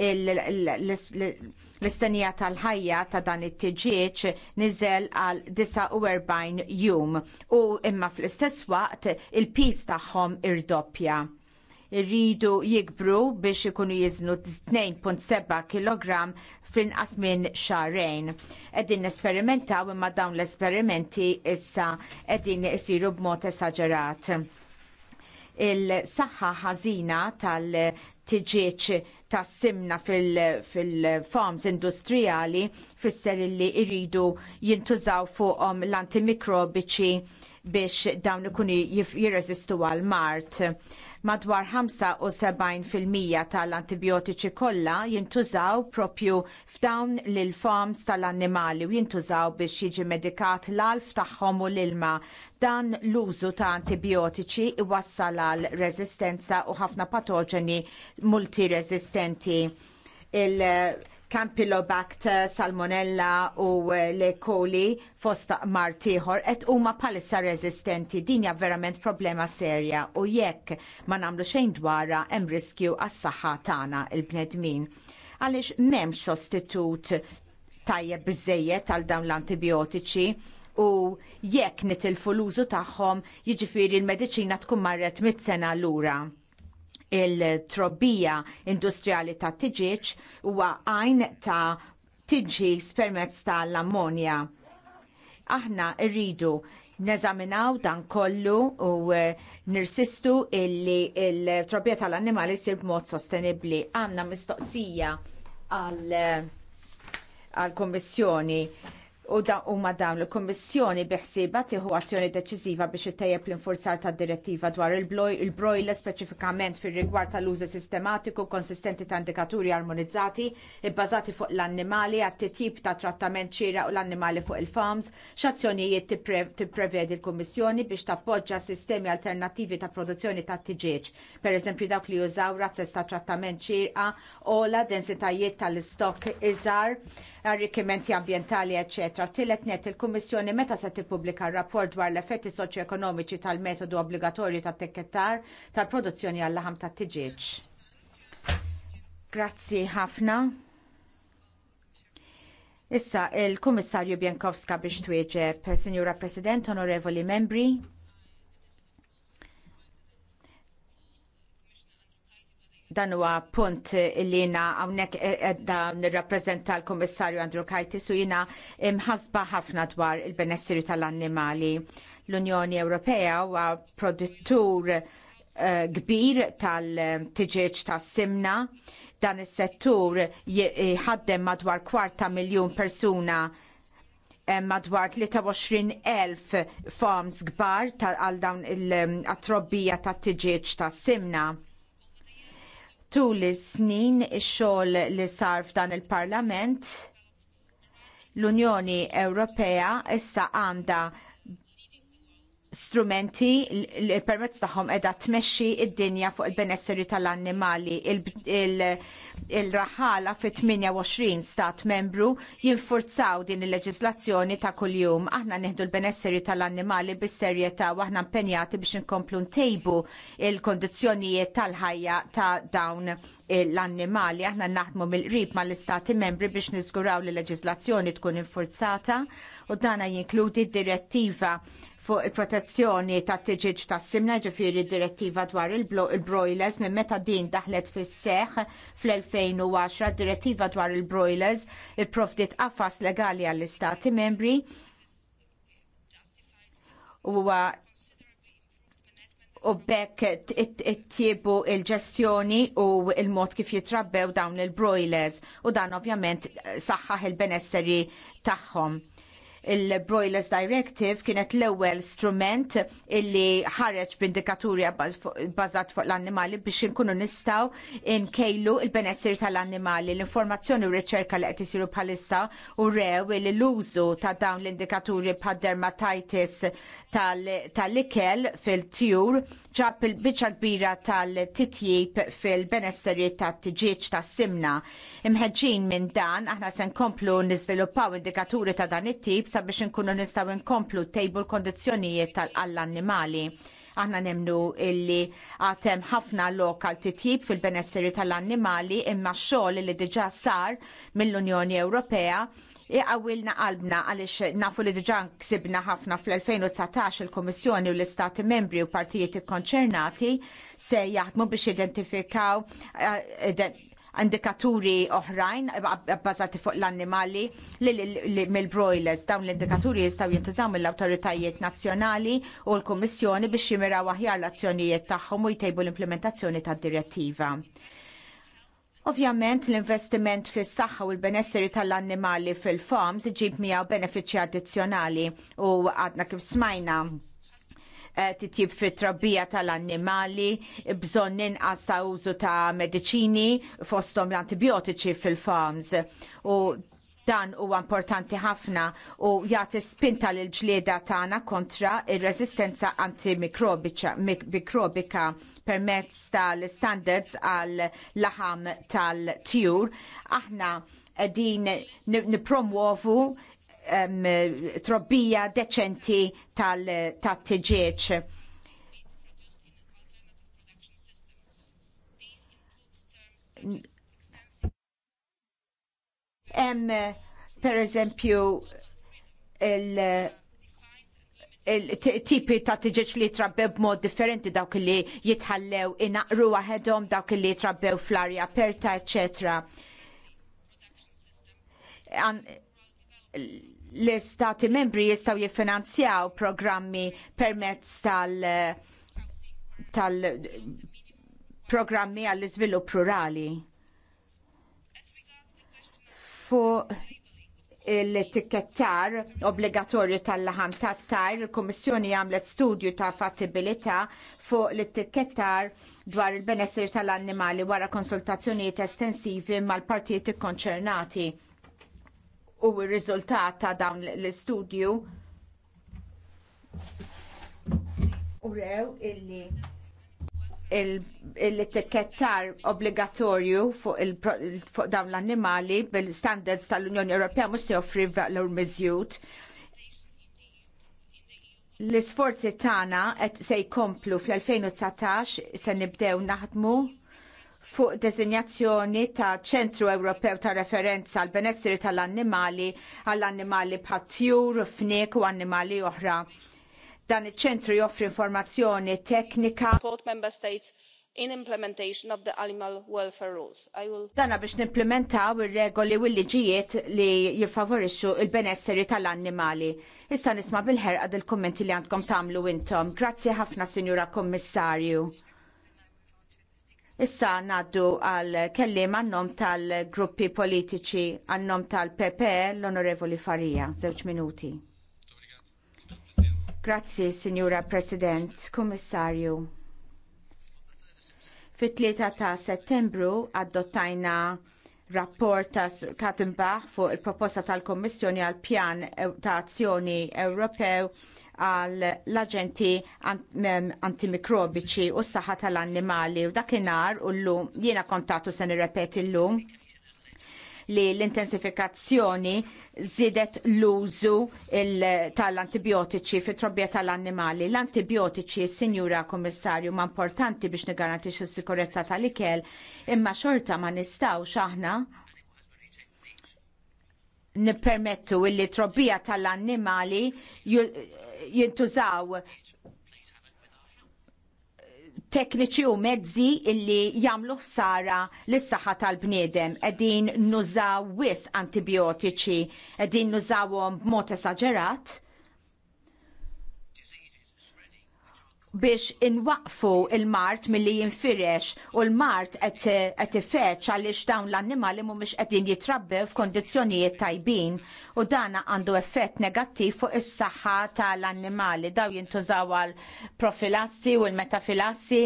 Speaker 9: l-istenija tal-ħajja ta' dan it-tiġieġ niżel għal 49 jum u imma fl-istess waqt il-pis tagħhom irdoppja rridu jikbru biex ikunu jiznu 2.7 kg f'inqas minn xarejn. Qegħdin nesperimentaw imma dawn l-esperimenti issa qegħdin isiru b'mod esaġerat il-saħħa ħażina tal-tiġieċ tas simna fil-farms fil industrijali fisser li rridu jintużaw fuqhom l-antimikrobiċi biex dawn ikunu jirreżistu għal mart. Madwar 75% tal-antibiotiċi kollha jintużaw propju f'dawn l-farms tal-annimali u jintużaw biex jiġi medikat l-alf tagħhom u l-ilma. Dan l-użu ta' antibiotiċi iwassal għal resistenza u ħafna patoġeni multiresistenti il Campylobacter, Salmonella u eh, Le Coli fost martiħor et huma palissa resistenti din hija verament problema serja u jekk ma nagħmlu xejn dwarha hemm riskju għas-saħħa tagħna il-bnedmin għaliex m'hemmx sostitut tajjeb biżejjed għal dawn l-antibiotiċi u jekk nitilfu l-użu tagħhom jiġifieri l-mediċina tkun marret mit-sena lura il-trobbija industrijali ta' tiġiċ huwa għajn ta' tiġis ta' tal-ammonja. Aħna rridu neżaminaw dan kollu u eh, nirsistu illi il-trobbija tal-annimali sir b'mod sostenibbli. Għandna mistoqsija għall-Kummissjoni eh, u da huma dawn il-Kummissjoni biħsiba tieħu azzjoni deċiżiva biex ittejjeb l-infurzar tad-direttiva dwar il-brojla speċifikament fir-rigward tal-użu sistematiku konsistenti ta' indikaturi armonizzati ibbażati fuq l-annimali għat-titjib ta' trattament ċira u l-annimali fuq il-farms, x'azzjonijiet tipprevedi l-Kummissjoni biex tappoġġa sistemi alternattivi ta' produzzjoni ta' tiġeġ, pereżempju dawk li jużaw razzes ta' trattament ċirqa, la densitajiet tal-istok iżgħar arricchimenti ambientali, ecc. Tillet net il-Kummissjoni meta se tippubblika rapport dwar l-effetti soċjoekonomiċi tal-metodu obbligatorju tat-tikkettar tal-produzzjoni għall-laħam tat-tiġiġ. Grazzi ħafna. Issa il-Kummissarju Bjankowska biex twieġeb, Sinjura President, Onorevoli Membri. dan huwa punt li jina hawnhekk edda nirrappreżenta l-Kummissarju Andrew Kajtis u jina mħasba ħafna dwar il-benessiri tal-annimali. L-Unjoni Ewropea huwa produttur eh, kbir tal-tiġeġ tas-simna dan is-settur jħaddem madwar kwarta miljun persuna madwar 23,000 farms kbar għal dawn il-trobbija eh, tat tġieċ tas-simna tul is-snin ix-xogħol li sar f'dan il-Parlament l-Unjoni Ewropea issa għandha strumenti li permezz tagħhom qiegħda tmexxi id-dinja fuq il-benesseri tal-annimali. Il-raħala fi 28 stat membru jinfurzaw din il-leġislazzjoni ta' kuljum. Aħna neħdu l-benesseri tal-annimali bis-serjetà u aħna impenjati biex inkomplu ntejbu il-kondizzjonijiet tal-ħajja ta' dawn l-annimali. Aħna naħdmu mill-qrib mal-istati membri biex niżguraw li l leġislazzjoni tkun infurzata u dana jinkludi d direttiva fuq il-protezzjoni ta' tiġiġ ta' simna ġifiri direttiva dwar il-broilers minn meta din daħlet fis seħ fl-2010 direttiva dwar il-broilers il-profdit qafas legali għall-istati membri u uh, bekk it-tjibu il-ġestjoni u il-mod kif jitrabbew dawn il-broilers u dan ovvjament eh, saħħaħ il-benesseri tagħhom il-Broilers Directive kienet l-ewwel strument illi ħareġ b'indikaturi bazat fuq l-annimali biex inkunu nistgħu nkejlu il benessir tal-annimali. L-informazzjoni u r-riċerka li qed isiru bħalissa u rew li l-użu ta' dawn l-indikaturi bħad dermatitis tal-ikel fil-tjur ġab il-biċa kbira tal-titjib fil-benesseri tat-tġieġ tas-simna. Imħeġġin minn dan, aħna se nkomplu niżviluppaw indikaturi ta' dan it-tip sabiex inkunu nistgħu nkomplu tejbu l-kondizzjonijiet tal-annimali aħna nemnu illi għatem ħafna lokal titjib fil-benesseri tal-annimali imma xoll li diġà sar mill-Unjoni Ewropea iqawilna qalbna għaliex nafu li diġà ksibna ħafna fl-2019 il komissjoni u l-Istati membri u partijiet konċernati se jaħdmu biex identifikaw eh, indikaturi oħrajn eh, bbażati fuq l-annimali mill-broilers. Dawn l-indikaturi jistgħu jintużaw mill-awtoritajiet nazzjonali u l-Kummissjoni biex jimiraw aħjar l-azzjonijiet tagħhom u jtejbu l-implementazzjoni tad-direttiva. Ovvjament l-investiment fis saħħa u l-benesseri tal-annimali fil-farms iġib miegħu benefiċċji addizzjonali u għadna kif smajna eh, titjib fit trabbija tal-annimali, bżonn inqas ta' użu ta' mediċini fosthom l-antibiotiċi fil-farms. U Dan huwa importanti ħafna u jagħti spinta lil ġlieda tagħna kontra ir-reżistenza antimikrobika permezz tal-standards għal laħam tal-tjur. Aħna qegħdin nipromuovu um, trobbija deċenti tal-tġieċ. Tal Hemm per eżempju il- il-tipi ta' tiġeġ li trabbew b'mod differenti dawk li jitħallew inaqru waħedhom dawk li trabbew fl-arja aperta, eccetera l-istati membri jistaw jiffinanzjaw programmi permezz tal- tal programmi għall-iżvilupp rurali fuq l etikettar obbligatorju tal-laħam tat-tajr, il-Kummissjoni għamlet studju ta' fattibilità fuq l etikettar dwar il-benessir tal-annimali wara konsultazzjonijiet estensivi mal-partijiet ikkonċernati. U r-riżultat ta' dawn l-istudju urew illi il etikettar obbligatorju fuq dawn l-annimali bil-standards tal-Unjoni Ewropea mhux se joffri valur miżjud. L-isforzi tagħna qed se jkomplu fl-2019 se nibdew naħdmu fuq deżinjazzjoni ta' ċentru Ewropew ta' referenza għall benessri tal-annimali għall-annimali bħat-tjur, fnik u annimali oħra Dan iċ-ċentru joffri informazzjoni teknika.
Speaker 6: member states in implementation of the animal welfare rules. I will...
Speaker 9: dan biex nimplementaw ir-regoli u l-liġijiet li jiffavorixxu l benesseri tal-annimali. Issa nisma bil-ħerqa dil-kommenti li għandkom tagħmlu intom. Grazzi ħafna, Sinjura Kommissarju. Issa naddu għal kellim għannom tal-gruppi politiċi, għannom tal-PP, l-Onorevoli Farija, zewċ minuti. Grazzi, Signora President, Kommissarju. Fit-3 ta' settembru adottajna rapport ta' Kattenbach fuq il-proposta tal-Kommissjoni għal pjan ta' azzjoni Ewropew għal l-aġenti antimikrobiċi u s-saħħa tal-annimali u dakinhar u llum jiena kontatu se nirrepeti llum li l-intensifikazzjoni zidet l-użu tal-antibiotiċi fit trobbija tal-annimali. L-antibiotiċi, sinjura Kommissarju, ma' importanti biex nigarantix s sikurezza tal-ikel, imma xorta ma' nistawx aħna nippermettu illi trobbija tal-annimali jintużaw tekniċi u mezzi illi jagħmlu ħsara lis saħħa tal-bniedem. Qegħdin nużaw wis antibiotiċi, qegħdin nużawhom b'mod esaġerat biex inwaqfu il-mart milli jinfirex u l-mart qed ifeċ għaliex dawn l-annimali mhumiex qegħdin jitrabbew f'kondizzjonijiet tajbin u dana għandu effett negattiv fuq is-saħħa tal-annimali daw jintużaw għal profilassi u l-metafilassi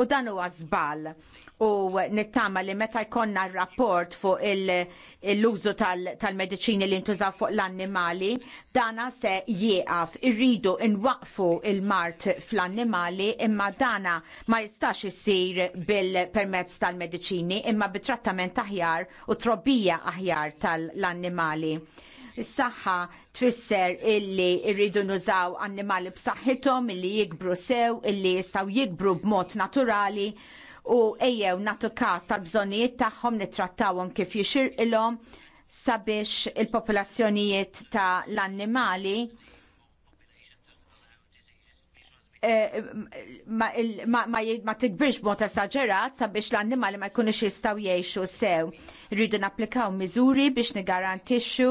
Speaker 9: u dan huwa żball u nittama li meta jkonna rapport fuq l-użu tal-medicini li ntużaw fuq l-annimali, dana se jieqaf irridu nwaqfu il-mart fl-annimali imma dana ma jistax isir bil-permezz tal-medicini imma bit-trattament aħjar u trobbija aħjar tal-annimali is-saħħa tfisser illi rridu nużaw annimali b'saħħithom illi jikbru sew, illi jistgħu jikbru b'mod naturali u ejjew natu każ tal-bżonnijiet tagħhom nittrattawhom kif jixirqilhom sabiex il-popolazzjonijiet ta' l-annimali Eh, ma tikbirx b'mod esaġerat sabiex l-annimali ma jkunux jistgħu jgħixu sew. Rridu napplikaw miżuri biex nigarantixxu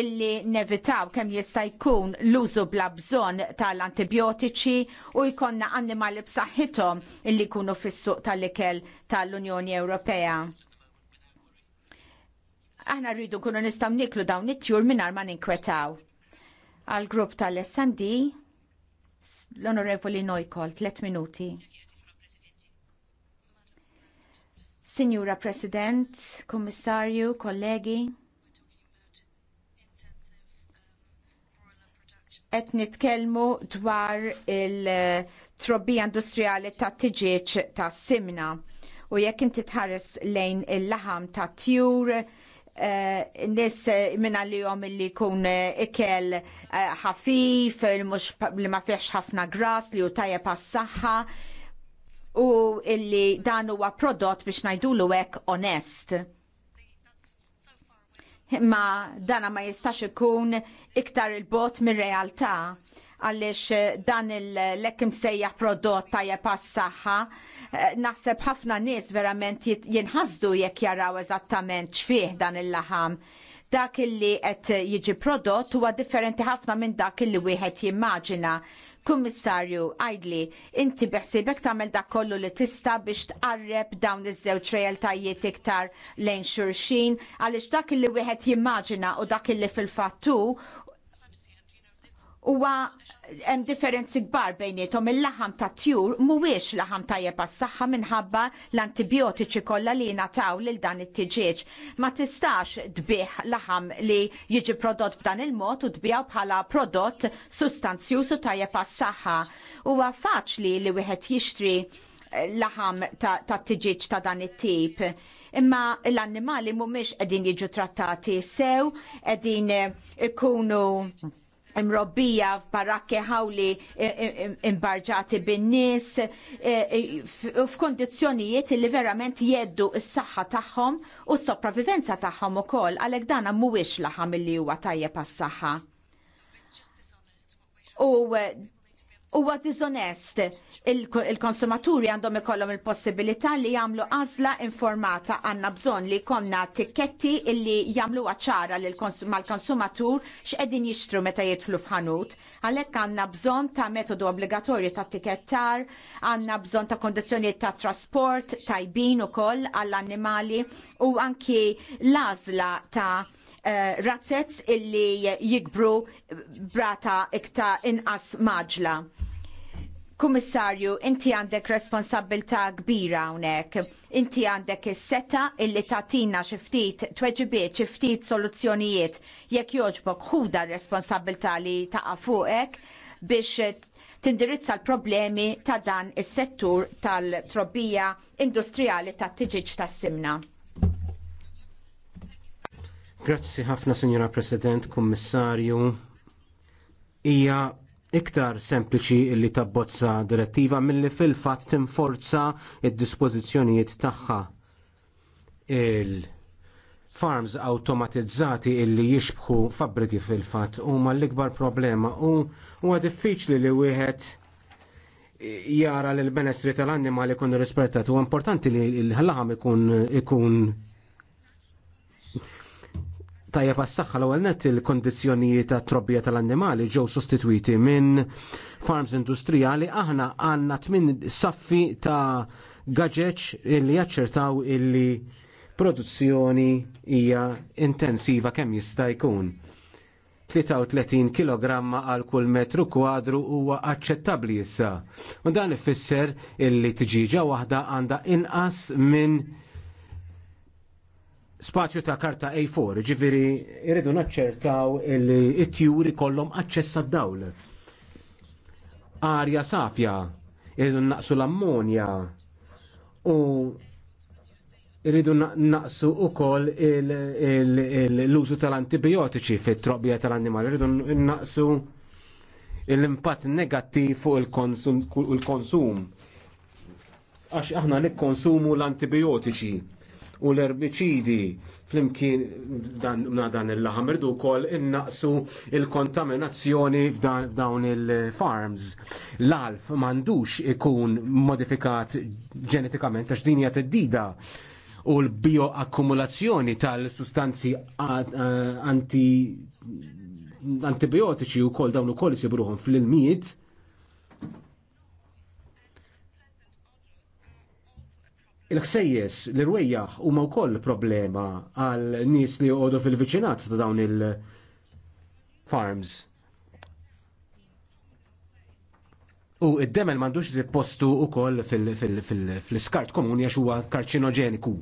Speaker 9: illi nevitaw kemm jista' jkun l-użu bla bżonn tal-antibiotiċi u jkollna annimali b'saħħithom illi jkunu fis-suq tal-ikel tal-Unjoni Ewropea. Aħna rridu nkunu nistgħu niklu dawn it-tjur mingħajr ma ninkwetaw. Għal grupp tal-SND L-Onorevoli Nojkol, tliet minuti. Signora President, Kommissarju, kollegi, qed nitkellmu dwar il-trobbija industrijali ta' tiġieġ ta' simna u jekk inti tħares lejn il-laħam ta' tjur Eh, nis eh, minna li jom li kun eh, ikel ħafif, li ma fiex ħafna gras, li u tajja pas-saħħa u illi dan huwa prodott biex ngħidulu hekk onest. Imma dana ma jistax ikun iktar il-bot mir-realtà għaliex eh, dan l lekkim sejjaħ prodott tajjeb għas-saħħa. Eh, naħseb ħafna nies verament jinħazdu jekk jaraw eżattament xfih dan il-laħam dak illi qed jiġi prodott huwa differenti ħafna minn dak illi wieħed jimmaġina. Kummissarju, għajdli, inti beħsibek tagħmel dak kollu li tista biex tqarreb dawn iż-żewġ realtajiet iktar lejn xulxin, għaliex dak li wieħed jimmaġina u dak illi fil-fattu huwa hemm differenzi kbar bejnietom il-laħam ta' tjur mhuwiex laħam tajjeb għas-saħħa minħabba l-antibiotiċi kollha li jingħataw lil dan it tiġeġ Ma tistax dbieħ laħam li jiġi prodott b'dan il-mod u dbieħ bħala prodott sustanzjuż u tajjeb għas-saħħa. Huwa faċli li wieħed jixtri eh, laħam ta', tiġeġ ta' dan it-tip. Imma l-annimali mhumiex qegħdin jiġu trattati sew, qegħdin eh, ikunu imrobbija f'barakke ħawli imbarġati bin-nies e- e- f'kondizzjonijiet li verament jeddu s-saħħa tagħhom u s-sopravivenza tagħhom ukoll għalhekk dan mhuwiex laħam li huwa tajjeb għas-saħħa. U huwa disonest. Il-konsumaturi għandhom ikollhom il-possibilità li jagħmlu għażla informata għandna bżonn li jkollna tikketti illi jagħmlu ċara mal-konsumatur x'qegħdin jixtru meta jidħlu f'ħanut. Għalhekk għandna bżonn ta' metodu obbligatorju ta' tikettar, għandna bżonn ta' kondizzjonijiet ta' trasport tajbin ukoll għall-annimali u anki l-għażla ta' Eh, razzets illi jikbru brata iktar inqas maġla. Kummissarju, inti għandek responsabilità kbira hawnhekk. Inti għandek is-seta illi tatina xi ftit tweġibiet, xi ftit soluzzjonijiet jekk jogħġbok ħuda r li taqa' fuqek biex tindirizza l-problemi ta' dan is-settur tal-trobbija industrijali tat-tiġiġ tas-simna.
Speaker 8: Grazzi ħafna, Sinjora President, Kummissarju. Hija iktar sempliċi li tabbozza direttiva milli fil-fatt tinforza id-dispożizzjonijiet tagħha. Il-farms awtomatizzati illi jixbħu fabbriki fil-fatt huma l-ikbar problema u huwa diffiċli li wieħed jara l benessri tal-annimali kun rispettat u importanti li l-ħallaħam ikun ikun tajja s-saxħa l-ewwel nett il kondizjoni ta' trobbija tal-annimali ġew sostitwiti minn farms industrijali aħna għandna tmin saffi ta' gaġeċ li jaċċertaw illi produzzjoni hija intensiva kemm jista' jkun. 33 kg għal kull metru kwadru huwa aċċettabbli issa. U dan ifisser illi tġiġa waħda għandha inqas minn spazju ta' karta A4, ġiviri, irridu naċċertaw il-tjuri kollom aċċess dawl Arja safja, irridu naqsu l-ammonja u irridu naqsu u koll l-użu tal-antibiotiċi fit trobbija tal animali irridu naqsu l-impatt negattiv fuq il-konsum. Għax aħna nikkonsumu l-antibiotiċi u l-erbiċidi flimkien dan, dan il-laħam irdu wkoll innaqsu l kontaminazzjoni f'dawn il-farms. L-alf m'għandux ikun modifikat ġenetikament għax din hija dida u l-bioakkumulazzjoni tal-sustanzi anti antibiotiċi u kol dawn u kol fl-ilmijiet Il-ħsejjes l-irwejjaħ huma wkoll problema għal nies li joqogħdu fil-viċinat ta' dawn il-farms. U id-demel m'għandux postu wkoll fil skart komuni għax huwa karċinoġeniku.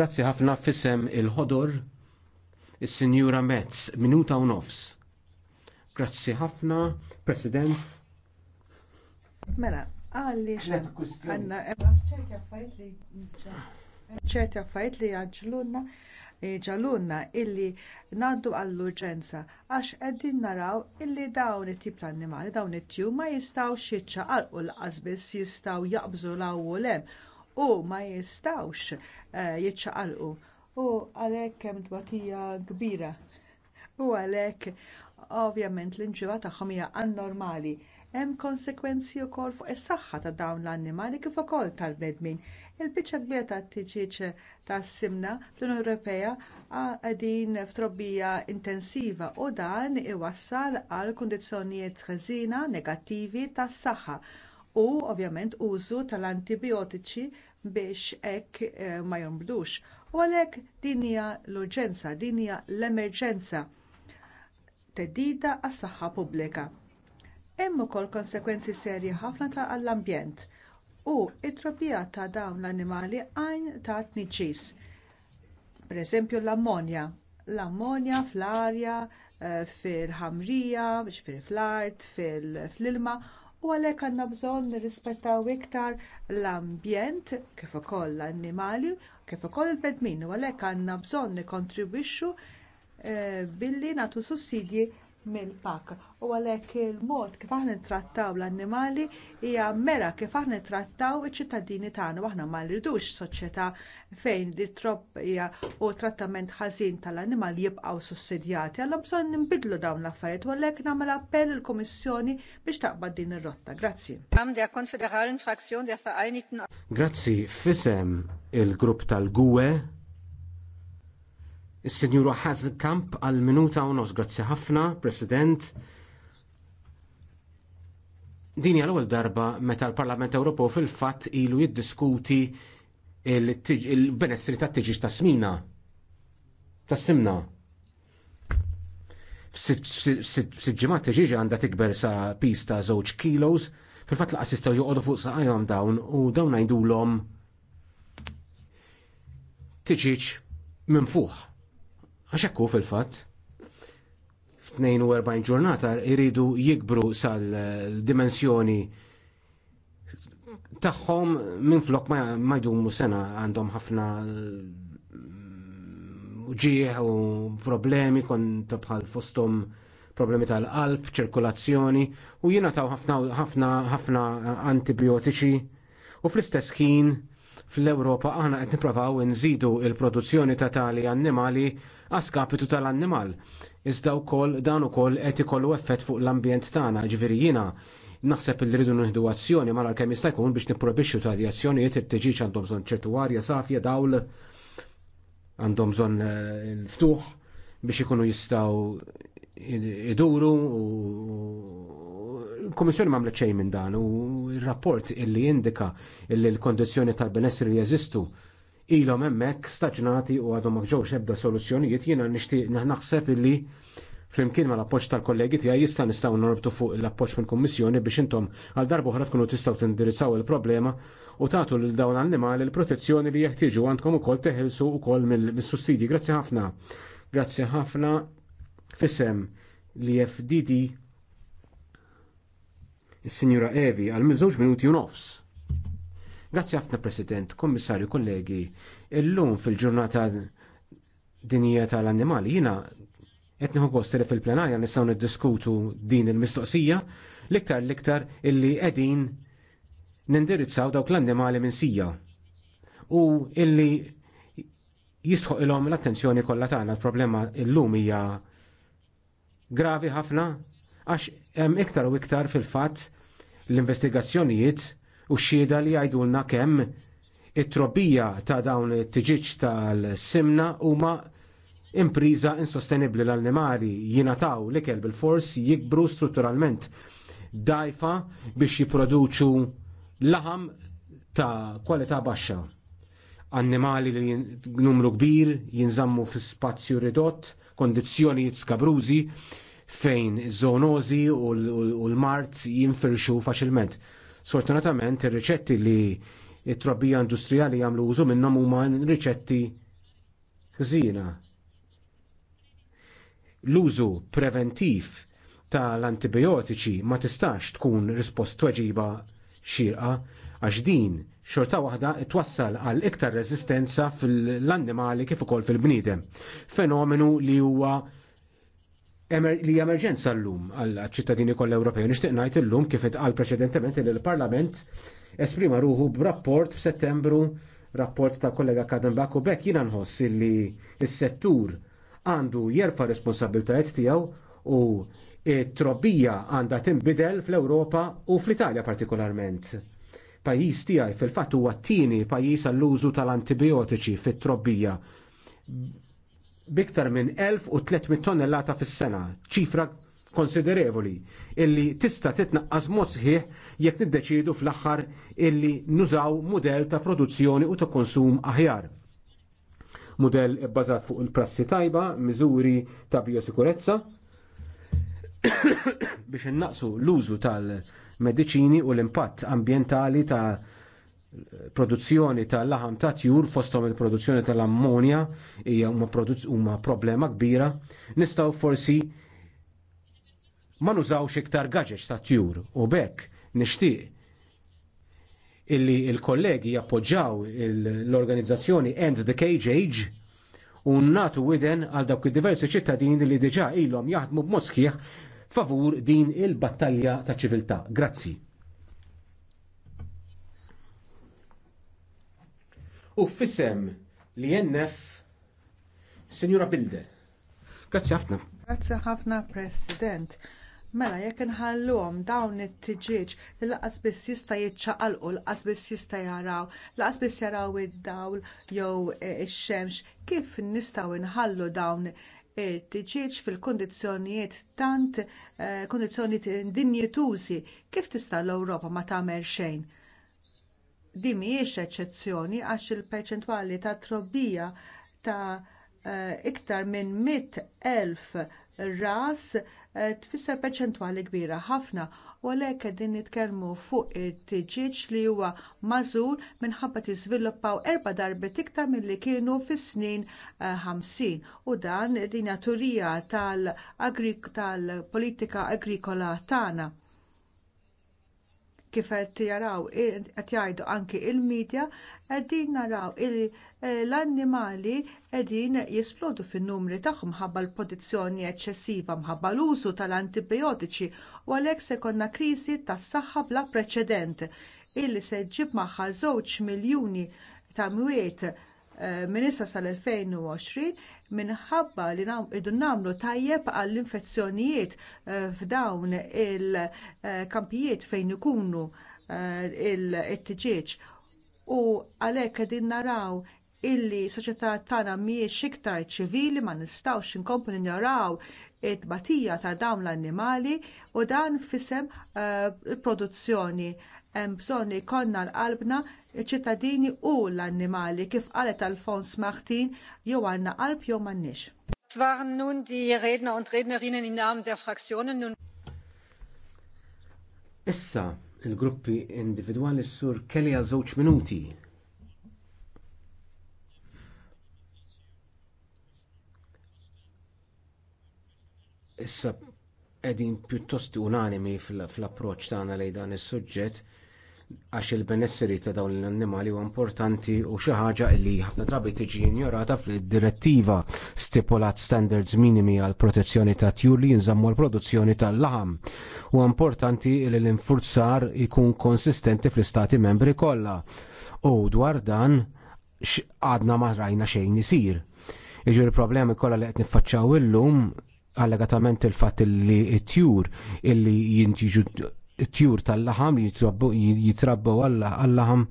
Speaker 8: Grazzi ħafna fissem il-ħodor is-Sinjura Metz, minuta u nofs. Grazzi ħafna, President.
Speaker 6: Mela, Għaliex għandna ċerti affarijiet li jaġġlunna eh, ġalunna illi ngħaddu għall-urġenza għax qegħdin naraw illi dawn it-tip ta' annimali dawn it tjum ma jistgħux jiċċaqalqu l biss jistgħu jaqbżu l-awwel hemm u ma jistgħux eh, jiċċaqalqu u għalhekk hemm tbatija kbira u għalhekk ovvjament l-inġiba tagħhom hija anormali hemm konsegwenzi wkoll fuq is-saħħa ta' dawn l-annimali kif ukoll tal-bnedmin. Il-biċċa kbira tat-tiġiġ tas-simna fl-Unjoni Ewropea qegħdin f'trobbija intensiva u dan iwassal għal kundizzjonijiet ħżina negattivi tas-saħħa u ovvjament użu tal-antibiotiċi biex hekk eh, ma jomblux. U għalhekk din hija l-urġenza, din hija l-emerġenza theddida għas-saħħa pubblika. Hemm ukoll konsegwenzi serji ħafna għall-ambjent u t trobbija ta' dawn l-annimali għajn ta' tniċis. Pereżempju l-ammonja. L-ammonja fl-arja, eh, fil-ħamrija, fil-flart, fil-ilma u għalhekk għandna bżonn nirrispettaw iktar l-ambjent kif ukoll l-annimali kif ukoll il-bedmin u għalhekk għandna bżonn nikkontribwixxu eh, billi nagħtu sussidji mill-pak. U għalhekk il-mod kif aħna nittrattaw l-annimali hija mera kif aħna nittrattaw iċ-ċittadini tagħna u aħna ma rridux soċjetà fejn li troppija u trattament ħażin tal-annimali jibqgħu sussidjati. Allora bżonn nbidlu dawn l-affarijiet u għalhekk nagħmel appell il-Kummissjoni biex taqbad din ir-rotta.
Speaker 8: Grazzi. Grazzi, fisem il-grupp tal-GUE Is-Sinjura Kamp għal minuta u nos, grazzi ħafna, President. Din hija l-ewwel darba meta l-Parlament Ewropew fil-fatt ilu jiddiskuti il-benessri tat tiġi ta' smina. Ta' simna. F'siġġimat tiġi għandha tikber sa' pis ta' żewġ kilos, fil-fatt laqas jistgħu joqogħdu fuq saqajhom dawn u dawn ngħidulhom tiġiġ minn fuq Għax hekk fil-fatt. F'42 ġurnata jridu jikbru sal-dimensjoni tagħhom minflok ma jdumu sena għandhom ħafna mm, ġieħ u problemi kon tabħal fostom problemi tal-qalb, ċirkulazzjoni u jina taw ħafna ħafna antibiotiċi u fl-istess ħin fl-Ewropa aħna qed nipprovaw nżidu l produzzjoni ta' tali annimali għaskapitu tal-annimal. Iżda wkoll dan ukoll qed ikollu effett fuq l-ambjent tagħna, ġifieri jiena naħseb li rridu nieħdu azzjoni mara kemm jista' jkun biex nipprobixxu ta' azzjonijiet it għandhom bżonn ċertu arja safja dawl għandhom bżonn eh, l-ftuħ biex ikunu jistgħu iduru u Kommissjoni ma għamlet xejn minn dan u r-rapport illi jindika illi l-kondizzjoni tal-benessri jeżistu ilhom hemmhekk staġnati u għadhom ma ġewx ebda soluzzjonijiet jiena nixtieq naħseb illi flimkien ma l-appoġġ tal-kollegi tiegħi jista' nistgħu norbtu fuq l-appoġġ mill-Kummissjoni biex intom għal darba oħra tkunu tistgħu tindirizzaw il-problema u tagħtu lil dawn l-annimali l-protezzjoni li jeħtieġu għandkom ukoll teħilsu wkoll mill sussidji Grazzi ħafna. Grazzi ħafna fisem li FDD is-Sinjura Evi għal żewġ minuti u nofs. Grazzi ħafna President, Kommissarju, kollegi. Illum fil-ġurnata dinija tal-annimali jina qed nieħu gost li fil-plenarja nistgħu niddiskutu din il-mistoqsija l-iktar l-iktar illi qegħdin nindirizzaw dawk l-annimali minn sija u illi jisħoq ilhom l-attenzjoni kollha tagħna l-problema llum hija gravi ħafna għax hemm iktar u iktar fil-fatt l-investigazzjonijiet u xieda li jgħidulna kemm it-trobija ta' dawn it-tiġiġ tal-simna huma impriża insostenibbli l-annimali jingħataw l-ikel il fors jikbru strutturalment dajfa biex jipproduċu laħam ta' kwalità baxxa. Annimali li numru kbir jinżammu fi spazju ridott, kondizzjonijiet skabrużi fejn zoonozi u l-mart jinfirxu faċilment. Sfortunatament ir-riċetti li it-trobbija industrijali jagħmlu użu minnhom huma riċetti ħżina. L-użu preventiv tal-antibiotiċi ma tistax tkun rispost tweġiba xirqa għax din xorta waħda twassal għal iktar reżistenza fil annimali kif ukoll fil-bniedem. Fenomenu li huwa li emerġenza llum għall ċittadini kollha Ewropej. Nixtieq ngħid illum kif itqal preċedentement li l-Parlament esprima ruħu b'rapport f'Settembru rapport ta' kollega Kadem Baku Bek jiena nħoss li s-settur għandu jerfa' responsabiltajiet tiegħu u it-trobbija għandha tinbidel fl-Ewropa u fl-Italja partikolarment. Pajjiż tiegħi fil-fatt huwa t-tieni pajjiż għall-użu tal-antibiotiċi fit-trobbija biktar minn 1300 tonnellata fis-sena, ċifra konsiderevoli illi tista titnaqqas mod sħiħ jekk niddeċidu fl-aħħar illi nużaw mudell ta' produzzjoni u ta' konsum aħjar. Mudell bbażat fuq il-prassi tajba, miżuri ta' biosikurezza biex innaqsu l-użu tal-mediċini u l-impatt ambjentali ta' produzzjoni tal-laħam ta' tjur fosthom il-produzzjoni tal-ammonja hija huma problema kbira, nistgħu forsi ma nużawx iktar gaġeġ ta' tjur u bekk nixtieq illi il-kollegi jappoġġaw l-organizzazzjoni End the Cage Age u natu widen għal dawk id-diversi ċittadini li diġa' ilhom jaħdmu b'mod favur din il-battalja ta' ċiviltà. Grazzi. u fissem li jennef Signora Bilde. Grazzi ħafna.
Speaker 6: Grazzi ħafna, President. Mela, jekk inħalluhom dawn it-tiġiġ li laqas biss jista' jiċċaqalqu, laqas biss jista' jaraw, laqas biss jaraw id-dawl jew e, ix-xemx, kif nistgħu nħallu dawn it-tiġiġ fil-kundizzjonijiet tant e, kundizzjonijiet dinjitużi, kif tista' l-Ewropa ma tagħmel xejn? Din mhijiex eċċezzjoni għax il-perċentwali ta' trobbija ta' eh, iktar minn 100,000 ras eh, tfisser perċentwali kbira ħafna u għalhekk qegħdin nitkellmu fuq it-tiġiġ li huwa magħżul minħabba tiżviluppaw erba' darbiet iktar milli kienu fis-snin 50 eh, u dan din turija tal-politika agrikola tagħna kif qed jaraw qed jgħidu anki l medja qegħdin naraw li eh, l-annimali qegħdin jisplodu fin-numri tagħhom ħabba l-produzzjoni eċċessiva mħabba l-użu tal-antibiotiċi u għalhekk se jkollna kriżi tas-saħħa bla preċedent illi se ġġib magħha żewġ miljuni ta' mwiet Eh, minissa sal-2020 minħabba li rridu nagħmlu tajjeb għall-infezzjonijiet eh, f'dawn il-kampijiet eh, fejn ikunu il-tġieġ u għalhekk qegħdin naraw illi soċjetà tagħna mhijiex iktar ċivili ma nistgħux inkomplu naraw it-tbatija ta' dawn l-annimali u dan fisem il-produzzjoni uh, hemm bżonn jkollna l-qalbna ċittadini u l-annimali kif qalet Alfons Martin jew għandna qalb jew m'għandniex. Waren nun die Redner und Rednerinnen Namen der Fraktionen nun.
Speaker 8: Issa, il-gruppi individwali sur kelli għal żewġ minuti. Issa, qegħdin pjuttost unanimi fl-approċċ tagħna lejn dan is-suġġett għax il-benesseri ta' dawn l-annimali huwa importanti u xi ħaġa li ħafna drabi tiġi injorata fid-direttiva stipulat standards minimi għal protezzjoni ta' tjur li jinżammu għal produzzjoni tal-laħam. Huwa importanti li l-infurzar ikun konsistenti fl-istati membri kollha. U dwar dan għadna ma rajna xejn isir. Iġur il-problemi kollha li qed niffaċċaw illum allegatament il-fatt li t-tjur illi jintiġu tjur tal-laħam li jitrabbu għall-laħam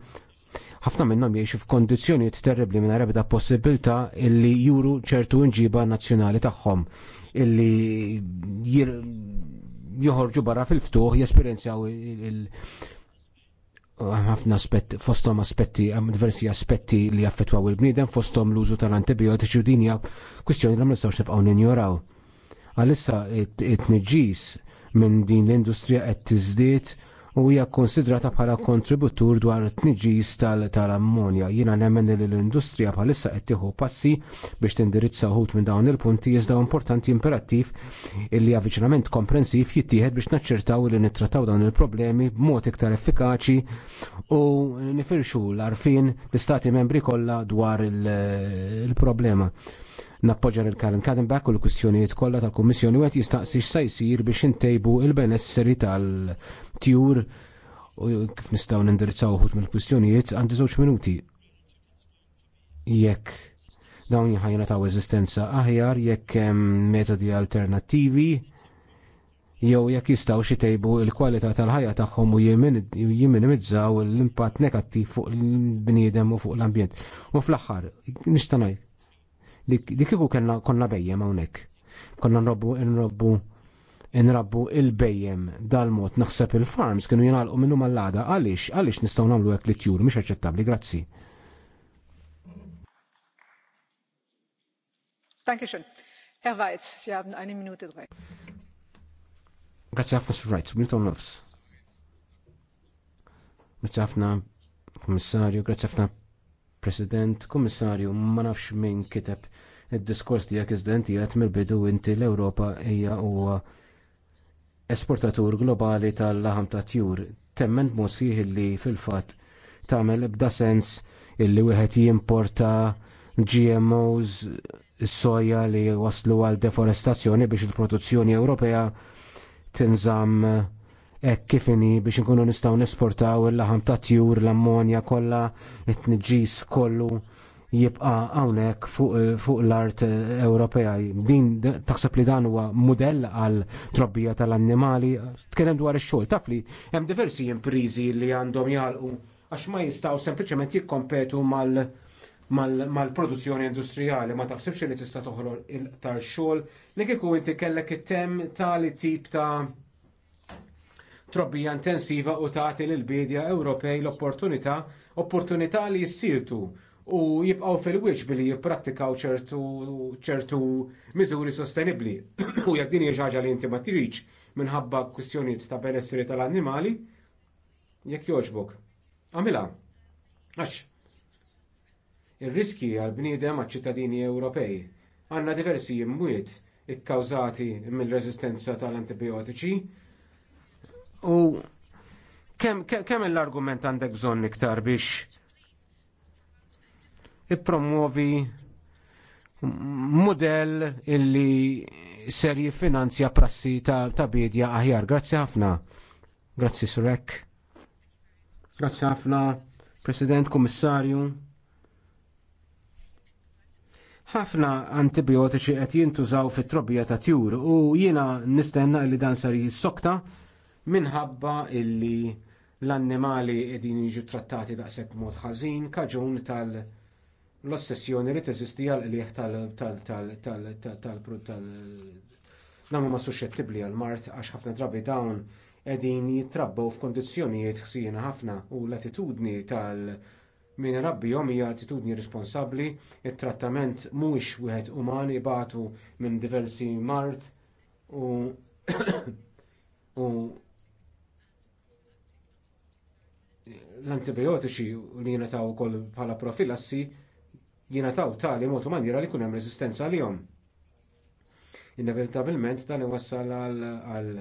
Speaker 8: ħafna minnhom jgħixu f'kondizzjonijiet terribli minna rebda possibilta illi juru ċertu nġiba nazzjonali tagħhom illi joħorġu barra fil-ftuħ jesperjenzjaw il- ħafna aspetti, fostom aspetti, diversi aspetti li affettwaw il-bniedem, fostom l-użu tal-antibiotiċi u dinja kwistjoni li ma nistgħux ninjoraw. Għalissa it-tniġġis it minn din l-industrija qed tiżdied u hija konsidrata bħala kontributur dwar it-tniġis tal-ammonja. Jiena nemmen li l-industrija bħalissa qed tieħu passi biex tindirizza wħud minn dawn il-punti iżda importanti imperattiv illi avviċinament komprensiv jittieħed biex naċċertaw li nittrattaw dawn il-problemi b'mod iktar effikaċi u nifirxu l-arfin l-istati membri kollha dwar il-problema. il problema Nappoġġa lil Karen Kadenbach u l-kwistjonijiet kollha tal-Kummissjoni u qed jistaqsi x'sa jsir biex intejbu il-benesseri tal-tjur u kif nistgħu nindirizzaw uħud mill-kwistjonijiet għandi żewġ minuti. Jekk dawn jħajna ta' eżistenza aħjar jekk hemm metodi alternattivi jew jekk jistgħu xi tejbu l-kwalità tal-ħajja tagħhom u jiminimizzaw l-impatt negattiv fuq il bniedem u fuq l-ambjent. U fl-aħħar, nixta' ngħid, Dikiku kena konna bejjem hawnhekk. Konna nrobbu nrobbu nrabbu il-bejjem dal-mod naħseb il-farms kienu jenalqu minnu mal-lada għaliex għaliex nistgħu nagħmlu hekk li tjur mhix aċċettabbli grazzi.
Speaker 7: Dankeschön. Herr Weiz, Sie haben eine Minute drei.
Speaker 8: Grazie ħafna sur Rajt, minuta u nofs. Grazie ħafna, Kommissarju, grazie ħafna President, Kummissarju, ma nafx min kiteb id-diskors tiegħek iżda inti qed mill-bidu inti l-Ewropa hija huwa esportatur globali tal-laħam ta' tjur. Temmen mod li fil-fatt tagħmel ebda sens illi wieħed jimporta GMOs soja li waslu għal deforestazzjoni biex il-produzzjoni Ewropea tinżamm hekk kifini biex inkunu nistgħu nesportaw il-laħam ta' tjur, l-ammonja kollha, it-tniġġis kollu jibqa' hawnhekk fuq l-art Ewropea. Din taħseb li dan huwa mudell għal trobbija tal-annimali. Tkellem dwar ix-xogħol taf li hemm diversi imprizi li għandhom jalqu għax ma jistgħu sempliċement jikkompetu mal- mal-produzzjoni industrijali ma taħsibx li tista' toħroq il-tar xogħol li kieku inti kellek it-tem tali tip ta' trobbija intensiva u tagħti lill bidja Ewropej l-opportunità opportunità li jissirtu u jibqgħu fil-wiċċ billi jipprattikaw ċertu ċertu miżuri sostenibbli. u jekk din hija ħaġa li inti ma tridx minħabba kwistjonijiet ta' benessri tal-annimali, jekk jogħġbok. Għamilha. Għax. Ir-riski għall bniedem għaċ-ċittadini Ewropej għandna diversi imwiet ikkawżati mill-reżistenza tal-antibiotiċi U kemm kem, l-argument għandek bżonn iktar biex ippromuovi model illi ser jiffinanzja prassi ta', ta bidja aħjar. Grazzi ħafna. Grazzi Surek. Grazzi ħafna, President, Kummissarju. Ħafna antibiotiċi qed jintużaw fit-trobbija ta' tjur u jiena nistenna li dan sar jissokta minħabba illi l-annimali qegħdin jiġu trattati daqshekk mod ħażin kaġun tal- l-ossessjoni li teżisti għal qlieħ tal dawn huma suscettibbli għal mart għax ħafna drabi dawn qegħdin jitrabbew f'kondizzjonijiet ħsiena ħafna u l-attitudni tal- min hija attitudni responsabbli, it-trattament mhuwiex wieħed umani batu minn diversi mart u l-antibiotiċi li jingħataw ukoll bħala profilassi jingħataw tali mod u maniera li jkun hemm reżistenza għalihom. Inevitabilment dan iwassal għal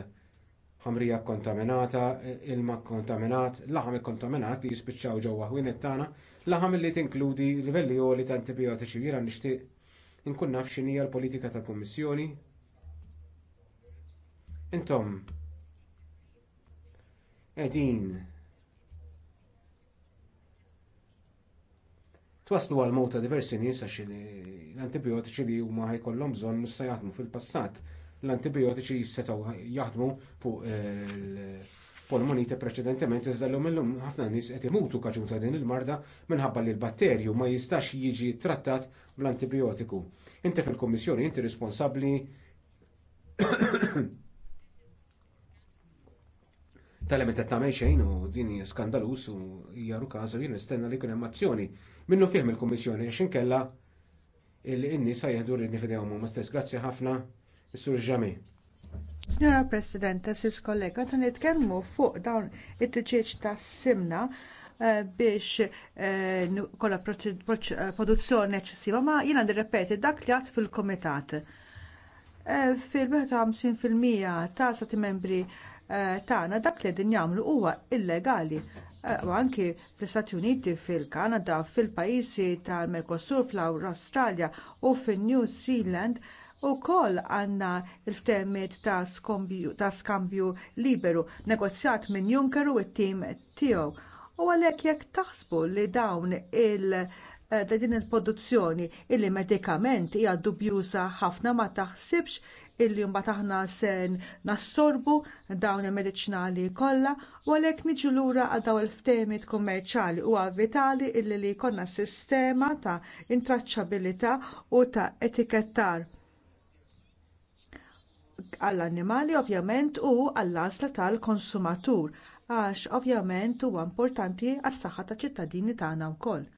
Speaker 8: ħamrija kontaminata, ilma kontaminat, laħam ikkontaminat li jispiċċaw ġewwa ħwienet tagħna, laħam li tinkludi livelli għoli ta' antibiotiċi jiena nixtieq inkun naf x'inhija l-politika tal-Kummissjoni. Intom, qegħdin twaslu għal mowta diversi nies għax l-antibiotiċi li huma ħajkollhom bżonn mhux jaħdmu fil-passat. L-antibiotiċi setgħu jaħdmu fuq il-polmonite eh, preċedentement iżda l illum ħafna nies qed imutu kaġun ta' din il-marda minħabba li l-batterju ma jistax jiġi trattat bl-antibiotiku. Inti fil-Kummissjoni inti responsabbli tal emetet ta' xejn u din skandalus skandaluż u hija kazu jgħin jien nistenna li jkun hemm azzjoni minnu fih il-Kummissjoni għax inkella il sa ħajjeħdu rridni f'idejhom huma stess. Grazzi ħafna, Sur Ġami.
Speaker 6: Signora President, assis kollega, ta' nitkellmu fuq dawn it-tġieġ ta' simna eh, biex eh, kolla eh, produzzjoni eċċessiva, ma jiena nirrepeti dak li għat fil-komitat. Fil-51% ta' sati membri tagħna dak li din jagħmlu huwa illegali Eh, u anki fl-Istati Uniti, fil-Kanada, fil-pajjiżi tal mercosur fl-Awstralja u fin-New Zealand ukoll għandna l-ftehmiet ta' skambju liberu negozjat minn Juncker u t-tim tiegħu. U għalhekk jekk taħsbu li dawn il- eh, din il-produzzjoni illi medikament hija dubjuża ħafna ma taħsibx illi mbagħad aħna se nassorbu dawn il-mediċinali kollha u għalhekk niġu lura għal dawn il-ftehmiet kummerċjali huwa vitali illi li jkollna sistema ta' intraċċabilità u ta' etikettar għall-annimali ovvjament u għall-għażla tal-konsumatur għax ovvjament huwa importanti għas-saħħa taċ ċittadini tagħna wkoll.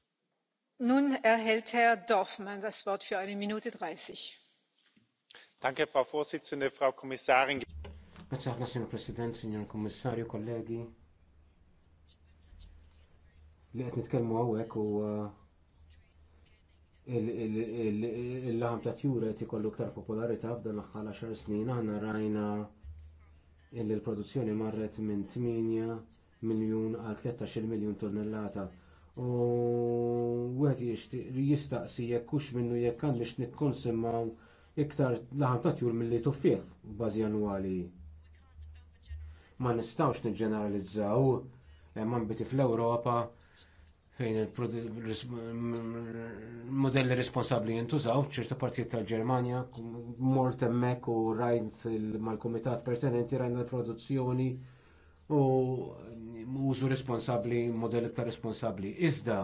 Speaker 6: Nun erhält
Speaker 7: Herr Dorfmann das Wort für eine Minute 30.
Speaker 5: Danke frau Vorsitzende, frau kommissarin!
Speaker 8: Grazie Signor President, Signor Kommissarju, kollegi. Li qed nitkellmu hawnhekk huwa il-laħam ta' tjura qed ikollu aktar popolarità f'dan l-aħħar għaxar snin aħna rajna li l-produzzjoni marret minn 8 miljun għal 13 miljun tonnellata. U wieħed jistaqsi jekk hux minnu jekk għandix nikkonsimmaw iktar laħam ta' tjur mill-li tuffiħ bażi annwali. Ma nistawx niġġeneralizzaw ma' nbiti fl-Ewropa fejn il-modelli mm, responsabbli jintużaw ċerta partijiet tal-Ġermanja, mort hemmhekk u rajt mal-kumitat pertinenti rajnt l-produzzjoni u użu responsabbli, modelli ta' responsabbli. Iżda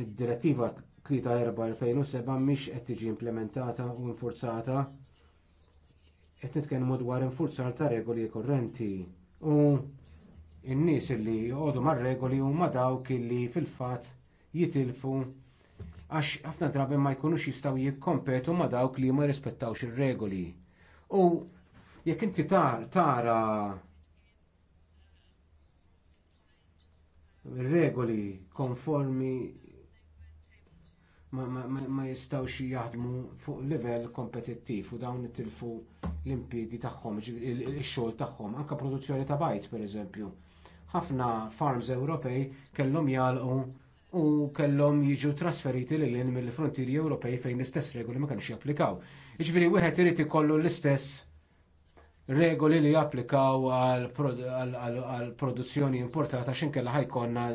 Speaker 8: id-direttiva 3 4 2007 mhix qed tiġi implementata u infurzata qed nitkellmu dwar infurzar ta' regoli korrenti u n-nies li jgħodu mar-regoli huma dawk li fil-fatt jitilfu għax ħafna drabi ma jkunux jistgħu jikkompetu ma dawk li ma jirrispettawx ir-regoli. U jekk inti tara regoli konformi ma jistawx jaħdmu fuq livell kompetittiv u dawn it-tilfu l-impjiegi tagħhom, ix-xogħol tagħhom, anke produzzjoni ta' bajt pereżempju. Ħafna farms Ewropej kellhom jalqu u kellhom jiġu trasferiti lil hinn mill-frontieri Ewropej fejn l-istess regoli ma kinux japplikaw. Jiġifieri wieħed irid ikollu l-istess regoli li japplikaw għall produzzjoni importata x'inkella ħajkonna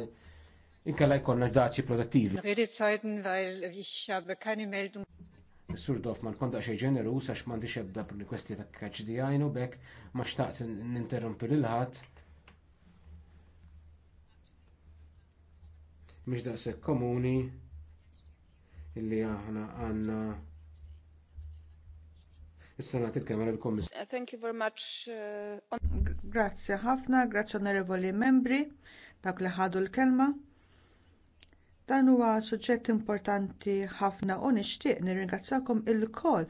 Speaker 8: inkella jkollna daċi protettivi.
Speaker 7: Sur weil ich habe keine ġeneru,
Speaker 8: Sur Dofman, konda xej ġenerus għax mandi xebda ta' KHDI għajnu bek, ma xtaqt n-interrumpi l-ħat. Mix se komuni illi aħna għanna Is-Senat il kamera il-Kommissjoni.
Speaker 6: Uh, thank you very much. Uh, grazzi ħafna, grazzi onorevoli membri, dak li ħadu l-kelma. Dan huwa suġġett importanti ħafna u nixtieq nirringrazzakom ilkoll.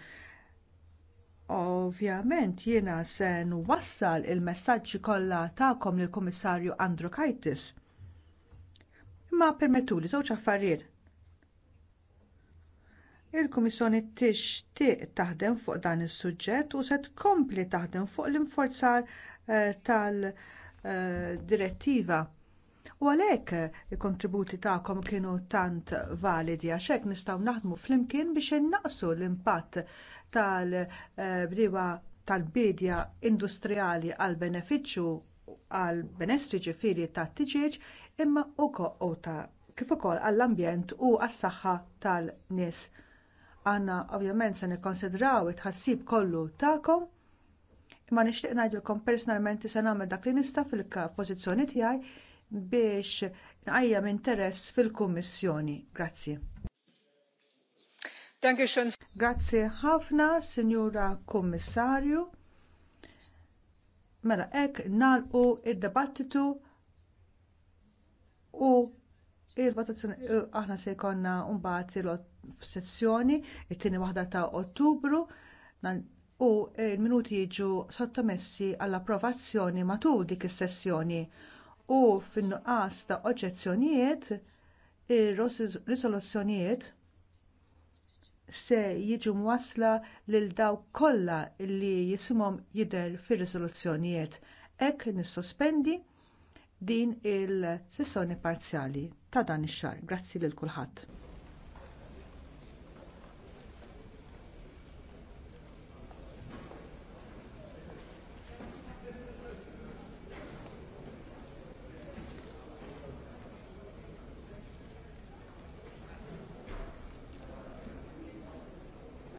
Speaker 6: Ovvjament jiena se nwassal il-messaġġi kollha tagħkom lill kummissarju Andrew Imma permettuli żewġ affarijiet. Il-Kummissjoni tixtieq taħdem fuq dan is-suġġett u se tkompli taħdem fuq l-inforzar eh, tal-direttiva eh, U għalhekk il-kontributi tagħkom kienu tant validi għax hekk nistgħu naħdmu flimkien biex innaqsu l-impatt tal-briwa tal-bidja industrijali għall benefiċċju għall benestri ġifiri tat-tiġeġ imma wkoll kif ukoll għall-ambjent u għas-saħħa tan-nies. Għandna ovvjament se nikkonsidraw it-ħassib kollu tagħkom imma nixtieq ngħidilkom personalment se nagħmel dak li nista' fil-pożizzjoni tiegħi biex nqajjem interess fil-Kummissjoni. Grazzi. Grazzi ħafna, Sinjura Kommissarju. Mela hekk nalqu id-dibattitu u il-votazzjoni eh, aħna se jkollna mbagħad il-sezzjoni it-tieni waħda ta' Ottubru u l minuti jiġu sottomessi għall-approvazzjoni matul dik is-sessjoni u fin-nuqqas ta' oġġezzjonijiet ir-risoluzzjonijiet se jiġu mwassla lil dawk kollha li jisimhom jidher fir-riżoluzzjonijiet. Hekk nissospendi din il-sessjoni parzjali ta' dan ix-xahar. Grazzi lil kulħadd.